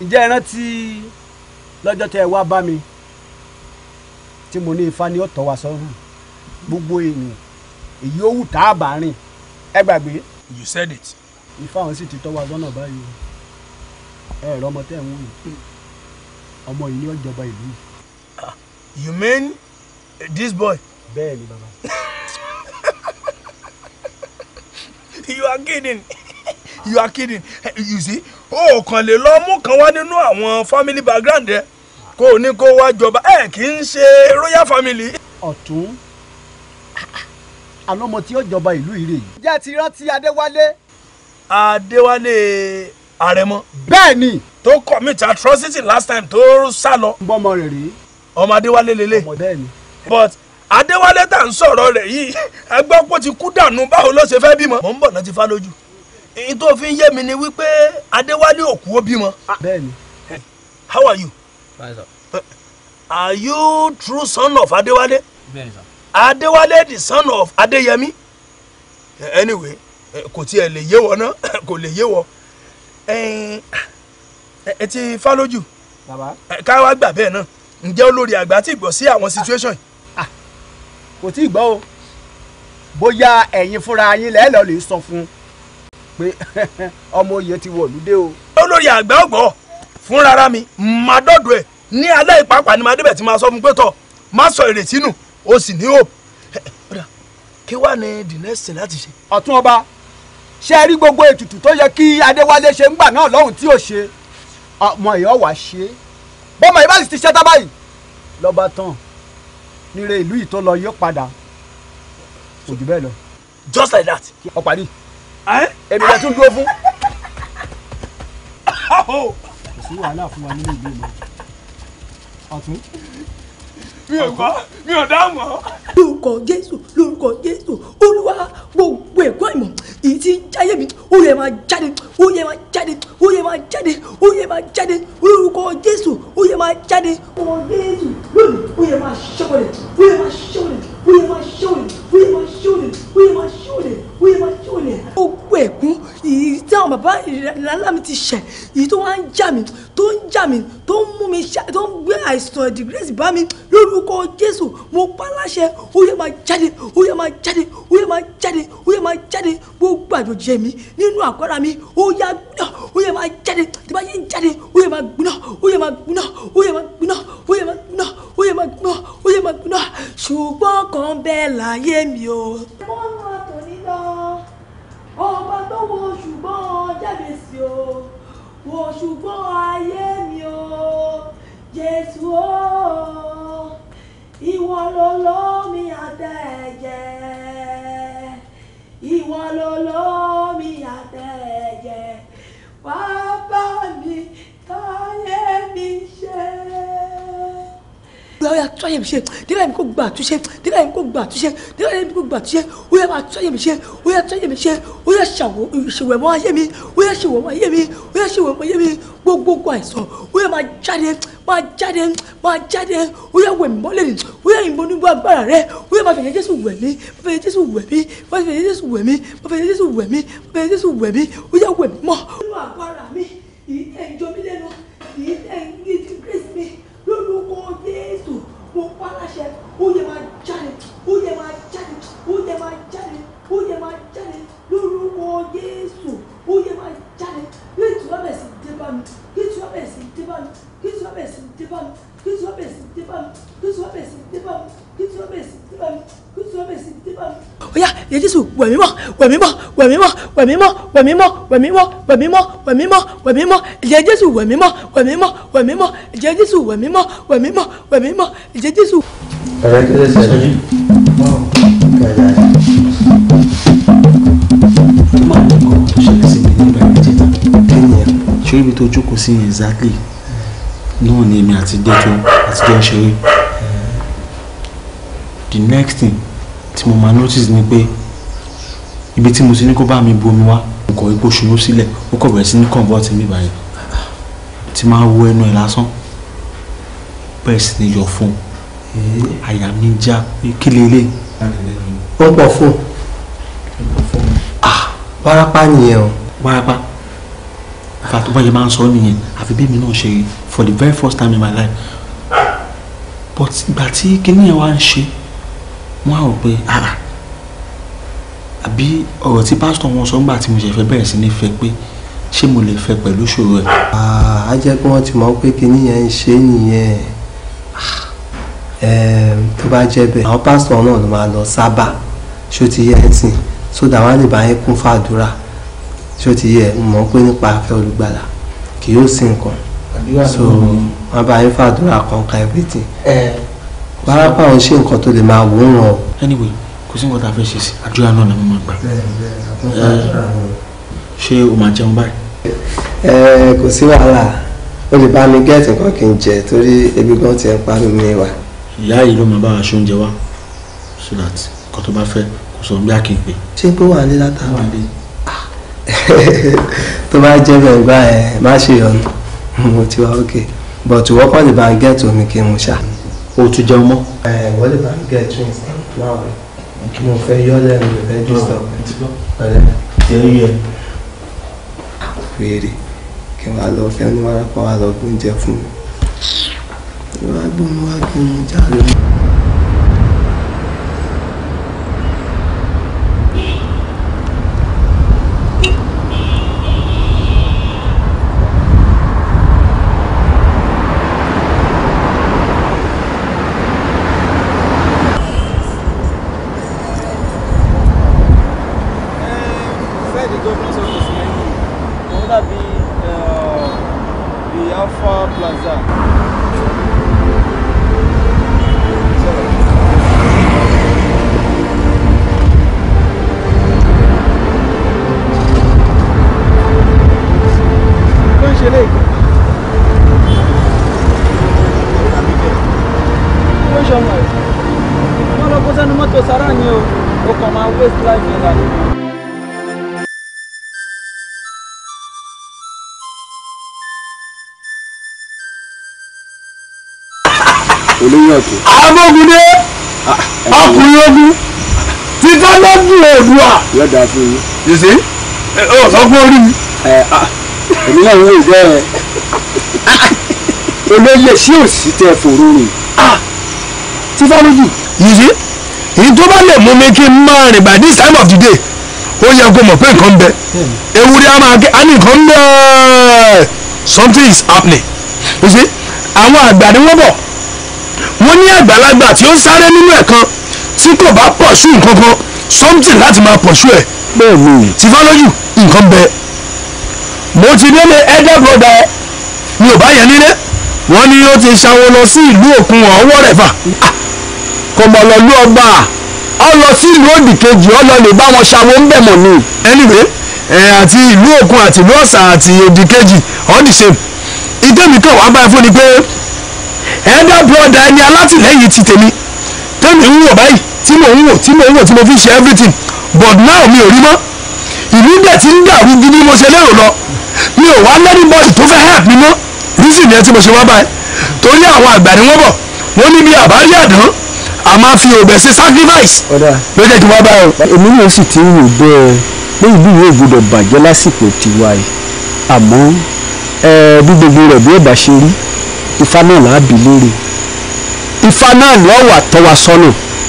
ǹjẹ́ ẹ rántí lọ́jọ́ tẹ́ wá bá mi tí mo ní ifá ní ọ̀tọ̀ wa sọ́run gbogbo èèyàn èyí ó wù tá a bá rìn ẹ gbàgbé. you said it ìfá sì ti tọ́ wa lọ́nà báyìí ẹ ẹ̀rọ ọmọ tẹ́ ń wù ọmọ yìí ni ó jọba ìlú yìí. Ah, you mean this boy. bẹ́ẹ̀ ni bàbá. you are kidding you are kidding eh, you see o kàn lè lọ mú kan wá nínú àwọn family background rẹ kó o ní kó wá jọba ẹ kì í ṣe royal family. ọ̀tún àlọ́mọ tí ó jọba ìlú yìí rèé. jẹ́ ti rántí adéwálé adéwálé àrẹ̀mọ. bẹ́ẹ̀ni. tó commit atrocity last time tó sá lọ. n bọ́ ọmọ rẹ̀ rí. ọmọ adéwálé lélẹ̀. ọmọ bẹ́ẹ̀ni. but adéwálé tá n sọ̀rọ̀ rẹ̀ yìí ẹgbẹ́ pọ̀ ti kú dànù báwo ló ṣe fẹ́ bímọ. mò ń bọ̀ náà ti fa lójú. èyí tó fi ń yé mi ni wípé adéwálé òkú ó bímọ. Ah, bẹ́ẹ̀ni. how are you. fine sir. are you true son of adéwálé. bẹ́ẹ̀ni sir. adéwálé the son of adéyẹmí. anyway Eh, kò tiẹ̀ lè yé wọ náà kò lè yé wọ ẹ ti fálójú ká wá gbà bẹ́ẹ̀ náà ǹjẹ́ olórí àgbà ti gbọ́ sí àwọn situation yìí. Ah, kò tí ì gbọ́ o bóyá ẹ̀yin fúnra yín lẹ́ẹ̀lọ́ lè sọ fún un pé ọmọ oyè ti wọ̀lú dé o. olórí àgbà ọgbọ fúnra mi má dọdọ ẹ ní alẹ́ ìpápá ni màdébẹ̀ ti máa sọ fún pé tọ má sọ ìrètí nù o sì ní hope kí wàá ní the next thing láti ṣe. ọ̀tún ọba ṣe rí gbogbo ètùtù tó yẹ kí adéwálé ṣe ń gbà náà lọ́hùn tí ò ṣe ọmọ ìyá wàá ṣe bọ́mọ ìbá sì ti ṣẹ́tá báyìí lọ́ba tán nire ìlú yìí tó lọ yóò padà kò bẹ́ẹ̀ lọ. just like that. ó parí èmi lè tún dúró fún. kò sí wàhálà fún wa nínú ìlú ìlú ọ̀tún mi ò gbọ́ mi ò dá mọ́. lórúkọ jésù lórúkọ jésù olúwa gbogbo ẹ̀kọ́ ìmọ̀ èyí tí jáyé mi ó yẹ máa jáde ó yẹ máa jáde ó yẹ máa jáde ó yẹ máa jáde olórúkọ jésù ó yẹ máa jáde ọmọ jésù lónìí ó yẹ máa ṣọ́ọ̀lẹ̀ ó yẹ máa ṣọ́ọ̀lẹ̀ ó yẹ máa ṣọ́ọ̀lẹ̀ ó yẹ máa ṣọ́ọ̀lẹ̀ ó yẹ máa ṣọ́ọ̀lẹ̀ ó yẹ máa ṣọ́ọ̀lẹ̀. gbogbo ẹ̀kún èyí tí àwọn bàbá ìlànà mi ti ṣẹ̀ èyí tó wá ń jà mí tó ń jà mí tó ń mú mi ṣá tó ń gbé àìsàn ẹ̀dìgírẹ́sì bá mi lórúkọ jésù mo pa láṣẹ ó yẹ máa jáde ó yẹ máa jáde jẹ mi nínú àkọ́ra mi ó yá gbóná ó yẹ máa jáde tí bá yẹ ń jáde ó yẹ máa gbóná ó yẹ máa gbóná ó yẹ máa gbóná ó yẹ máa gbóná ó yẹ máa gbóná ṣùgbọ́n kan bẹ́ẹ̀ láyé mi o. àtúnṣe dídá yẹn kò gbà àtúnṣe dídá yẹn kò gbà àtúnṣe ó yẹ máa tún ayé mi ṣe ó yẹ tún ayé mi ṣe ó yẹ ṣàwọ ìṣèwọ̀ ẹ̀mọ́ ayé mi ó yẹ ṣèwọ̀ ẹ̀mọ́ ayé mi ó yẹ ṣèwọ̀ ẹ̀mọ́ ayé mi gbogbogbò àìsàn ó yẹ máa jáde máa jáde máa jáde ó yẹ wẹ̀mí mọ́lẹ̀ ni ó yẹ ìmọ̀ nígbà agbára rẹ ó yẹ máa fẹ̀yẹ Jésù wẹ̀ mí máa fẹ̀yẹ Jésù wẹ̀ mí máa fẹ̀yẹ Jésù wẹ̀ mí máa fẹ̀yẹ Jésù wẹ̀ mí máa fẹ̀yẹ Jésù wẹ̀ mí ó yẹ wẹ̀ mí mọ́. nínú àgọ́ ara mi ìyí tẹ̀ ń jọ mí lẹ́nu ìyí tẹ̀ ń wẹ̀mí mọ́ wẹ̀mí mọ́ wẹ̀mí mọ́ wẹ̀mí mọ́ wẹ̀mí mọ́ wẹ̀mí mọ́ wẹ̀mí mọ́ wẹ̀mí mọ́ ìjẹ́ jésù wẹ̀mí mọ́ wẹ̀mí mọ́ wẹ̀mí mọ́ ìjẹ́ jésù wẹ̀mí mọ́ wẹ̀mí mọ́ wẹ̀mí mọ́ ìjẹ́ jésù. ọ̀rẹ́ kí ló ṣe é lójú. máa ní nǹkan tó ṣẹlẹ̀ sí mi nígbà ìjẹta kẹ́nìyàn ṣé ibi tó jókòó sí exactly náà ni èmi àti dẹ́jọ́ àtijọ́ ṣeré the next thing tí mo máa notice ni pé ibi tí mo ti ní kó bá mi bomi wá mo kọ̀ ipò ṣubú sílẹ̀ ó kọ̀ bẹ̀rẹ̀ sí ní kọ̀ǹbọ̀ tí mi báyìí ti máa wo ẹnu ẹ̀ lásán bẹ́ẹ̀ sì ni yọ fún un àyà mi já kí lélẹ̀. ó pọ̀ fún ah! wárápá nìyẹn o. wárápá fàtó bọ́yẹ máa ń sọ nìyẹn àfi bí mi náà ṣe for the very first time in my life but ìgbà tí kinní yẹn wá ń ṣe wọ́n á rò pé ah àbí ọ̀rọ̀ tí pásítọ̀ wọn sọ ńgbà tí mo ṣe fẹ́ bẹ̀rẹ̀ sí ní fẹ́ pé ṣé mo lè fẹ́ pẹ̀lú ṣòro ẹ̀. a jẹ́ pé wọ́n ti mọ̀ pé kinní yẹn ń ṣe nìyẹn tó bá jẹ́ bẹ́ẹ̀ àwọn pásítọ̀ náà ló máa lọ sábà ṣó ti yẹ ẹ́ sìn so dàwọn àlèbáyé kún fàdúrà ṣó ti yẹ mọ̀ pé nípa afẹ́ olùgbàlà kì yóò sin nǹkan so wọn bá yín fàdúrà kan ka everything. báràpá òun ṣe nǹkan tó lè máa wòran. anyway sí nǹkan tá a fẹ́ ṣe sí àdúrà náà ni mo máa gbà ṣé o máa jẹun báyìí. kò sí wàhálà o lè bá mi gẹ́ẹ̀tì kan kí n jẹ torí ebi gan ti ń parí mi wá. ìyá yìí ló máa bá aṣọ oúnjẹ wá so that nǹkan tó bá fẹ́ kò sọ bí a kì í pè. ṣé pé wà ní látàwọn àbí. tó bá jẹ́ bẹ́ẹ̀ gbá ẹ má ṣe yọnu mo ti wá òkè but wọ́pọ̀ lè bá gẹ́ẹ̀tì omi kí n mu ṣá. o tún jẹun mọ́. wọ́n lè bá gẹ́ẹ̀tì náà rẹ̀ kí mo fẹ́ yọ lẹ́nu mi fẹ́ disturb ọ̀rẹ́ jẹ́ yẹ wèrè kí wọ́n á lọ fẹ́ ní wàrà kan wà lọ gbóúnjẹ fún mi yóò dáa fún yín. you see ọ eh, oh, sọ fún orí mi. Ah, èmi náà ń wò bẹ́ẹ̀ olóyè sí òsì tẹ fòrò rè ah! tí fáwọn yìí sí èyí tó bá lè mú mi kí n máa rìn by this time of the day ó yẹ kó mọ̀ pé nǹkan ń bẹ ewúrẹ́ a máa gé a ní nǹkan ń bẹ something is happening you see àwọn àgbà ni wọ́n bọ̀ wọ́n ní àgbàlagbà tí ó ń sáré nínú ẹ̀ kan tí kò bá pọ̀ sí nǹkan kan something láti máa pursue ẹ̀. bẹ́ẹ̀ni. tifọ́lọ́jù nǹkan bẹ mo ti délé elder brother ẹ mi ò bá yẹn nílé wọ́n ní ó ti ṣàwo lọ sí ìlú òkun ọwọ́ rẹ̀ fà ah, kọ̀mọ̀ lọ lú ọba ọ lọ sí ìlú òdì kejì ọ lọ lè bá wọn ṣàwo ń bẹ̀ mọ̀ ni. anyway ẹ àti ìlú òkun àti ìlú ọ̀sà àti òdì kejì ọ̀dì ṣe ìdẹ́mi kan wàá báyìí fún ni pé elder brother ẹni alátìlẹ́yìn ti tèmi tẹ́mi ń wò báyìí tí mò ń wò tí mò ń wò tí mo fi ṣe everything but now mi ò rí mọ́ ìlú dẹ̀ ti ń dàrú ju bí mo ṣe lérò lọ mi ò wá lẹ́ni bọ́ọ̀dì tó fẹ́ help mi mọ́ reason yẹn tí mo ṣe wá báyìí torí àwọn àgbà ni wọ́n bọ̀ wọ́n ní bí àbárí àdán a máa fi òbẹ̀ ṣe sacrifice ló jẹ́ kí wọ́n bá yọ. èmi náà sì ti ń wò bẹ́ẹ̀ pé ìlú yóò gbọdọ̀ bàjẹ́ lásìkò tiwa yìí àmọ́ bí gbogbo rẹ̀ bí ẹ̀dá ṣe rí ifá náà làá bì ifá náà lọ́wọ́ àtọwà sọnù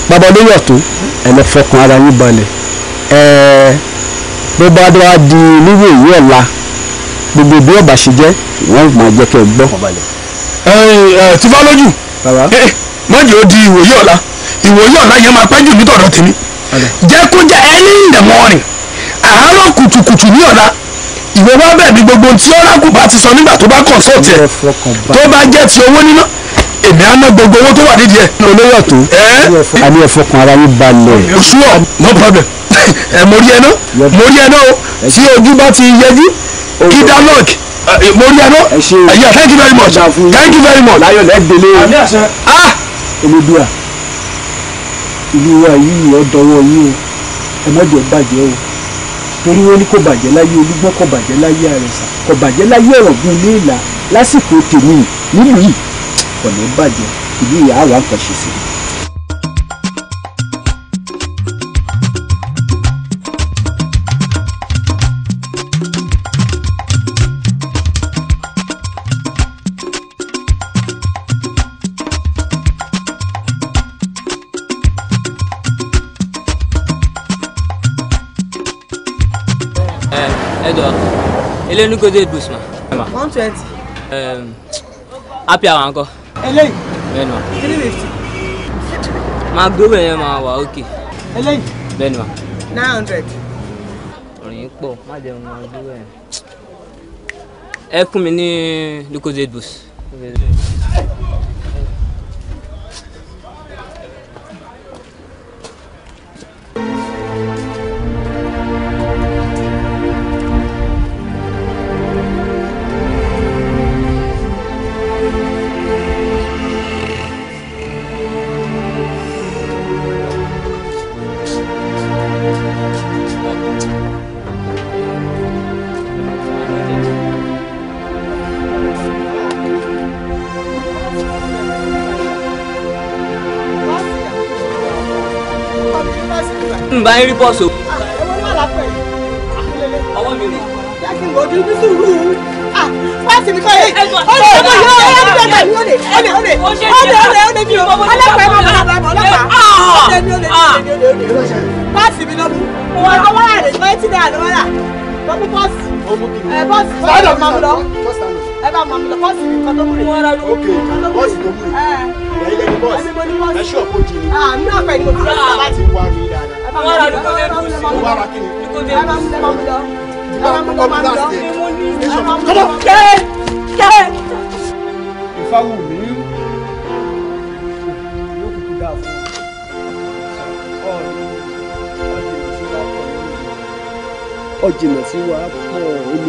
bàbá olóyè ọ̀tún ẹ lọ fọkàn ara yín balẹ̀ ẹ bó bá wá di nírú èyí ọ̀la gbogbo bí ọba ṣe jẹ́ wọ́n máa jẹ́ kẹ́ ẹ gbọ́. ẹ ẹ tí fá lójú eh, eh, mọ́jì ó di ìwòye ọ̀la ìwòye ọ̀la yẹn máa pẹ́ jù nítọ̀dọ̀ tèmi jẹ́ kó jẹ́ ẹni ìdẹ̀mọ́rin àárọ̀ kùtùkùtù ní ọ̀la ìwé wa bẹ̀ ni gbogbo tí ọ̀la kù bá ti sọ nígbà tó bá consult ẹ̀ tó bá jẹ́ ti owó níná èmi á ná gbogbo owó tó wà nídìí ẹ. olóyè ọ̀tún àní ẹ̀fọ́ kan ara yín balẹ̀. sure no problem ẹ mo rí ẹ náà mo rí ẹ náà o tí ojú bá ti yẹjú kí dá lọ́ọ̀kì mo rí ẹ náà yeah thank you very much thank you very much. láyọ̀ lẹ́gbẹ̀lẹ́ ah olùdúrà ìlú wa yìí ni ọ dọwọ́ yìí o ẹ má jẹ́ bàjẹ́ o torí wọn ní kò bàjẹ́ láyé olúgbọ́n kò bàjẹ́ láyé àrẹ̀sà kò bàjẹ́ láyé ọ̀rọ̀ bíi ilé ìlà lásìkò tèmi nílùú yìí kò ní bàjẹ́ ìlú ìyá àwa nǹkan ṣe sí i. Ele nuko dey boost ma. 120. Um, happy hour encore eléyìí. bẹ́ẹ̀ ni wa. three fifty. máa gbówó yẹn máa wà ókè. eléyìí. bẹ́ẹ̀ ni wa. nine hundred. ọ̀rìn pọ̀ má jẹun máa gbówó yẹn. ẹ kún mi ní lucozade boost. lucozade boost. bá ń rí bọ́ọ̀sì o. ẹ̀wọ̀n ní àlàpẹ̀ ọwọ́ mi rè. jẹ́ kí n wọ́n dúró sùúrù pàṣẹ mi kọ́ yé ọ̀rẹ́ ọmọ yìí ọ̀rẹ́ ọmọ yìí ọ̀rẹ́ ọ̀rẹ́ ọ̀rẹ́ ọ̀rẹ́ ọ̀rẹ́ ọ̀rẹ́ ọ̀rẹ́ mi o ọlọ́pàá ẹ̀ máa bá bàbá ọlọ́pàá ọ̀rẹ́ mi ọ̀rẹ́ mi ọ̀rẹ́ mi ọ̀rẹ́ pàṣẹ mi lọ́dún ọwọ́ rẹ̀ rẹ̀ náà ti dà lọ́wọ́ rà lọ́mú pọ́ọ̀sì ẹ̀ pọ́ọ̀sì pọ́ọ̀sì máa mú lọ ẹ bá máa mú lọ pọ́ọ̀sì mi kọ́ tó mú rè pọ́ọ̀sì tó mú rè ẹ̀yin lẹ́ni bọ́ọ̀sì ẹ̀ ṣọ́ọ̀kọ́ jì ní. àmì náà pẹ̀lú àwọn ará àdúgbò lè kú sí àdúgbò lè kú sí. omi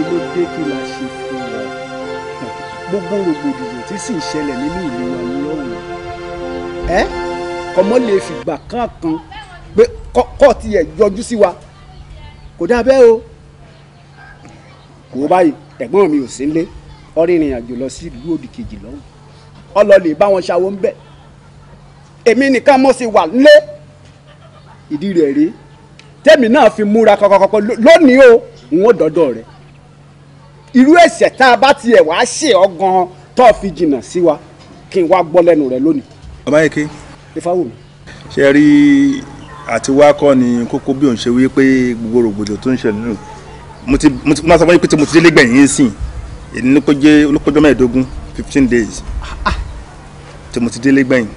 ló dé kí la ṣe fún wa gbogbo rògbòdìyàn tí sì ń ṣẹlẹ̀ nínú ìlú wa ni lọ́wọ́ ẹ ọmọ lè fìgbà kankan pé kọ́ọ̀tì yẹn yọjú sí wa kò dáa bẹ́ẹ̀ o kò báyìí ẹ̀gbọ́n mi ò sí nílé ọ̀rìn ìrìn àjò lọ sí ìlú òdì kejì lọ́hùn ọlọ́ọ̀lẹ̀ bá wọn ṣàwọ́ ń bẹ̀ èmi nìkan mo sì wà nílé ìdí rẹ̀ rèé tẹ́mi náà fi múra kọ̀kọ̀kọ̀ lónìí o n ó dọ́dọ̀ rẹ̀ irú ẹ̀ṣẹ̀ tá a bá tiẹ̀ wá ṣe ọ́ gan-an tó fi jìnnà sí wa kí n wá gbọ́ lẹ́nu rẹ̀ lónìí. bàbá yìí ké. ifá wò rí àti wá kọ́ ni kókó bí òun ṣe wí pé gbogbo rògbòdò tó ń ṣe nínú mo ti mo ti máa sọ pé mo ti délé gbẹ̀yìn sìn èyí ló kọjọ́ mẹ́ẹ̀ẹ́dógún fifteen days tí mo ti délé gbẹ̀yìn.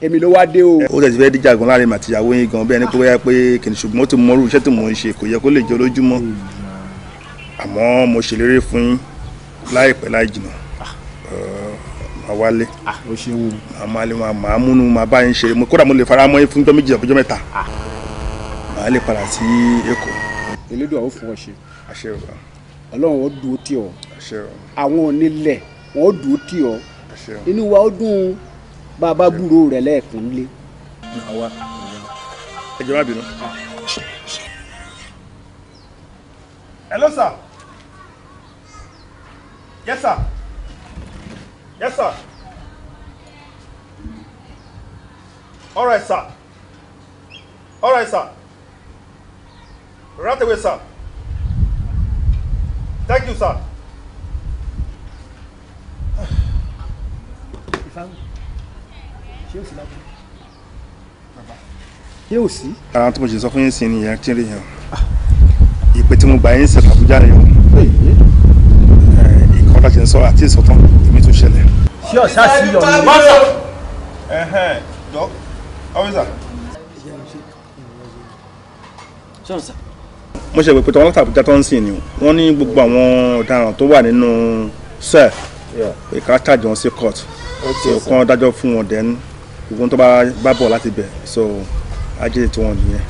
èmi ló wá dé o. ó tẹ̀sí fẹ́ díjà gan láàrin màtìyàwó yín gan bẹ́ẹ̀ ni pé wáyà pé kìnnì ṣùgbọ́n ó ti mọ irú iṣẹ́ tí mò ń ṣe kò yẹ kó lè jẹ́ lójúmọ́ àmọ́ mo ṣèlérí fún yín láìpẹ́ láì jìnnà máa wálé. Ah, o ṣeun. a máa lè máa múnú máa bá yín ṣe kódà mo lè fara mọ́ fún jọ́ méjì ọjọ́ mẹ́ta. Ah. màá lè padà sí èkó. elédùn àwọn fún ọ ṣe. àṣẹ o. ọlọ́run ó tì ọ́. àṣẹ o. àwọn onílẹ̀ wọn ó tì ọ́. àṣẹ o. inú wa ó dùn bàbá gbúrò rẹ̀ lẹ́ẹ̀kan lé. àwa ẹ jẹ́ má bínú. Ah. hello sir. yes sir. Yes, sir. All right, sir. All right, sir. Right away, sir. Thank you, sir. ṣé ò sí. àwọn tó mo ṣe sọ fún yín sí ni ìyá tí ń rí yẹn ìpè tí mo gbà yín sí Àbújá rẹ o eh, ìkọ́ta ṣe ń sọ àti ìsọ̀tàn èmi tún ṣẹlẹ̀ tí ọ̀sá sí ọ̀nà mọ́tò. mo ṣe pèpè tí wọ́n tàbí jatọ́ ń sìn ni wọ́n ní gbogbo àwọn ọ̀daràn tó wà nínú sẹ́ẹ̀ pé ká tàjọ sí court so kàn dájọ́ fún wọn dẹ́nu gbogbo tó bá bọ̀ láti bẹ̀ so ajé tí wọ́n nìyẹn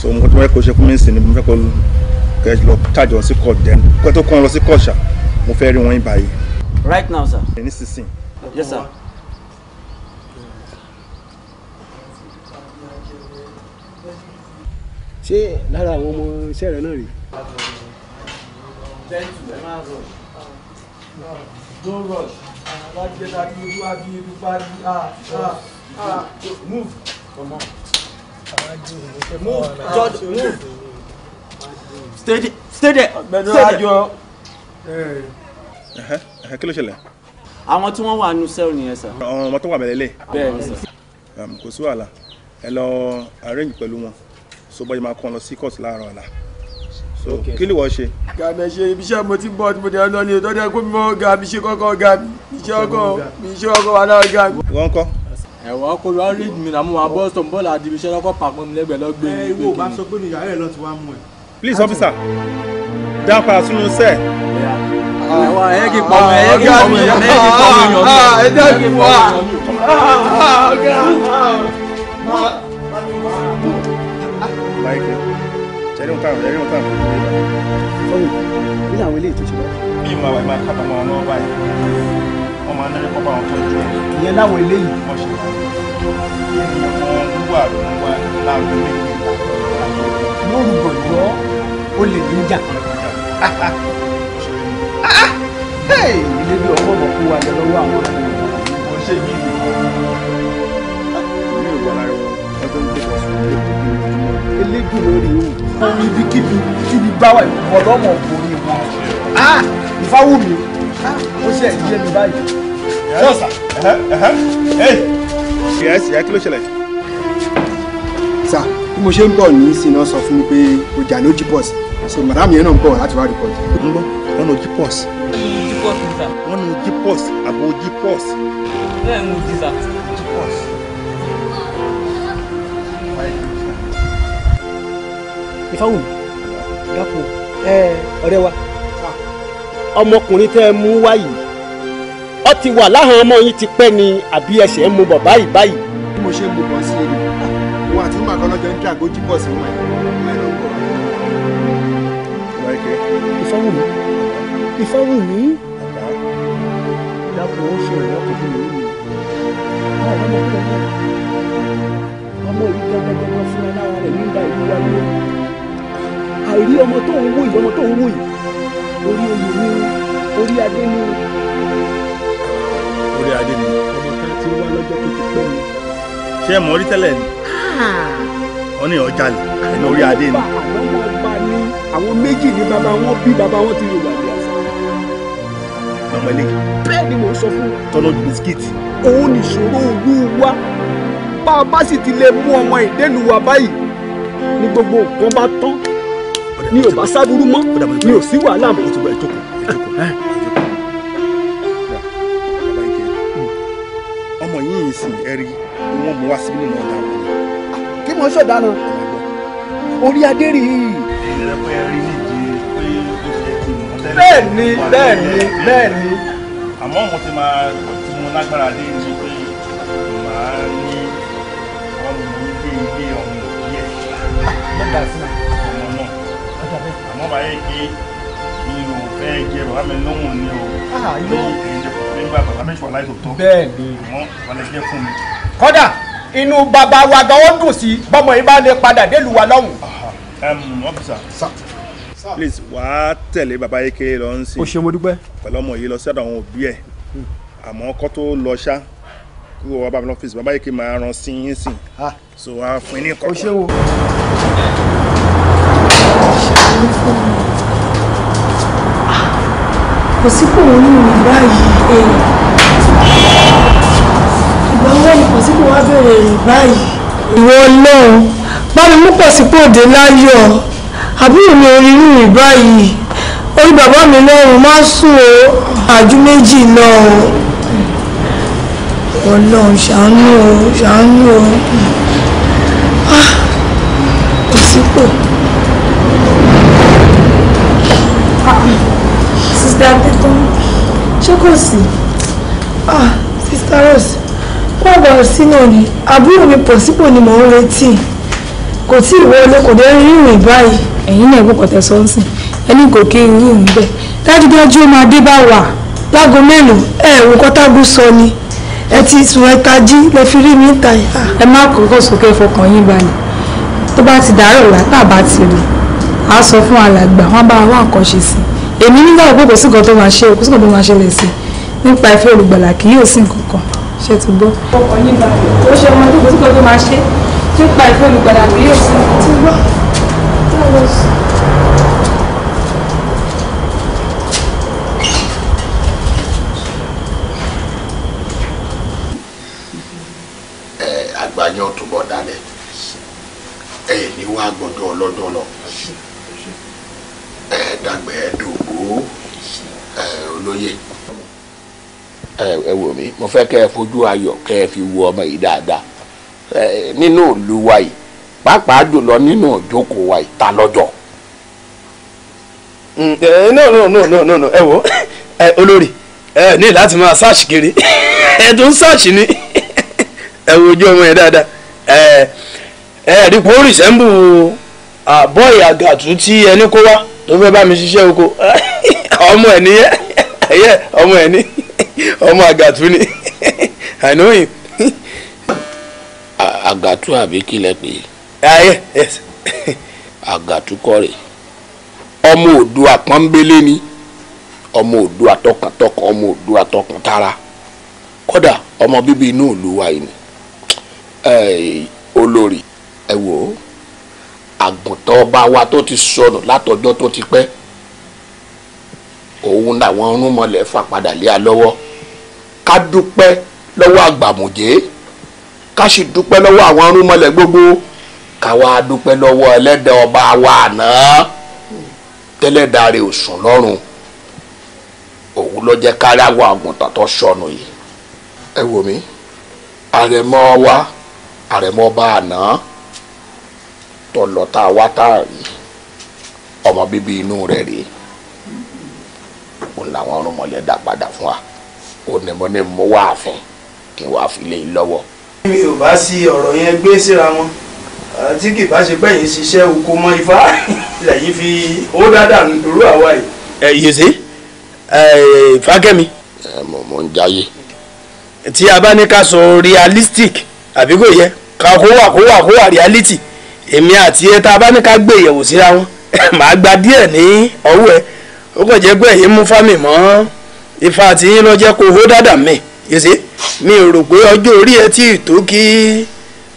so mo tó wáyé kó ṣe fún mi sìn ni mo fẹ́ kó kẹ́ lọ tàjọ sí court dẹ́nu kó tó kàn lọ sí court ṣá mo fẹ́ rí wọn yín báyìí. right now sir. nísinsìnyí yes sir. ṣé lára àwọn ọmọ iṣẹ́ rẹ náà rí. bẹ́ẹ̀tù ẹ máa rọ̀ no rush láti ẹ̀ka kí ojú àbí ibi bá rí move come on move judge move stay there stay there stay there. Eh. kí ló ṣẹlẹ̀ àwọn tí wọ́n wà nù sẹ́ẹ̀lì nìyẹn sà. àwọn ọmọ tó wà bẹ̀rẹ̀ lẹ̀. bẹ́ẹ̀ ni sà. Um, kò sí wàhálà ẹ lọ arrange pẹ̀lú wọn so bọ́jú máa kọ́ lọ sí court láàárọ̀ ọ̀la so kí lè wọ́n ṣe. gàmẹ̀ ṣe ibi mo ti bọ̀ mo dẹ̀ lọ ní ìtọ́jú ẹ̀kọ́ mi mọ́ ga ṣe kọ́kọ́ ga mi iṣẹ́ mi iṣẹ́ ọkọ̀ wà náà ga wọ́n kọ́. ẹ̀wọ̀n kò lọ rí mi làmú wa bọ́sítọ̀n bọ́ọ̀lù àti ibi iṣẹ́ pàpọ̀ mi lẹ́gbẹ̀ẹ́ lọ́gbẹ̀ẹ́ ẹ ìwọ bá sọ pé mi yàrá ẹ̀ lọ ti wá mú ẹ. please officer dápà sunu sẹ́ẹ̀ ẹwà ẹ kì í pọ̀ mọ́ ẹ kì í pọ̀ mọ́ ẹ kì í pọ̀ mọ́ ẹ jẹ́ kí n wá. báyìí jẹ́rìí òǹtàn jẹ́rìí òǹtàn. sọ́yìn kí ni àwọn eléyìí tó ṣe báyìí. bí mo àwọn ìmọ̀ àkàtàmọ́ àwọn ọmọ báyìí wọ́n máa ń nárí kọ́pọ̀ àwọn tó ń jù ẹ̀. ìyẹn láwọn eléyìí. wọ́n ṣe wọ́n ń wà wá láàrin méjì. lórí gbọ̀ngàn ó lè níjà. ilé bí mo ṣe ń bọ̀ ní sinna sọ fún mi pé ọjà ló jí pọ̀ sí so madam yẹn náà ń bọ̀ láti wá rìpọ̀tì. ń gbọ́ ọ̀nà jí pọ̀ sí pọ́ọ̀sì sà. wọ́n ní ojí pọ́ọ̀sì àbò ojí pọ́ọ̀sì. bẹ́ẹ̀ mo jí sà. ojí pọ́ọ̀sì. ìfáwùmí dápò ọ̀rẹ́ wa ọmọkùnrin tẹ́ ẹ mú wáyé ọ ti wà láhàn ọmọ yín ti pẹ́ ni àbí ẹsẹ̀ ń mu bọ̀ báyìí báyìí. bí mo ṣe ń mu bọ̀ sí i wọn àti màkà ọlọ́jọ́ ń dàgbò jí bọ̀ sí wọn ẹ̀ mẹ́rin ń bọ̀ ló ń ṣe ìwọ́pọ̀ fún mi nínú àwọn ọmọ tó ń bọ̀ ọmọ yìí gẹ́gẹ́gẹ́gẹ́ fún ẹ lára rẹ̀ nígbà ìlú wa ló àìrí ọmọ tó ń wò yìí ọmọ tó ń wò yìí orí oyè ni orí adé ni orí adé ni ọmọ tá a ti wá lọ́jọ́ tó ti pẹ́ mi ṣé ẹ mọ̀ orí tẹ́lẹ̀ ni wọ́n ní ọjà lẹ̀ ẹni orí adé ni. àwọn ọmọ ọba ni àwọn méjì ni bàbá wọn bí bàbá wọn ti yorùbá pọ̀nmọ́lé bẹ́ẹ̀ ni mò ń sọ fún tọ́lọ́dù bisikíìtì òun nìṣòro òwú wa bá a bá sì ti lè mú ọmọ ìdẹ́lu wa báyìí ni gbogbo nǹkan bá tán ni ò bá sábúrú mọ́ ni ò sí wàhálà mọ́. ọmọ yìí ń sìn ẹ̀rí ni wọ́n mú wá sí nínú ọ̀dà ah, kí wọ́n ṣọ̀dá orí adé rí i. ìrẹ̀pẹ̀ rí i bẹ́ẹ̀ni bẹ́ẹ̀ni bẹ́ẹ̀ni. àmọ́ mo ti máa tí mo lágbára dé ní pé màá ní ọrùn mi dé ilé ọ̀hún díẹ̀. lọ́dà sí ọmọ náà àmọ́ bàá kí mi ò fẹ́ jẹ bàbá mi lóhùn ni o. pé èyí kò fẹ́ gba bàbá mi ṣọlá ìtòótọ́. bẹ́ẹ̀ni. àmọ́ ìwọlẹ̀ jẹ́ fún mi. kódà inú bàbá wa gan ó dùn sí bọ́mọ yìí bá lè padà délùú wa lọ́hùn. ọ̀fíìsà please wà á tẹ̀lé baba eke lọ ń sìn. o ṣe mo dúpẹ́. pẹ̀lú ọmọ yìí lọ sí ọ̀dọ̀ àwọn òbí ẹ̀ hmm. àmọ́ kó tó lọ ṣá kí wọ́n bá mi lọ fèsì baba eke máa ràn sí yín sìn so a fún yín ní kọ́kọ́. o ṣe wo. kò sí kò ń rìn báyìí eh. ìgbà wọn ni kò sí kò wá bẹ̀rẹ̀ rìn báyìí. ìwọ náà bá mi mú pọ̀ sípò òde láyọ̀ àbúrò mi rí rí rí báyìí orí bàbá mi lọ́rùn má sùn o àjú méjì náà o ọlọ́run ṣàánú o ṣàánú o ah, kò sípò. Ah, sista akẹ́kọ̀ọ́ ṣé kò sí ah, sista Rose wọ́n bá ọ sí náà ni àbúrò mi pọ̀ sípò ni mò ń retí kò tí ì wọlé kò dé rí rìn báyìí ẹ̀yin náà gbọ́kàn tẹ sọ́nsìn ẹni kò kí irú òun bẹ́ẹ̀ dájúdájú ó máa dé bá wà láago mélòó ẹ̀ ẹ̀rù kọ́tàgùn sọ ni ẹ ti sùn ẹ tají lẹ fi rí mi ń ta ìhà. Ah. ẹ má kókó sókè fọkàn yín balẹ̀ tó bá ti dàárọ̀ látà bá ti rí a sọ fún alàgbà wọn bá wà àkànṣe sí i èmi nígbàgbọ́ pé kò sí nǹkan tó máa ṣe kò sí nǹkan tó máa ṣẹlẹ̀ sí i nípa ìfẹ́ olùgbàlà kì yóò sí nǹkan kan ṣe ti gbọ́. ọkọ̀ yín balẹ̀ ó ṣe ọmọ tó kò sí nǹkan tó máa ṣe nípa ìfẹ́ olùgbàlà kì yóò sí nǹkan tó gbọ́ close. àgbáyọ túbọ̀ dalẹ̀ ẹ ní wàá gbọ́dọ̀ ọlọ́dọ̀ lọ ẹ dàgbẹ́ ẹ dògbò ẹ olóye. ẹ wò mí mo fẹ́ kẹ́ ẹ fojú ayọ̀ kẹ́ ẹ fi wo ọmọ yìí dáadáa nínú ìlú wa yìí pàápàá jùlọ nínú ìjókòó wa ìta lọ́jọ́. Mm, eh, eh, no no no no no no ẹ wo ẹ olórí ẹ ní láti máa ṣáàṣì kiri ẹ tó ń ṣáàṣì ni ẹ wo ojú ọmọ yẹn dáadáa ẹ ẹ rí pé ó rìsẹ́ńbù bọ́ọ̀ì àgàtú tí ẹni kó wá tó fẹ́ bá mi ṣiṣẹ́ oko ọmọ ẹ̀ nìyẹn ẹ̀yẹ ọmọ ẹ̀ ní ọmọ àgàtú ni I know him. àgàtú àbí kílẹ̀ pé àgàtúkọ rẹ̀ ọmọ Oòduà pọ́nbélé ni ọmọ Oòduà tọkàntọkàn ọmọ Oòduà tọkàntara kódà ọmọ bíbí inú ìlú wa yìí ni olórí ẹ wò ó àgùntàn ọba wa tó ti sọnù látọjọ́ tó ti pẹ́ òun làwọn rúnmọlẹ̀ fà padà lé a lọ́wọ́ ká dúpẹ́ lọ́wọ́ àgbàmùjẹ́ ká sì dúpẹ́ lọ́wọ́ àwọn rúnmọlẹ̀ gbogbo káwa dúpẹ́ lọ́wọ́ ẹlẹ́dàá ọba wa àná tẹ́lẹ̀dàá rẹ̀ ò sùn lọ́rùn òun ló jẹ́ kárí àwọn àgùntàn tó sọnù yìí. ẹ wò mí àrẹ̀mọ wa àrẹ̀mọ ọba àná tọ̀lọ̀ tá a wá tá a rí ọmọ bíbí inú rẹ̀ rèé òun làwọn ọrùn mọ̀lẹ́ dá padà fún wa ó ní mo ní mo wá àfin kí n wá fi lé e lọ́wọ́. mi ò bá sí ọ̀rọ̀ yẹn gbé síra wọn. Ah, tí kì bá ṣe bẹ́yìn ṣiṣẹ́ oko mọ́ ifá lẹ́yìn fi ó dáadáa nírú àwa yìí. ẹ eh, yèsè eh, fákẹ́mi. ẹ mọ̀ mọ̀ ń jáyé. tí a bá ní ká sọ realistic àbí kò yẹ ká kówà kówà kówà reality èmi àti ẹ tá a bá ní ká gbé ìyẹ̀wò síra wọn màá gba díẹ̀ ní ọwọ́ ẹ ó kàn jẹ́ pé èyí mú fámì mọ́ ifá àti yín lọ jẹ́ kó hó dáadáa mi yèsè mi ò rò pé ọjọ́ orí ẹ tí ì tó kí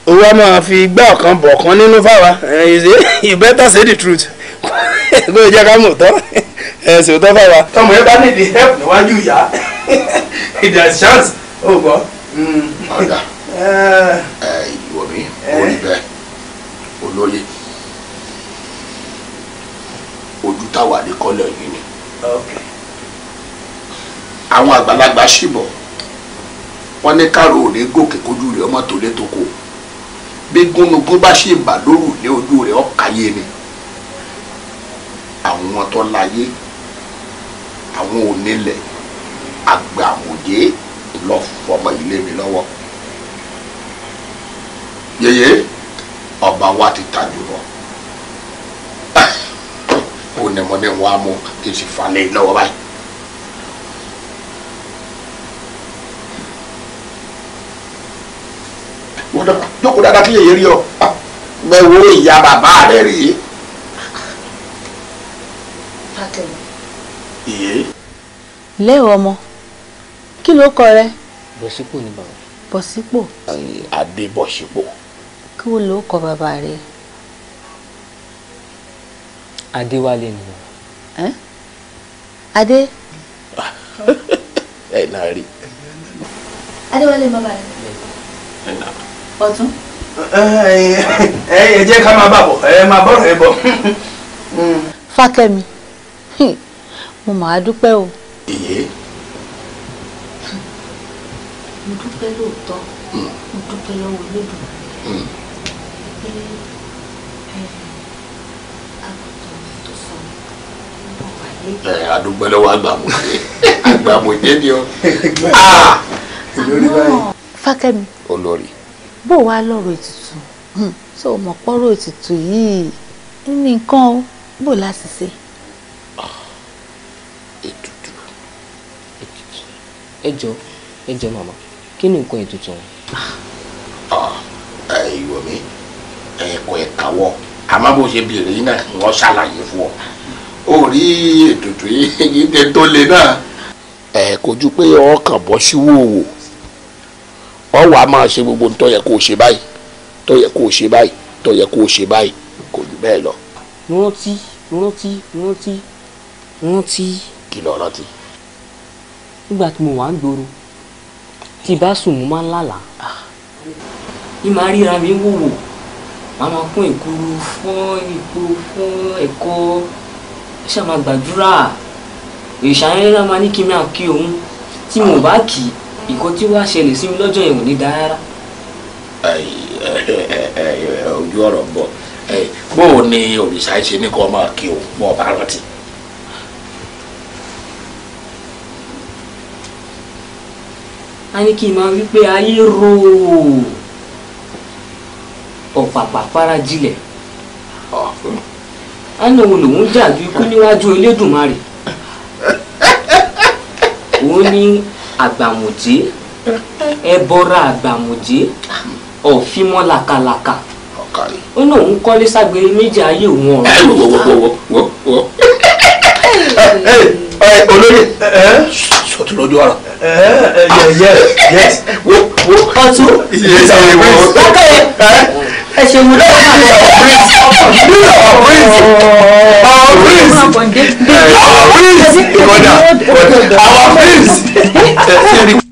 owó máa fi gbá ọ̀kan bọ̀ kan nínú fáwa you better say the truth kó o jẹ́ ká mọ̀ tọ́ ẹ sì tọ́ fáwa. tọmọ yẹn bá ní the help níwájú ìyá ìdí àti chance ó gbọ́. ọ̀dà ìwọ mi orí bẹ́ẹ̀ olóyè ojú táwa lè kọ́lẹ̀ yìí ni àwọn àgbàlagbà ṣìbọ̀ wọ́n ní káàró ò ní gòkè kójú rẹ̀ ọmọ tó lé tó kó o bí gúnugún bá ṣe bà lóru lé ojú rẹ̀ ọ̀kàyé ni àwọn tó láyé àwọn onílẹ̀ àgbàmọ̀dé lọ fọmọ ilé mi lọ́wọ́ yeye ọba wa ti ta jù lọ ó ní mo ní wọn mú kí n sì falẹ̀ lọ́wọ́ báyìí. jókòó dáadáa kí yèyé rí ọ mẹwo ah, ìyá bàbá rẹ rèé. lẹ́wọ̀ ọmọ kí ló kọ rẹ. bọ̀sípò ni bàbá. bọ̀sípò. adébọ̀sípò. kí wo ló kọ bàbá rẹ. adéwálé ni bàbá. Eh? adé. Ah, ẹ náà rí. adéwálé bàbá rẹ. ẹ náà ọ̀tún. ẹ jẹ́ ká máa bà bọ̀ ẹ máa bọ̀rọ̀ ẹ bọ̀. fákẹ́mi mo máa dúpẹ́ o. èyí. mo dúpẹ́ lóòótọ́ mo dúpẹ́ lọ́wọ́ olódùn. Hmm. adúgbò lọ́wọ́ agbàmọ̀dé agbàmọ̀dé ni ah! ọ. Fákẹ́mi. olórí bó wàá lọ́rọ̀ ètùtù tó hmm. o mọ̀ pọ́rọ̀ ètùtù yìí ní nǹkan o bó láti ṣe. ètùtù ẹ jọ ẹ jọ màmá kí ni nǹkan ètùtù wọn. Ah, ẹ ìwọ mi ẹ ẹ kàwọ àmọ́ bó ṣe béèrè yìí náà wọn ṣàlàyé fún ọ ó rí ètùtù yìí tó le náà ẹ kojú pé ọkàn bọ́ sí wòwò ọ wà á máa ṣe gbogbo tó yẹ kó o ṣe báyìí tó yẹ kó o ṣe báyìí tó yẹ kó o ṣe báyìí kò jù bẹ́ẹ̀ lọ. rántí rántí rántí rántí. kí ló rántí. nígbà tí mo wà ń gbòòrò tí bá sùn mo máa ń lálàá. ìmọ̀ ah. àríra mi wòwò màá máa kún ìkúrú fún ìkúrú fún ẹ̀kọ́ ṣáà máa máa ní kí n máa kí òun tí mo ah. bá kì í nǹkan tí wàá ṣẹlẹ̀ sí mi lọ́jọ́ yẹn ò ní dáa rárá. ojú ọ̀rọ̀ ń bọ̀ bóò ni òrìṣà ṣe ní kó o máa kí o mọ́ ọba rántí. a ní kí n máa wí pé ayé ro ọ̀pàpà farajilẹ̀ a ní òun lòún jà ju ikú níwájú Elédùmarè òun ní àgbàmùjé ẹbọra àgbàmùjé ọ̀fímọ́ làkàlàkà ó ní òun kọ́lé ságbèrè méjì ayé òun ọ̀rọ̀. olóyè sọtú lójú ọ̀rọ̀. ọtún lákàyè ẹ ṣe wù lọ́wọ́ náà lọ ọ̀prince ọ̀prince ọ̀prince ọ̀prince ìwọ̀dà àwọn prince.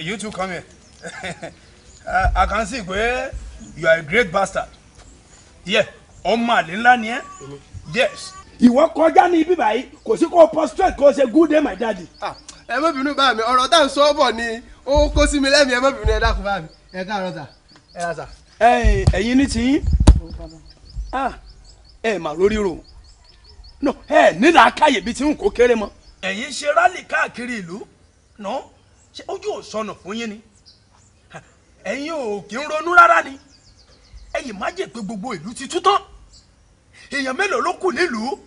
you two come here. uh, I can see pé you are a great bastard. Yeah, oh my, ńlá ni ẹ. Yes. Ìwọ kọjá ní ibi báyìí, kò sí kó prostrate kó ṣe good day my daddy. Ah, ẹ má bínú bá mi, ọ̀rọ̀ tá à ń sọ bọ̀ ni ó kó sí mi lẹ́mìí, ẹ má bínú ẹ dákun bá mi. Ẹ káàárọ̀ sà, ẹ ra sà. Ẹ̀yin ní tiyín. Ah, ẹ mà lórí rò. Ẹ nílà káyè bíi tí n kò kéré mọ́. Ẹ̀yin ṣe rálì káàkiri ìlú. No ṣé ojú ò fún yín ni ẹ̀yin ò ń ronú rárá ni ẹ̀yin má gbogbo ìlú ti tú tán èèyàn mélòó ló kù nílùú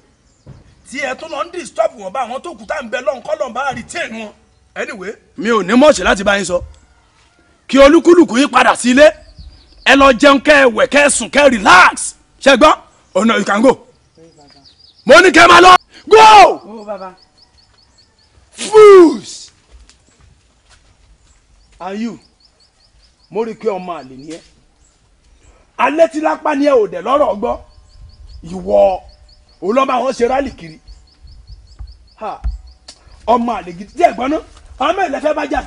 tí ẹ tún lọ ń disturb wọn bá àwọn tó kù tá ń bẹ lọ́nkọ́ bá retain wọn anyway. mi ò ní mọ̀ọ́sì láti bá yín sọ kí olúkúlùkù yín padà sí ilé ẹ lọ jẹun kẹ wẹ kẹ sùn kẹ relax ṣe gbọ́ ọ̀nà you can go mo ní kẹ́ ẹ máa lọ go fools and you mo rí i pé ọmọ àlè ni ẹ alẹ́ tí lápá ni ẹ ò dẹ̀ lọ́rọ̀ ọgbọ́ ìwọ olọ́mọ àwọn ṣe rálì kiri ọmọ àlè gidi díẹ̀ gbọ́n náà ọmọ ìlẹ́fẹ́ bá jà.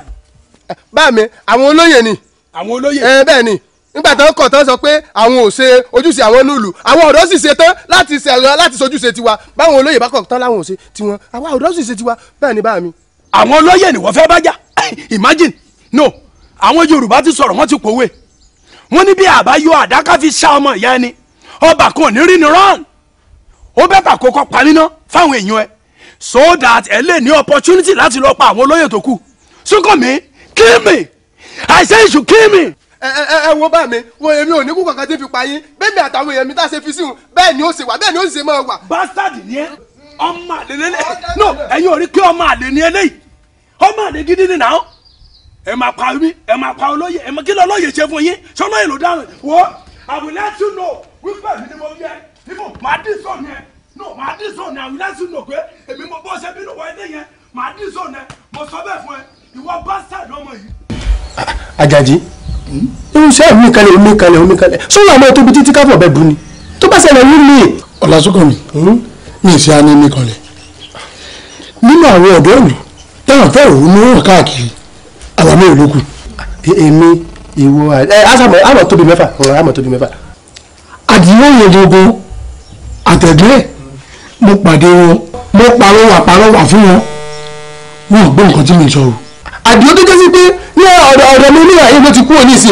bá mi àwọn olóyè ni. àwọn olóyè. ẹ bẹ́ẹ̀ ni nígbà tó ń kọ̀ tán sọ pé àwọn ò ṣe ojúṣe àwọn nílùú àwọn ọ̀dọ́ sì ṣe tán láti ṣẹ̀rọ láti ṣojúṣe tiwa báwọn olóyè bá kọ̀ tán láwọn ò ṣe tiwọn àwọn ọ̀dọ́ sì ṣe tiwa bẹ́ẹ̀ ni bá mi. àwọn olóyè ni wọ́n fẹ́ bá jà imagine no àwọn yorùbá ti sọ̀rọ̀ wọ́n ti pòwe wọ́n ní bí àbáyọ àdáká fi ṣá ọmọ ìyá ẹni ọba kan ò ní rí ni rán ó bẹ́tà kókó paniná fáwọn èèyàn ẹ so that ẹ lè ní opportunity láti lọ pa àwọn olóyè tó kù Súnkànmí kill me I say you should kill me. ẹ ẹ ẹ wo bá mi wo èmi ò ní kú kankan tí fi pa yín bẹ́ẹ̀ mi àtàwọn èèyàn mi tá a ṣe fi sí un bẹ́ẹ̀ ni ó ṣe wà bẹ́ẹ̀ ni ó ṣe máa wà. bastard ni ẹ ọmọ àlè lélẹ no ẹ̀yin ò rí pé ọmọ àlè ni eléyìí ọmọ àlè gidi ni náà ẹ máa pa mí ẹ máa pa olóyè ẹ máa kí lọ ṣe fún yín ṣé ló dáhùn wọ I will let you know wípé mi ni mo yẹ ni mo dín sọ yẹn no máa dín sọ yẹn I will let you know pé èmi mo bọ́ ṣe bínú wọ ilé yẹn máa dín sọ yẹn mo sọ bẹ́ẹ̀ fún ẹ ìwọ bastard ọmọ yìí. Àjàjì irúṣẹ́ mi kalẹ̀ omi kalẹ̀ omi kalẹ̀ sọ́wọ́n àmọ́ tóbi títí káfọ̀ bẹ́ẹ̀ bu ni tó bá ṣẹlẹ̀ yín mi. ọ̀làsúkọ̀ mi hmm? mi ì sí anímí kanlẹ̀ nínú àwọn ọ̀dọ́ mi táwọn fẹ́ òun ní wọn káàkiri àwa mẹ́rin ló kù e, èmi ìwọ àṣàmọ̀ àmọ̀ tóbi mẹ́fà ọ̀rọ̀ àmọ̀ tóbi mẹ́fà. àdìyẹ ìyẹ̀dógún àtẹ̀gbẹ́ mo pàdé wọn mo parọ́ wà parọ́ wà fún wọn wọn ò gbọ́ nǹkan tí mo sọ o. àdìyẹ tó jẹ́ sí pé ní ọ̀dọ̀ ọ̀dọ̀ mi ní àyè ló ti kú òní sí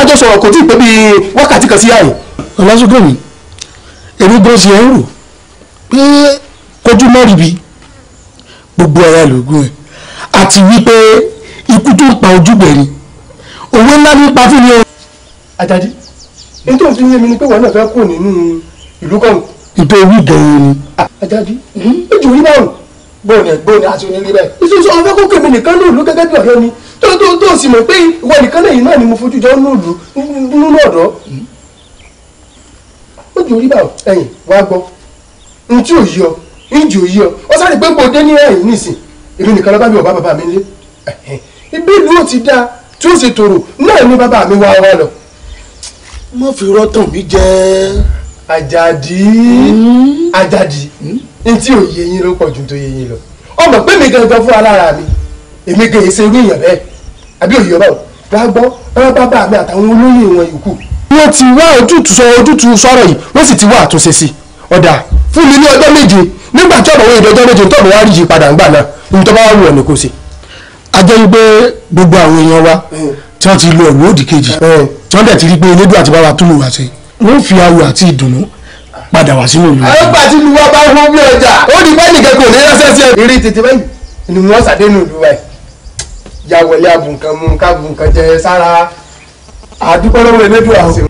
àjọsọ̀rọ̀ kò tí ì pé bíi wákàtí kan sí àyè. ọlásùnkàn mi èmi bó ṣe ń rò pé kójú mọ́rìbí gbogbo ara lògùn ẹ̀ àti wípé ikú tó ń pa ojúbẹ̀ ni òwe ńlá ní pa fún mi o. àjàdí ní tó ń fi yé mi ni pé wọn náà fẹ́ kó nínú ìlú kan. ìtò ewu gan-an ni. àjàdí ìjì orí náà gbóòní gbóòní àti onílé bẹ́ẹ̀. ìṣoṣo àwọn fẹ́ kó kèmí nìkan ní ìlú gẹ́gẹ́ bí ọ̀rẹ́ mi tó tó tó sì mọ̀ pé ìwọ nìkan lẹ́yìn náà ni mo fojú jọ nílùú nínú ọ̀dọ́. ó di orí bá ẹ̀yìn wá gbọ́ ntí ò yí ọ ìjì ò yí ọ ọ sáré pé kò dé ní ẹ̀yìn nísìn èmi nìkan lọ́ bá mi ọ̀ bá bàbá mi lé ibi ìlú ò ti dáa tí ó ṣe tòrò náà ni bàbá mi wá wa lọ. má fi rọ́tàn mi jẹ́. àjàdí hmm? àjàdí hmm? n tí ò yé yín ló pọ̀ ju tó yé yín lọ ọmọ pé mi gangan fún alára mi èmi gan èsè irú èèyàn bẹ́ẹ̀ àbí òye ọba ò wá gbọ́ ọ̀rọ̀ bàbá mi àtàwọn olóyè wọn yòókù. wọ́n ti wá ojútùú sọ ojútùú sọ̀rọ̀ yìí wọ́n sì ti wá àtúnṣe sí ọ̀dà fún mi ní ọjọ́ méje nígbà tí ọ̀rọ̀ wo ìdọ́jọ́ méje tọ́ọ̀rọ̀ wá rí yí padà ńgbà náà ní tọ́ bá wà wù ọ́ ní kò sí ajẹ́ wípé gbogbo àwọn èèyàn wa hmm. tí wọ́n ti lo ọ̀nà òdì kejì hmm. tí wọ́n dẹ̀ ti rí pé elédùn àti bàbá túlù wá sí wọ́n fi awọ àti ìdùnnú padà wá sínú ìlú. àwọn pàtí lu wa bá wọ́n bí ọjà ó di báyìí nìkan kò ní ránṣẹ́ sí ẹ̀. eré tètè báyìí ni wọ́n ṣàdénù ìlú wa ya wọlé abùnkan mú kábùnkan jẹ sára àdúgbò lọ́wọ́ elédùn àwọn.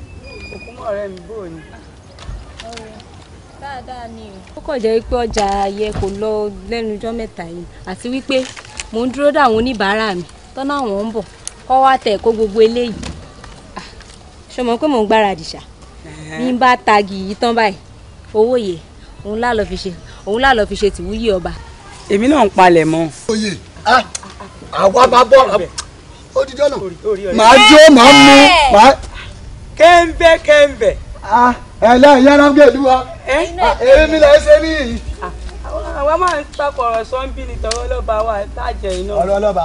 ó kàn jẹ́ wípé ọjà ayẹ kò lọ lẹ́nu ọjọ́ mẹ́ta yìí àti wípé mò ń dúró dàwọn oníbàárà mi tọ́nà àwọn ń bọ̀ kọ́ wá tẹ̀ kó gbogbo eléyìí ah, ṣe mọ̀ pé mò ń gbáradì ṣá mi bá tagi yìí tán báyìí owó yẹ òun lálọ́ fi ṣe òun lálọ́ fi ṣe tìwúyè ọba. èmi náà ń palẹ̀ mọ́. oyè àwa máa bọ̀ ó di dọ́nà màá jó màá mú màá. kẹ́ńbẹ́ kẹ́ńbẹ̀. ẹ lẹ́yìn yára ń èmi là ń ṣe níyì. Ah àwa máa ń papọ̀rọ̀ sọ́ńbí ni tọ̀rọ̀ ọlọ́ba wa bàjẹ́ iná. ọ̀rọ̀ ọlọ́ba.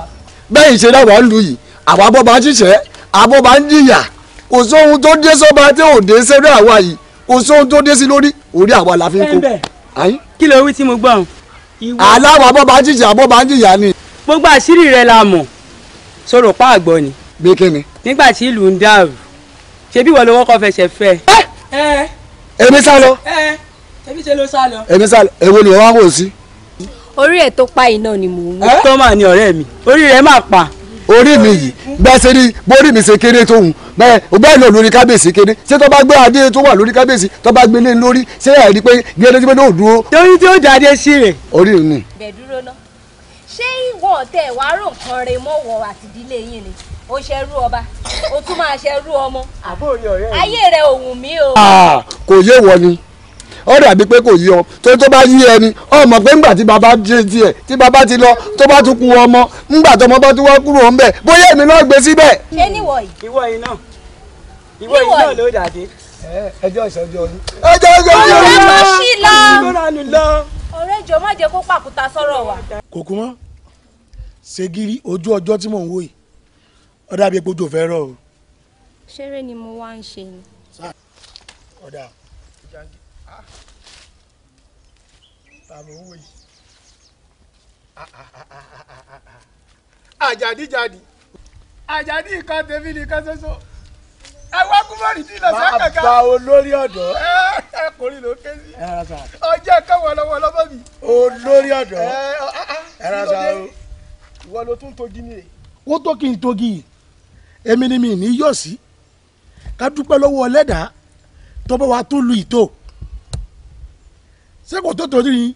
bẹ́ẹ̀ ṣe dáwọ̀ ń lu yìí àwa bọ́ bá ń ṣiṣẹ́ àbọ̀ bá ń jìyà kò sóhun tó dé sọ́ba tí ò dé sẹ́rẹ́ àwa yìí kò sóhun tó dé sí lórí orí àwa la fi ń kó. kí ló wí tí mo gbọ́ àwọn. aláwa bọ́ bá ń jìyà bọ́ bá ń jìyà ni. gbogbo àṣírí rẹ la mọ̀ sọ̀rọ̀ pa àgbọ̀ ni. bí kíni. nígbà tí ìlú ń dàrú ṣebí ìwọ lówó fẹsẹ̀ fẹ́. ẹ ẹ èmi sá lọ. ẹ ẹ èmi ṣe ló sá lọ. èmi sá lọ èwo ni wọn wò sí. orí ẹ̀ tó pa iná ni mò ń wò. tọ́mà ni ọ̀rẹ́ mi orí rẹ̀ máa pa. orí mi yìí bẹ́ẹ̀ ṣe ni bórí mi ṣe kéré tóun bẹ́ẹ̀ bẹ́ẹ̀ náà lórí kábíyèsí kéré ṣé tó bá gbé adé tó wà lórí kábíyèsí tó bá gbélé e lórí ṣé ẹ̀ rí pé gbé adé tí wọ́n dúró. torí tí ó da adé sí rẹ̀. orí mi. bẹ́ẹ̀ dúró ná ṣé ìwọ tẹ wàá rò kan re ọba ó tún máa ṣerú ọmọ ayé rẹ òun mi o. Ah, kò yé wọ ni ó dàbí pé kò yí ọ tó tó bá yí ẹni ọmọ pé ńgbà tí bàbá ṣe tiẹ̀ tí bàbá ti lọ tó bá tún ku ọmọ ńgbà tọmọ bá tún wá kúrò ńbẹ̀ bóyá èmi náà gbé síbẹ̀. ṣé níwọ̀ yìí. ìwọ yìí náà ìwọ yìí náà ló dàdé. ẹjọ́ ìṣẹ́jú ọdún. ẹjọ́ ìṣẹ́jú ọdún. ọ̀rẹ́ mo ṣí lọ. ọ̀rẹ́ jọ má jẹ́ kó pàkúta sọ̀rọ̀ wa. kò kú mọ́ ṣègìrì ojú ọjọ́ tí mò ń wò yìí ọ̀dà bíi epo jò fẹ́ rọ̀ o. ṣeré ni mo wá ń ṣe ni. ọ̀dà àmọ́ ń wò yìí àjàdíjàdí àjàdí ìkan tèmi nìkan ṣoṣo ẹ wá kúmọ̀rì tí lọ sí kankan. bàbá olórí ọ̀dọ́. ẹ kò rí ló ké sí. ọjọ́ ẹ̀kọ́ wọlọ́wọ́ lọ́bọ̀ mi. olórí ọ̀dọ́. ẹ rà sá o. ìwọ ló tún togi ni. ó tó kí n togi èmi ni mi ní yọ̀ sí ká dúpẹ́ lọ́wọ́ ọlẹ́dàá tọ́bọ̀ wa tó lu ìtò ṣé kò tó torí ni.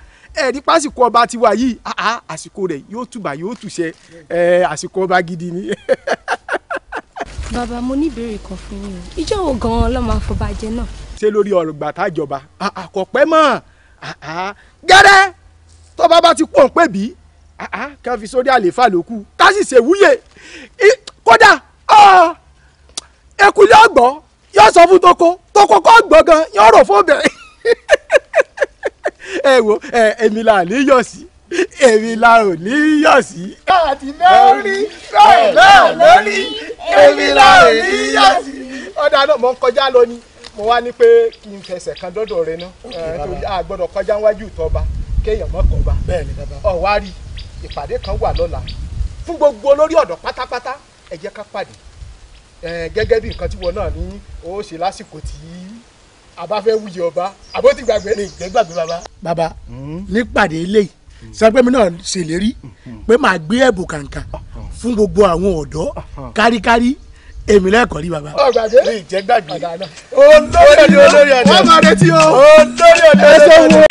ẹ̀rí pásìkò ọba tiwa yìí àsìkò rẹ̀ yóò tùbà yóò tùṣẹ àsìkò ọba gidi ni. bàbá mo ní ìbéèrè kan fún yín o ìjọ wo gan-an ló máa fọba jẹ náà. ṣé lórí ọ̀rọ̀ gbà tá jọba kò pẹ́ mọ́ gẹ́rẹ́ tọ́ba bá ti pọ̀ pé bí ká fi sórí àlééfà ló kù ká sì ṣèwúyè kódà ẹkùn yóò gbọ́ yóò sọ fún toko toko kó gbọ́ gan yóò rò fún obìnrin. ẹ wo èmi là ní yọ̀ sí èmi là ò ní yọ̀ sí. àti lórí bẹ́ẹ̀ náà lórí èmi là ò ní yọ̀ ọ̀dà náà mo ń kọjá lọ ni mo wá ní pé kí n fẹsẹ̀ kan dọ́dọ̀ rẹ náà torí a gbọ́dọ̀ kọjá wájú ìtọ́ba kéèyàn mọ́ kọ́ba ọ̀wárí ìpàdé kan wà lọ́la fún gbogbo olórí ọ̀dọ́ pátápátá ẹ jẹ́ ká pàdé gẹ́gẹ́ bí nǹkan tí wọn náà ní ó ṣe lásìkò tí àbá fẹ́ wuyì ọba àbó gbàgbé ni ìjẹ́ gbàgbé baba. baba hmm. nípàdé eléyìí sọgbẹ́mi náà ṣèlérí pé màá gbé ẹ̀bùn kàǹkà fún gbogbo àwọn ọ̀dọ́ káríkárí èmi lẹ́kọ̀ọ́ rí baba. ọgbàgbé ní ìjẹ́ gbàgbé. olórí ọ̀dọ́ olórí ọ̀dọ́ olórí ọ̀dọ́ ẹsẹ̀ wo.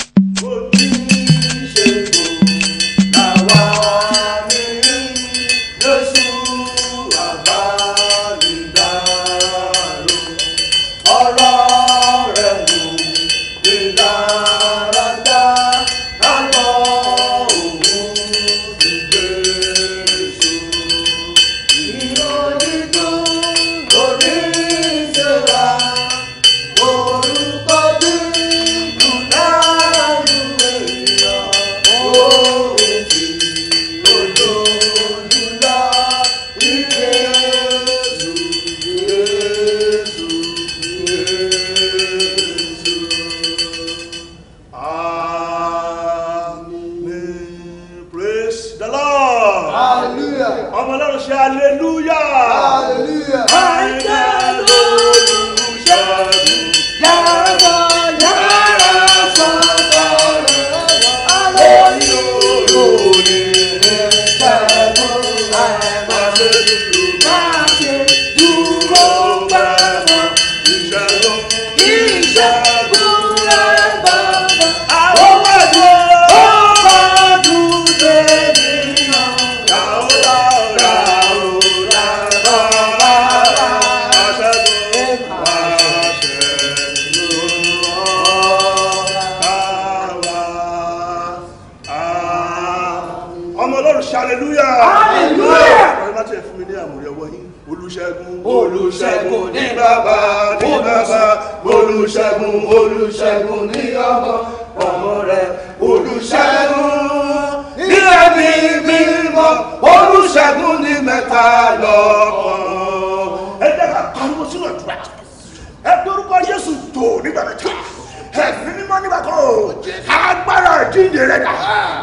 Olúṣẹ́gun ní bàbá ní bàbá olùṣègùn olùṣègùn ní ọmọ ọmọ rẹ olùṣègùn ní ẹni mímọ́ olùṣègùn ní mẹ́ta lọ́kàn. ẹ dẹ́ka kan mo sínú ẹ̀dùn ẹ dorúkọ Jésù tó nígbà mẹ́ta ẹ̀mí mímọ́ nígbà kan o agbára ìdíje rẹ̀ dà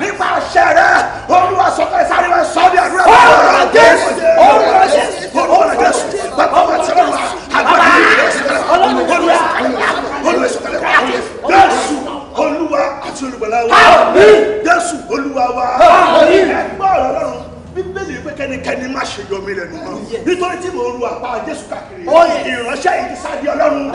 nípa àṣẹ rẹ̀ olúwa sọ̀kẹ́ sáré wẹ̀ sọ́ bí àdúrà bá wà jésù olúwa jésù olúwa jésù bàbá wà sẹ́wọ̀n wà agbára ìdíje rẹ̀ olúwa inú ẹ̀ sọ̀kalẹ̀ wá àti ẹ̀fẹ̀. Jésù olúwa àti olùgbàlà wa. Jésù olúwa wa. Ẹgbẹ́ ọ̀rọ̀ lọ́rùn bíbélì pé kẹ́nikẹ́ni má ṣe yọmi rẹ̀ nù mọ́. Nítorí tí mo ru àpá Jésù káàkiri. Oh, ìránṣẹ́ yìí ti sáàdì Ọlọ́run.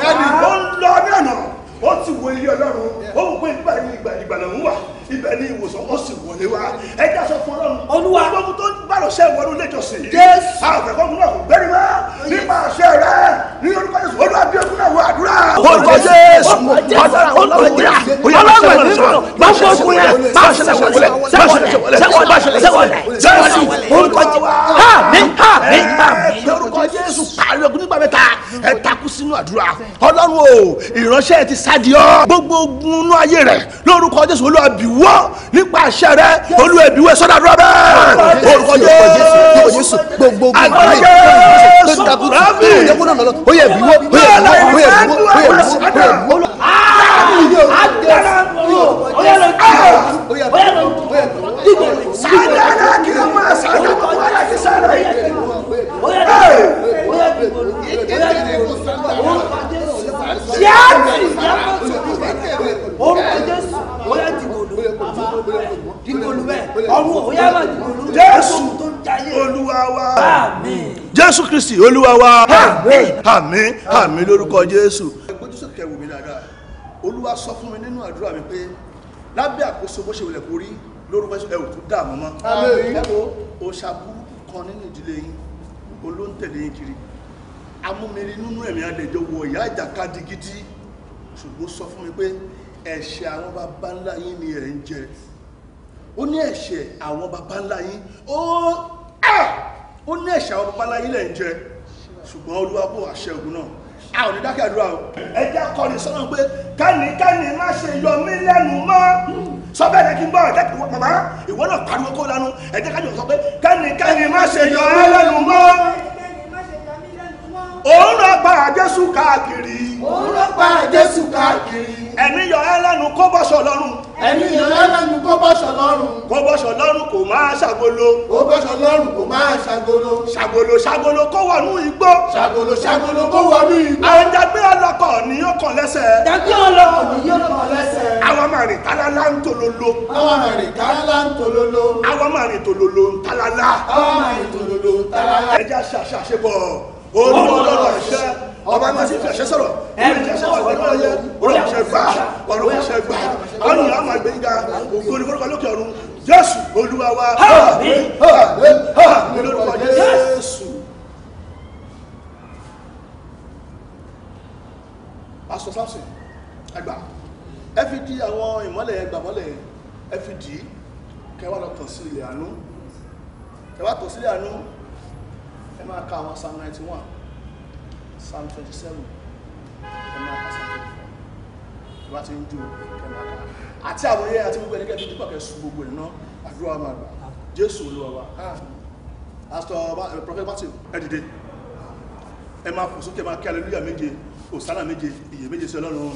Ó ń lọ ní ọ̀nà. Ó ti wo ilé Ọlọ́run. Ó wù pé ìgbà ìgbà ìgbà lòun wà ibẹ̀ ni ìwòsàn ó sì wọlé wá ẹ jẹ́ sọ fún ọlọ́run olúwa gbogbo tó gbàdọ̀ sẹ́ wọnú ilé ìjọsìn jésù àfẹ́kọ́gun náà kò gbẹ́rì mọ́ nípa àṣẹ rẹ ní orúkọ jésù olúwa bí ogun náà wọ àdúrà. orúkọ jésù orúkọ jésù ọlọ́run ẹ̀mí mọ̀ gbàgbọ́ ogun yẹn bá ṣẹlẹ̀ wọlé sẹ́wọ̀lẹ̀ sẹ́wọ̀lẹ̀ sẹ́wọ̀lẹ̀ orúkọ jésù àmì àmì àmì orúkọ jésù pàrọ̀ ogun nígbà mẹ́ta ẹ̀ takú sínú àdúrà ọlọ́run o ìránṣẹ́ ti sáà di ọ́ gbogbo ogun inú ayé rẹ̀ lórúkọ jésù olúwa bìwú ìwọ nípa àṣẹ rẹ olú ẹbíwẹ sọdá dúró bẹ́ẹ̀ orúkọ Jésù gbogbo agbára rabi oyè bíwọ oyè bíwọ oyè bíwọ oyè bíwọ. agbára mi o oyè lọ oyè lọ oyè lọ. sadara kí ló máa sadara kó wà láti sadara yìí. oyè lọ oyè lọ oyè lọ. yàtì yàtì orúkọ Jésù oyè dìgbòlù bẹ́ẹ̀ ọ̀run òyà máa dìgbòlù jésù tó jésù kristi olúwa wa àmín lórúkọ jésù. ojú sókè wò dáadáa olúwa sọ fún mi nínú àdúrà mi pé lábẹ́ àkóso bó ṣe wulẹ̀ kó lórúkọ jésù ẹ̀wù tó dààmú mọ́ ẹ̀wọ̀ òṣàbùrù kan nínú ìdílé yín olóńtẹ̀lé yín kiri amúmiri nínú ẹ̀mí adẹ̀jọ́ wọ ìyá ìjàkadì gidi ṣùgbọ́n sọ fún mi pé ẹ̀ṣẹ̀ àwọn baba ńlá yín ni ẹ̀ ń jẹ ó ní ẹ̀ṣẹ̀ àwọn baba ńlá yín ó ó ní ẹ̀ṣẹ̀ àwọn baba ńlá yín lẹ̀ ń jẹ ṣùgbọ́n olúwa kó àṣẹ ògùn náà a ò ní dákẹ́ àdúrà o ẹ jẹ́ akọrin sọ́nà pé kánìkánì má ṣe yọ mí lẹ́nu mọ́ sọ bẹ́ẹ̀ ni kí n gbọ́ ẹ̀jẹ̀ kí màmá ìwọ náà pariwo kó lanu ẹ kájọ sọ pé kánìkánì má ṣe yọ mí lẹ́nu mọ́ òun lọ pa àjẹsù káàkiri òun lọ pa àjẹsù káàkiri ẹ̀mí yọ ẹ́ lẹ́nu kó bọ́sọ̀ lọ́rùn. ẹ̀mí yọ ẹ́ lẹ́nu kó bọ́sọ̀ lọ́rùn. kó bọ́sọ̀ lọ́rùn kò máa ṣàgolo. kó bọ́sọ̀ lọ́rùn kò máa ṣàgolo. ṣàgolo ṣàgolo kó wọnú igbó. ṣàgolo ṣàgolo kó wọnú igbó. àwọn jàgbé ọlọ́kọ̀ ni yóò kàn lẹ́sẹ̀. jàgbé ọlọ́kọ̀ ni yóò kàn àwọn máa rìn tálálá ń tololo. àwọn máa rìn tálálá ń tololo. àwọn máa rìn tololo ń tálálá. àwọn ẹ ọba máa ṣe fi àṣẹ ẹni tí a yẹ ọ̀rọ̀ gbà ọ̀rọ̀ gbà àwọn ènìyàn àwọn àgbẹ̀ yíga ògo ní forúkọ lókè ọ̀run jésù olúwa wa olórúkọ jésù. pastor samson ẹgbà ẹ fi di àwọn ìmọ́lẹ̀ ẹgbà mọ́lẹ̀ ẹ fi dì í kẹwàá lọ tàn sí ilẹ̀ àánú kẹwàá tàn sí ilẹ̀ àánú ẹ máa ka àwọn psalm ninety one psalm twenty seven kẹmí aka psalm twenty four ìwà ti ń dùn kẹmí aka àti àwòrán yẹn àti gbogbo ẹni kẹfì dípọ̀ kẹsùn gbogbo ẹ̀ náà àdúrà máa gbà jésù olúwa wa pastor eh, prophet matthew ẹ dìde ẹ máa kù sókè máa kí hallelujah méje òsánà méje ìyè méje sí ọlọ́run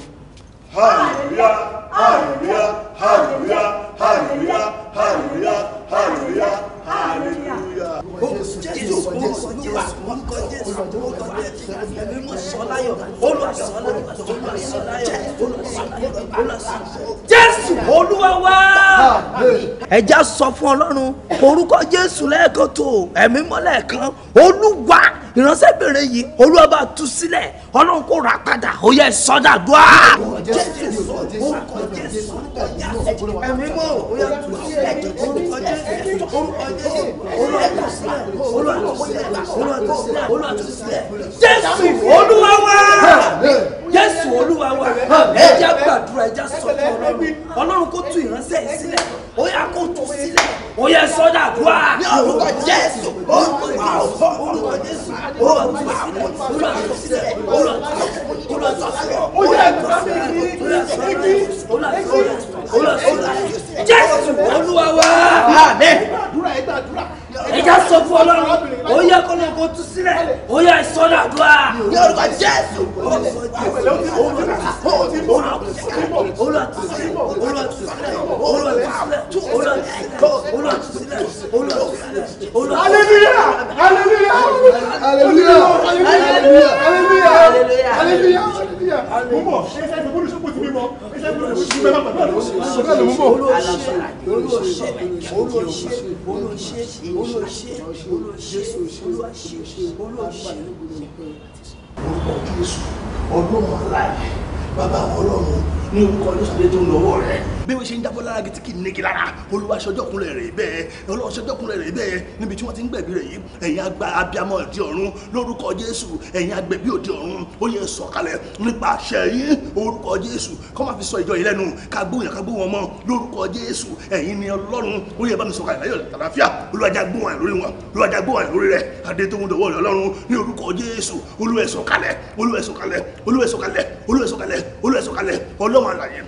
hallelujah hallelujah hallelujah hallelujah hallelujah hallelujah hallelujah. ó jésù orúkọ jésù orúkọ jésù orúkọ jésù ẹ̀mí mú sọláyọ̀ olùsọláyọ̀ olùsọláyọ̀ olùsọláyọ̀ olùsọláyọ̀ jésù olúwa wá. ẹja sọ fún ọlọ́run orúkọ jésù lẹ́ẹ̀kan tó ẹ̀mí mọ́ lẹ́ẹ̀kan olúwa ìránṣẹ́bìnrin yìí olúwa bá tú sílẹ̀ ọlọ́run kò rà padà ó yẹ sọ́dà dùá. jésù orúkọ jésù orúkọ jésù ẹ̀mí mọ́ ó yà tú sílẹ̀ orúkọ jésù orúkọ jésù olúwa tó sílẹ̀ olúwa tó sílẹ̀ olúwa tó sílẹ̀ jésù olúwa wá jésù olúwa wa ẹ já gbàdúrà ẹ já sọ̀tọ̀ ọlọ́run ọlọ́run kó tú ìránṣẹ́ yìí sílẹ̀ ó yá kó tú sílẹ̀ ó yẹ sọ́dà dùá orúkọ jésù olúwa orúkọ jésù olúwa olúwa sílẹ̀ olúwa olúwa sọ̀tọ̀ olúwa sọ̀tọ̀ olúwa sọ̀tọ̀ olúwa sọ̀tọ̀ olúwa sọ̀tọ̀ jésù olúwa wa. àmín ẹja sọ fún ọlọ́run ó yẹ kó lọ kó tú sílẹ̀ ó yẹ sọ́dọ̀ àdúrà. ní orúkọ jésù. aleluya aleluya aleluya aleluya aleluya aleluya mo mọ ẹ ṣe é bolo sọpọ ti mi mọ ẹ ṣe é bolo sọpọ ti mi mọ bàbá rẹ mo mọ. olùṣe olùṣe olùṣe olùṣe. Jesus, Jesus, Jesus, Jesus, orúkọ jésù ọlọ́run aláìyẹ bàbá ọlọ́run ní orúkọ lọ́sọ̀dẹ́ tó ń lọ́wọ́ rẹ̀ bí wọ́n ṣe ń dábọ́ lára gidi kì í nígi lára olúwa ṣọjọ́kùnrin rẹ̀ bẹ́ẹ̀ ọlọ́run ṣọjọ́kùnrin rẹ̀ bẹ́ẹ̀ níbi tí wọ́n ti ń gbẹ̀bí rẹ̀ yìí ẹ̀yin àgbà abiyamọ òde ọ̀run lórúkọ jésù ẹ̀yin agbẹ̀bí òde ọ̀run ó yẹ sọ̀kalẹ̀ nípa àṣẹ yín orúkọ jésù kọ́ máa fi sọ ìjọ yìí lẹ́nu ká gbóhùn ni ọlọ́run ó yẹ bá mi sọ̀kalẹ̀ láyọ̀ àlàáfíà olùwàjà olúwa sọ̀kalẹ̀ ọlọ́run àlàyé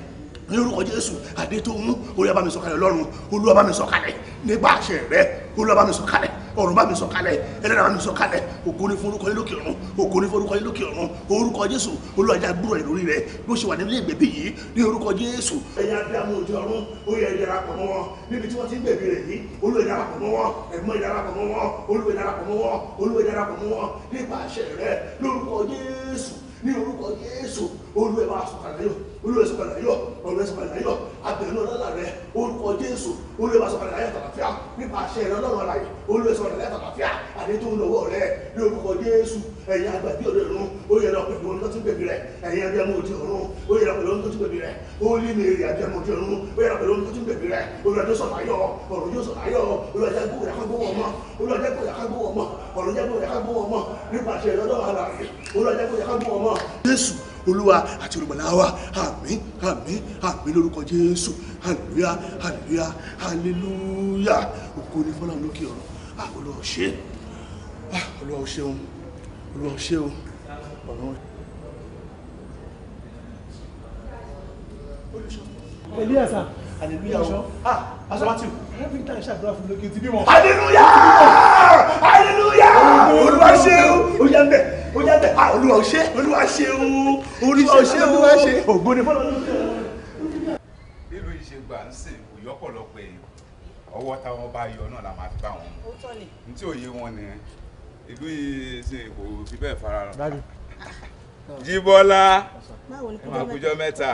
ní orúkọ jésù adé tó mú olúwa bá mi sọ̀kalẹ̀ lọ́run olúwa bá mi sọ̀kalẹ̀ nípa àṣẹ rẹ olúwa bá mi sọ̀kalẹ̀ ọ̀run bá mi sọ̀kalẹ̀ ẹlẹ́dàá bá mi sọ̀kalẹ̀ ògo ní forúkọ yín lókè ọ̀run ògo ní forúkọ yín lókè ọ̀run orúkọ jésù olúwa já gbúrò rẹ lórí rẹ bó ṣe wà nílé ìgbẹ̀bí yìí ní orúkọ jésù. ẹ̀yin abiyamọ òde ọ̀run ó yẹ ìdarapọ̀ mọ́ wọn níbi tí wọ́n ti ń gbẹ̀bí rẹ̀ yìí olúwa ìdarapọ̀ mọ́ wọn ẹ̀mọ́ ìdarapọ̀ mọ́ wọn olúwa ìdarapọ̀ mọ́ wọn olúwa ìdarapọ̀ mọ́ wọn nípa àṣẹ rẹ lórúkọ jésù ní orúkọ Jésù olú ẹ̀ bá sọ̀kalẹ̀ yóò olúwa sọ padà yọ ọ̀rọ̀ sọ padà yọ abẹ̀rún ọlọ́lá rẹ orúkọ jésù olúwa sọ padà yọ tàlàfíà nípa àṣẹ rẹ ọlọ́run ara yìí olúwa sọ padà yọ tàlàfíà àdètò olówó rẹ ní orúkọ jésù ẹ̀yin àgbà bí òde lọ pẹ̀lú ohun tó ti bẹ̀bí rẹ ẹ̀yin abiyamọ òde ọ̀run ó lọ pẹ̀lú ohun tó ti bẹ̀bí rẹ ó lé èrè abiyamọ òde ọ̀run ó lọ pẹ̀lú ohun tó ti bẹ̀bí rẹ olúwa sọ̀rọ̀ ayọ̀ ọ̀rọ̀ yóò sọ̀rọ̀ ayọ̀ olúwa gbogbo ìyàkágbó wọn mọ́ olúwa gbogbo ìyàkágbó wọn mọ́ ọ̀rọ̀ jẹ́ gbogbo ìyàkágbó nípa àṣẹ ìlọ́dọ̀ olúwa àti olùgbàlà wa àmín àmín àmín lórúkọ jésù hallelujah hallelujah hallelujah òkú ní fọlọ́run lókè ọ̀rọ̀ olúwa ṣe olúwa ṣeun olúwa ṣeun ọ̀run. olùṣọ́ hallelujah o ah asọ́mátìw. every time ṣàdúrà fún lókè tí bímọ. hallelujah hallelujah olúwa ṣeun ó yá bẹ́ẹ̀ ó jẹ́ bẹ́ẹ̀ ah olúwa ò ṣe olúwa ṣe o olúwa olúwa ṣe ògbó ni fọlọ́ nílùú ìṣègbà ń sè kò èèyàn ọwọ́ táwọn bá yọ náà la máa fi bá wọn n tí òye wọn ni ìlú yìí ṣe kò bẹ́ẹ̀ fara rọ. Jíbọ́lá ẹ máa mẹ́ta.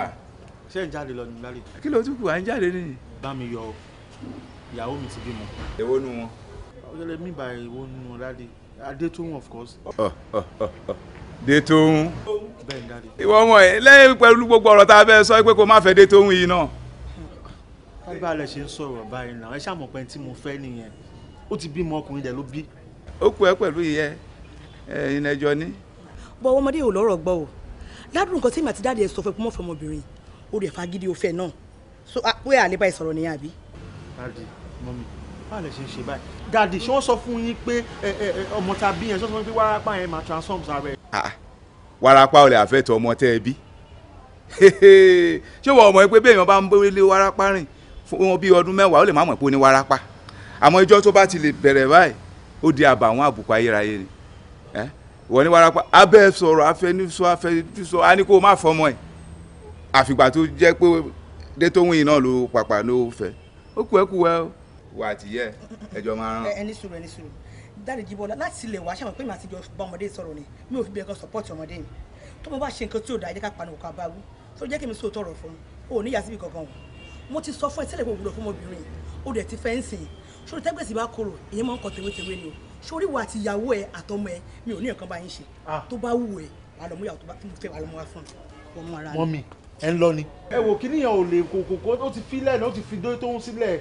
ṣé ń jáde lọ ní lálẹ́. kí ló tún à ń jáde nìyí. bá mi yọ ìyàwó mi ti bímọ. èwo nu wọn. ọ̀gẹ̀lẹ̀ mi Adétóhùn of course. Ah, ah, ah, Détóhùn. ìwọ ọmọ ẹ lẹ́yìn pẹ̀lú gbogbo ọ̀rọ̀ tá a bẹ sọ pé kó má fẹ́ Détóhùn yìí náà. báyìí lè ṣe ń sọ̀rọ̀ báyìí náà ẹ ṣàmọ̀ pé tí mo fẹ́ nìyẹn ó ti bímọ ọkùnrin dẹ̀ ló bí. ó kú ẹ pẹ̀lú ìyẹn ẹ̀yin ẹjọ́ ni. bọ ọmọdé yóò lọ́rọ̀ gbọ́ o ládùn nǹkan tí màtí dáàdì ẹ sọ fún ẹ pọ́nmọ́ fọmọbìnrin ó rẹ̀ fagídí òfẹ́ náà so pé àlébà ìsọ̀rọ̀ nìyẹn àbí. dáàdì mọ́mí báyìí lè ṣe ń ṣe báyìí dadi ṣé wọ́n sọ fún yín pé ọmọ tàbí yẹn ṣé wọ́n sọ fún yín pé wárápá yẹn máa transform sára ẹ̀. Ah, wárápá ò lè àfẹ́tọ̀ ọmọ tẹ́ ẹ bí ṣé wọ́n mọ̀ pé bẹ́ẹ̀ yẹn bá ń bóyá lé wárápá rìn fún wọn bíi ọdún mẹ́wàá ó lè má mọ̀ pé ó ní wárápá àmọ́ ìjọ́ tó bá ti lè bẹ̀rẹ̀ báyìí ó di àbàwọ́n àbùkù ayérayé ni wọ́n ní wárápá abẹ́ sọ̀rọ̀ afẹ́nusọ afẹ́nusọ á ní kó o má fọmọ ẹ̀ àfìgbà tó jẹ́ pé dé tó náà ló pàpà ló fẹ́ ó kú ẹ kú ẹ o wà á ti yẹ ẹjọ́ máa rán. ẹni sùúrù ẹni sùúrù dáre jíbọlá láti ilẹ̀ wá ṣàmì pé màá ti jọ bá ọmọdé sọ̀rọ̀ ni mi ò fi bẹ́ẹ̀ kan support ọmọdé mi tó mo bá ṣe nǹkan tí ò dáa ẹ jẹ́ ká panu òkú abáwú tó jẹ́ kí mi sóòótọ́ ọ̀rọ̀ fún un ò ní ìyàsíbi kankan o mo ti sọ fún ẹ tẹ́lẹ̀ pé òwúrọ̀ fún ọmọbìnrin o dẹ̀ ti fẹ́ ń sìn sórí tẹ́gbẹ̀sì bá korò ìyẹn máa ń kọ tèwétèwé ni o sórí wa àti ìyàwó ẹ àtọmọ ẹ mi ò ní nǹkan bá yín ṣe ah. tó bá wù ẹ wà lọ mú ìyàwó tó bá fẹ́ wà lọ mú wa fún ọmọ ara rẹ. mọ́mì ẹ ń lọ ni. ẹ wò kíníyàn ò lè kòkòkò ó ti fi lẹ́nu ó ti fi dó tó ń sílẹ̀.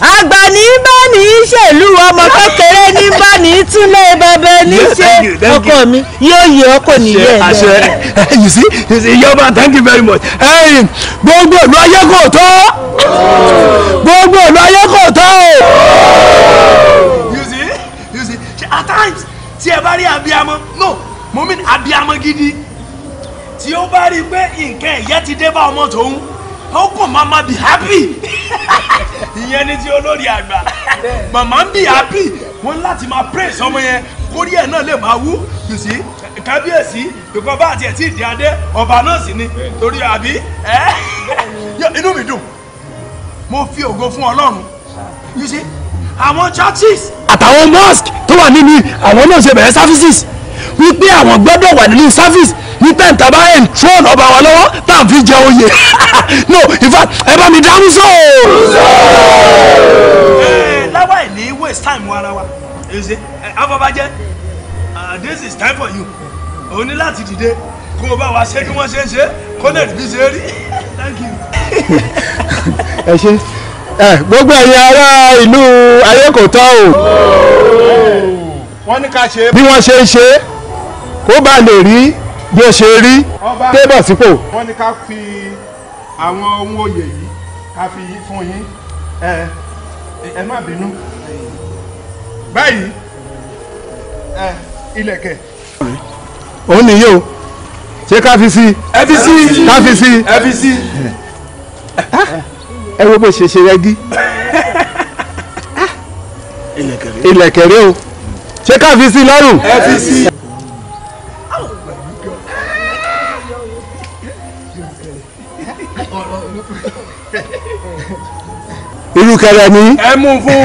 àgbà ní bá ní í ṣèlú ọmọ kékeré ní bá ní bẹbẹ ní ṣe ọkọ mi yóò yẹ ọkọ nìyẹn rẹ. you see you see yọba thank you very much gbogbo ìlú ayé kò tó gbogbo ìlú ayé kò tó. you see you see at times tí ẹ bá rí abiyamọ no mo mean abiyamọ gidi tí ó bá rí i pé nǹkan ẹ̀yẹ ti dé bá ọmọ tòun ó kàn máa ma be happy. ìyẹn ni ti olórí àgbà màmá ń bì happy wọn láti máa praise ọmọ yẹn kórí ẹ̀ náà lè máa wú you see kábíyèsí ìkọ́ bá àti ẹ̀tí ìdí adé ọba náà sì ni torí àbí ẹ́ inú mi dùn mo fi ògo fún ọlọ́run you see àwọn churches. àtàwọn mosque tó wà nínú àwọn náà ṣe bẹ̀rẹ̀ services wípé àwọn gbọ́dọ̀ wà nínú service ní pẹ̀ntàbá ẹ̀ ń tróònù ọba wa lọ́wọ́ tá à ń fi jẹ oyè no in fact ẹ bá mi dáhùn sọ. Eh, láwa ìní waste time wa ara wa èzè afọbajẹ ah, this is time for you o ní láti dìde kó o bá wa ṣe kí wọ́n ṣe ń ṣe kó lè bí ṣe rí thank you. ẹ ṣe gbogbo ẹ̀yin ará ìlú ayékòótọ́ o bí wọ́n ṣe ń ṣe kó bá lè rí bí ó ṣe rí débọ̀ sípò. wọ́n ní ká fi àwọn ohun oyè yìí ká fi fún yín ẹ ẹ má bínú báyìí ẹ ilẹ̀kẹ̀. òun nìyí o ṣé ká fi sí i. ẹ fi sí i ká fi sí i. ẹ fi sí i. ẹ wo bó ṣe ṣe rẹ́gí ilẹ̀kẹ̀rẹ́ o ṣé ká fi sí lọ́rùn. ẹ fi sí. olùkẹrẹ ni ẹ mú fún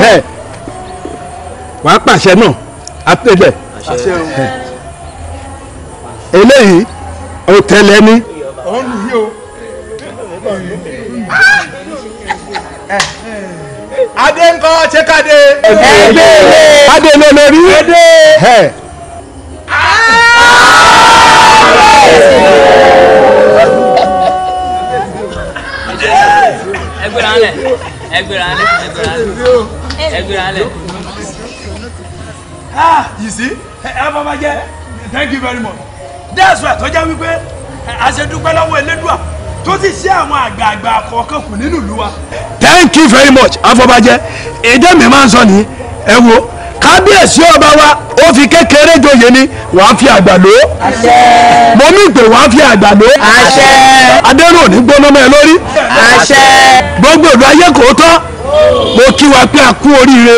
wàá pàṣẹ náà àtẹlẹ eléyìí òtẹlẹ ni. adé ńkọ́ ṣé káde. ẹ̀ẹ́dẹ́gbẹ̀rẹ́ adé ló lórí. ẹ̀ẹ́dẹ́. ẹgbẹ́ rẹ̀ hàn lẹ̀ ẹgbẹ̀rún alẹ́ ẹgbẹ̀rún alẹ́. ah you see ẹ bá ma jẹ thank you very much that's why tó jẹ́ wípé àṣedúpẹ́ lọ́wọ́ elédùà tó ti ṣe àwọn àgbààgbà kọ̀ọ̀kan kù nínú ìlú wa. thank you very much afọbajẹ èdè mi máa ń sọ nìyí ẹ wo kábíyèsí ọba wa ó fi kékeré joyè ni wàá fi àgbà lò ó. àṣẹ. mo ní ìpè wàá fi àgbà lò ó. àṣẹ. adẹ́rùn gbóná mọ́ lórí. gbogbo ìlú ayé kò tọ́ mo kí wa pé a kú oríire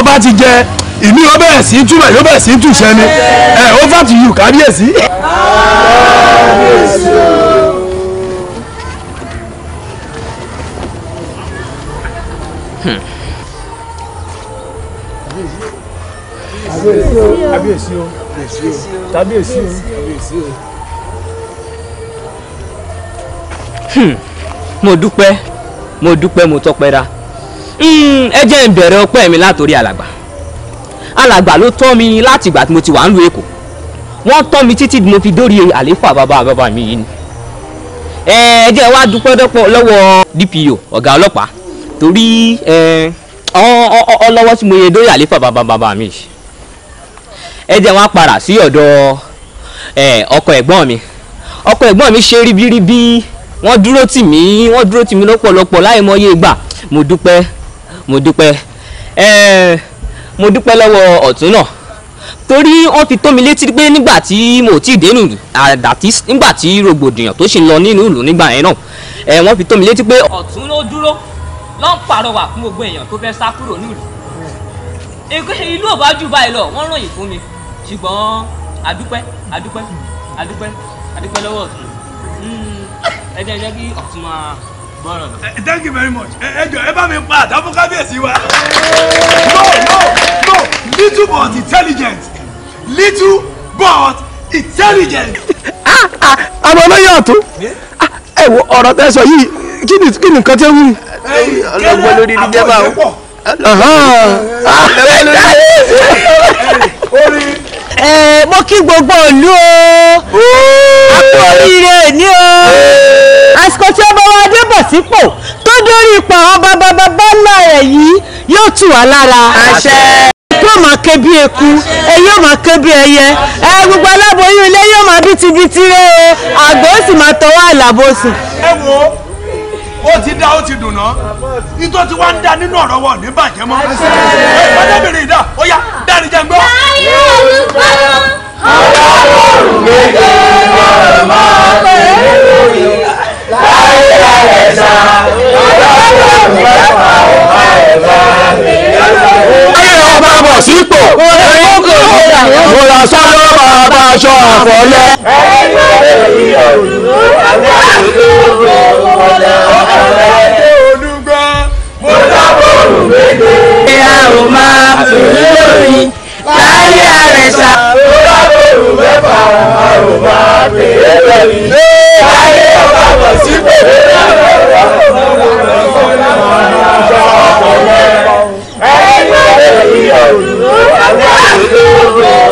ọba ti jẹ ìmí yóò bẹ̀rẹ̀ sí túmọ̀ yóò bẹ̀rẹ̀ sí túṣẹ́ ni ẹ̀ over to you kábíyèsí. kábíyèsí. kábíyèsí mo dúpẹ́ mo dúpẹ́ mo tọpẹ́ ra hmm, ẹ jẹ́ ń bẹ̀rẹ̀ ọpẹ́ mi látòrí alàgbà alàgbà ló tọ́ mi láti ìgbà tí mo ti wà ń lu èkó wọ́n tọ́ mi títí mo fi dórí àléfà bàbá bàbá mi yìí ni ẹ jẹ́ wá dúpẹ́ dọ́pọ̀ lọ́wọ́ DPO ọ̀gá ọlọ́pàá torí ọlọ́wọ́ tí mo yẹ dórí àléfà bàbá bàbá mi yìí ẹ jẹ́ wọn para sí ọ̀dọ̀ ọkọ ẹ̀gbọ́n mi ọkọ ẹ̀gbọ́n mi ṣe ribiribi wọ́n dúró tì mí wọ́n dúró tì mí lọ́pọ̀lọpọ̀ láì mọye ìgbà mo dúpẹ́ mo dúpẹ́ mo dúpẹ́ lọ́wọ́ ọ̀tún náà torí wọ́n fi tó mi létí pé nígbà tí mo ti dénú àdàtí nígbà tí rògbòdìyàn tó ṣe lọ nínú ìlú nígbà yẹn náà wọ́n fi tó mi létí pé ọ̀tún ló dúró ló ń pàrọwà fún gbogbo èèyàn tó fẹ́ sá kúrò nílùú ìlú ò bá jù báyìí lọ wọ́n ròyìn fún mi ṣùgbọ́n adúpẹ́ adúpẹ́ adúpẹ́ adúpẹ́ lọ́wọ́ ọ̀tún hmm, ẹ jẹ́ jẹ́ ọ̀tún máa bọ̀rọ̀ lọ. Eh, eh, thank you very much eh, ẹ jọ ẹ bá mi pa àdá fún kábíyèsí wa. no no no little but intelligent little but intelligent. Ah, ah, ọmọ olóyè ọ̀tún ah, ẹ wo ọ̀rọ̀ tẹ́ sọ yìí kí ni kí ni nǹkan tẹ́ wí. ọlọ́gbọ́n lórí ní jẹ́ bá o. ọlọ́gbọ́n lórí ní jẹ́ bá o mo kí gbogbo ìlú o a kú oríire ní o àsìkò tí ọba wa dé bọ̀ sípò tó dórí ipò àwọn bàbá bàbá ńlá rẹ̀ yìí yóò tù wá lára. àṣẹ yóò máa ké bí eku èyí yóò máa ké bí ẹyẹ ẹ gbogbo aláboyún ilé yóò máa bí tibitire o àgbò ó sì máa tọwọ́ àlàbò sùn. ẹ wo ó ti dá ó ti dùn náà ìtọ́ ti wá ń da nínú ọ̀rọ̀ wọn ní bàjẹ́ mọ́ ọ̀dẹ́bìnrin ìdá ó yá dárí jẹ́ ń gbọ́. láyé olùkọ́ ọlọ́run méje lọ́rọ̀ máa tẹ̀lé lórí láyé àyẹ̀sà ọlọ́run mẹ́fà ọ̀hún àyẹ̀fà mi bá bọ̀ sípò orí kò lóra mo ra sọ́dọ̀ bàbá aṣọ àfọ̀lẹ́. ẹ̀yin ló lè rí òdùnú àgbà ìlú òwòlò ọ̀rẹ́ olùgbọ́ mo dábò olùgbèdè. ìyá ò máa fìrí lórí láyé àrẹ̀sà. mo sípò olùwò àwọn àlejò rẹ̀.